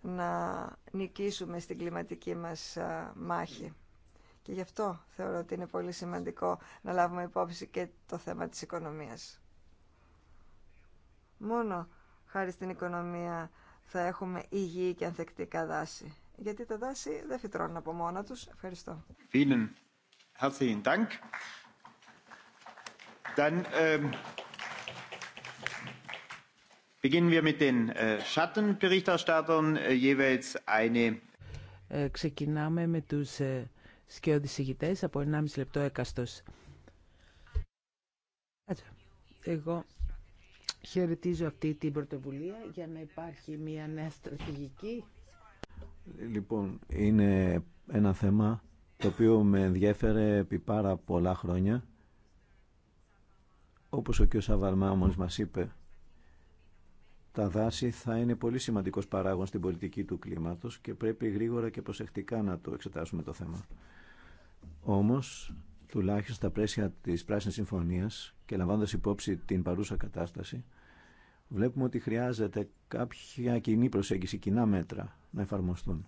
να νικήσουμε στην κλιματική μας μάχη. Και γι' αυτό θεωρώ ότι είναι πολύ σημαντικό να λάβουμε υπόψη και το θέμα της οικονομίας. Μόνο χάρη στην οικονομία θα έχουμε υγιή και ανθεκτικά δάση. Γιατί τα δάση δεν φυτρώνουν από μόνα τους. Ευχαριστώ. Vielen herzlichen Dank. Dann ähm, beginnen wir mit den äh, Schattenberichterstattern äh, jeweils eine ε, Ξεκινάμε με τους ε, σκέοντες ηγητές από 1,5 λεπτό έκαστος. Εγώ Χαιρετίζω αυτή την πρωτοβουλία για να υπάρχει μια νέα στρατηγική. Λοιπόν, είναι ένα θέμα το οποίο με ενδιέφερε επί πάρα πολλά χρόνια. Όπως ο κ. Σαβαρμάμος μας είπε, τα δάση θα είναι πολύ σημαντικός παράγον στην πολιτική του κλίματος και πρέπει γρήγορα και προσεκτικά να το εξετάσουμε το θέμα. Όμως, τουλάχιστον στα πλαίσια της Πράσινης Συμφωνίας, και λαμβάνοντας υπόψη την παρούσα κατάσταση, βλέπουμε ότι χρειάζεται κάποια κοινή προσέγγιση, κοινά μέτρα να εφαρμοστούν.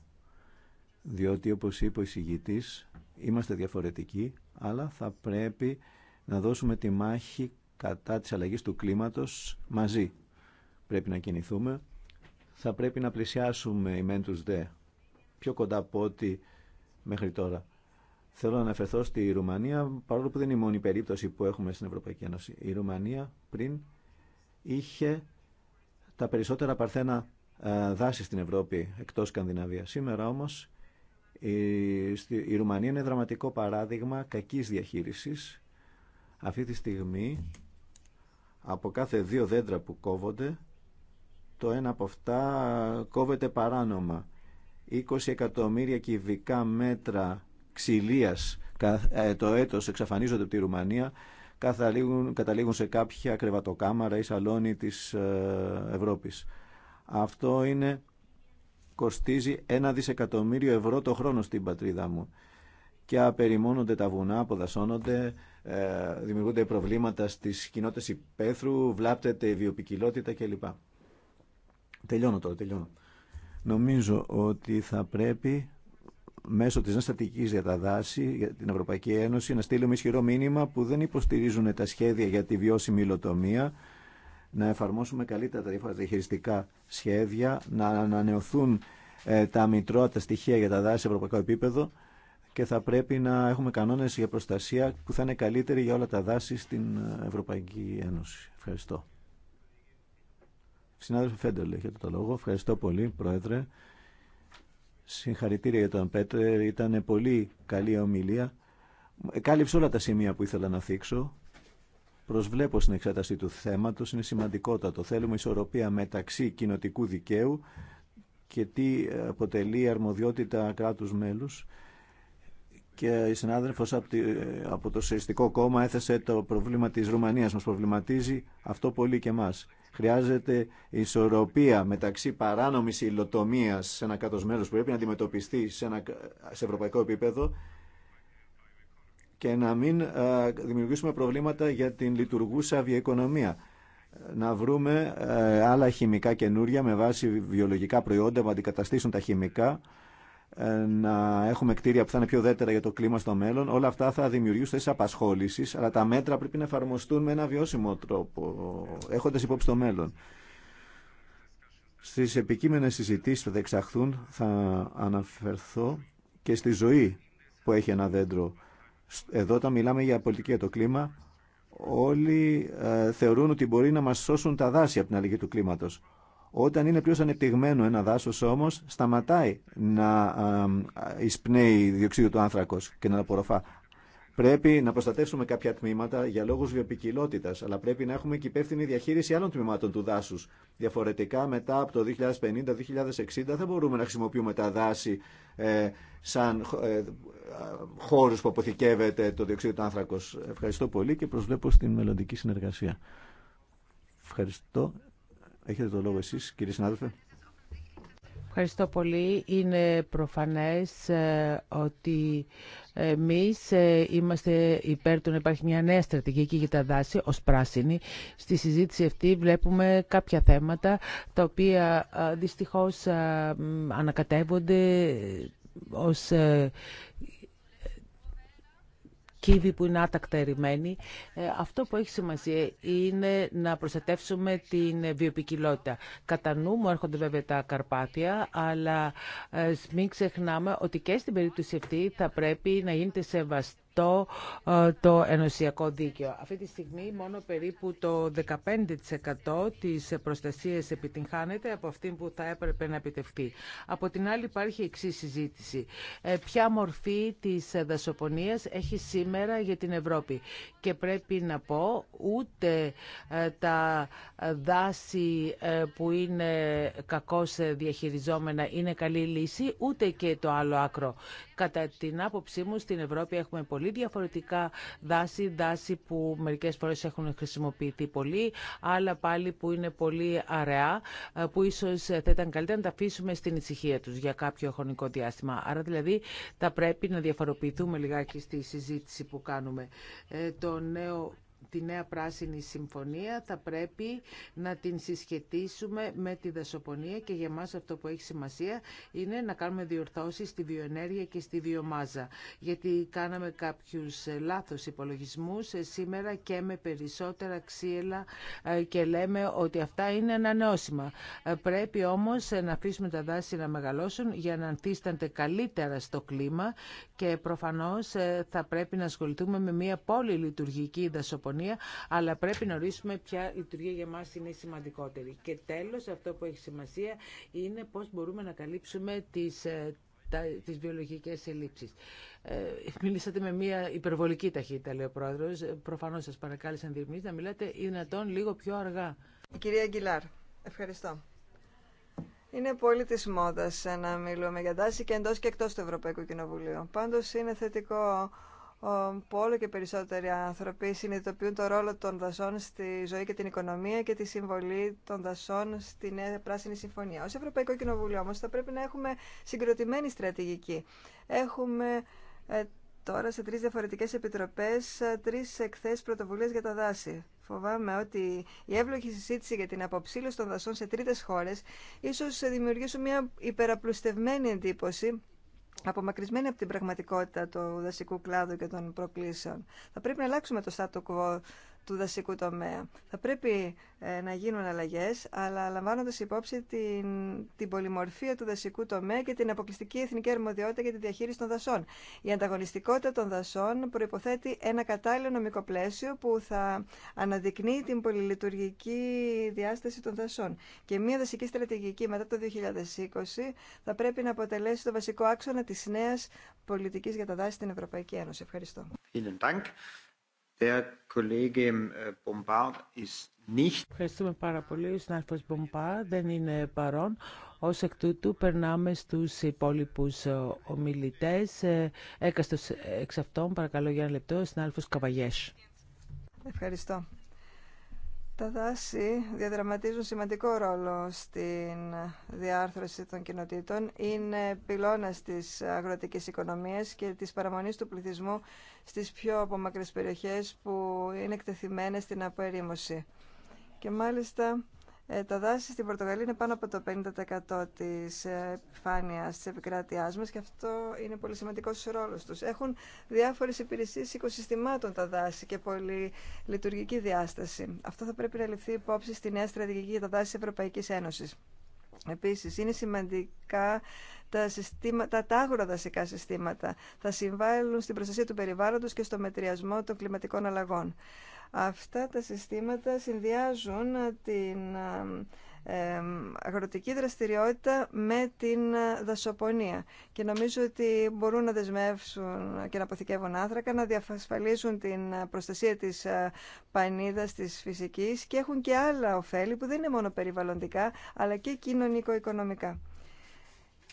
Διότι, όπως είπε ο εισηγητή, είμαστε διαφορετικοί, αλλά θα πρέπει να δώσουμε τη μάχη κατά της αλλαγή του κλίματος μαζί. Πρέπει να κινηθούμε, θα πρέπει να πλησιάσουμε οι μεν δε, πιο κοντά από ό,τι μέχρι τώρα. Θέλω να αναφερθώ στη Ρουμανία, παρόλο που δεν είναι η μόνη περίπτωση που έχουμε στην Ευρωπαϊκή Ένωση. Η Ρουμανία πριν είχε τα περισσότερα παρθένα ε, δάση στην Ευρώπη, εκτός Σκανδιναβία. Σήμερα όμως η Ρουμανία είναι δραματικό παράδειγμα κακής διαχείρισης. Αυτή τη στιγμή από κάθε δύο δέντρα που κόβονται, το ένα από αυτά κόβεται παράνομα. 20 εκατομμύρια κυβικά μέτρα ξυλίας ε, το έτος εξαφανίζονται από τη Ρουμανία καταλήγουν, καταλήγουν σε κάποια κρεβατοκάμαρα ή σαλόνι της ε, Ευρώπης. Αυτό είναι, κοστίζει ένα δισεκατομμύριο ευρώ το χρόνο στην πατρίδα μου. Και απεριμόνονται τα βουνά, αποδασώνονται, ε, δημιουργούνται προβλήματα στις κοινότητες υπαίθρου, βλάπτεται η βιοπικιλότητα κλπ. Τελειώνω τώρα, τελειώνω. Νομίζω ότι θα πρέπει μέσω της νέας για τα δάση, για την Ευρωπαϊκή Ένωση, να στείλουμε ισχυρό μήνυμα που δεν υποστηρίζουν τα σχέδια για τη βιώσιμη υλοτομία, να εφαρμόσουμε καλύτερα τα διαχειριστικά σχέδια, να ανανεωθούν ε, τα μητρώα, τα στοιχεία για τα δάση σε ευρωπαϊκό επίπεδο και θα πρέπει να έχουμε κανόνες για προστασία που θα είναι καλύτεροι για όλα τα δάση στην ε, Ευρωπαϊκή Ένωση. Ευχαριστώ. Συνάδελφε Φέντελ, έχετε το λόγο. Ευχαριστώ πολύ, Πρόεδρε. Συγχαρητήρια για τον Πέτερ, ήταν πολύ καλή ομιλία. Κάλυψε όλα τα σημεία που ήθελα να θίξω. Προσβλέπω στην εξέταση του θέματος, είναι σημαντικότατο. Θέλουμε ισορροπία μεταξύ κοινοτικού δικαίου και τι αποτελεί αρμοδιότητα κράτους μέλους. Και η συνάδελφος από το Συριστικό Κόμμα έθεσε το πρόβλημα της Ρουμανίας. Μας προβληματίζει αυτό πολύ και μας. Χρειάζεται ισορροπία μεταξύ παράνομης υλοτομίας σε ένα κάτω μέλος που πρέπει να αντιμετωπιστεί σε, ένα, σε ευρωπαϊκό επίπεδο και να μην δημιουργήσουμε προβλήματα για την λειτουργούσα βιοοικονομία. Να βρούμε ε, άλλα χημικά καινούρια με βάση βιολογικά προϊόντα που αντικαταστήσουν τα χημικά ε, να έχουμε κτίρια που θα είναι πιο δέτερα για το κλίμα στο μέλλον. Όλα αυτά θα δημιουργήσουν θέσει απασχόληση, αλλά τα μέτρα πρέπει να εφαρμοστούν με ένα βιώσιμο τρόπο, έχοντα υπόψη το μέλλον. Στι επικείμενε συζητήσει που θα εξαχθούν, θα αναφερθώ και στη ζωή που έχει ένα δέντρο. Εδώ, όταν μιλάμε για πολιτική για το κλίμα, όλοι ε, θεωρούν ότι μπορεί να μα σώσουν τα δάση από την αλλαγή του κλίματο. Όταν είναι πλήρω ανεπτυγμένο ένα δάσο όμω, σταματάει να εισπνέει διοξείδιο του άνθρακο και να απορροφά. Πρέπει να προστατεύσουμε κάποια τμήματα για λόγου βιοπικιλότητα, αλλά πρέπει να έχουμε και υπεύθυνη διαχείριση άλλων τμήματων του δάσου. Διαφορετικά, μετά από το 2050-2060 δεν μπορούμε να χρησιμοποιούμε τα δάση ε, σαν ε, χώρου που αποθηκεύεται το διοξείδιο του άνθρακο. Ευχαριστώ πολύ και προσβλέπω στην μελλοντική συνεργασία. Ευχαριστώ. Έχετε το λόγο εσείς, κύριε συνάδελφε. Ευχαριστώ πολύ. Είναι προφανές ε, ότι εμείς ε, είμαστε υπέρ του να υπάρχει μια νέα στρατηγική για τα δάση ως πράσινη. Στη συζήτηση αυτή βλέπουμε κάποια θέματα τα οποία ε, δυστυχώς ανακατεύονται ως κύβη που είναι άτακτα ερημένη. Ε, αυτό που έχει σημασία είναι να προστατεύσουμε την βιοπικιλότητα. Κατά νου μου έρχονται βέβαια τα Καρπάθια, αλλά ε, μην ξεχνάμε ότι και στην περίπτωση αυτή θα πρέπει να γίνεται σεβαστή ε, το ενωσιακό δίκαιο. Αυτή τη στιγμή μόνο περίπου το 15% της προστασίας επιτυγχάνεται από αυτή που θα έπρεπε να επιτευχθεί. Από την άλλη υπάρχει εξή συζήτηση. Ε, ποια μορφή της δασοπονίας έχει σήμερα για την Ευρώπη. Και πρέπει να πω ούτε ε, τα δάση που είναι κακώς διαχειριζόμενα είναι καλή λύση, ούτε και το άλλο άκρο. Κατά την άποψή μου, στην Ευρώπη έχουμε πολύ διαφορετικά δάση, δάση που μερικές φορές έχουν χρησιμοποιηθεί πολύ, άλλα πάλι που είναι πολύ αραιά, ε, που ίσως θα ήταν καλύτερα να τα αφήσουμε στην ησυχία τους για κάποιο χρονικό διάστημα. Άρα δηλαδή θα πρέπει να διαφοροποιηθούμε λιγάκι στη συζήτηση που κάνουμε. Ε, το νέο τη νέα πράσινη συμφωνία θα πρέπει να την συσχετίσουμε με τη δασοπονία και για μας αυτό που έχει σημασία είναι να κάνουμε διορθώσεις στη βιοενέργεια και στη βιομάζα. Γιατί κάναμε κάποιους λάθος υπολογισμούς σήμερα και με περισσότερα ξύλα ε, και λέμε ότι αυτά είναι ανανεώσιμα. Ε, πρέπει όμως να αφήσουμε τα δάση να μεγαλώσουν για να ανθίστανται καλύτερα στο κλίμα και προφανώς ε, θα πρέπει να ασχοληθούμε με μια πολυλειτουργική δασοπονία αλλά πρέπει να ορίσουμε ποια λειτουργία για μας είναι σημαντικότερη. Και τέλος, αυτό που έχει σημασία είναι πώς μπορούμε να καλύψουμε τις ε, τις βιολογικές ελλείψεις. Ε, μιλήσατε με μια υπερβολική ταχύτητα, λέει ο πρόεδρος. Ε, προφανώς σας παρακάλεσαν διερμηνείς να μιλάτε Η δυνατόν λίγο πιο αργά. κυρία Γκυλάρ, ευχαριστώ. Είναι πολύ τη μόδα να μιλούμε για τάση και εντό και εκτό του Ευρωπαϊκού Κοινοβουλίου. Πάντω είναι θετικό που όλο και περισσότεροι άνθρωποι συνειδητοποιούν το ρόλο των δασών στη ζωή και την οικονομία και τη συμβολή των δασών στη Νέα Πράσινη Συμφωνία. Ως Ευρωπαϊκό Κοινοβούλιο όμως θα πρέπει να έχουμε συγκροτημένη στρατηγική. Έχουμε ε, τώρα σε τρεις διαφορετικές επιτροπές ε, τρεις εκθέσεις πρωτοβουλίας για τα δάση. Φοβάμαι ότι η εύλογη συζήτηση για την αποψήλωση των δασών σε τρίτες χώρες ίσως δημιουργήσουν μια υπεραπλουστευμένη εντύπωση απομακρυσμένοι από την πραγματικότητα του δασικού κλάδου και των προκλήσεων. Θα πρέπει να αλλάξουμε το status quo του δασικού τομέα. Θα πρέπει ε, να γίνουν αλλαγές, αλλά λαμβάνοντας υπόψη την, την πολυμορφία του δασικού τομέα και την αποκλειστική εθνική αρμοδιότητα για τη διαχείριση των δασών. Η ανταγωνιστικότητα των δασών προϋποθέτει ένα κατάλληλο νομικό πλαίσιο που θα αναδεικνύει την πολυλειτουργική διάσταση των δασών. Και μια δασική στρατηγική μετά το 2020 θα πρέπει να αποτελέσει το βασικό άξονα της νέας πολιτικής για τα δάση στην Ευρωπαϊκή Ένωση. Ευχαριστώ. Ähm, Ευχαριστούμε πάρα πολύ. Ο συνάδελφο Μπομπά δεν είναι παρόν. ω εκ τούτου περνάμε στου υπόλοιπου ε, ομιλητέ, ε, Έκαστος ε, εξ αυτών, παρακαλώ για ένα λεπτό, ο συνάδελφο Καβαγιέ. Ευχαριστώ. Τα δάση διαδραματίζουν σημαντικό ρόλο στην διάρθρωση των κοινοτήτων. Είναι πυλώνας της αγροτικής οικονομίας και της παραμονής του πληθυσμού στις πιο απομακρυσμένες περιοχές που είναι εκτεθειμένες στην αποερήμωση. Και μάλιστα ε, τα δάση στην Πορτογαλία είναι πάνω από το 50% της ε, επιφάνειας της επικράτειάς μας και αυτό είναι πολύ σημαντικό στους ρόλου τους. Έχουν διάφορες υπηρεσίες οικοσυστημάτων τα δάση και πολύ λειτουργική διάσταση. Αυτό θα πρέπει να ληφθεί υπόψη στη νέα στρατηγική για τα δάση της Ευρωπαϊκής Ένωσης. Επίσης, είναι σημαντικά τα, συστήματα, τα άγρο δασικά συστήματα. Θα συμβάλλουν στην προστασία του περιβάλλοντος και στο μετριασμό των κλιματικών αλλαγών. Αυτά τα συστήματα συνδυάζουν ε, την ε, αγροτική δραστηριότητα με την ε, δασοπονία και νομίζω ότι μπορούν να δεσμεύσουν και να αποθηκεύουν άνθρακα, να διασφαλίσουν την προστασία της πανίδας της φυσικής και έχουν και άλλα ωφέλη που δεν είναι μόνο περιβαλλοντικά αλλά και κοινωνικο-οικονομικά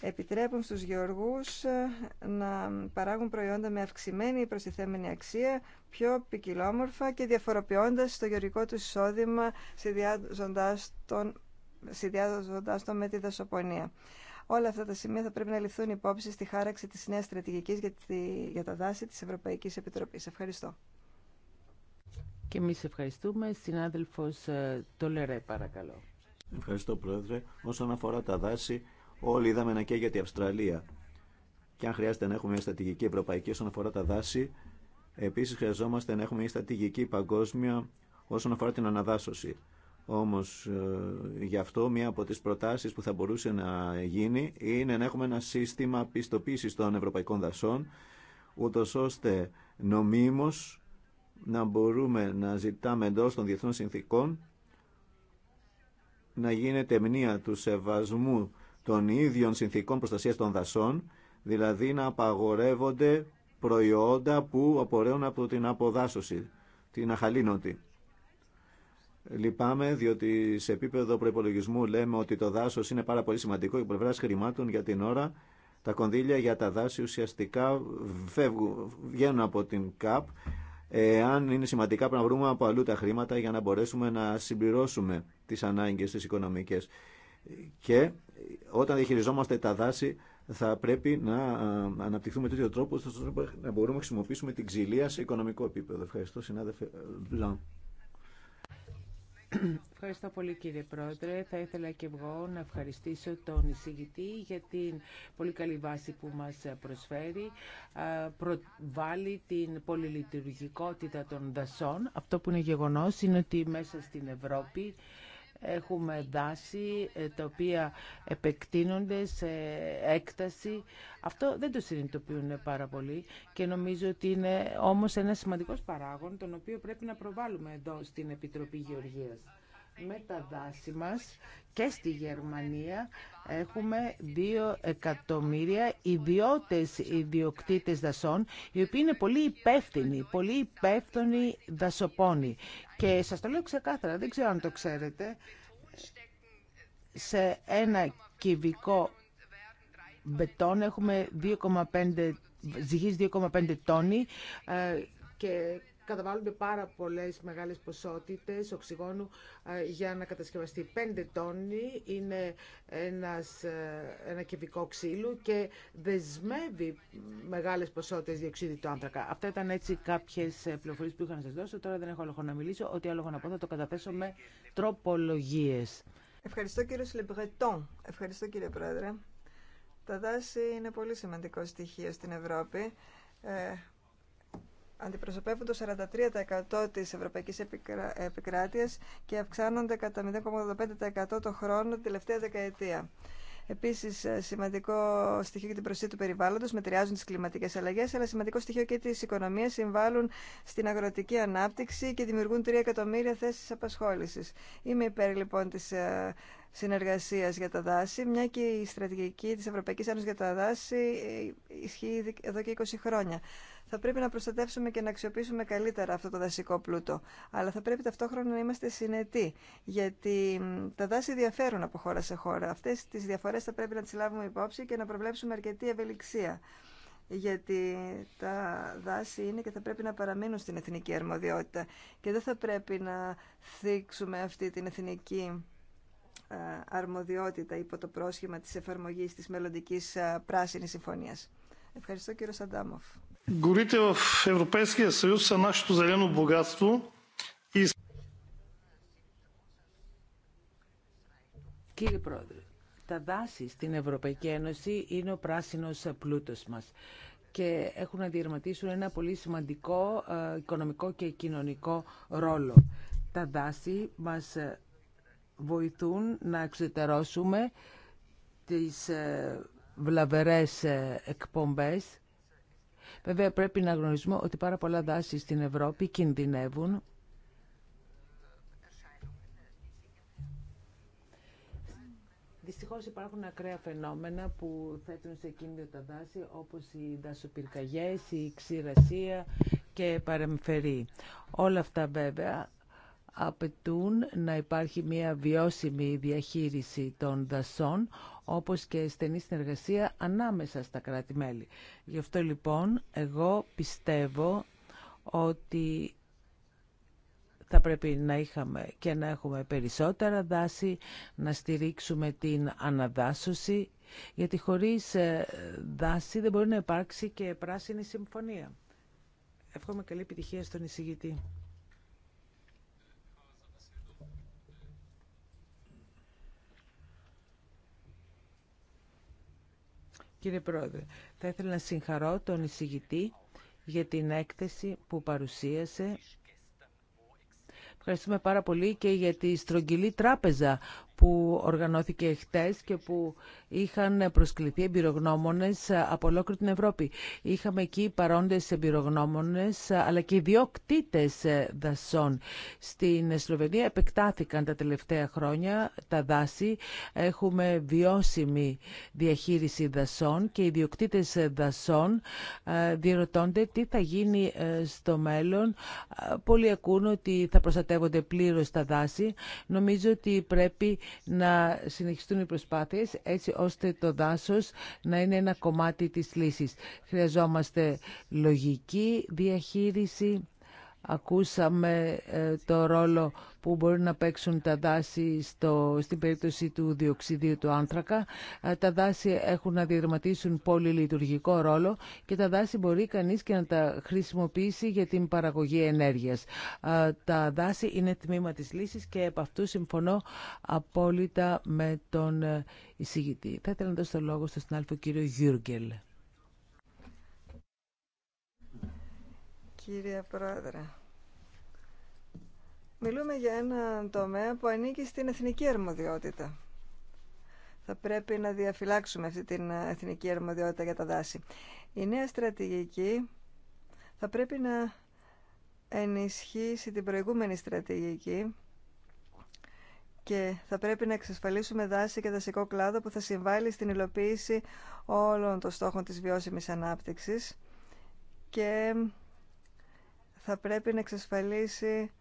επιτρέπουν στους γεωργούς ε, να παράγουν προϊόντα με αυξημένη προστιθέμενη αξία, πιο ποικιλόμορφα και διαφοροποιώντας το γεωργικό του εισόδημα συνδυάζοντας τον, με τη δασοπονία. Όλα αυτά τα σημεία θα πρέπει να ληφθούν υπόψη στη χάραξη της νέας στρατηγικής για, τη, για τα δάση της Ευρωπαϊκής Επιτροπής. Ευχαριστώ. Και εμεί ευχαριστούμε. Συνάδελφος ε, Τολερέ, παρακαλώ. Ευχαριστώ, Πρόεδρε. Όσον αφορά τα δάση, Όλοι είδαμε να καίγεται η Αυστραλία. Και αν χρειάζεται να έχουμε μια στρατηγική ευρωπαϊκή όσον αφορά τα δάση, επίση χρειαζόμαστε να έχουμε μια στρατηγική παγκόσμια όσον αφορά την αναδάσωση. Όμως ε, γι' αυτό μία από τις προτάσεις που θα μπορούσε να γίνει είναι να έχουμε ένα σύστημα πιστοποίησης των ευρωπαϊκών δασών ούτω ώστε νομίμω να μπορούμε να ζητάμε εντό των διεθνών συνθήκων να γίνεται μνήμα του σεβασμού των ίδιων συνθήκων προστασίας των δασών, δηλαδή να απαγορεύονται προϊόντα που απορρέουν από την αποδάσωση, την αχαλήνωτη. Λυπάμαι διότι σε επίπεδο προπολογισμού λέμε ότι το δάσος είναι πάρα πολύ σημαντικό και πλευρά χρημάτων για την ώρα. Τα κονδύλια για τα δάση ουσιαστικά φεύγουν, βγαίνουν από την ΚΑΠ. αν είναι σημαντικά πρέπει να βρούμε από αλλού τα χρήματα για να μπορέσουμε να συμπληρώσουμε τις ανάγκες τις οικονομικές και όταν διαχειριζόμαστε τα δάση θα πρέπει να ε, αναπτυχθούμε τέτοιο τρόπο ώστε να μπορούμε να χρησιμοποιήσουμε την ξυλία σε οικονομικό επίπεδο. Ευχαριστώ, συνάδελφε ε, Λαν. Ευχαριστώ πολύ κύριε Πρόεδρε. Θα ήθελα και εγώ να ευχαριστήσω τον εισηγητή για την πολύ καλή βάση που μας προσφέρει. Προβάλλει την πολυλειτουργικότητα των δασών. Αυτό που είναι γεγονός είναι ότι μέσα στην Ευρώπη Έχουμε δάση ε, τα οποία επεκτείνονται σε έκταση. Αυτό δεν το συνειδητοποιούν πάρα πολύ και νομίζω ότι είναι όμως ένα σημαντικός παράγον τον οποίο πρέπει να προβάλλουμε εδώ στην Επιτροπή Γεωργίας. Με τα δάση μας και στη Γερμανία έχουμε δύο εκατομμύρια ιδιώτες ιδιοκτήτες δασών, οι οποίοι είναι πολύ υπεύθυνοι, πολύ υπεύθυνοι δασοπόνοι. Και σας το λέω ξεκάθαρα, δεν ξέρω αν το ξέρετε, σε ένα κυβικό μπετόν έχουμε 2,5 2,5 τόνοι ε, και καταβάλλονται πάρα πολλές μεγάλες ποσότητες οξυγόνου ε, για να κατασκευαστεί. 5 τόνοι είναι ένας, ε, ένα κεβικό ξύλου και δεσμεύει μεγάλες ποσότητες διοξίδι του άνθρακα. Αυτά ήταν έτσι κάποιες ε, πληροφορίες που είχα να σας δώσω. Τώρα δεν έχω λόγο να μιλήσω. Ό,τι άλλο έχω να πω θα το καταθέσω με τροπολογίες. Ευχαριστώ κύριε Σλεμπρετόν. Ευχαριστώ κύριε Πρόεδρε. Τα δάση είναι πολύ σημαντικό στοιχείο στην Ευρώπη αντιπροσωπεύουν το 43% της ευρωπαϊκής επικράτειας και αυξάνονται κατά 0,85% το χρόνο την τελευταία δεκαετία. Επίσης, ε, σημαντικό στοιχείο για την προστασία του περιβάλλοντος, μετριάζουν τις κλιματικές αλλαγές, αλλά σημαντικό στοιχείο και της οικονομίας συμβάλλουν στην αγροτική ανάπτυξη και δημιουργούν 3 εκατομμύρια θέσεις απασχόλησης. Είμαι υπέρ λοιπόν της ε, συνεργασίας για τα δάση, μια και η στρατηγική τη Ευρωπαϊκής Ένωση για τα δάση ε, ισχύει εδώ και 20 χρόνια θα πρέπει να προστατεύσουμε και να αξιοποιήσουμε καλύτερα αυτό το δασικό πλούτο. Αλλά θα πρέπει ταυτόχρονα να είμαστε συνετοί, γιατί τα δάση διαφέρουν από χώρα σε χώρα. Αυτέ τι διαφορέ θα πρέπει να τι λάβουμε υπόψη και να προβλέψουμε αρκετή ευελιξία. Γιατί τα δάση είναι και θα πρέπει να παραμείνουν στην εθνική αρμοδιότητα και δεν θα πρέπει να θίξουμε αυτή την εθνική ε, αρμοδιότητα υπό το πρόσχημα της εφαρμογής της μελλοντικής ε, πράσινης συμφωνίας. Ευχαριστώ κύριο Σαντάμοφ. Горите в Европейския съюз са нашето Κύριε Πρόεδρε, τα δάση στην Ευρωπαϊκή Ένωση είναι ο πράσινος πλούτος μας και έχουν να διερματίσουν ένα πολύ σημαντικό ε, οικονομικό και κοινωνικό ρόλο. Τα δάση μας ε, βοηθούν να εξετερώσουμε τις ε, βλαβερές εκπομπές Βέβαια πρέπει να γνωρίζουμε ότι πάρα πολλά δάση στην Ευρώπη κινδυνεύουν Δυστυχώς υπάρχουν ακραία φαινόμενα που θέτουν σε κίνδυνο τα δάση, όπως οι δασοπυρκαγιές, η ξηρασία και παρεμφερή. Όλα αυτά βέβαια απαιτούν να υπάρχει μια βιώσιμη διαχείριση των δασών, όπως και στενή συνεργασία ανάμεσα στα κράτη-μέλη. Γι' αυτό λοιπόν εγώ πιστεύω ότι θα πρέπει να είχαμε και να έχουμε περισσότερα δάση, να στηρίξουμε την αναδάσωση, γιατί χωρίς ε, δάση δεν μπορεί να υπάρξει και πράσινη συμφωνία. Εύχομαι καλή επιτυχία στον εισηγητή. Κύριε Πρόεδρε, θα ήθελα να συγχαρώ τον εισηγητή για την έκθεση που παρουσίασε. Ευχαριστούμε πάρα πολύ και για τη στρογγυλή τράπεζα που οργανώθηκε χτες και που είχαν προσκληθεί εμπειρογνώμονες από ολόκληρη την Ευρώπη. Είχαμε εκεί παρόντες εμπειρογνώμονες αλλά και ιδιοκτήτες δασών. Στην Σλοβενία επεκτάθηκαν τα τελευταία χρόνια τα δάση. Έχουμε βιώσιμη διαχείριση δασών και οι ιδιοκτήτες δασών ε, διερωτώνται τι θα γίνει ε, στο μέλλον. Ε, πολλοί ακούν ότι θα προστατεύονται πλήρως τα δάση. Νομίζω ότι πρέπει να συνεχιστούν οι προσπάθειες έτσι ώστε το δάσος να είναι ένα κομμάτι της λύσης. Χρειαζόμαστε λογική διαχείριση Ακούσαμε ε, το ρόλο που μπορεί να παίξουν τα δάση στο, στην περίπτωση του διοξιδίου του άνθρακα. Ε, τα δάση έχουν να διαδραματίσουν λειτουργικό ρόλο και τα δάση μπορεί κανείς και να τα χρησιμοποιήσει για την παραγωγή ενέργειας. Ε, τα δάση είναι τμήμα της λύσης και από αυτού συμφωνώ απόλυτα με τον εισηγητή. Θα ήθελα να δώσω το λόγο στον κύριο Γιούργελ. κύριε Πρόεδρε. Μιλούμε για ένα τομέα που ανήκει στην εθνική αρμοδιότητα. Θα πρέπει να διαφυλάξουμε αυτή την εθνική αρμοδιότητα για τα δάση. Η νέα στρατηγική θα πρέπει να ενισχύσει την προηγούμενη στρατηγική και θα πρέπει να εξασφαλίσουμε δάση και δασικό κλάδο που θα συμβάλλει στην υλοποίηση όλων των στόχων της βιώσιμης ανάπτυξης και θα πρέπει να εξασφαλίσει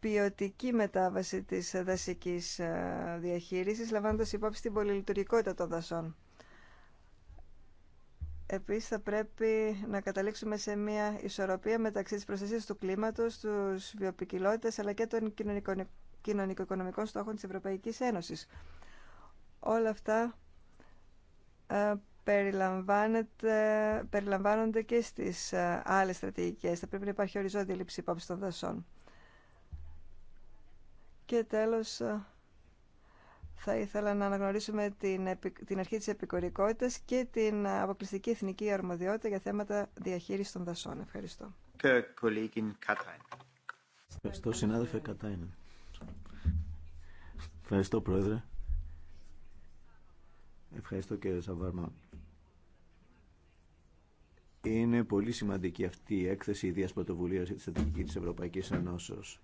ποιοτική μετάβαση της δασικής ε, διαχείρισης, λαμβάνοντας υπόψη την πολυλειτουργικότητα των δασών. Επίσης θα πρέπει να καταλήξουμε σε μια ισορροπία μεταξύ της προστασίας του κλίματος, τους βιοποικιλότητες, αλλά και των κοινωνικο-οικονομικών στόχων της Ευρωπαϊκής Ένωσης. Όλα αυτά ε, περιλαμβάνονται και στις ε, άλλες στρατηγικές. Θα πρέπει να υπάρχει οριζόντια λήψη υπόψη των δασών. Και τέλος, ε, θα ήθελα να αναγνωρίσουμε την, την αρχή της επικορικότητας και την ε, αποκλειστική εθνική αρμοδιότητα για θέματα διαχείρισης των δασών. Ευχαριστώ. Ευχαριστώ, συνάδελφε Κατάιν. Ευχαριστώ, Πρόεδρε. Ευχαριστώ, κύριε Σαββάρμαν. Είναι πολύ σημαντική αυτή η έκθεση ιδίας πρωτοβουλίας για τη στρατηγική της Ευρωπαϊκής Ενώσεως.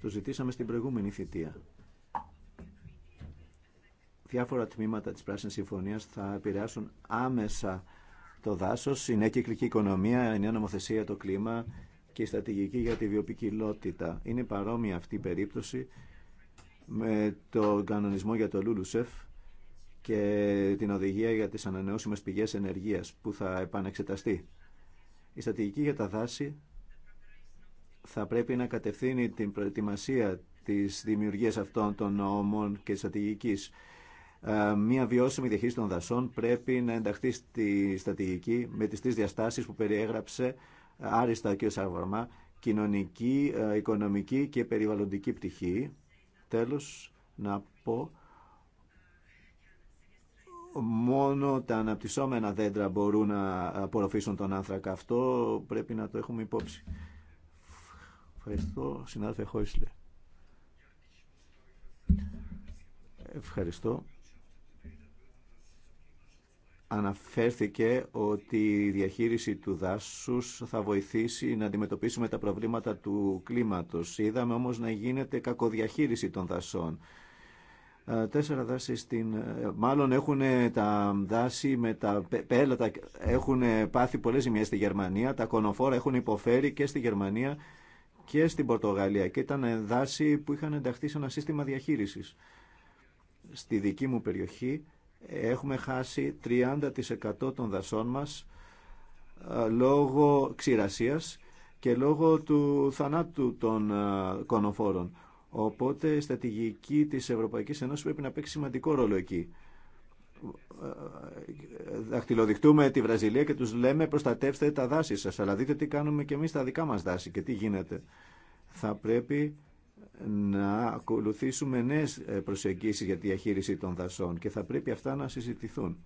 Το ζητήσαμε στην προηγούμενη θητεία. Διάφορα τμήματα της Πράσινης Συμφωνίας θα επηρεάσουν άμεσα το δάσος, η νέα κυκλική οικονομία, η νέα νομοθεσία, το κλίμα και η στρατηγική για τη βιοπικιλότητα. Είναι παρόμοια αυτή η περίπτωση με τον κανονισμό για το Λούλουσεφ και την οδηγία για τις ανανεώσιμες πηγές ενεργείας που θα επανεξεταστεί. Η στρατηγική για τα δάση θα πρέπει να κατευθύνει την προετοιμασία της δημιουργίας αυτών των νόμων και της στρατηγικής. Ε, Μία βιώσιμη διαχείριση των δασών πρέπει να ενταχθεί στη στρατηγική με τις τρεις διαστάσεις που περιέγραψε άριστα ο κ. κοινωνική, ε, οικονομική και περιβαλλοντική πτυχή. Τέλος, να πω μόνο τα αναπτυσσόμενα δέντρα μπορούν να απορροφήσουν τον άνθρακα. Αυτό πρέπει να το έχουμε υπόψη. Ευχαριστώ, συνάδελφε Χόισλε. Ευχαριστώ. Αναφέρθηκε ότι η διαχείριση του δάσους θα βοηθήσει να αντιμετωπίσουμε τα προβλήματα του κλίματος. Είδαμε όμως να γίνεται κακοδιαχείριση των δασών. Ε, τέσσερα δάση στην... Ε, μάλλον έχουν τα δάση με τα πέλατα, έχουν πάθει πολλές ζημιές στη Γερμανία, τα κονοφόρα έχουν υποφέρει και στη Γερμανία και στην Πορτογαλία και ήταν δάση που είχαν ενταχθεί σε ένα σύστημα διαχείρισης. Στη δική μου περιοχή έχουμε χάσει 30% των δασών μας ε, λόγω ξηρασίας και λόγω του θανάτου των κονοφόρων. Οπότε η στρατηγική της Ευρωπαϊκής Ένωση πρέπει να παίξει σημαντικό ρόλο εκεί. Δαχτυλοδειχτούμε τη Βραζιλία και τους λέμε προστατεύστε τα δάση σα. αλλά δείτε τι κάνουμε και εμεί στα δικά μας δάση και τι γίνεται. Θα πρέπει να ακολουθήσουμε νέε προσεγγίσεις για τη διαχείριση των δασών και θα πρέπει αυτά να συζητηθούν.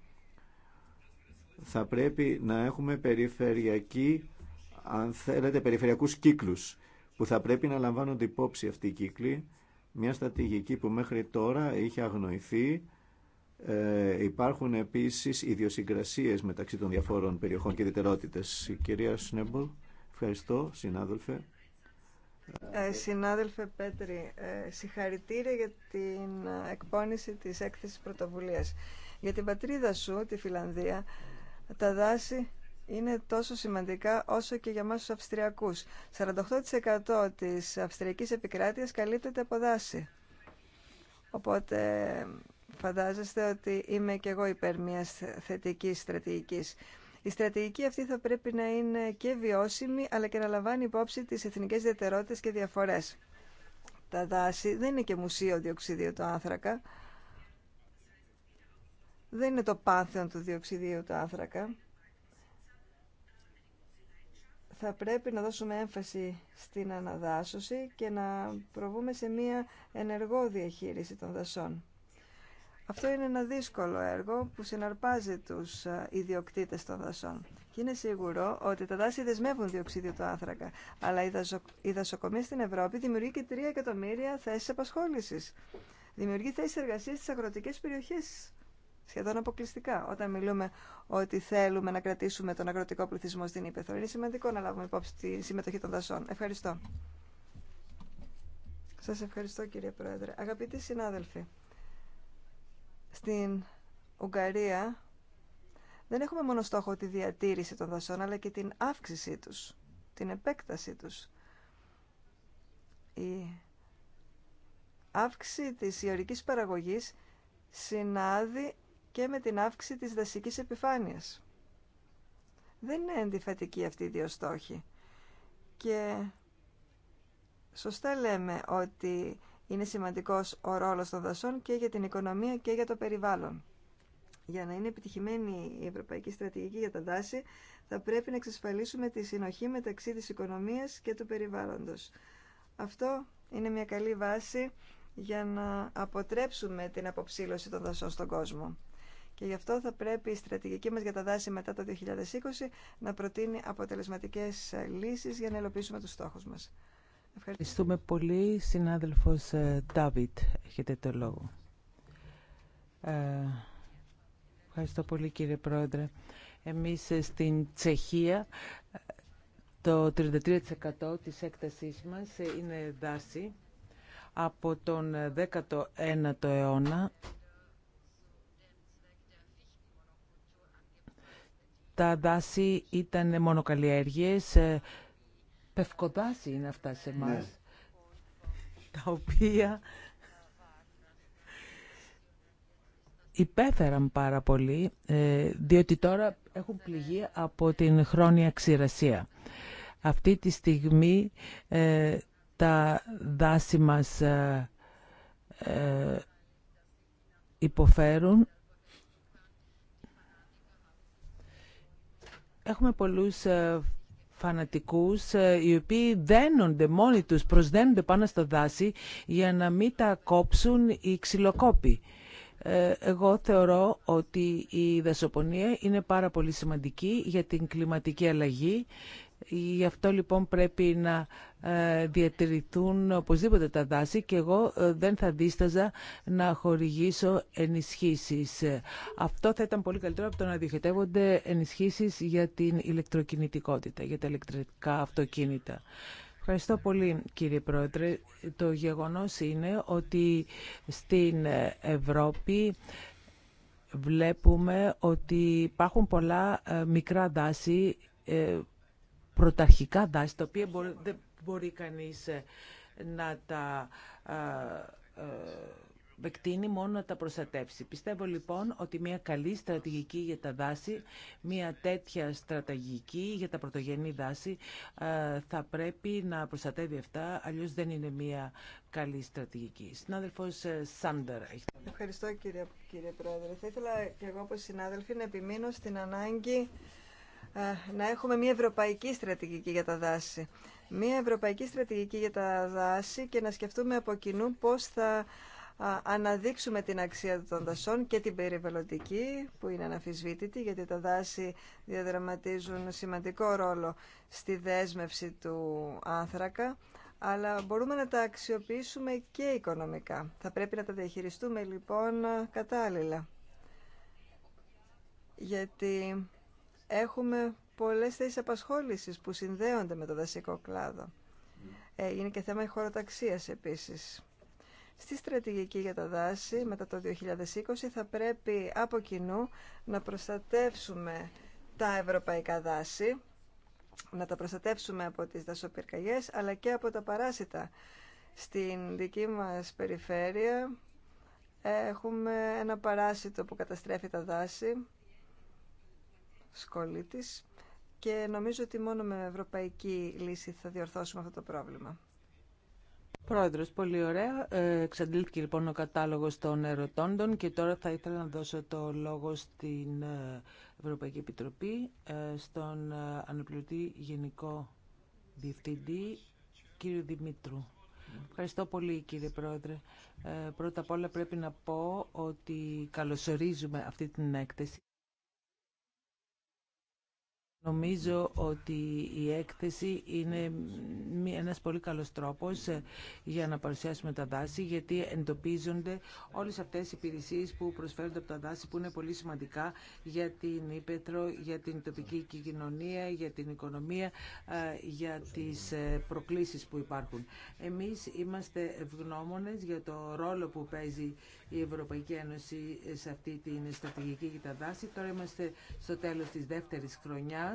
Θα πρέπει να έχουμε περιφερειακή, αν θέλετε, περιφερειακούς κύκλους που θα πρέπει να λαμβάνονται υπόψη αυτοί οι κύκλη, μια στρατηγική που μέχρι τώρα είχε αγνοηθεί. Ε, υπάρχουν επίσης ιδιοσυγκρασίες μεταξύ των διαφόρων περιοχών και ιδιαιτερότητες. κυρία Σνέμπολ, ευχαριστώ, συνάδελφε. Ε, συνάδελφε Πέτρη, ε, συγχαρητήρια για την εκπόνηση της έκθεσης πρωτοβουλίας. Για την πατρίδα σου, τη Φιλανδία, τα δάση είναι τόσο σημαντικά όσο και για μας τους Αυστριακούς. 48% της Αυστριακής επικράτειας καλύπτεται από δάση. Οπότε φαντάζεστε ότι είμαι και εγώ υπέρ μιας θετικής στρατηγικής. Η στρατηγική αυτή θα πρέπει να είναι και βιώσιμη, αλλά και να λαμβάνει υπόψη τις εθνικές ιδιαιτερότητες και διαφορές. Τα δάση δεν είναι και μουσείο διοξιδίου του άνθρακα. Δεν είναι το πάνθεον του διοξιδίου του άνθρακα θα πρέπει να δώσουμε έμφαση στην αναδάσωση και να προβούμε σε μία ενεργό διαχείριση των δασών. Αυτό είναι ένα δύσκολο έργο που συναρπάζει τους ε, ιδιοκτήτες των δασών. Και είναι σίγουρο ότι τα δάση δεσμεύουν διοξίδιο του άνθρακα, αλλά η δασοκομεία στην Ευρώπη δημιουργεί και 3 εκατομμύρια θέσεις απασχόλησης. Δημιουργεί θέσεις εργασίας στις αγροτικές περιοχές σχεδόν αποκλειστικά. Όταν μιλούμε ότι θέλουμε να κρατήσουμε τον αγροτικό πληθυσμό στην Ήπεθρο, είναι σημαντικό να λάβουμε υπόψη τη συμμετοχή των δασών. Ευχαριστώ. Σας ευχαριστώ κύριε Πρόεδρε. Αγαπητοί συνάδελφοι, στην Ουγγαρία δεν έχουμε μόνο στόχο τη διατήρηση των δασών, αλλά και την αύξησή τους, την επέκτασή τους. Η αύξηση της ιωρικής παραγωγής συνάδει και με την αύξηση της δασικής επιφάνειας. Δεν είναι αντιφατικοί αυτή η δύο στόχοι. Και σωστά λέμε ότι είναι σημαντικός ο ρόλος των δασών και για την οικονομία και για το περιβάλλον. Για να είναι επιτυχημένη η Ευρωπαϊκή Στρατηγική για τα δάση, θα πρέπει να εξασφαλίσουμε τη συνοχή μεταξύ της οικονομίας και του περιβάλλοντος. Αυτό είναι μια καλή βάση για να αποτρέψουμε την αποψήλωση των δασών στον κόσμο. Και γι' αυτό θα πρέπει η στρατηγική μας για τα δάση μετά το 2020 να προτείνει αποτελεσματικές λύσεις για να ελοπίσουμε τους στόχους μας. Ευχαριστούμε πολύ. Συνάδελφος ε, Ντάβιτ, έχετε το λόγο. Ε, ευχαριστώ πολύ κύριε Πρόεδρε. Εμείς ε, στην Τσεχία το 33% της έκτασής μας ε, είναι δάση. Από τον 19ο αιώνα τα δάση ήταν μονοκαλλιέργειες, ε, πευκοδάση είναι αυτά σε εμά, ναι. τα οποία υπέφεραν πάρα πολύ, ε, διότι τώρα έχουν πληγεί από την χρόνια ξηρασία. Αυτή τη στιγμή ε, τα δάση μας υποφέρουν Έχουμε πολλούς ε, φανατικούς ε, οι οποίοι δένονται μόνοι τους, προσδένονται πάνω στο δάση για να μην τα κόψουν οι ξυλοκόποι. Ε, εγώ θεωρώ ότι η δασοπονία είναι πάρα πολύ σημαντική για την κλιματική αλλαγή Γι' αυτό λοιπόν πρέπει να ε, διατηρηθούν οπωσδήποτε τα δάση και εγώ ε, δεν θα δίσταζα να χορηγήσω ενισχύσεις. Αυτό θα ήταν πολύ καλύτερο από το να διοχετεύονται ενισχύσεις για την ηλεκτροκινητικότητα, για τα ηλεκτρικά αυτοκίνητα. Ευχαριστώ πολύ κύριε Πρόεδρε. Το γεγονός είναι ότι στην Ευρώπη βλέπουμε ότι υπάρχουν πολλά ε, μικρά δάση πρωταρχικά δάση, τα οποία δεν μπορεί κανείς ε, να τα δεκτείνει ε, ε, μόνο να τα προστατεύσει. Πιστεύω λοιπόν ότι μια καλή στρατηγική για τα δάση, μια τέτοια στρατηγική για τα πρωτογενή δάση θα πρέπει να προστατεύει αυτά, αλλιώς δεν είναι μια καλή στρατηγική. Συνάδελφος Σάντερ. Ευχαριστώ κύριε, κύριε Πρόεδρε. Θα ήθελα και εγώ όπως συνάδελφοι να επιμείνω στην ανάγκη ε, να έχουμε μια ευρωπαϊκή στρατηγική για τα δάση. Μια ευρωπαϊκή στρατηγική για τα δάση και να σκεφτούμε από κοινού πώς θα αναδείξουμε την αξία των δασών και την περιβαλλοντική που είναι αναφυσβήτητη γιατί τα δάση διαδραματίζουν σημαντικό ρόλο στη δέσμευση του άνθρακα αλλά μπορούμε να τα αξιοποιήσουμε και οικονομικά. Θα πρέπει να τα διαχειριστούμε λοιπόν κατάλληλα. Γιατί έχουμε πολλές θέσεις απασχόλησης που συνδέονται με το δασικό κλάδο. Είναι και θέμα χωροταξίας επίσης. Στη στρατηγική για τα δάση μετά το 2020 θα πρέπει από κοινού να προστατεύσουμε τα ευρωπαϊκά δάση, να τα προστατεύσουμε από τις δασοπυρκαγιές αλλά και από τα παράσιτα. Στην δική μας περιφέρεια έχουμε ένα παράσιτο που καταστρέφει τα δάση Σκολίτης και νομίζω ότι μόνο με ευρωπαϊκή λύση θα διορθώσουμε αυτό το πρόβλημα. Πρόεδρο, πολύ ωραία. Ε, εξαντλήθηκε λοιπόν ο κατάλογο των ερωτώντων και τώρα θα ήθελα να δώσω το λόγο στην ε, Ευρωπαϊκή Επιτροπή, ε, στον Αναπληρωτή Γενικό Διευθυντή, κύριο Δημήτρου. Ευχαριστώ πολύ κύριε Πρόεδρε. Πρώτα απ' όλα πρέπει να πω ότι καλωσορίζουμε αυτή την έκθεση. Νομίζω ότι η έκθεση είναι ένας πολύ καλός τρόπος ε, για να παρουσιάσουμε τα δάση γιατί εντοπίζονται όλες αυτές οι υπηρεσίες που προσφέρονται από τα δάση που είναι πολύ σημαντικά για την Ήπετρο, για την τοπική κοινωνία, για την οικονομία, ε, για τις ε, προκλήσεις που υπάρχουν. Εμείς είμαστε ευγνώμονες για το ρόλο που παίζει η Ευρωπαϊκή Ένωση σε αυτή την στρατηγική για τα δάση. Τώρα είμαστε στο τέλος της δεύτερης χρονιάς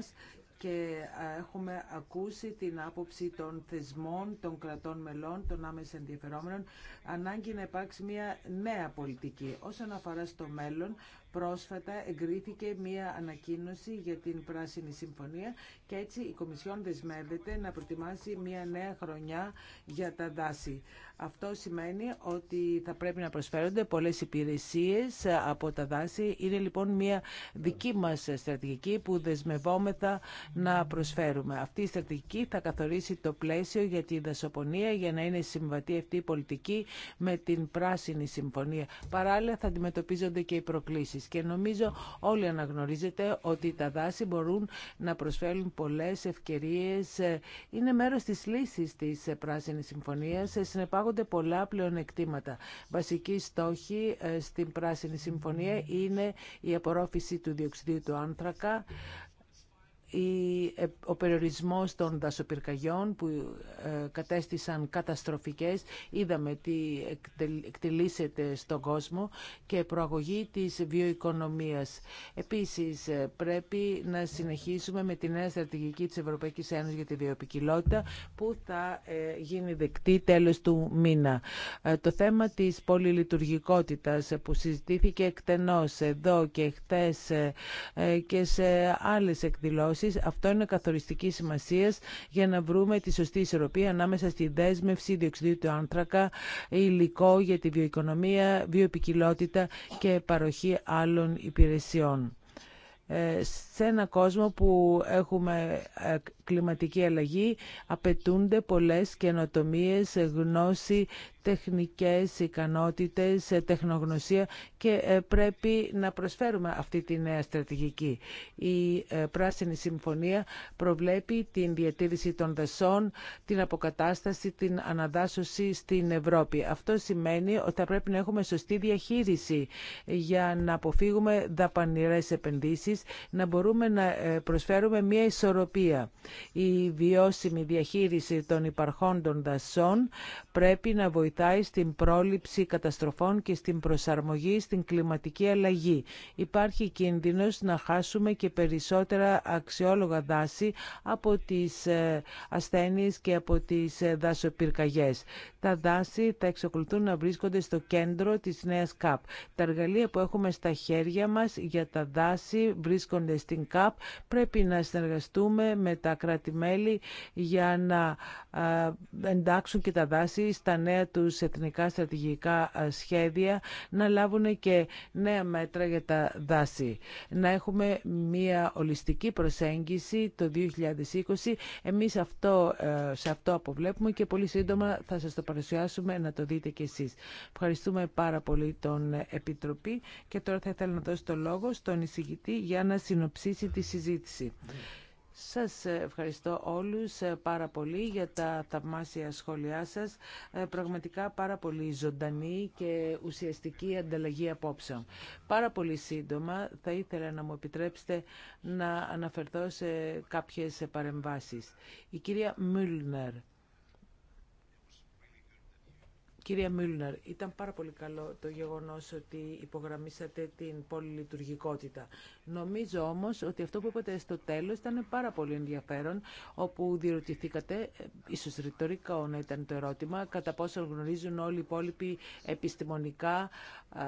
και έχουμε ακούσει την άποψη των θεσμών, των κρατών μελών, των άμεσα ενδιαφερόμενων, ανάγκη να υπάρξει μια νέα πολιτική. Όσον αφορά στο μέλλον, Πρόσφατα εγκρίθηκε μία ανακοίνωση για την Πράσινη Συμφωνία και έτσι η Κομισιόν δεσμεύεται να προετοιμάσει μία νέα χρονιά για τα δάση. Αυτό σημαίνει ότι θα πρέπει να προσφέρονται πολλές υπηρεσίες από τα δάση. Είναι λοιπόν μία δική μας στρατηγική που δεσμευόμεθα να προσφέρουμε. Αυτή η στρατηγική θα καθορίσει το πλαίσιο για τη δασοπονία για να είναι συμβατή αυτή η πολιτική με την Πράσινη Συμφωνία. Παράλληλα θα αντιμετωπίζονται και οι προκλήσεις. Και νομίζω όλοι αναγνωρίζετε ότι τα δάση μπορούν να προσφέρουν πολλές ευκαιρίες. Είναι μέρος της λύσης της Πράσινης Συμφωνίας. Συνεπάγονται πολλά πλεονεκτήματα. Βασική στόχη ε, στην Πράσινη Συμφωνία είναι η απορρόφηση του διοξιδίου του άνθρακα, ε, ο περιορισμός των δασοπυρκαγιών που ε, κατέστησαν καταστροφικές. Είδαμε τι εκτελήσεται στον κόσμο και προαγωγή της βιοοικονομίας. Επίσης, ε, πρέπει να συνεχίσουμε με τη νέα στρατηγική της Ευρωπαϊκής Ένωσης για τη βιοπικιλότητα που θα γίνει δεκτή τέλος του μήνα. Το θέμα της πολυλειτουργικότητας που συζητήθηκε εκτενώς εδώ και χτες και σε άλλες εκδηλώσεις αυτό είναι καθοριστική σημασία για να βρούμε τη σωστή ισορροπία ανάμεσα στη δέσμευση διοξιδίου του άνθρακα, υλικό για τη βιοοικονομία, βιοπικιλότητα και παροχή άλλων υπηρεσιών ε, σε ένα κόσμο που έχουμε ε, κλιματική αλλαγή απαιτούνται πολλές καινοτομίε, γνώση, τεχνικές ικανότητες, τεχνογνωσία και ε, πρέπει να προσφέρουμε αυτή τη νέα στρατηγική. Η ε, Πράσινη Συμφωνία προβλέπει την διατήρηση των δασών, την αποκατάσταση, την αναδάσωση στην Ευρώπη. Αυτό σημαίνει ότι θα πρέπει να έχουμε σωστή διαχείριση για να αποφύγουμε δαπανηρές επενδύσεις, να μπορούμε να ε, προσφέρουμε μια ισορροπία. Η βιώσιμη διαχείριση των υπαρχόντων δασών πρέπει να βοηθάει στην πρόληψη καταστροφών και στην προσαρμογή στην κλιματική αλλαγή. Υπάρχει κίνδυνος να χάσουμε και περισσότερα αξιόλογα δάση από τις ε, ασθένειες και από τις ε, δασοπυρκαγιές τα δάση θα εξακολουθούν να βρίσκονται στο κέντρο της νέας ΚΑΠ. Τα εργαλεία που έχουμε στα χέρια μας για τα δάση βρίσκονται στην ΚΑΠ. Πρέπει να συνεργαστούμε με τα κράτη-μέλη για να εντάξουν και τα δάση στα νέα τους εθνικά στρατηγικά σχέδια, να λάβουν και νέα μέτρα για τα δάση. Να έχουμε μια ολιστική προσέγγιση το 2020. Εμείς αυτό, ε, σε αυτό αποβλέπουμε και πολύ σύντομα θα σας το παρουσιάσουμε να το δείτε κι εσείς. Ευχαριστούμε πάρα πολύ τον Επιτροπή και τώρα θα ήθελα να δώσω το λόγο στον εισηγητή για να συνοψίσει τη συζήτηση. Σας ευχαριστώ όλους πάρα πολύ για τα θαυμάσια σχόλιά σας. Ε, πραγματικά πάρα πολύ ζωντανή και ουσιαστική ανταλλαγή απόψεων. Πάρα πολύ σύντομα θα ήθελα να μου επιτρέψετε να αναφερθώ σε κάποιες παρεμβάσεις. Η κυρία Μούλνερ Κυρία Μίλνερ, ήταν πάρα πολύ καλό το γεγονός ότι υπογραμμίσατε την πολυλειτουργικότητα. Νομίζω όμως ότι αυτό που είπατε στο τέλος ήταν πάρα πολύ ενδιαφέρον, όπου διερωτηθήκατε, ε, ίσως ρητορικά να ήταν το ερώτημα, κατά πόσο γνωρίζουν όλοι οι υπόλοιποι επιστημονικά ε,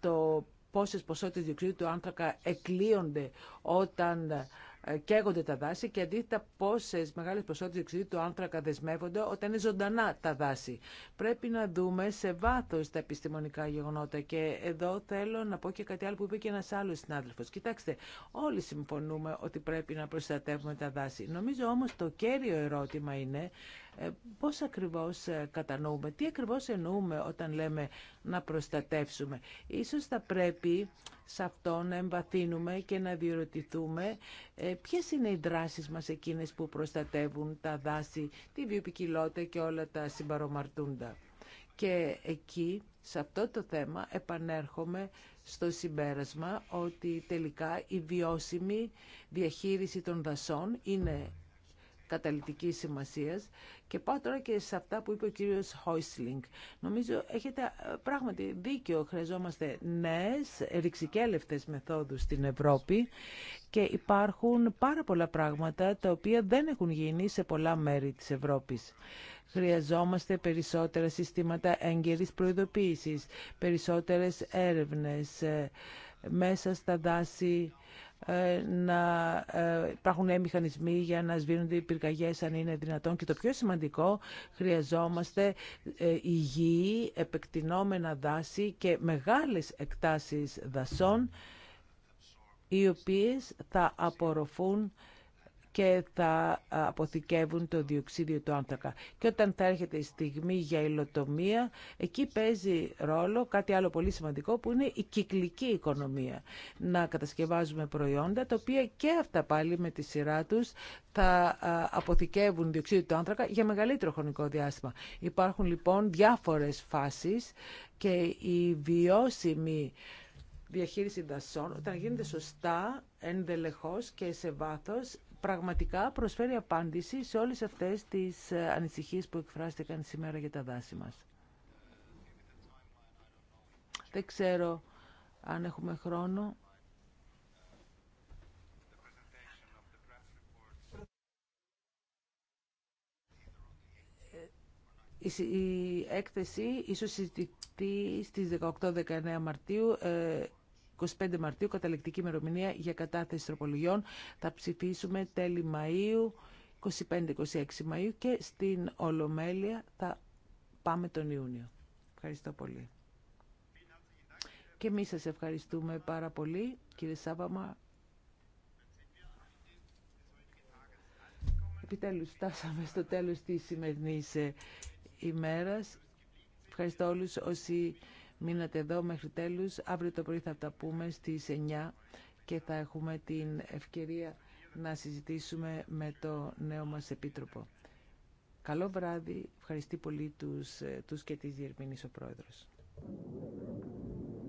το πόσες ποσότητες διοξείδου του άνθρακα εκλείονται όταν ε, καίγονται τα δάση και αντίθετα πόσε μεγάλε ποσότητε του άνθρακα δεσμεύονται όταν είναι ζωντανά τα δάση. Πρέπει να δούμε σε βάθο τα επιστημονικά γεγονότα. Και εδώ θέλω να πω και κάτι άλλο που είπε και ένα άλλο συνάδελφο. Κοιτάξτε, όλοι συμφωνούμε ότι πρέπει να προστατεύουμε τα δάση. Νομίζω όμω το κέριο ερώτημα είναι ε, πώς ακριβώς ε, κατανοούμε, τι ακριβώς εννοούμε όταν λέμε να προστατεύσουμε. Ίσως θα πρέπει σε αυτό να εμβαθύνουμε και να διερωτηθούμε ε, ποιες είναι οι δράσεις μας εκείνες που προστατεύουν τα δάση, τη βιοπικιλότητα και όλα τα συμπαρομαρτούντα. Και εκεί, σε αυτό το θέμα, επανέρχομαι στο συμπέρασμα ότι τελικά η βιώσιμη διαχείριση των δασών είναι Καταλητική σημασία Και πάω τώρα και σε αυτά που είπε ο κύριος Χόισλινγκ. Νομίζω έχετε ε, πράγματι δίκιο. Χρειαζόμαστε νέες ρηξικέλευτες μεθόδους στην Ευρώπη και υπάρχουν πάρα πολλά πράγματα τα οποία δεν έχουν γίνει σε πολλά μέρη της Ευρώπης. Χρειαζόμαστε περισσότερα συστήματα έγκαιρης προειδοποίησης, περισσότερες έρευνες ε, μέσα στα δάση, ε, να ε, υπάρχουν μηχανισμοί για να σβήνονται οι πυρκαγιές αν είναι δυνατόν. Και το πιο σημαντικό, χρειαζόμαστε ε, υγιή, επεκτηνόμενα δάση και μεγάλες εκτάσεις δασών, οι οποίες θα απορροφούν και θα αποθηκεύουν το διοξίδιο του άνθρακα. Και όταν θα έρχεται η στιγμή για υλοτομία, εκεί παίζει ρόλο κάτι άλλο πολύ σημαντικό που είναι η κυκλική οικονομία. Να κατασκευάζουμε προϊόντα τα οποία και αυτά πάλι με τη σειρά τους θα αποθηκεύουν διοξίδιο του άνθρακα για μεγαλύτερο χρονικό διάστημα. Υπάρχουν λοιπόν διάφορες φάσεις και η βιώσιμη διαχείριση δασών, όταν γίνεται σωστά, ενδελεχώς και σε βάθος, πραγματικά προσφέρει απάντηση σε όλες αυτές τις ε, ανησυχίες που εκφράστηκαν σήμερα για τα δάση μας. Δεν ξέρω αν έχουμε χρόνο. Ε, η έκθεση ίσως συζητηθεί στις 18-19 Μαρτίου. Ε, 25 Μαρτίου, καταληκτική ημερομηνία για κατάθεση τροπολογιών. Θα ψηφίσουμε τέλη Μαΐου, 25-26 Μαΐου και στην Ολομέλεια θα πάμε τον Ιούνιο. Ευχαριστώ πολύ. Και εμείς σας ευχαριστούμε πάρα πολύ, κύριε Σάβαμα. Επιτέλους φτάσαμε στο τέλος της σημερινής ε, ημέρας. Ευχαριστώ όλους όσοι Μείνατε εδώ μέχρι τέλους. Αύριο το πρωί θα τα πούμε στις 9 και θα έχουμε την ευκαιρία να συζητήσουμε με το νέο μας επίτροπο. Καλό βράδυ. Ευχαριστώ πολύ τους, ε, τους και τις διερμηνείς ο Πρόεδρος.